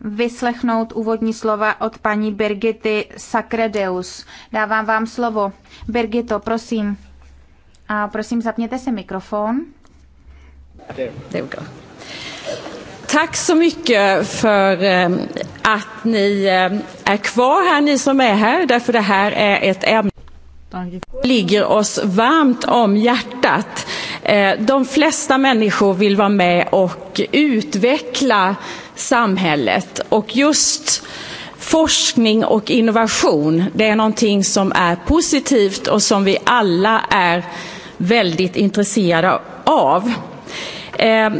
vyslechnout úvodní slova od paní Birgity Sakredeus. Dávám vám slovo. Birgito, prosím. A prosím, zapněte si mikrofon. There we go. Tack så mycket för eh, att ni eh, är kvar här, ni som är här, därför det här är ett ämne Ligger oss varmt om hjärtat. Eh, de flesta människor vill vara med och utveckla samhället och just forskning och innovation, det är någonting som är positivt och som vi alla är väldigt intresserade av. Eh,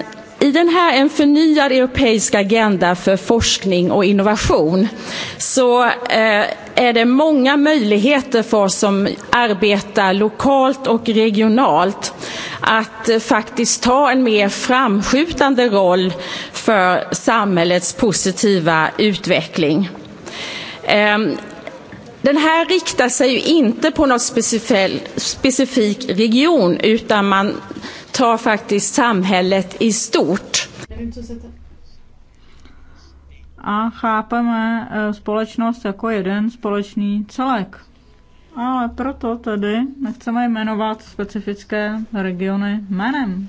i den här en förnyad europeisk agenda för forskning och innovation så eh, är det många möjligheter för oss som arbetar lokalt och regionalt att eh, faktiskt ta en mer framskjutande roll för samhällets positiva utveckling. Ehm, den här riktar sig ju inte på någon specifik region utan man tar faktiskt samhället i stort. A chápeme e, společnost jako jeden společný celek. Ale proto tedy nechceme jmenovat specifické regiony jménem.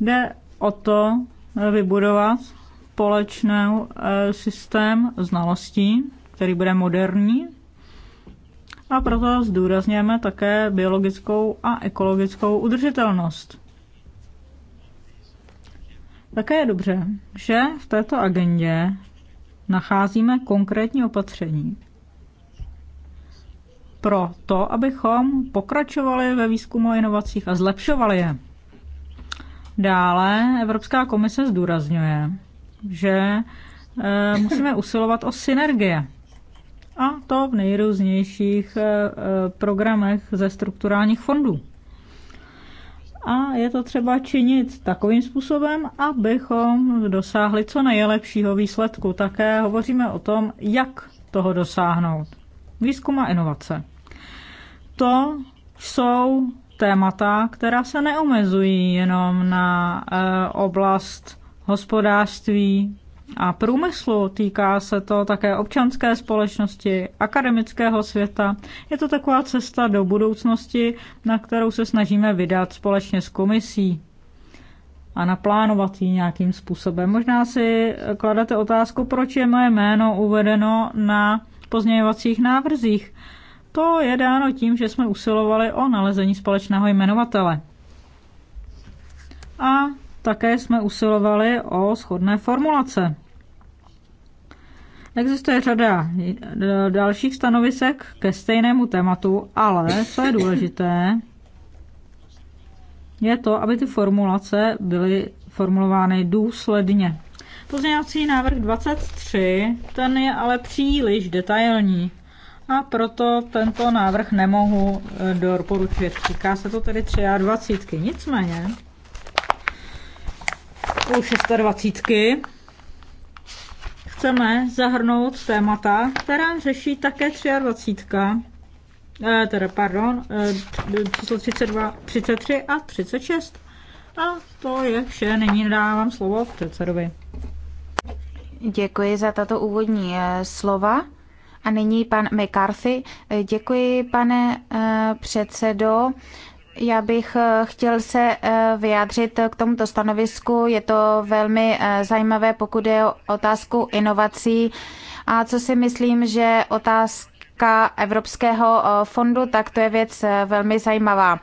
Jde o to e, vybudovat společný e, systém znalostí, který bude moderní, a proto zdůrazněme také biologickou a ekologickou udržitelnost. Také je dobře, že v této agendě nacházíme konkrétní opatření pro to, abychom pokračovali ve výzkumu inovacích a zlepšovali je. Dále Evropská komise zdůrazňuje, že eh, musíme usilovat o synergie a to v nejrůznějších eh, eh, programech ze strukturálních fondů. A je to třeba činit takovým způsobem, abychom dosáhli co nejlepšího výsledku. Také hovoříme o tom, jak toho dosáhnout. Výzkum a inovace. To jsou témata, která se neomezují jenom na eh, oblast hospodářství, a průmyslu, týká se to také občanské společnosti, akademického světa. Je to taková cesta do budoucnosti, na kterou se snažíme vydat společně s komisí a naplánovat ji nějakým způsobem. Možná si kladete otázku, proč je moje jméno uvedeno na pozměňovacích návrzích. To je dáno tím, že jsme usilovali o nalezení společného jmenovatele. A také jsme usilovali o shodné formulace. Existuje řada eh, dalších stanovisek ke stejnému tématu, ale co je důležité, je to, aby ty formulace byly formulovány důsledně. Pozměňovací návrh 23, ten je ale příliš detailní a proto tento návrh nemohu eh, doporučit. Říká se to tedy 23. Nicméně u 26. Chceme zahrnout témata, která řeší také 23. Eh, teda, pardon, eh, číslo 32, 33 a 36. A to je vše, nyní dávám slovo předsedovi. Děkuji za tato úvodní slova. A nyní pan McCarthy. Děkuji, pane předsedo. Já bych eh, chtěl se eh, vyjádřit k tomuto stanovisku. Je to velmi eh, zajímavé, pokud je o otázku inovací. A co si myslím, že otázka Evropského fondu, tak to je věc velmi zajímavá.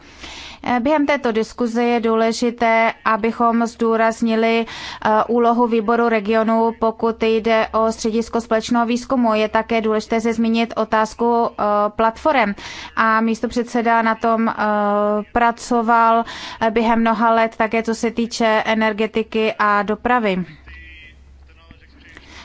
Během této diskuze je důležité, abychom zdůraznili eh, úlohu výboru regionu, pokud jde o středisko společného výzkumu. Je také důležité se zmínit otázku eh, platform. A místo předseda na tom eh, pracoval během mnoha let také, co se týče energetiky a dopravy.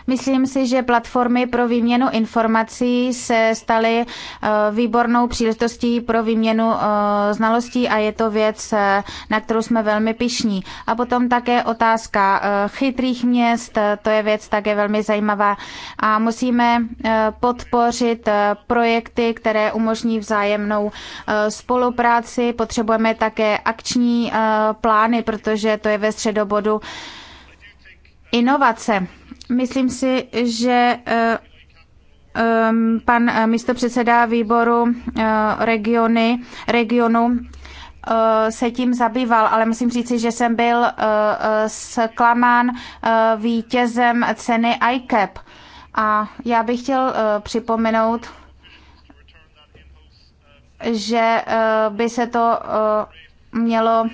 Myslím si, že platformy pro výměnu informací se staly eh, výbornou příležitostí pro výměnu eh, znalostí a je to věc, eh, na kterou jsme velmi pišní. A potom také otázka chytrých měst, to je věc také velmi zajímavá a musíme podpořit projekty, které umožní vzájemnou spolupráci. Potřebujeme také akční plány, protože to je ve středobodu inovace. Myslím si, že eh, pan eh, místo předseda výboru eh, regiony, regionu se tím zabýval, ale musím říci, že jsem byl zklamán vítězem ceny ICAP. A já bych chtěl připomenout, že by se to mělo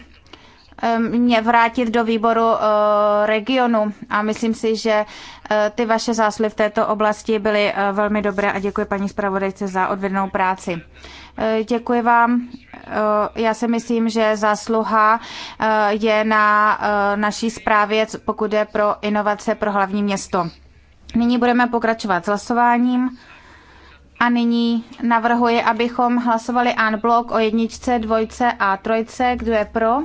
Eh, mě vrátit do výboru eh, regionu a myslím si, že eh, ty vaše zásluhy v této oblasti byly velmi dobré a děkuji paní zpravodajce za odvednou práci. Děkuji vám. Já si myslím, že zásluha je na naší zprávě, pokud je pro inovace pro hlavní město. Nyní budeme pokračovat s hlasováním. A nyní navrhuji, abychom hlasovali en blok o jedničce, dvojce a trojce. Kdo je pro?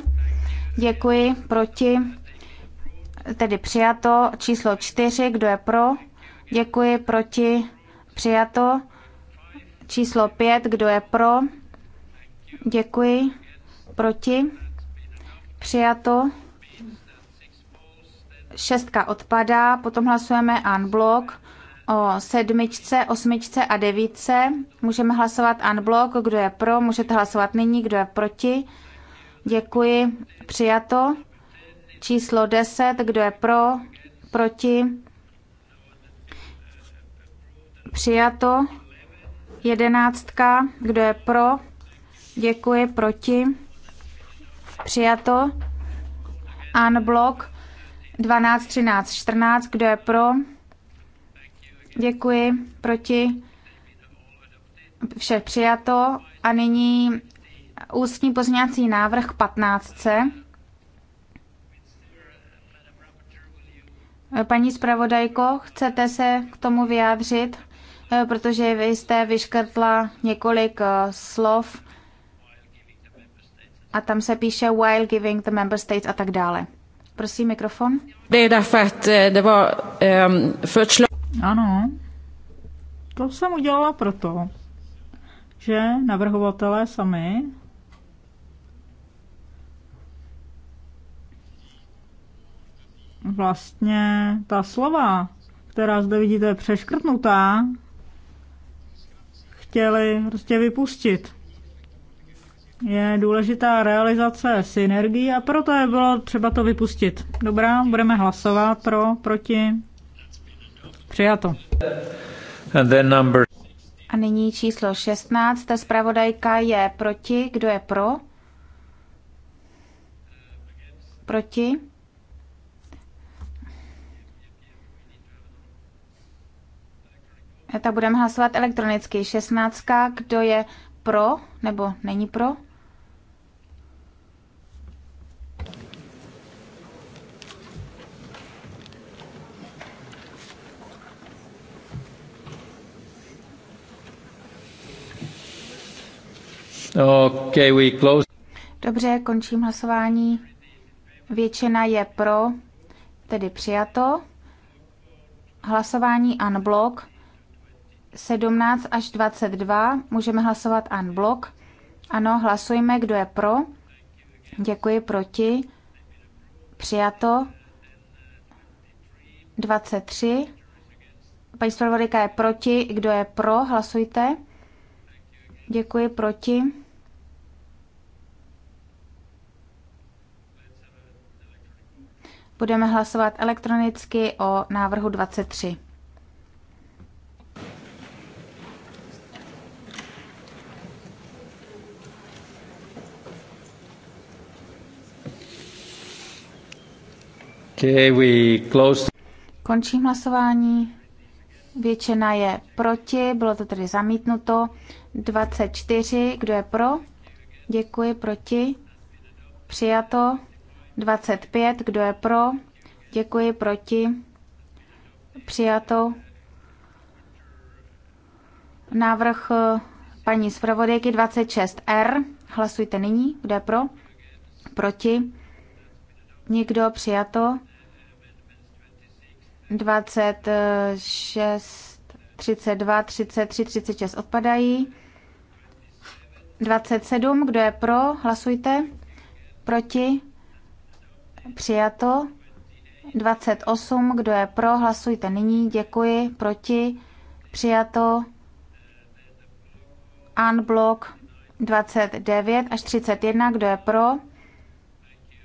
Děkuji. Proti? Tedy přijato. Číslo čtyři. Kdo je pro? Děkuji. Proti? Přijato. Číslo pět. Kdo je pro? Děkuji. Proti? Přijato. Šestka odpadá. Potom hlasujeme unblock o sedmičce, osmičce a devítce. Můžeme hlasovat unblock. Kdo je pro? Můžete hlasovat nyní. Kdo je proti? Děkuji. Přijato. Číslo 10. Kdo je pro? Proti? Přijato. Jedenáctka. Kdo je pro? Děkuji. Proti? Přijato. Unblock. 12, 13, 14. Kdo je pro? Děkuji. Proti? Vše přijato. A nyní ústní pozměňovací návrh k 15. Paní zpravodajko, chcete se k tomu vyjádřit? Eh, protože vy jste vyškrtla několik eh, slov a tam se píše while giving the member states a tak dále. Prosím, mikrofon. Er eh, ehm, ano, to jsem udělala proto, že navrhovatelé sami vlastně ta slova, která zde vidíte přeškrtnutá, chtěli prostě vypustit. Je důležitá realizace synergie a proto je bylo třeba to vypustit. Dobrá, budeme hlasovat pro, proti. Přijato. And then number... A nyní číslo 16. Ta zpravodajka je proti. Kdo je pro? Proti? tak budeme hlasovat elektronicky. 16. Kdo je pro nebo není pro? Okay, we close. Dobře, končím hlasování. Většina je pro, tedy přijato. Hlasování unblock 17 až 22 můžeme hlasovat blok. Ano, hlasujme, kdo je pro. Děkuji, proti. Přijato. 23. Paní Spravodajka je proti. Kdo je pro? Hlasujte. Děkuji, proti. Budeme hlasovat elektronicky o návrhu 23. Okay, we Končím hlasování. Většina je proti, bylo to tedy zamítnuto. 24, kdo je pro? Děkuji, proti. Přijato. 25, kdo je pro? Děkuji, proti. Přijato. Návrh eh, paní zpravodajky 26R. Hlasujte nyní. Kdo je pro? Proti. Nikdo přijato. 26, 32, 33, 36 odpadají. 27, kdo je pro, hlasujte. Proti, přijato. 28, kdo je pro, hlasujte nyní, děkuji. Proti, přijato. Unblock 29 až 31, kdo je pro,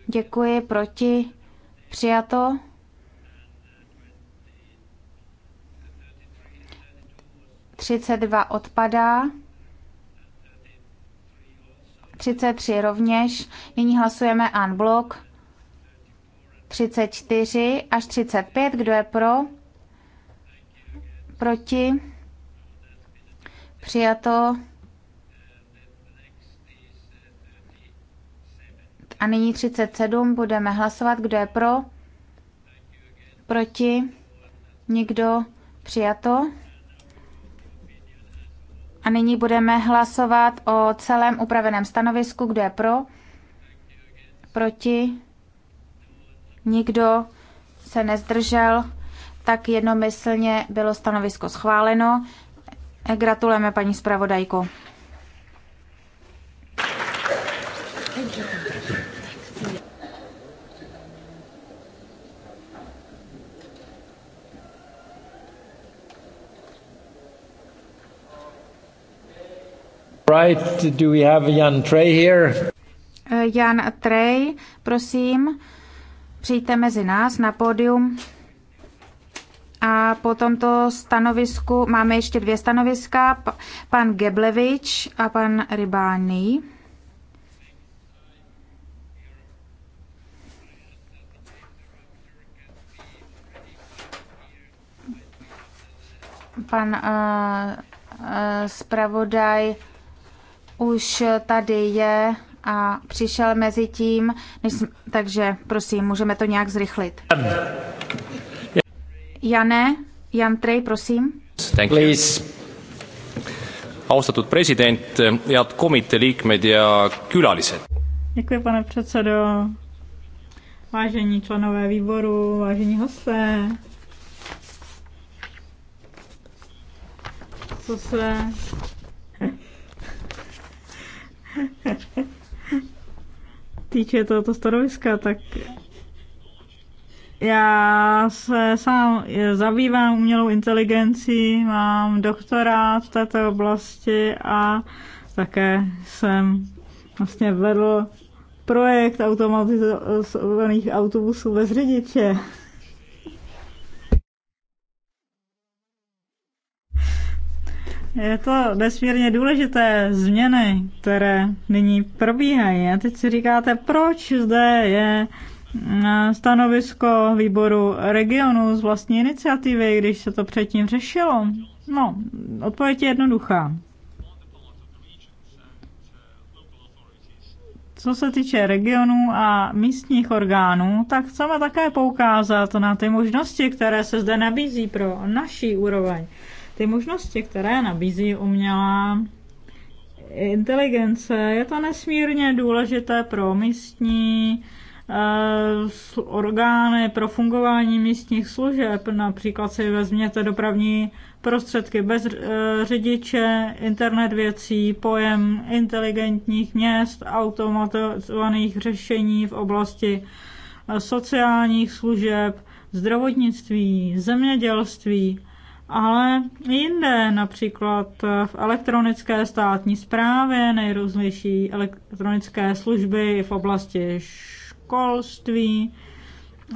děkuji. Proti, přijato. 32 odpadá. 33 rovněž. Nyní hlasujeme unblock. 34 až 35. Kdo je pro? Proti? Přijato. A nyní 37. Budeme hlasovat. Kdo je pro? Proti? Nikdo? Přijato. A nyní budeme hlasovat o celém upraveném stanovisku. Kdo je pro? Proti? Nikdo se nezdržel. Tak jednomyslně bylo stanovisko schváleno. Gratulujeme paní zpravodajku. right, do we have Jan Trey here? Eh, Jan Trey, prosím, přijďte mezi nás na pódium. A po tomto stanovisku máme ještě dvě stanoviska, pan Geblevič a pan Rybány. Pan uh, uh, zpravodaj už tady je a přišel mezi tím, než jsme, takže prosím, můžeme to nějak zrychlit. Jane, Jan Trej, prosím. Thank you. Please. Austatud president, head komitee liikmed ja külalised. Děkuji, pane předsedo. Vážení členové výboru, vážení hosté. Co se týče tohoto stanoviska, tak já se sám zabývám umělou inteligencí, mám doktorát v této oblasti a také jsem vlastně vedl projekt automatizovaných autobusů bez řidiče. Je to nesmírně důležité změny, které nyní probíhají. A teď si říkáte, proč zde je eh, stanovisko výboru regionu z vlastní iniciativy, když se to předtím řešilo? No, odpověď je jednoduchá. Co se týče regionů a místních orgánů, tak chceme také poukázat na ty možnosti, které se zde nabízí pro naší úroveň. Ty možnosti, které nabízí umělá inteligence, je to nesmírně důležité pro místní eh, orgány pro fungování místních služeb, například si vezměte dopravní prostředky bez eh, řidiče, internet věcí, pojem inteligentních měst, automatizovaných řešení v oblasti eh, sociálních služeb, zdravotnictví, zemědělství ale jinde, například v elektronické státní správě, nejrůznější elektronické služby v oblasti školství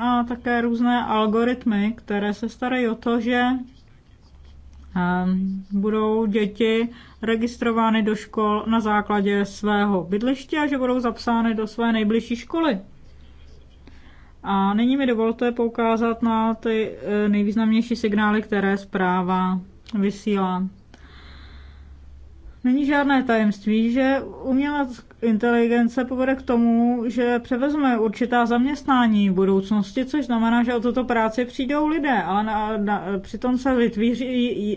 a také různé algoritmy, které se starají o to, že ehm, budou děti registrovány do škol na základě svého bydliště a že budou zapsány do své nejbližší školy. A nyní mi dovolte poukázat na ty eh, nejvýznamnější signály, které zpráva vysílá. Není žádné tajemství, že umělá inteligence povede k tomu, že převezme určitá zaměstnání v budoucnosti, což znamená, že o tuto práci přijdou lidé, ale na, na, přitom se vytvíří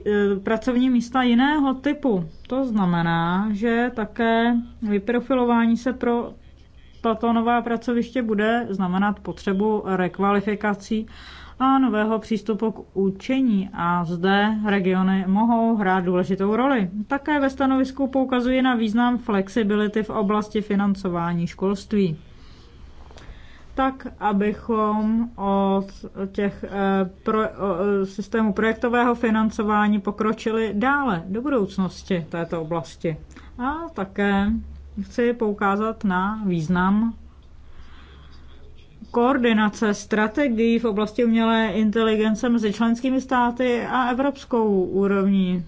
e, pracovní místa jiného typu. To znamená, že také vyprofilování se pro tato nová pracoviště bude znamenat potřebu rekvalifikací a nového přístupu k učení a zde regiony mohou hrát důležitou roli. Také ve stanovisku poukazuje na význam flexibility v oblasti financování školství. Tak, abychom od těch eh, pro, systému projektového financování pokročili dále do budoucnosti této oblasti. A také chci poukázat na význam koordinace strategií v oblasti umělé inteligence mezi členskými státy a evropskou úrovní.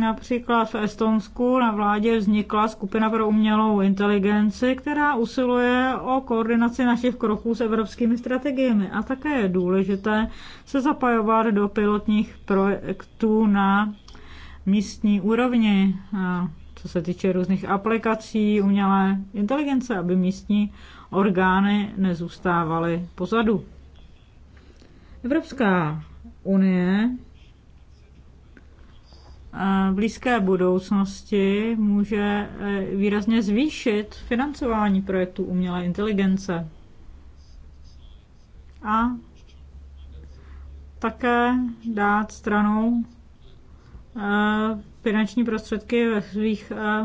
Například v Estonsku na vládě vznikla skupina pro umělou inteligenci, která usiluje o koordinaci našich kroků s evropskými strategiemi. A také je důležité se zapojovat do pilotních projektů na místní úrovni co se týče různých aplikací umělé inteligence, aby místní orgány nezůstávaly pozadu. Evropská unie eh, v blízké budoucnosti může eh, výrazně zvýšit financování projektů umělé inteligence. A také dát stranou eh, finanční prostředky ve svých eh,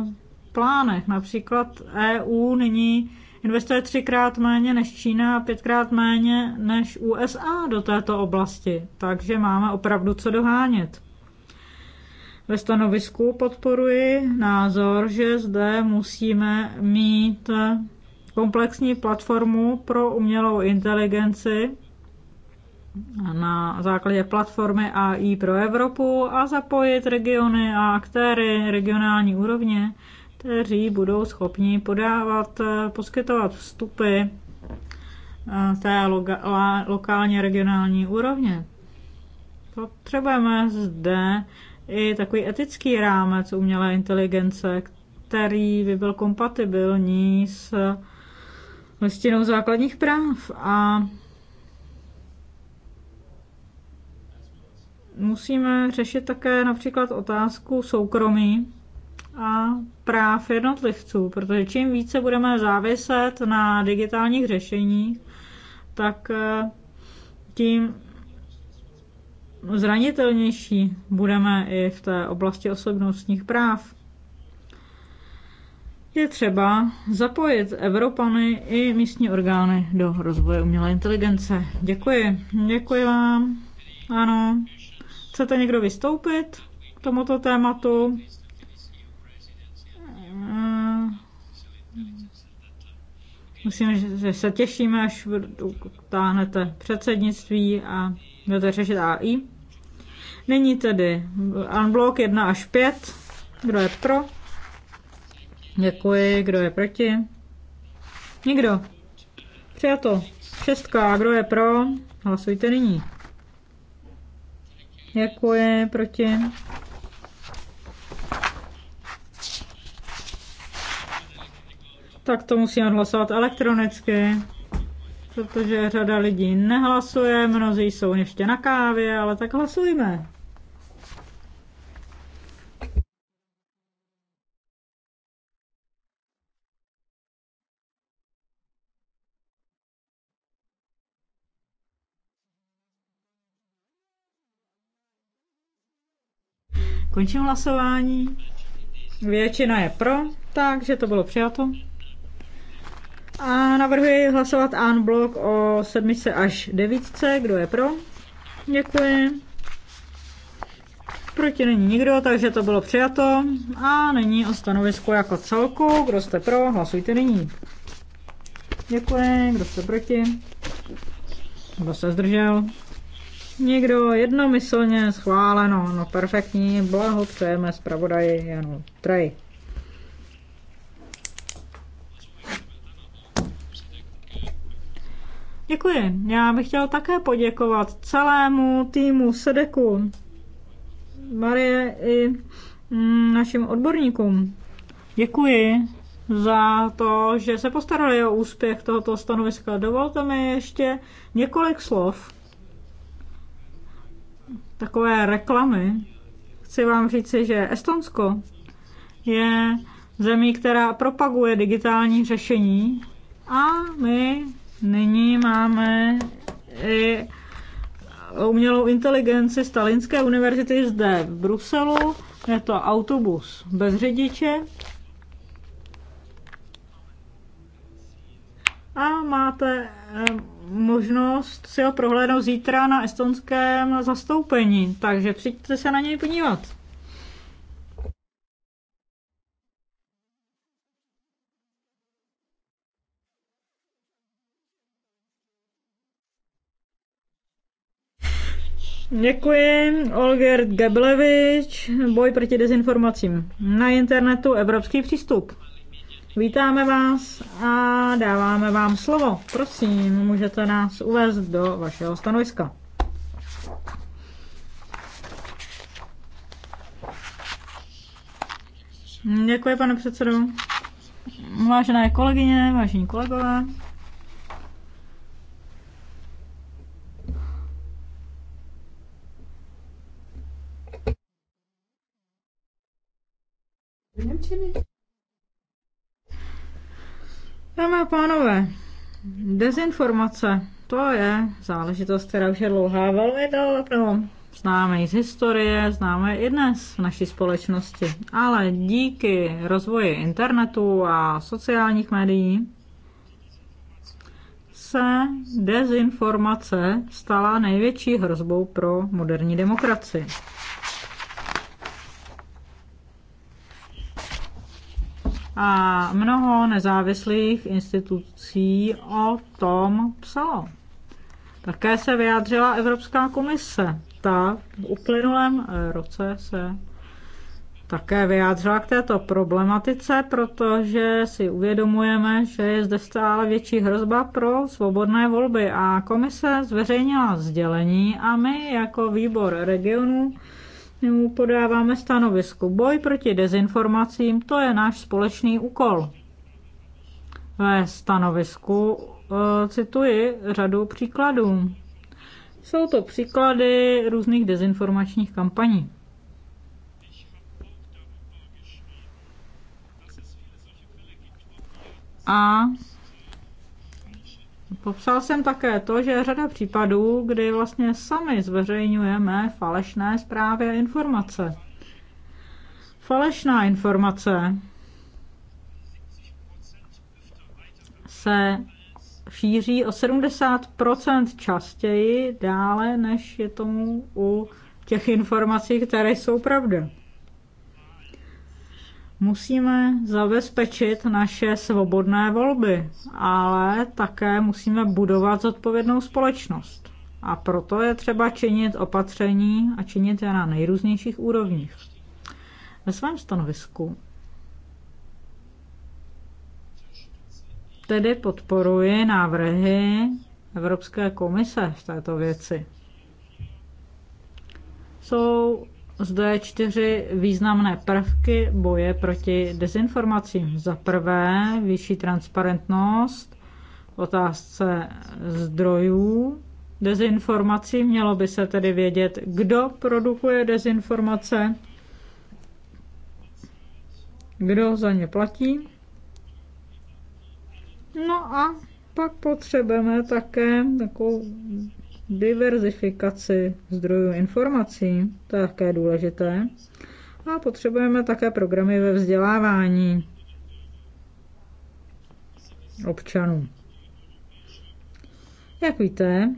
plánech. Například EU nyní investuje třikrát méně než Čína a pětkrát méně než USA do této oblasti, takže máme opravdu co dohánět. Ve stanovisku podporuji názor, že zde musíme mít eh, komplexní platformu pro umělou inteligenci, na základě platformy AI pro Evropu a zapojit regiony a aktéry regionální úrovně, kteří budou schopni podávat, eh, poskytovat vstupy eh, té lokálně regionální úrovně. Potřebujeme zde i takový etický rámec umělé inteligence, který by byl kompatibilní s listinou základních práv a musíme řešit také například otázku soukromí a práv jednotlivců, protože čím více budeme záviset na digitálních řešeních, tak eh, tím zranitelnější budeme i v té oblasti osobnostních práv. Je třeba zapojit Evropany i místní orgány do rozvoje umělé inteligence. Děkuji. Děkuji vám. Ano. Chcete někdo vystoupit k tomuto tématu? Eh, myslím, že se těšíme, až táhnete předsednictví a budete řešit AI. Nyní tedy unblock 1 až 5. Kdo je pro? Děkuji. Kdo je proti? Nikdo. Přijato. Šestka. Kdo je pro? Hlasujte nyní je Proti? Tak to musíme hlasovat elektronicky, protože řada lidí nehlasuje, mnozí jsou ještě na kávě, ale tak hlasujme. Končím hlasování. Většina je pro, takže to bylo přijato. A navrhuji hlasovat unblock o sedmice až devítce. Kdo je pro? Děkuji. Proti není nikdo, takže to bylo přijato. A není o stanovisku jako celku. Kdo jste pro, hlasujte nyní. Děkuji. Kdo jste proti? Kdo se zdržel? Někdo jednomyslně schváleno, no perfektní, blahopřejeme zpravodaji Janu Trej. Děkuji. Já bych chtěl také poděkovat celému týmu Sedeku, Marie i mm, našim odborníkům. Děkuji za to, že se postarali o úspěch tohoto stanoviska. Dovolte mi ještě několik slov takové reklamy, chci vám říci, že Estonsko je zemí, která propaguje digitální řešení a my nyní máme i umělou inteligenci Stalinské univerzity zde v Bruselu. Je to autobus bez řidiče. A máte možnost si ho prohlédnout zítra na estonském zastoupení, takže přijďte se na něj podívat. Děkuji, Olgert Geblevič, boj proti dezinformacím. Na internetu evropský přístup. Vítáme vás a dáváme vám slovo. Prosím, můžete nás uvést do vašeho stanoviska. Děkuji, pane předsedo. Vážené kolegyně, vážení kolegové. Němčiny. Dámy a pánové, dezinformace, to je záležitost, která už je dlouhá velmi dávno. Známe ji z historie, známe i dnes v naší společnosti. Ale díky rozvoji internetu a sociálních médií se dezinformace stala největší hrozbou pro moderní demokracii. a mnoho nezávislých institucí o tom psalo. Také se vyjádřila Evropská komise. Ta v uplynulém eh, roce se také vyjádřila k této problematice, protože si uvědomujeme, že je zde stále větší hrozba pro svobodné volby a komise zveřejnila sdělení a my jako výbor regionu my mu podáváme stanovisko. Boj proti dezinformacím, to je náš společný úkol. Ve stanovisku e, cituji řadu příkladů. Jsou to příklady různých dezinformačních kampaní. A Popsal jsem také to, že je řada případů, kdy vlastně sami zveřejňujeme falešné zprávy a informace. Falešná informace se šíří o 70% častěji dále, než je tomu u těch informací, které jsou pravda. Musíme zabezpečit naše svobodné volby, ale také musíme budovat zodpovědnou společnost. A proto je třeba činit opatření a činit je na nejrůznějších úrovních. Ve svém stanovisku tedy podporuji návrhy Evropské komise v této věci. Jsou zde čtyři významné prvky boje proti dezinformacím. Za prvé, vyšší transparentnost v otázce zdrojů dezinformací. Mělo by se tedy vědět, kdo produkuje dezinformace, kdo za ně platí. No a pak potřebujeme také takovou diverzifikaci zdrojů informací, to je také důležité. A potřebujeme také programy ve vzdělávání občanů. Jak víte,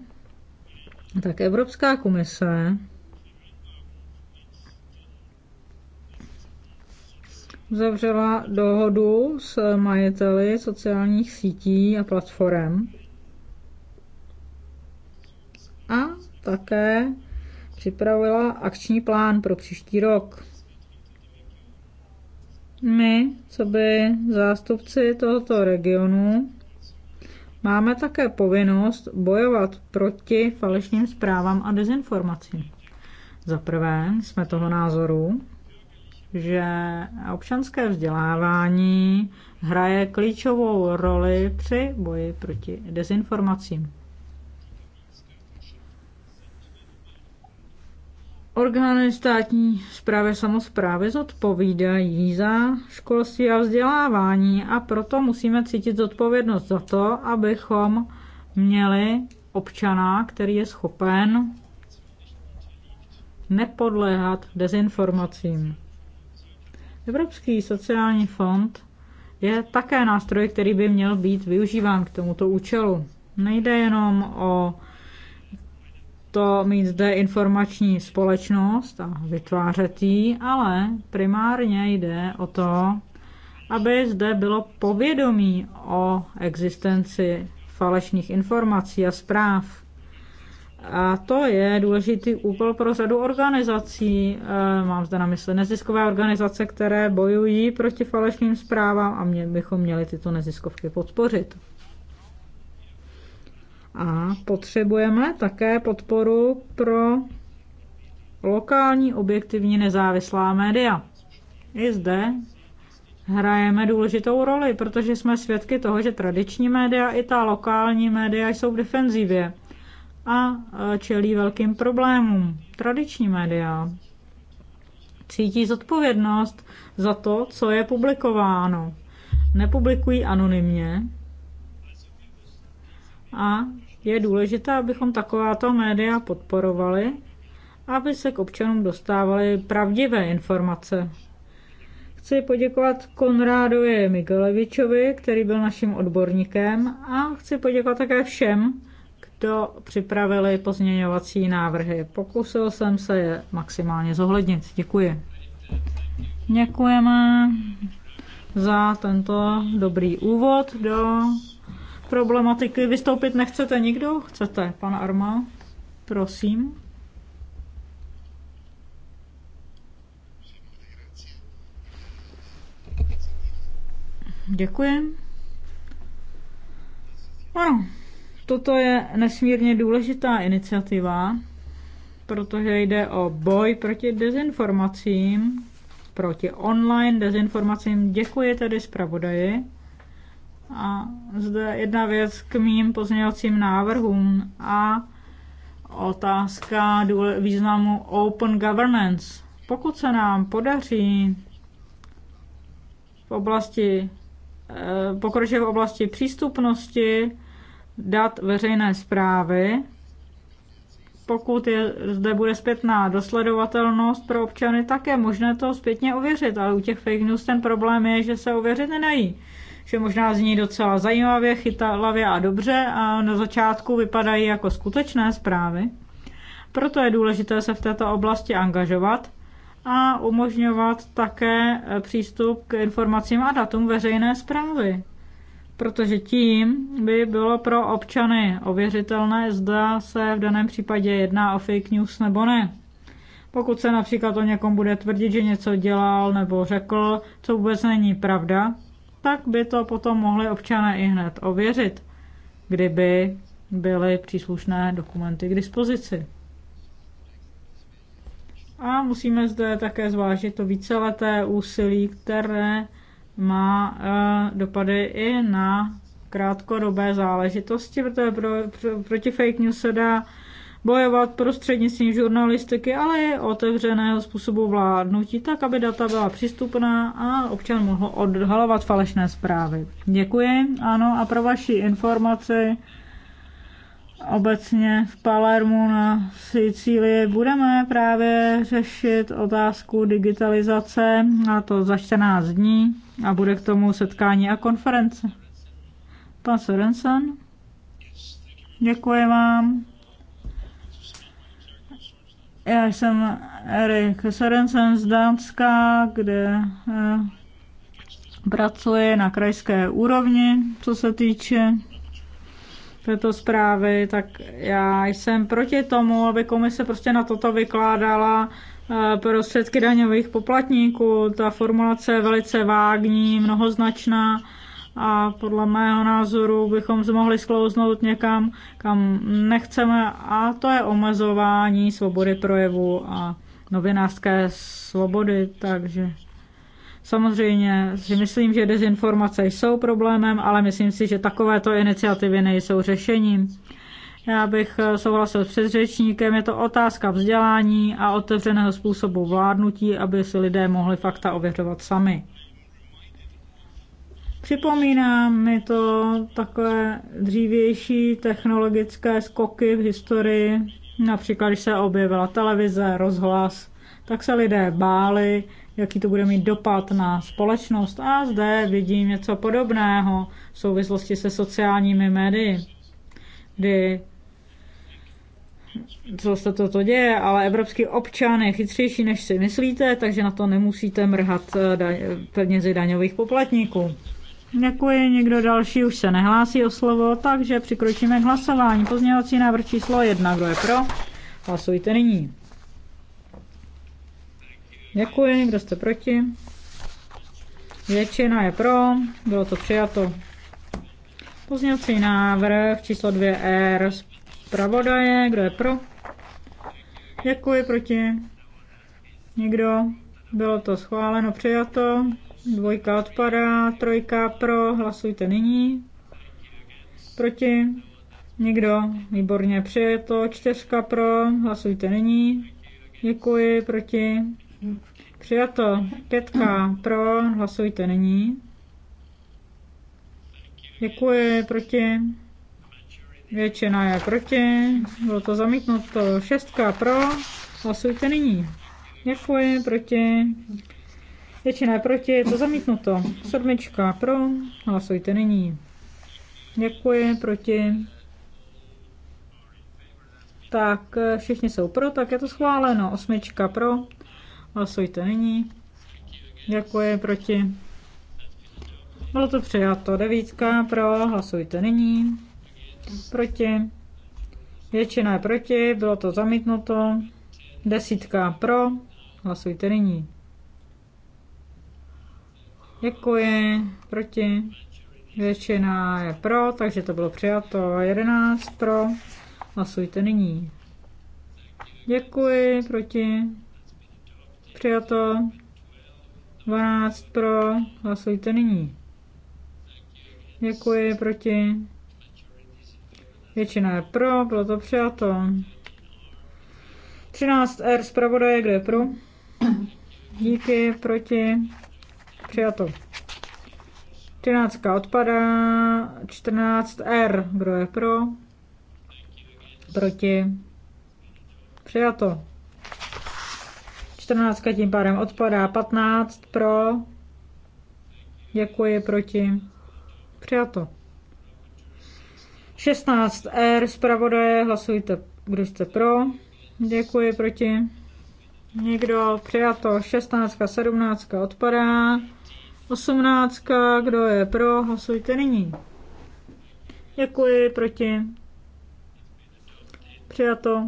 tak Evropská komise uzavřela dohodu s majiteli sociálních sítí a platform a také připravila akční plán pro příští rok. My, co by zástupci tohoto regionu, máme také povinnost bojovat proti falešným zprávám a dezinformacím. Za prvé jsme toho názoru, že občanské vzdělávání hraje klíčovou roli při boji proti dezinformacím. Orgány státní zprávy samozprávy zodpovídají za školství a vzdělávání a proto musíme cítit zodpovědnost za to, abychom měli občana, který je schopen nepodléhat dezinformacím. Evropský sociální fond je také nástroj, který by měl být využíván k tomuto účelu. Nejde jenom o to mít zde informační společnost a vytvářet ji, ale primárně jde o to, aby zde bylo povědomí o existenci falešných informací a zpráv. A to je důležitý úkol pro řadu organizací. E, mám zde na mysli neziskové organizace, které bojují proti falešným zprávám a mě bychom měli tyto neziskovky podpořit. A potřebujeme také podporu pro lokální objektivní nezávislá média. I zde hrajeme důležitou roli, protože jsme svědky toho, že tradiční média i ta lokální média jsou v defenzivě a e, čelí velkým problémům. Tradiční média cítí zodpovědnost za to, co je publikováno. Nepublikují anonymně, a je důležité, abychom takováto média podporovali, aby se k občanům dostávaly pravdivé informace. Chci poděkovat Konrádovi Migelevičovi, který byl naším odborníkem a chci poděkovat také všem, kdo připravili pozměňovací návrhy. Pokusil jsem se je maximálně zohlednit. Děkuji. Děkujeme za tento dobrý úvod do problematiky vystoupit nechcete nikdo? Chcete, pan Arma? Prosím. Děkuji. Ano, toto je nesmírně důležitá iniciativa, protože jde o boj proti dezinformacím, proti online dezinformacím. Děkuji tedy zpravodaji. A zde jedna věc k mým pozměňovacím návrhům a otázka významu open governance. Pokud se nám podaří v oblasti eh, pokročit v oblasti přístupnosti dat veřejné zprávy, pokud je, zde bude zpětná dosledovatelnost pro občany, tak je možné to zpětně ověřit, ale u těch fake news ten problém je, že se ověřit nedají že možná zní docela zajímavě, chytalavě a dobře a na začátku vypadají jako skutečné zprávy. Proto je důležité se v této oblasti angažovat a umožňovat také eh, přístup k informacím a datům veřejné zprávy. Protože tím by bylo pro občany ověřitelné, zda se v daném případě jedná o fake news nebo ne. Pokud se například o někom bude tvrdit, že něco dělal nebo řekl, co vůbec není pravda, tak by to potom mohli občané i hned ověřit, kdyby byly příslušné dokumenty k dispozici. A musíme zde také zvážit to víceleté úsilí, které má e, dopady i na krátkodobé záležitosti, protože pro, pro, proti fake news se dá bojovat prostřednictvím žurnalistiky, ale i otevřeného způsobu vládnutí, tak aby data byla přístupná a občan mohl odhalovat falešné zprávy. Děkuji. Ano, a pro vaši informaci obecně v Palermu na Sicílii budeme právě řešit otázku digitalizace a to za 14 dní a bude k tomu setkání a konference. Pan Sorensen, děkuji vám. Já jsem Erik Sorensen z Dánska, kde eh, pracuji na krajské úrovni, co se týče této zprávy, tak já jsem proti tomu, aby komise prostě na toto vykládala eh, prostředky daňových poplatníků. Ta formulace je velice vágní, mnohoznačná a podle mého názoru bychom se mohli sklouznout někam, kam nechceme a to je omezování svobody projevu a novinářské svobody, takže samozřejmě si myslím, že dezinformace jsou problémem, ale myslím si, že takovéto iniciativy nejsou řešením. Já bych souhlasil s předřečníkem, je to otázka vzdělání a otevřeného způsobu vládnutí, aby si lidé mohli fakta ověřovat sami. Připomíná mi to takové dřívější technologické skoky v historii, například když se objevila televize, rozhlas, tak se lidé báli, jaký to bude mít dopad na společnost. A zde vidím něco podobného v souvislosti se sociálními médii, kdy co se toto děje, ale evropský občan je chytřejší, než si myslíte, takže na to nemusíte mrhat eh, penězi daňových poplatníků. Děkuji, někdo další už se nehlásí o slovo, takže přikročíme k hlasování. Pozměňovací návrh číslo jedna. kdo je pro? Hlasujte nyní. Děkuji, kdo jste proti? Většina je pro, bylo to přijato. Pozměňovací návrh číslo 2R zpravodaje, kdo je pro? Děkuji, proti? Nikdo? Bylo to schváleno, přijato. Dvojka odpadá, trojka pro, hlasujte nyní. Proti? Nikdo? Výborně, to, Čtyřka pro, hlasujte nyní. Děkuji, proti? Přijato. Pětka pro, hlasujte nyní. Děkuji, proti? Většina je proti, bylo to zamítnuto. Šestka pro, hlasujte nyní. Děkuji, proti? Většina je proti, je to zamítnuto. Sedmička pro, hlasujte nyní. Děkuji, proti. Tak, všichni jsou pro, tak je to schváleno. Osmička pro, hlasujte nyní. Děkuji, proti. Bylo to přijato. Devítka pro, hlasujte nyní. Proti. Většina je proti, bylo to zamítnuto. Desítka pro, hlasujte nyní. Děkuji. Proti. Většina je pro, takže to bylo přijato. 11 pro. Hlasujte nyní. Děkuji. Proti. Přijato. 12 pro. Hlasujte nyní. Děkuji. Proti. Většina je pro, bylo to přijato. 13R zpravodaje, kde je pro? Díky, proti. Přijato. 13 odpadá. 14R. Kdo je pro? Proti. Přijato. 14 tím pádem odpadá. 15 pro. Děkuji. Proti. Přijato. 16R. Zpravodaje. Hlasujte, kdo jste pro. Děkuji. Proti. Nikdo. Přijato. 16, 17 odpadá. Osmnáctka, kdo je pro, hlasujte nyní. Děkuji, proti. Přijato.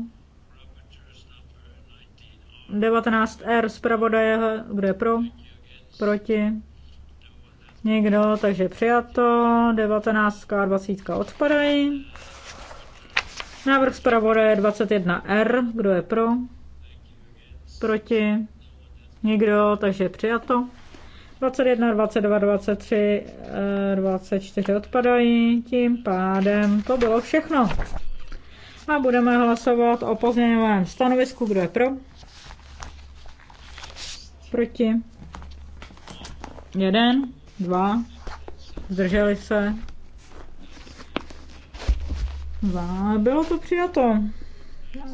19R zpravodaje, kdo je pro, proti. Někdo, takže přijato. 19 a 20 odpadají. Návrh zpravodaje 21R, kdo je pro, proti. Nikdo, takže přijato. 21, 22, 23, 24 odpadají, tím pádem to bylo všechno. A budeme hlasovat o pozměňovém stanovisku, kdo je pro. Proti. Jeden, dva, zdrželi se. Dva, bylo to přijato.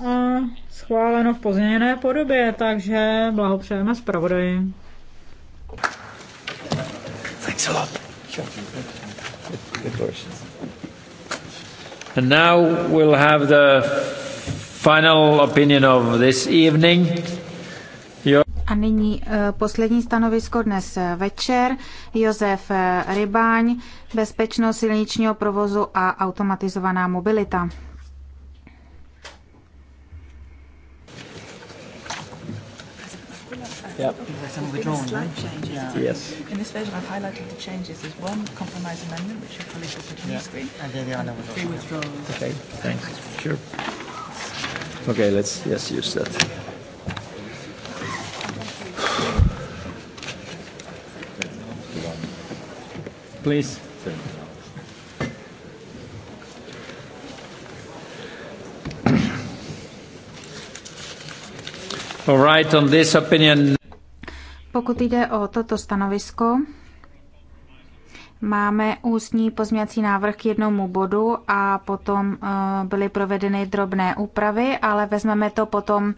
A schváleno v pozměněné podobě, takže blahopřejeme zpravodaji. Thanks a lot. Sure. Good questions. And now we'll have the final opinion of this evening. Your... A nyní uh, poslední stanovisko dnes eh, večer. Josef eh, Rybáň, bezpečnost silničního provozu a automatizovaná mobilita. Yep. There's some withdrawn, no? slight changes. Yeah. Yes. In this version, I've highlighted the changes. There's one compromise amendment, which you'll probably put on yeah. the screen. And then the other one. Three withdrawals. Okay, thanks. Sure. Okay, let's yes use that. Please. All right, on this opinion. Pokud jde o toto stanovisko, Máme ústní pozměňovací návrh k jednomu bodu a potom eh, byly provedeny drobné úpravy, ale vezmeme to potom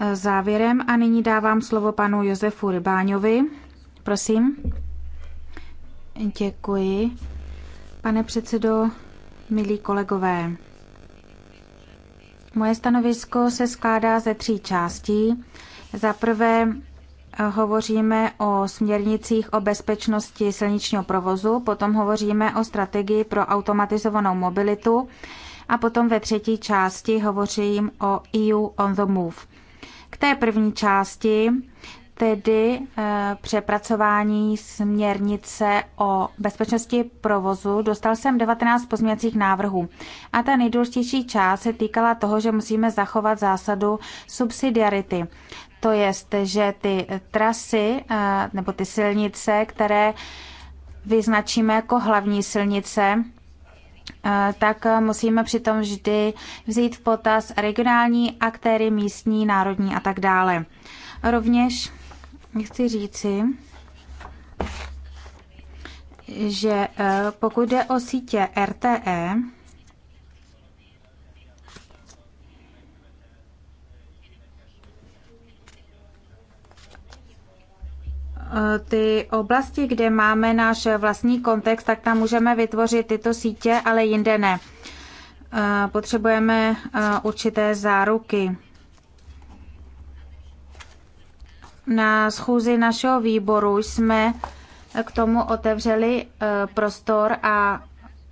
eh, závěrem. A nyní dávám slovo panu Josefu Rybáňovi. Prosím. Děkuji. Pane předsedo, milí kolegové, moje stanovisko se skládá ze tří částí. Za prvé hovoříme o směrnicích o bezpečnosti silničního provozu, potom hovoříme o strategii pro automatizovanou mobilitu a potom ve třetí části hovořím o EU on the move. K té první části tedy eh, přepracování směrnice o bezpečnosti provozu. Dostal jsem 19 pozměňovacích návrhů. A ta nejdůležitější část se týkala toho, že musíme zachovat zásadu subsidiarity to je, že ty trasy nebo ty silnice, které vyznačíme jako hlavní silnice, tak musíme přitom vždy vzít v potaz regionální aktéry, místní, národní a tak dále. Rovněž chci říci, že e, pokud jde o sítě RTE, ty oblasti, kde máme náš vlastní kontext, tak tam můžeme vytvořit tyto sítě, ale jinde ne. Eh, potřebujeme eh, určité záruky. Na schůzi našeho výboru jsme k tomu otevřeli eh, prostor a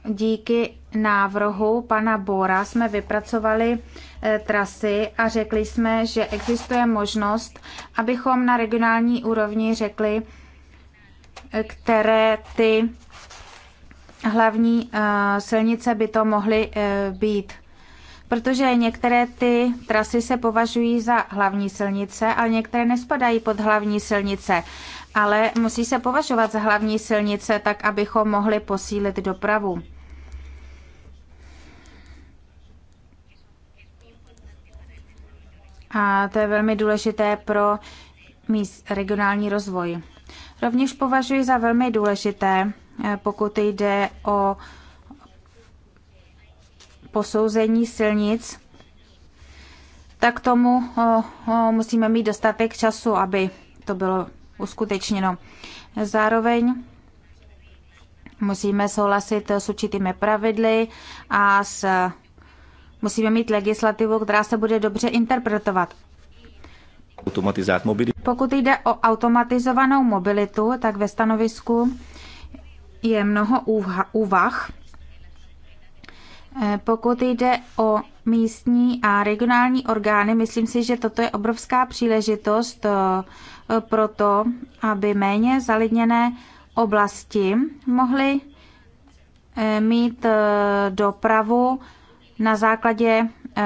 díky návrhu pana Bora jsme vypracovali eh, trasy a řekli jsme, že existuje možnost, abychom na regionální úrovni řekli, eh, které ty hlavní eh, silnice by to mohly být. Protože některé ty trasy se považují za hlavní silnice, ale některé nespadají pod hlavní silnice ale musí se považovat za hlavní silnice tak, abychom mohli posílit dopravu. A to je velmi důležité pro míst, regionální rozvoj. Rovněž považuji za velmi důležité, eh, pokud jde o posouzení silnic, tak tomu eh, eh, musíme mít dostatek času, aby to bylo uskutečněno. Zároveň musíme souhlasit s určitými pravidly a s Musíme mít legislativu, která se bude dobře interpretovat. Pokud jde o automatizovanou mobilitu, tak ve stanovisku je mnoho úvah. Eh, pokud jde o místní a regionální orgány, myslím si, že toto je obrovská příležitost eh, pro to, aby méně zalidněné oblasti mohly eh, mít dopravu na základě eh,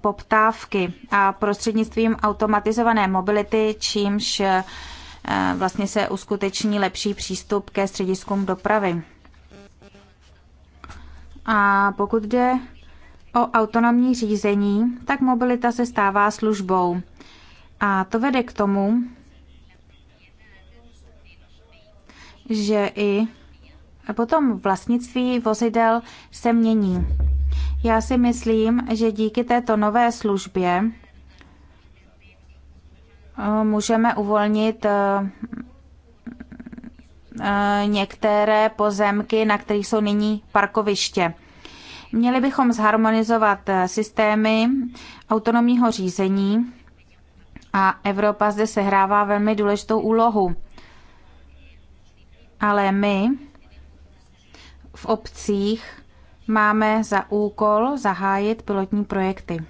poptávky a prostřednictvím automatizované mobility, čímž eh, vlastně se uskuteční lepší přístup ke střediskům dopravy. A pokud jde o autonomní řízení, tak mobilita se stává službou. A to vede k tomu, že i potom vlastnictví vozidel se mění. Já si myslím, že díky této nové službě eh, můžeme uvolnit eh, eh, některé pozemky, na kterých jsou nyní parkoviště. Měli bychom zharmonizovat systémy autonomního řízení a Evropa zde sehrává velmi důležitou úlohu. Ale my v obcích máme za úkol zahájit pilotní projekty.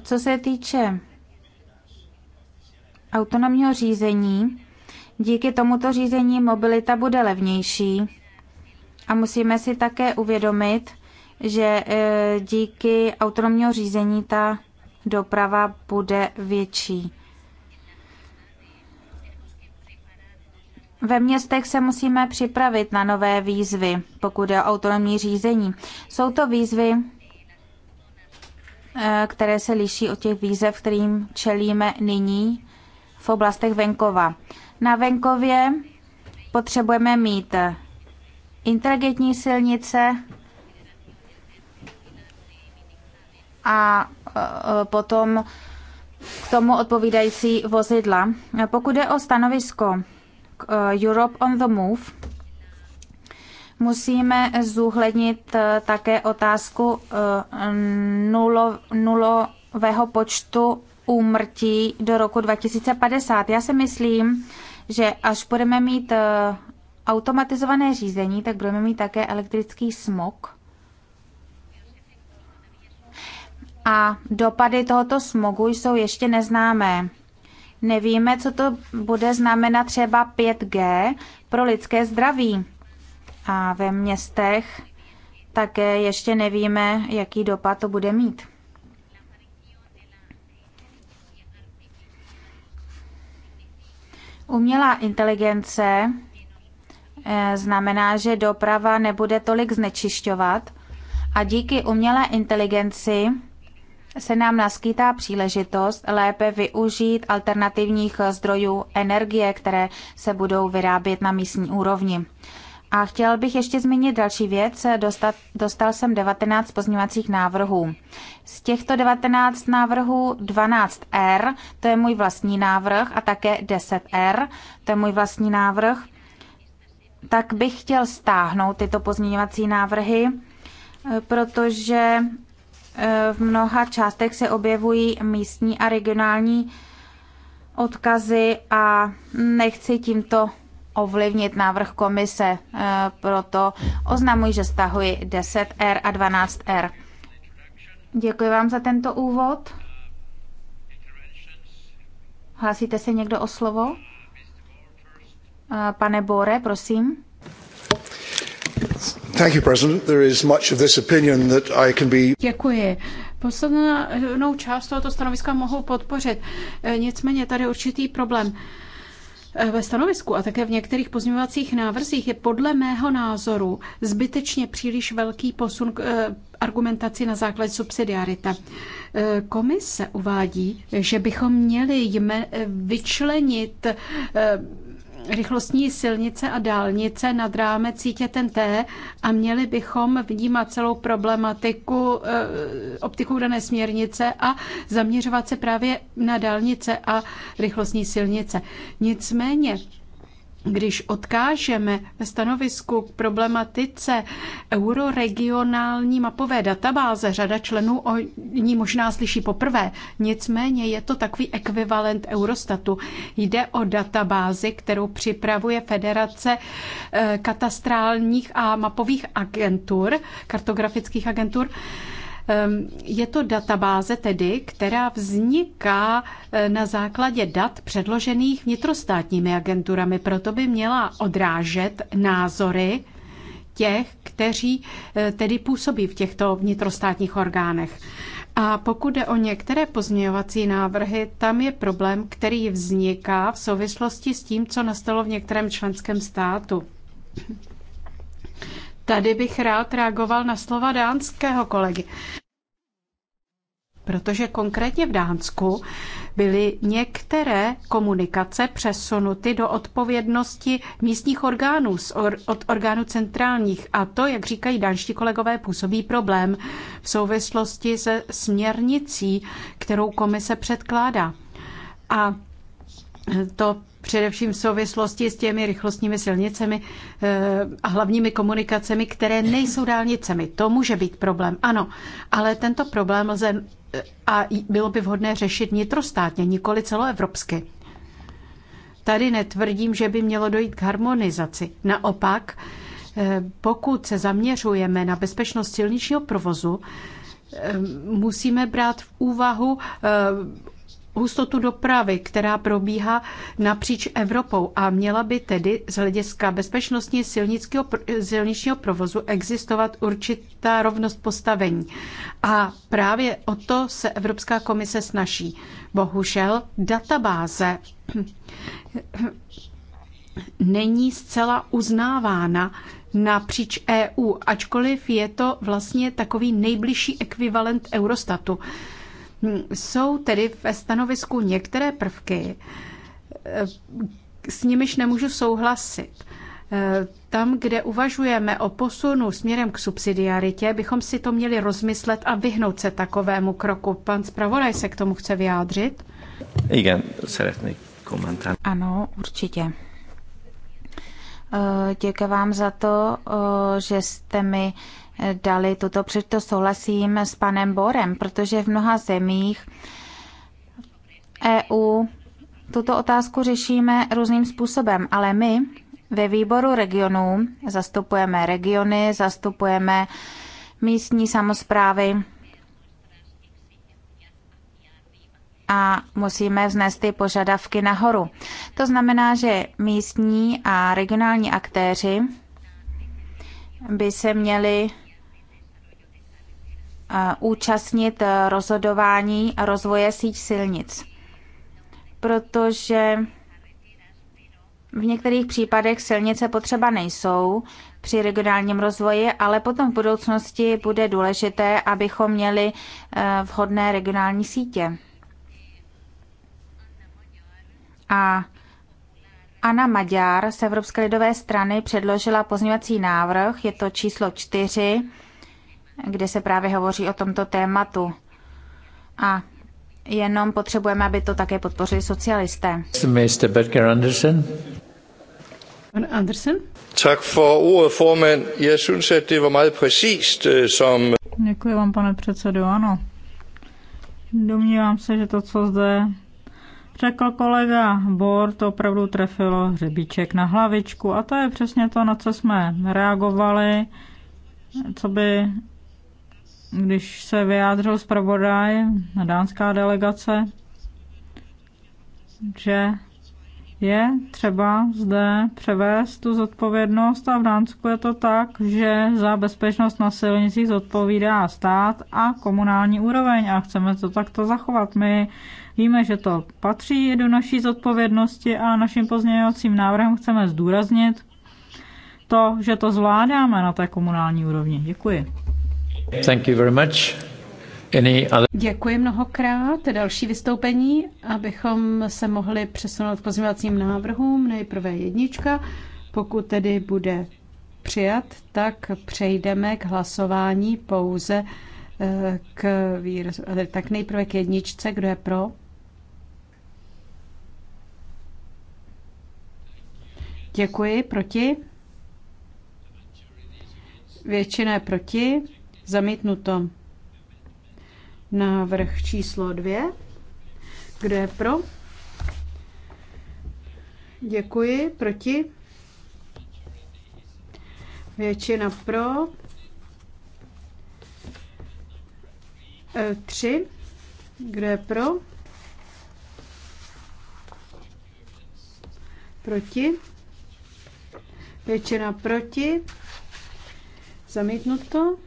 Co se týče autonomního řízení, díky tomuto řízení mobilita bude levnější a musíme si také uvědomit, že e, díky autonomního řízení ta doprava bude větší. Ve městech se musíme připravit na nové výzvy, pokud je o autonomní řízení. Jsou to výzvy, eh, které se liší od těch výzev, kterým čelíme nyní v oblastech venkova. Na venkově potřebujeme mít inteligentní silnice a eh, potom k tomu odpovídající vozidla. Pokud je o stanovisko Uh, Europe on the Move, musíme zúhlednit uh, také otázku uh, nulo, nulového počtu úmrtí do roku 2050. Já si myslím, že až budeme mít automatizované řízení, tak budeme mít také elektrický smog. A dopady tohoto smogu jsou ještě neznámé. Nevíme, co to bude znamenat třeba 5G pro lidské zdraví. A ve městech také ještě nevíme, jaký dopad to bude mít. Umělá inteligence eh, znamená, že doprava nebude tolik znečišťovat a díky umělé inteligenci se nám naskytá příležitost lépe využít alternativních zdrojů energie, které se budou vyrábět na místní úrovni. A chtěl bych ještě zmínit další věc. Dostat, dostal jsem 19 pozměňovacích návrhů. Z těchto 19 návrhů 12R, to je můj vlastní návrh, a také 10R, to je můj vlastní návrh, tak bych chtěl stáhnout tyto pozměňovací návrhy, protože Eh, v mnoha částech se objevují místní a regionální odkazy a nechci tímto ovlivnit návrh komise, eh, proto oznamuji, že stahuji 10R a 12R. Děkuji vám za tento úvod. Hlásíte se někdo o slovo? Eh, pane Bore, prosím. Thank you, President. There is much of this opinion that I can be... Děkuji. Poslednou část tohoto stanoviska mohu podpořit. Eh, nicméně tady určitý problém. Eh, ve stanovisku a také v některých pozměňovacích návrzích je podle mého názoru zbytečně příliš velký posun k eh, argumentaci na základě subsidiarita. Komise uvádí, že bychom měli jme, vyčlenit rychlostní silnice a dálnice nad rámec sítě TNT a měli bychom vnímat celou problematiku eh, optikou dané směrnice a zaměřovat se právě na dálnice a rychlostní silnice. Nicméně když odkážeme ve stanovisku k problematice euroregionální mapové databáze, řada členů o ní možná slyší poprvé, nicméně je to takový ekvivalent Eurostatu. Jde o databázi, kterou připravuje Federace eh, katastrálních a mapových agentur, kartografických agentur, Ehm, je to databáze tedy, která vzniká eh, na základě dat předložených vnitrostátními agenturami, proto by měla odrážet názory těch, kteří eh, tedy působí v těchto vnitrostátních orgánech. A pokud jde o některé pozměňovací návrhy, tam je problém, který vzniká v souvislosti s tím, co nastalo v některém členském státu. Tady bych rád reagoval na slova dánského kolegy. Protože konkrétně v Dánsku byly některé komunikace přesunuty do odpovědnosti místních orgánů or, od orgánů centrálních. A to, jak říkají dánští kolegové, působí problém v souvislosti se směrnicí, kterou komise předkládá. A to především v souvislosti s těmi rychlostními silnicemi eh, a hlavními komunikacemi, které nejsou dálnicemi. To může být problém, ano, ale tento problém lze eh, a bylo by vhodné řešit nitrostátně, nikoli celoevropsky. Tady netvrdím, že by mělo dojít k harmonizaci. Naopak, eh, pokud se zaměřujeme na bezpečnost silničního provozu, musíme brát v úvahu hustotu dopravy, která probíhá napříč Evropou a měla by tedy z hlediska bezpečnosti silničního provozu existovat určitá rovnost postavení. A právě o to se Evropská komise snaží. Bohužel databáze není zcela uznávána napříč EU, ačkoliv je to vlastně takový nejbližší ekvivalent Eurostatu. Jsou tedy ve stanovisku některé prvky, s nimiž nemůžu souhlasit. Tam, kde uvažujeme o posunu směrem k subsidiaritě, bychom si to měli rozmyslet a vyhnout se takovému kroku. Pan zpravodaj se k tomu chce vyjádřit. Igen, Ano, určitě. Děkuji vám za to, že jste mi dali tuto, proto souhlasím s panem Borem, protože v mnoha zemích EU tuto otázku řešíme různým způsobem, ale my ve výboru regionů zastupujeme regiony, zastupujeme místní samozprávy a musíme vznést ty požadavky nahoru. To znamená, že místní a regionální aktéři by se měli účastnit eh, rozhodování rozvoje síť silnic. Protože v některých případech silnice potřeba nejsou při regionálním rozvoji, ale potom v budoucnosti bude důležité, abychom měli eh, vhodné regionální sítě. A Anna Maďar z Evropské lidové strany předložila pozměňovací návrh, je to číslo 4, kde se právě hovoří o tomto tématu. A jenom potřebujeme, aby to také podpořili socialisté. Mr. Berger Andersen. Andersen. Tak for ordet, formand. Jeg synes, at det var meget præcist, øh, som... Děkuji vám, pane předsedo, ano. Domnívám se, že to, co zde řekl kolega Bor, to opravdu trefilo hřebíček na hlavičku a to je přesně to, na co jsme reagovali, co by když se vyjádřil zpravodaj na dánská delegace, že je třeba zde převést tu zodpovědnost a v Dánsku je to tak, že za bezpečnost na silnicích zodpovídá stát a komunální úroveň a chceme to takto zachovat. My víme, že to patří do naší zodpovědnosti a naším pozměňovacím návrhem chceme zdůraznit to, že to zvládáme na té komunální úrovni. Děkuji. Thank you very much. Any other... Děkuji mnohokrát. Další vystoupení, abychom se mohli přesunout k pozměňovacím návrhům. Nejprve jednička. Pokud tedy bude přijat, tak přejdeme k hlasování pouze eh, k výrazu. Eh, tak nejprve k jedničce, kdo je pro? Děkuji, proti? Většina je proti. Zamítnuto. Návrh číslo dvě. Kdo je pro? Děkuji. Proti? Většina pro. E, tři. Kdo je pro? Proti? Většina proti. Zamítnuto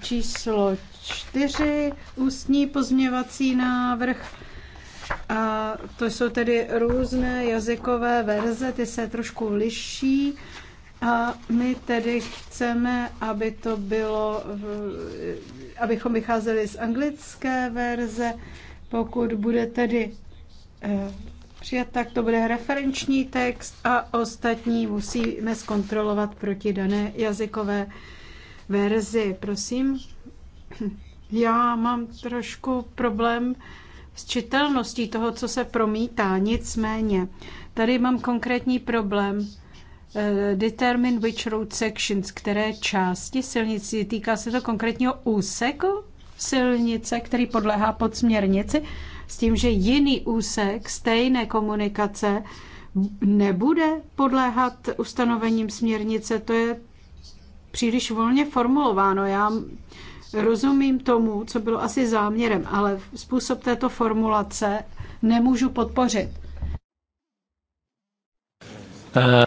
číslo čtyři ústní pozměvací návrh. A to jsou tedy různé jazykové verze, ty se trošku liší. A my tedy chceme, aby to bylo, abychom vycházeli z anglické verze. Pokud bude tedy eh, přijat, tak to bude referenční text a ostatní musíme zkontrolovat proti dané jazykové verzi. Prosím, já mám trošku problém s čitelností toho, co se promítá. Nicméně, tady mám konkrétní problém. Eh, determine which road sections, které části silnici. Týká se to konkrétního úseku silnice, který podlehá pod směrnici, s tím, že jiný úsek stejné komunikace nebude podléhat ustanovením směrnice. To je příliš volně formulováno. Já rozumím tomu, co bylo asi záměrem, ale způsob této formulace nemůžu podpořit. Uh,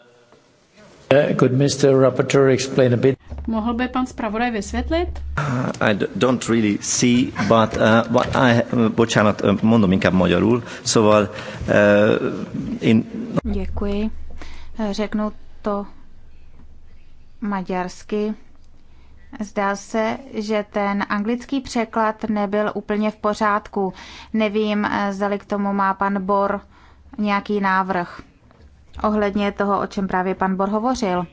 could Mr. Rapporteur explain a bit? Mohl by pan zpravodaj vysvětlit? Uh, I don't really see, but uh, what I, uh, uh mondom inkább magyarul, szóval so, uh, in... Děkuji. Řeknu to maďarsky. Zdá se, že ten anglický překlad nebyl úplně v pořádku. Nevím, eh, zda k tomu má pan Bor nějaký návrh ohledně toho, o čem právě pan Bor hovořil.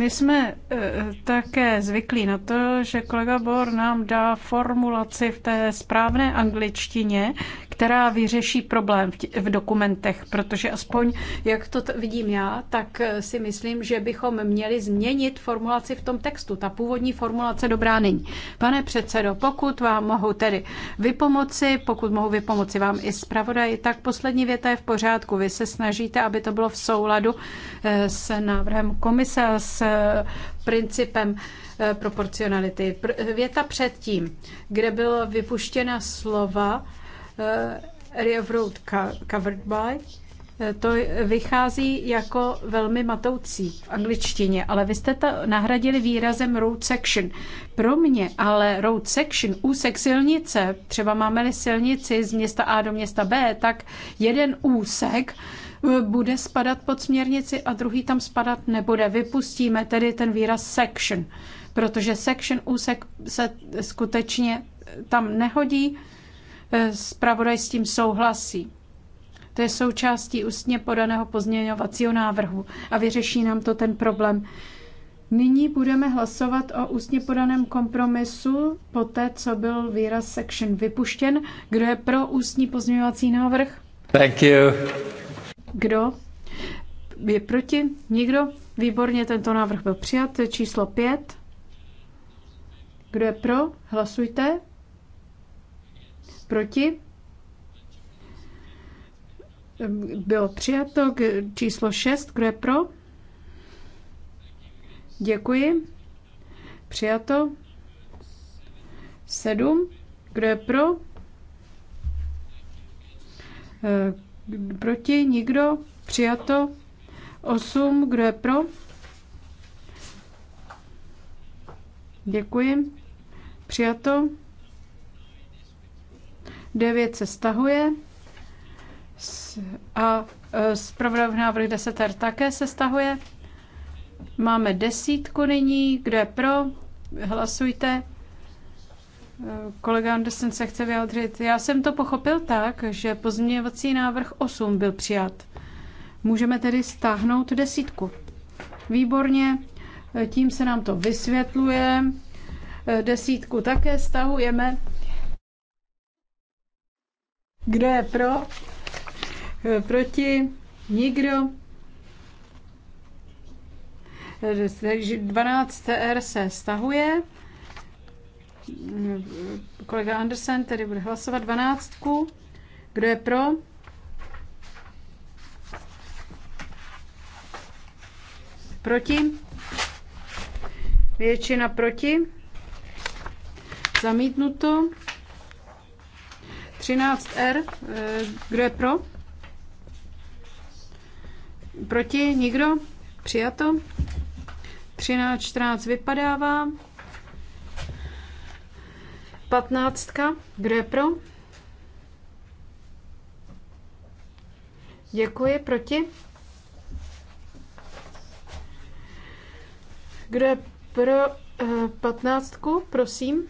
My jsme e, e, také zvyklí na to, že kolega Bor nám dá formulaci v té správné angličtině, která vyřeší problém v, tě, v dokumentech, protože aspoň, jak to vidím já, tak e, si myslím, že bychom měli změnit formulaci v tom textu. Ta původní formulace dobrá není. Pane předsedo, pokud vám mohu tedy vypomoci, pokud mohu vypomoci vám i zpravodaj, tak poslední věta je v pořádku. Vy se snažíte, aby to bylo v souladu s návrhem komise a s Eh, principem eh, proporcionality. Věta předtím, kde byla vypuštěna slova eh, railroad covered by, to vychází jako velmi matoucí v angličtině, ale vy jste to nahradili výrazem road section. Pro mě ale road section, úsek silnice, třeba máme-li silnici z města A do města B, tak jeden úsek bude spadat pod směrnici a druhý tam spadat nebude. Vypustíme tedy ten výraz section, protože section úsek se skutečně tam nehodí. Zpravodaj s tím souhlasí. To je součástí ústně podaného pozměňovacího návrhu a vyřeší nám to ten problém. Nyní budeme hlasovat o ústně podaném kompromisu, poté co byl výraz section vypuštěn. Kdo je pro ústní pozměňovací návrh? Thank you. Kdo? Je proti? Nikdo? Výborně, tento návrh byl přijat. Číslo 5. Kdo je pro? Hlasujte. Proti? Bylo přijato číslo 6. Kdo je pro? Děkuji. Přijato. 7. Kdo je pro? Proti? Nikdo? Přijato? 8. Kdo je pro? Děkuji. Přijato. 9 se stahuje. A e, zpravodaj návrh 10 také se stahuje. Máme desítku nyní. Kdo je pro? Hlasujte. Kolega Anderson se chce vyjádřit. Já jsem to pochopil tak, že pozměňovací návrh 8 byl přijat. Můžeme tedy stáhnout desítku. Výborně, tím se nám to vysvětluje. Desítku také stahujeme. Kdo je pro? Proti? Nikdo? 12 R se stahuje kolega Andersen tedy bude hlasovat dvanáctku. Kdo je pro? Proti? Většina proti. Zamítnuto. 13R. Kdo je pro? Proti? Nikdo? Přijato. 13, 14 vypadává. Patnáctka. Kdo je pro? Děkuji. Proti? Kdo je pro eh, patnáctku? Prosím.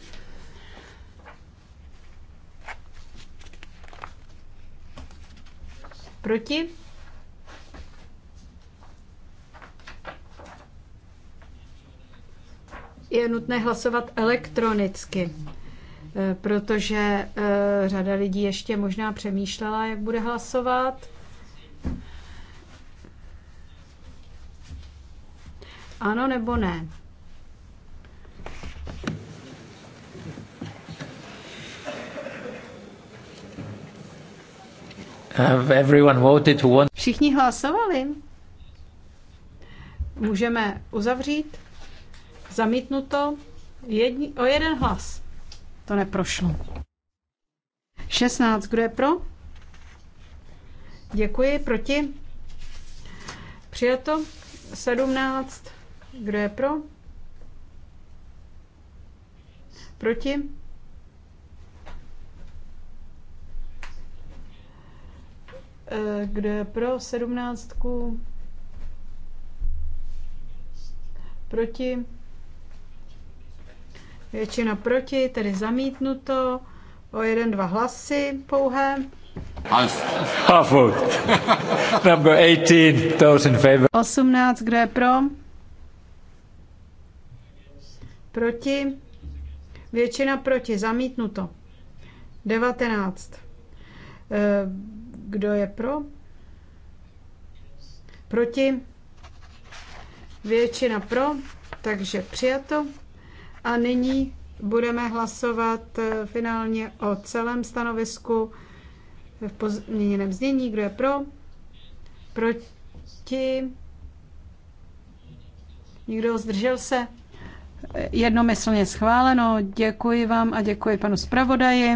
Proti? Je nutné hlasovat elektronicky. Eh, protože eh, řada lidí ještě možná přemýšlela, jak bude hlasovat. Ano nebo ne? Everyone voted who Všichni hlasovali. Můžeme uzavřít. Zamítnuto jedni, o jeden hlas. To neprošlo. 16. Kdo je pro? Děkuji. Proti? Přijato. 17. Kdo je pro? Proti? Eh, kdo je pro sedmnáctku? Proti? Většina proti, tedy zamítnuto. O jeden, dva hlasy pouhé. Half vote. Number 18, those in favor. 18, kdo je pro? Proti. Většina proti, zamítnuto. 19. Eh, kdo je pro? Proti? Většina pro, takže přijato. A nyní budeme hlasovat eh, finálně o celém stanovisku v pozměněném znění. Kdo je pro? Proti? Nikdo zdržel se? Jednomyslně schváleno. Děkuji vám a děkuji panu zpravodaji.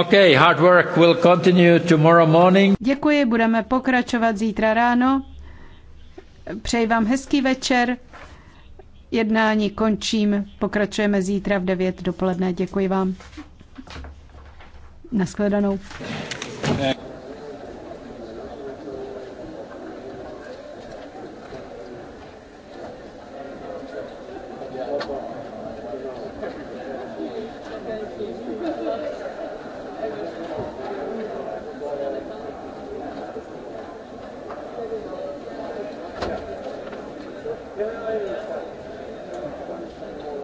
Okay, hard work will continue tomorrow morning. Děkuji, budeme pokračovat zítra ráno. Přeji vám hezký večer. Jednání končím. Pokračujeme zítra v 9 dopoledne. Děkuji vám. Naschledanou.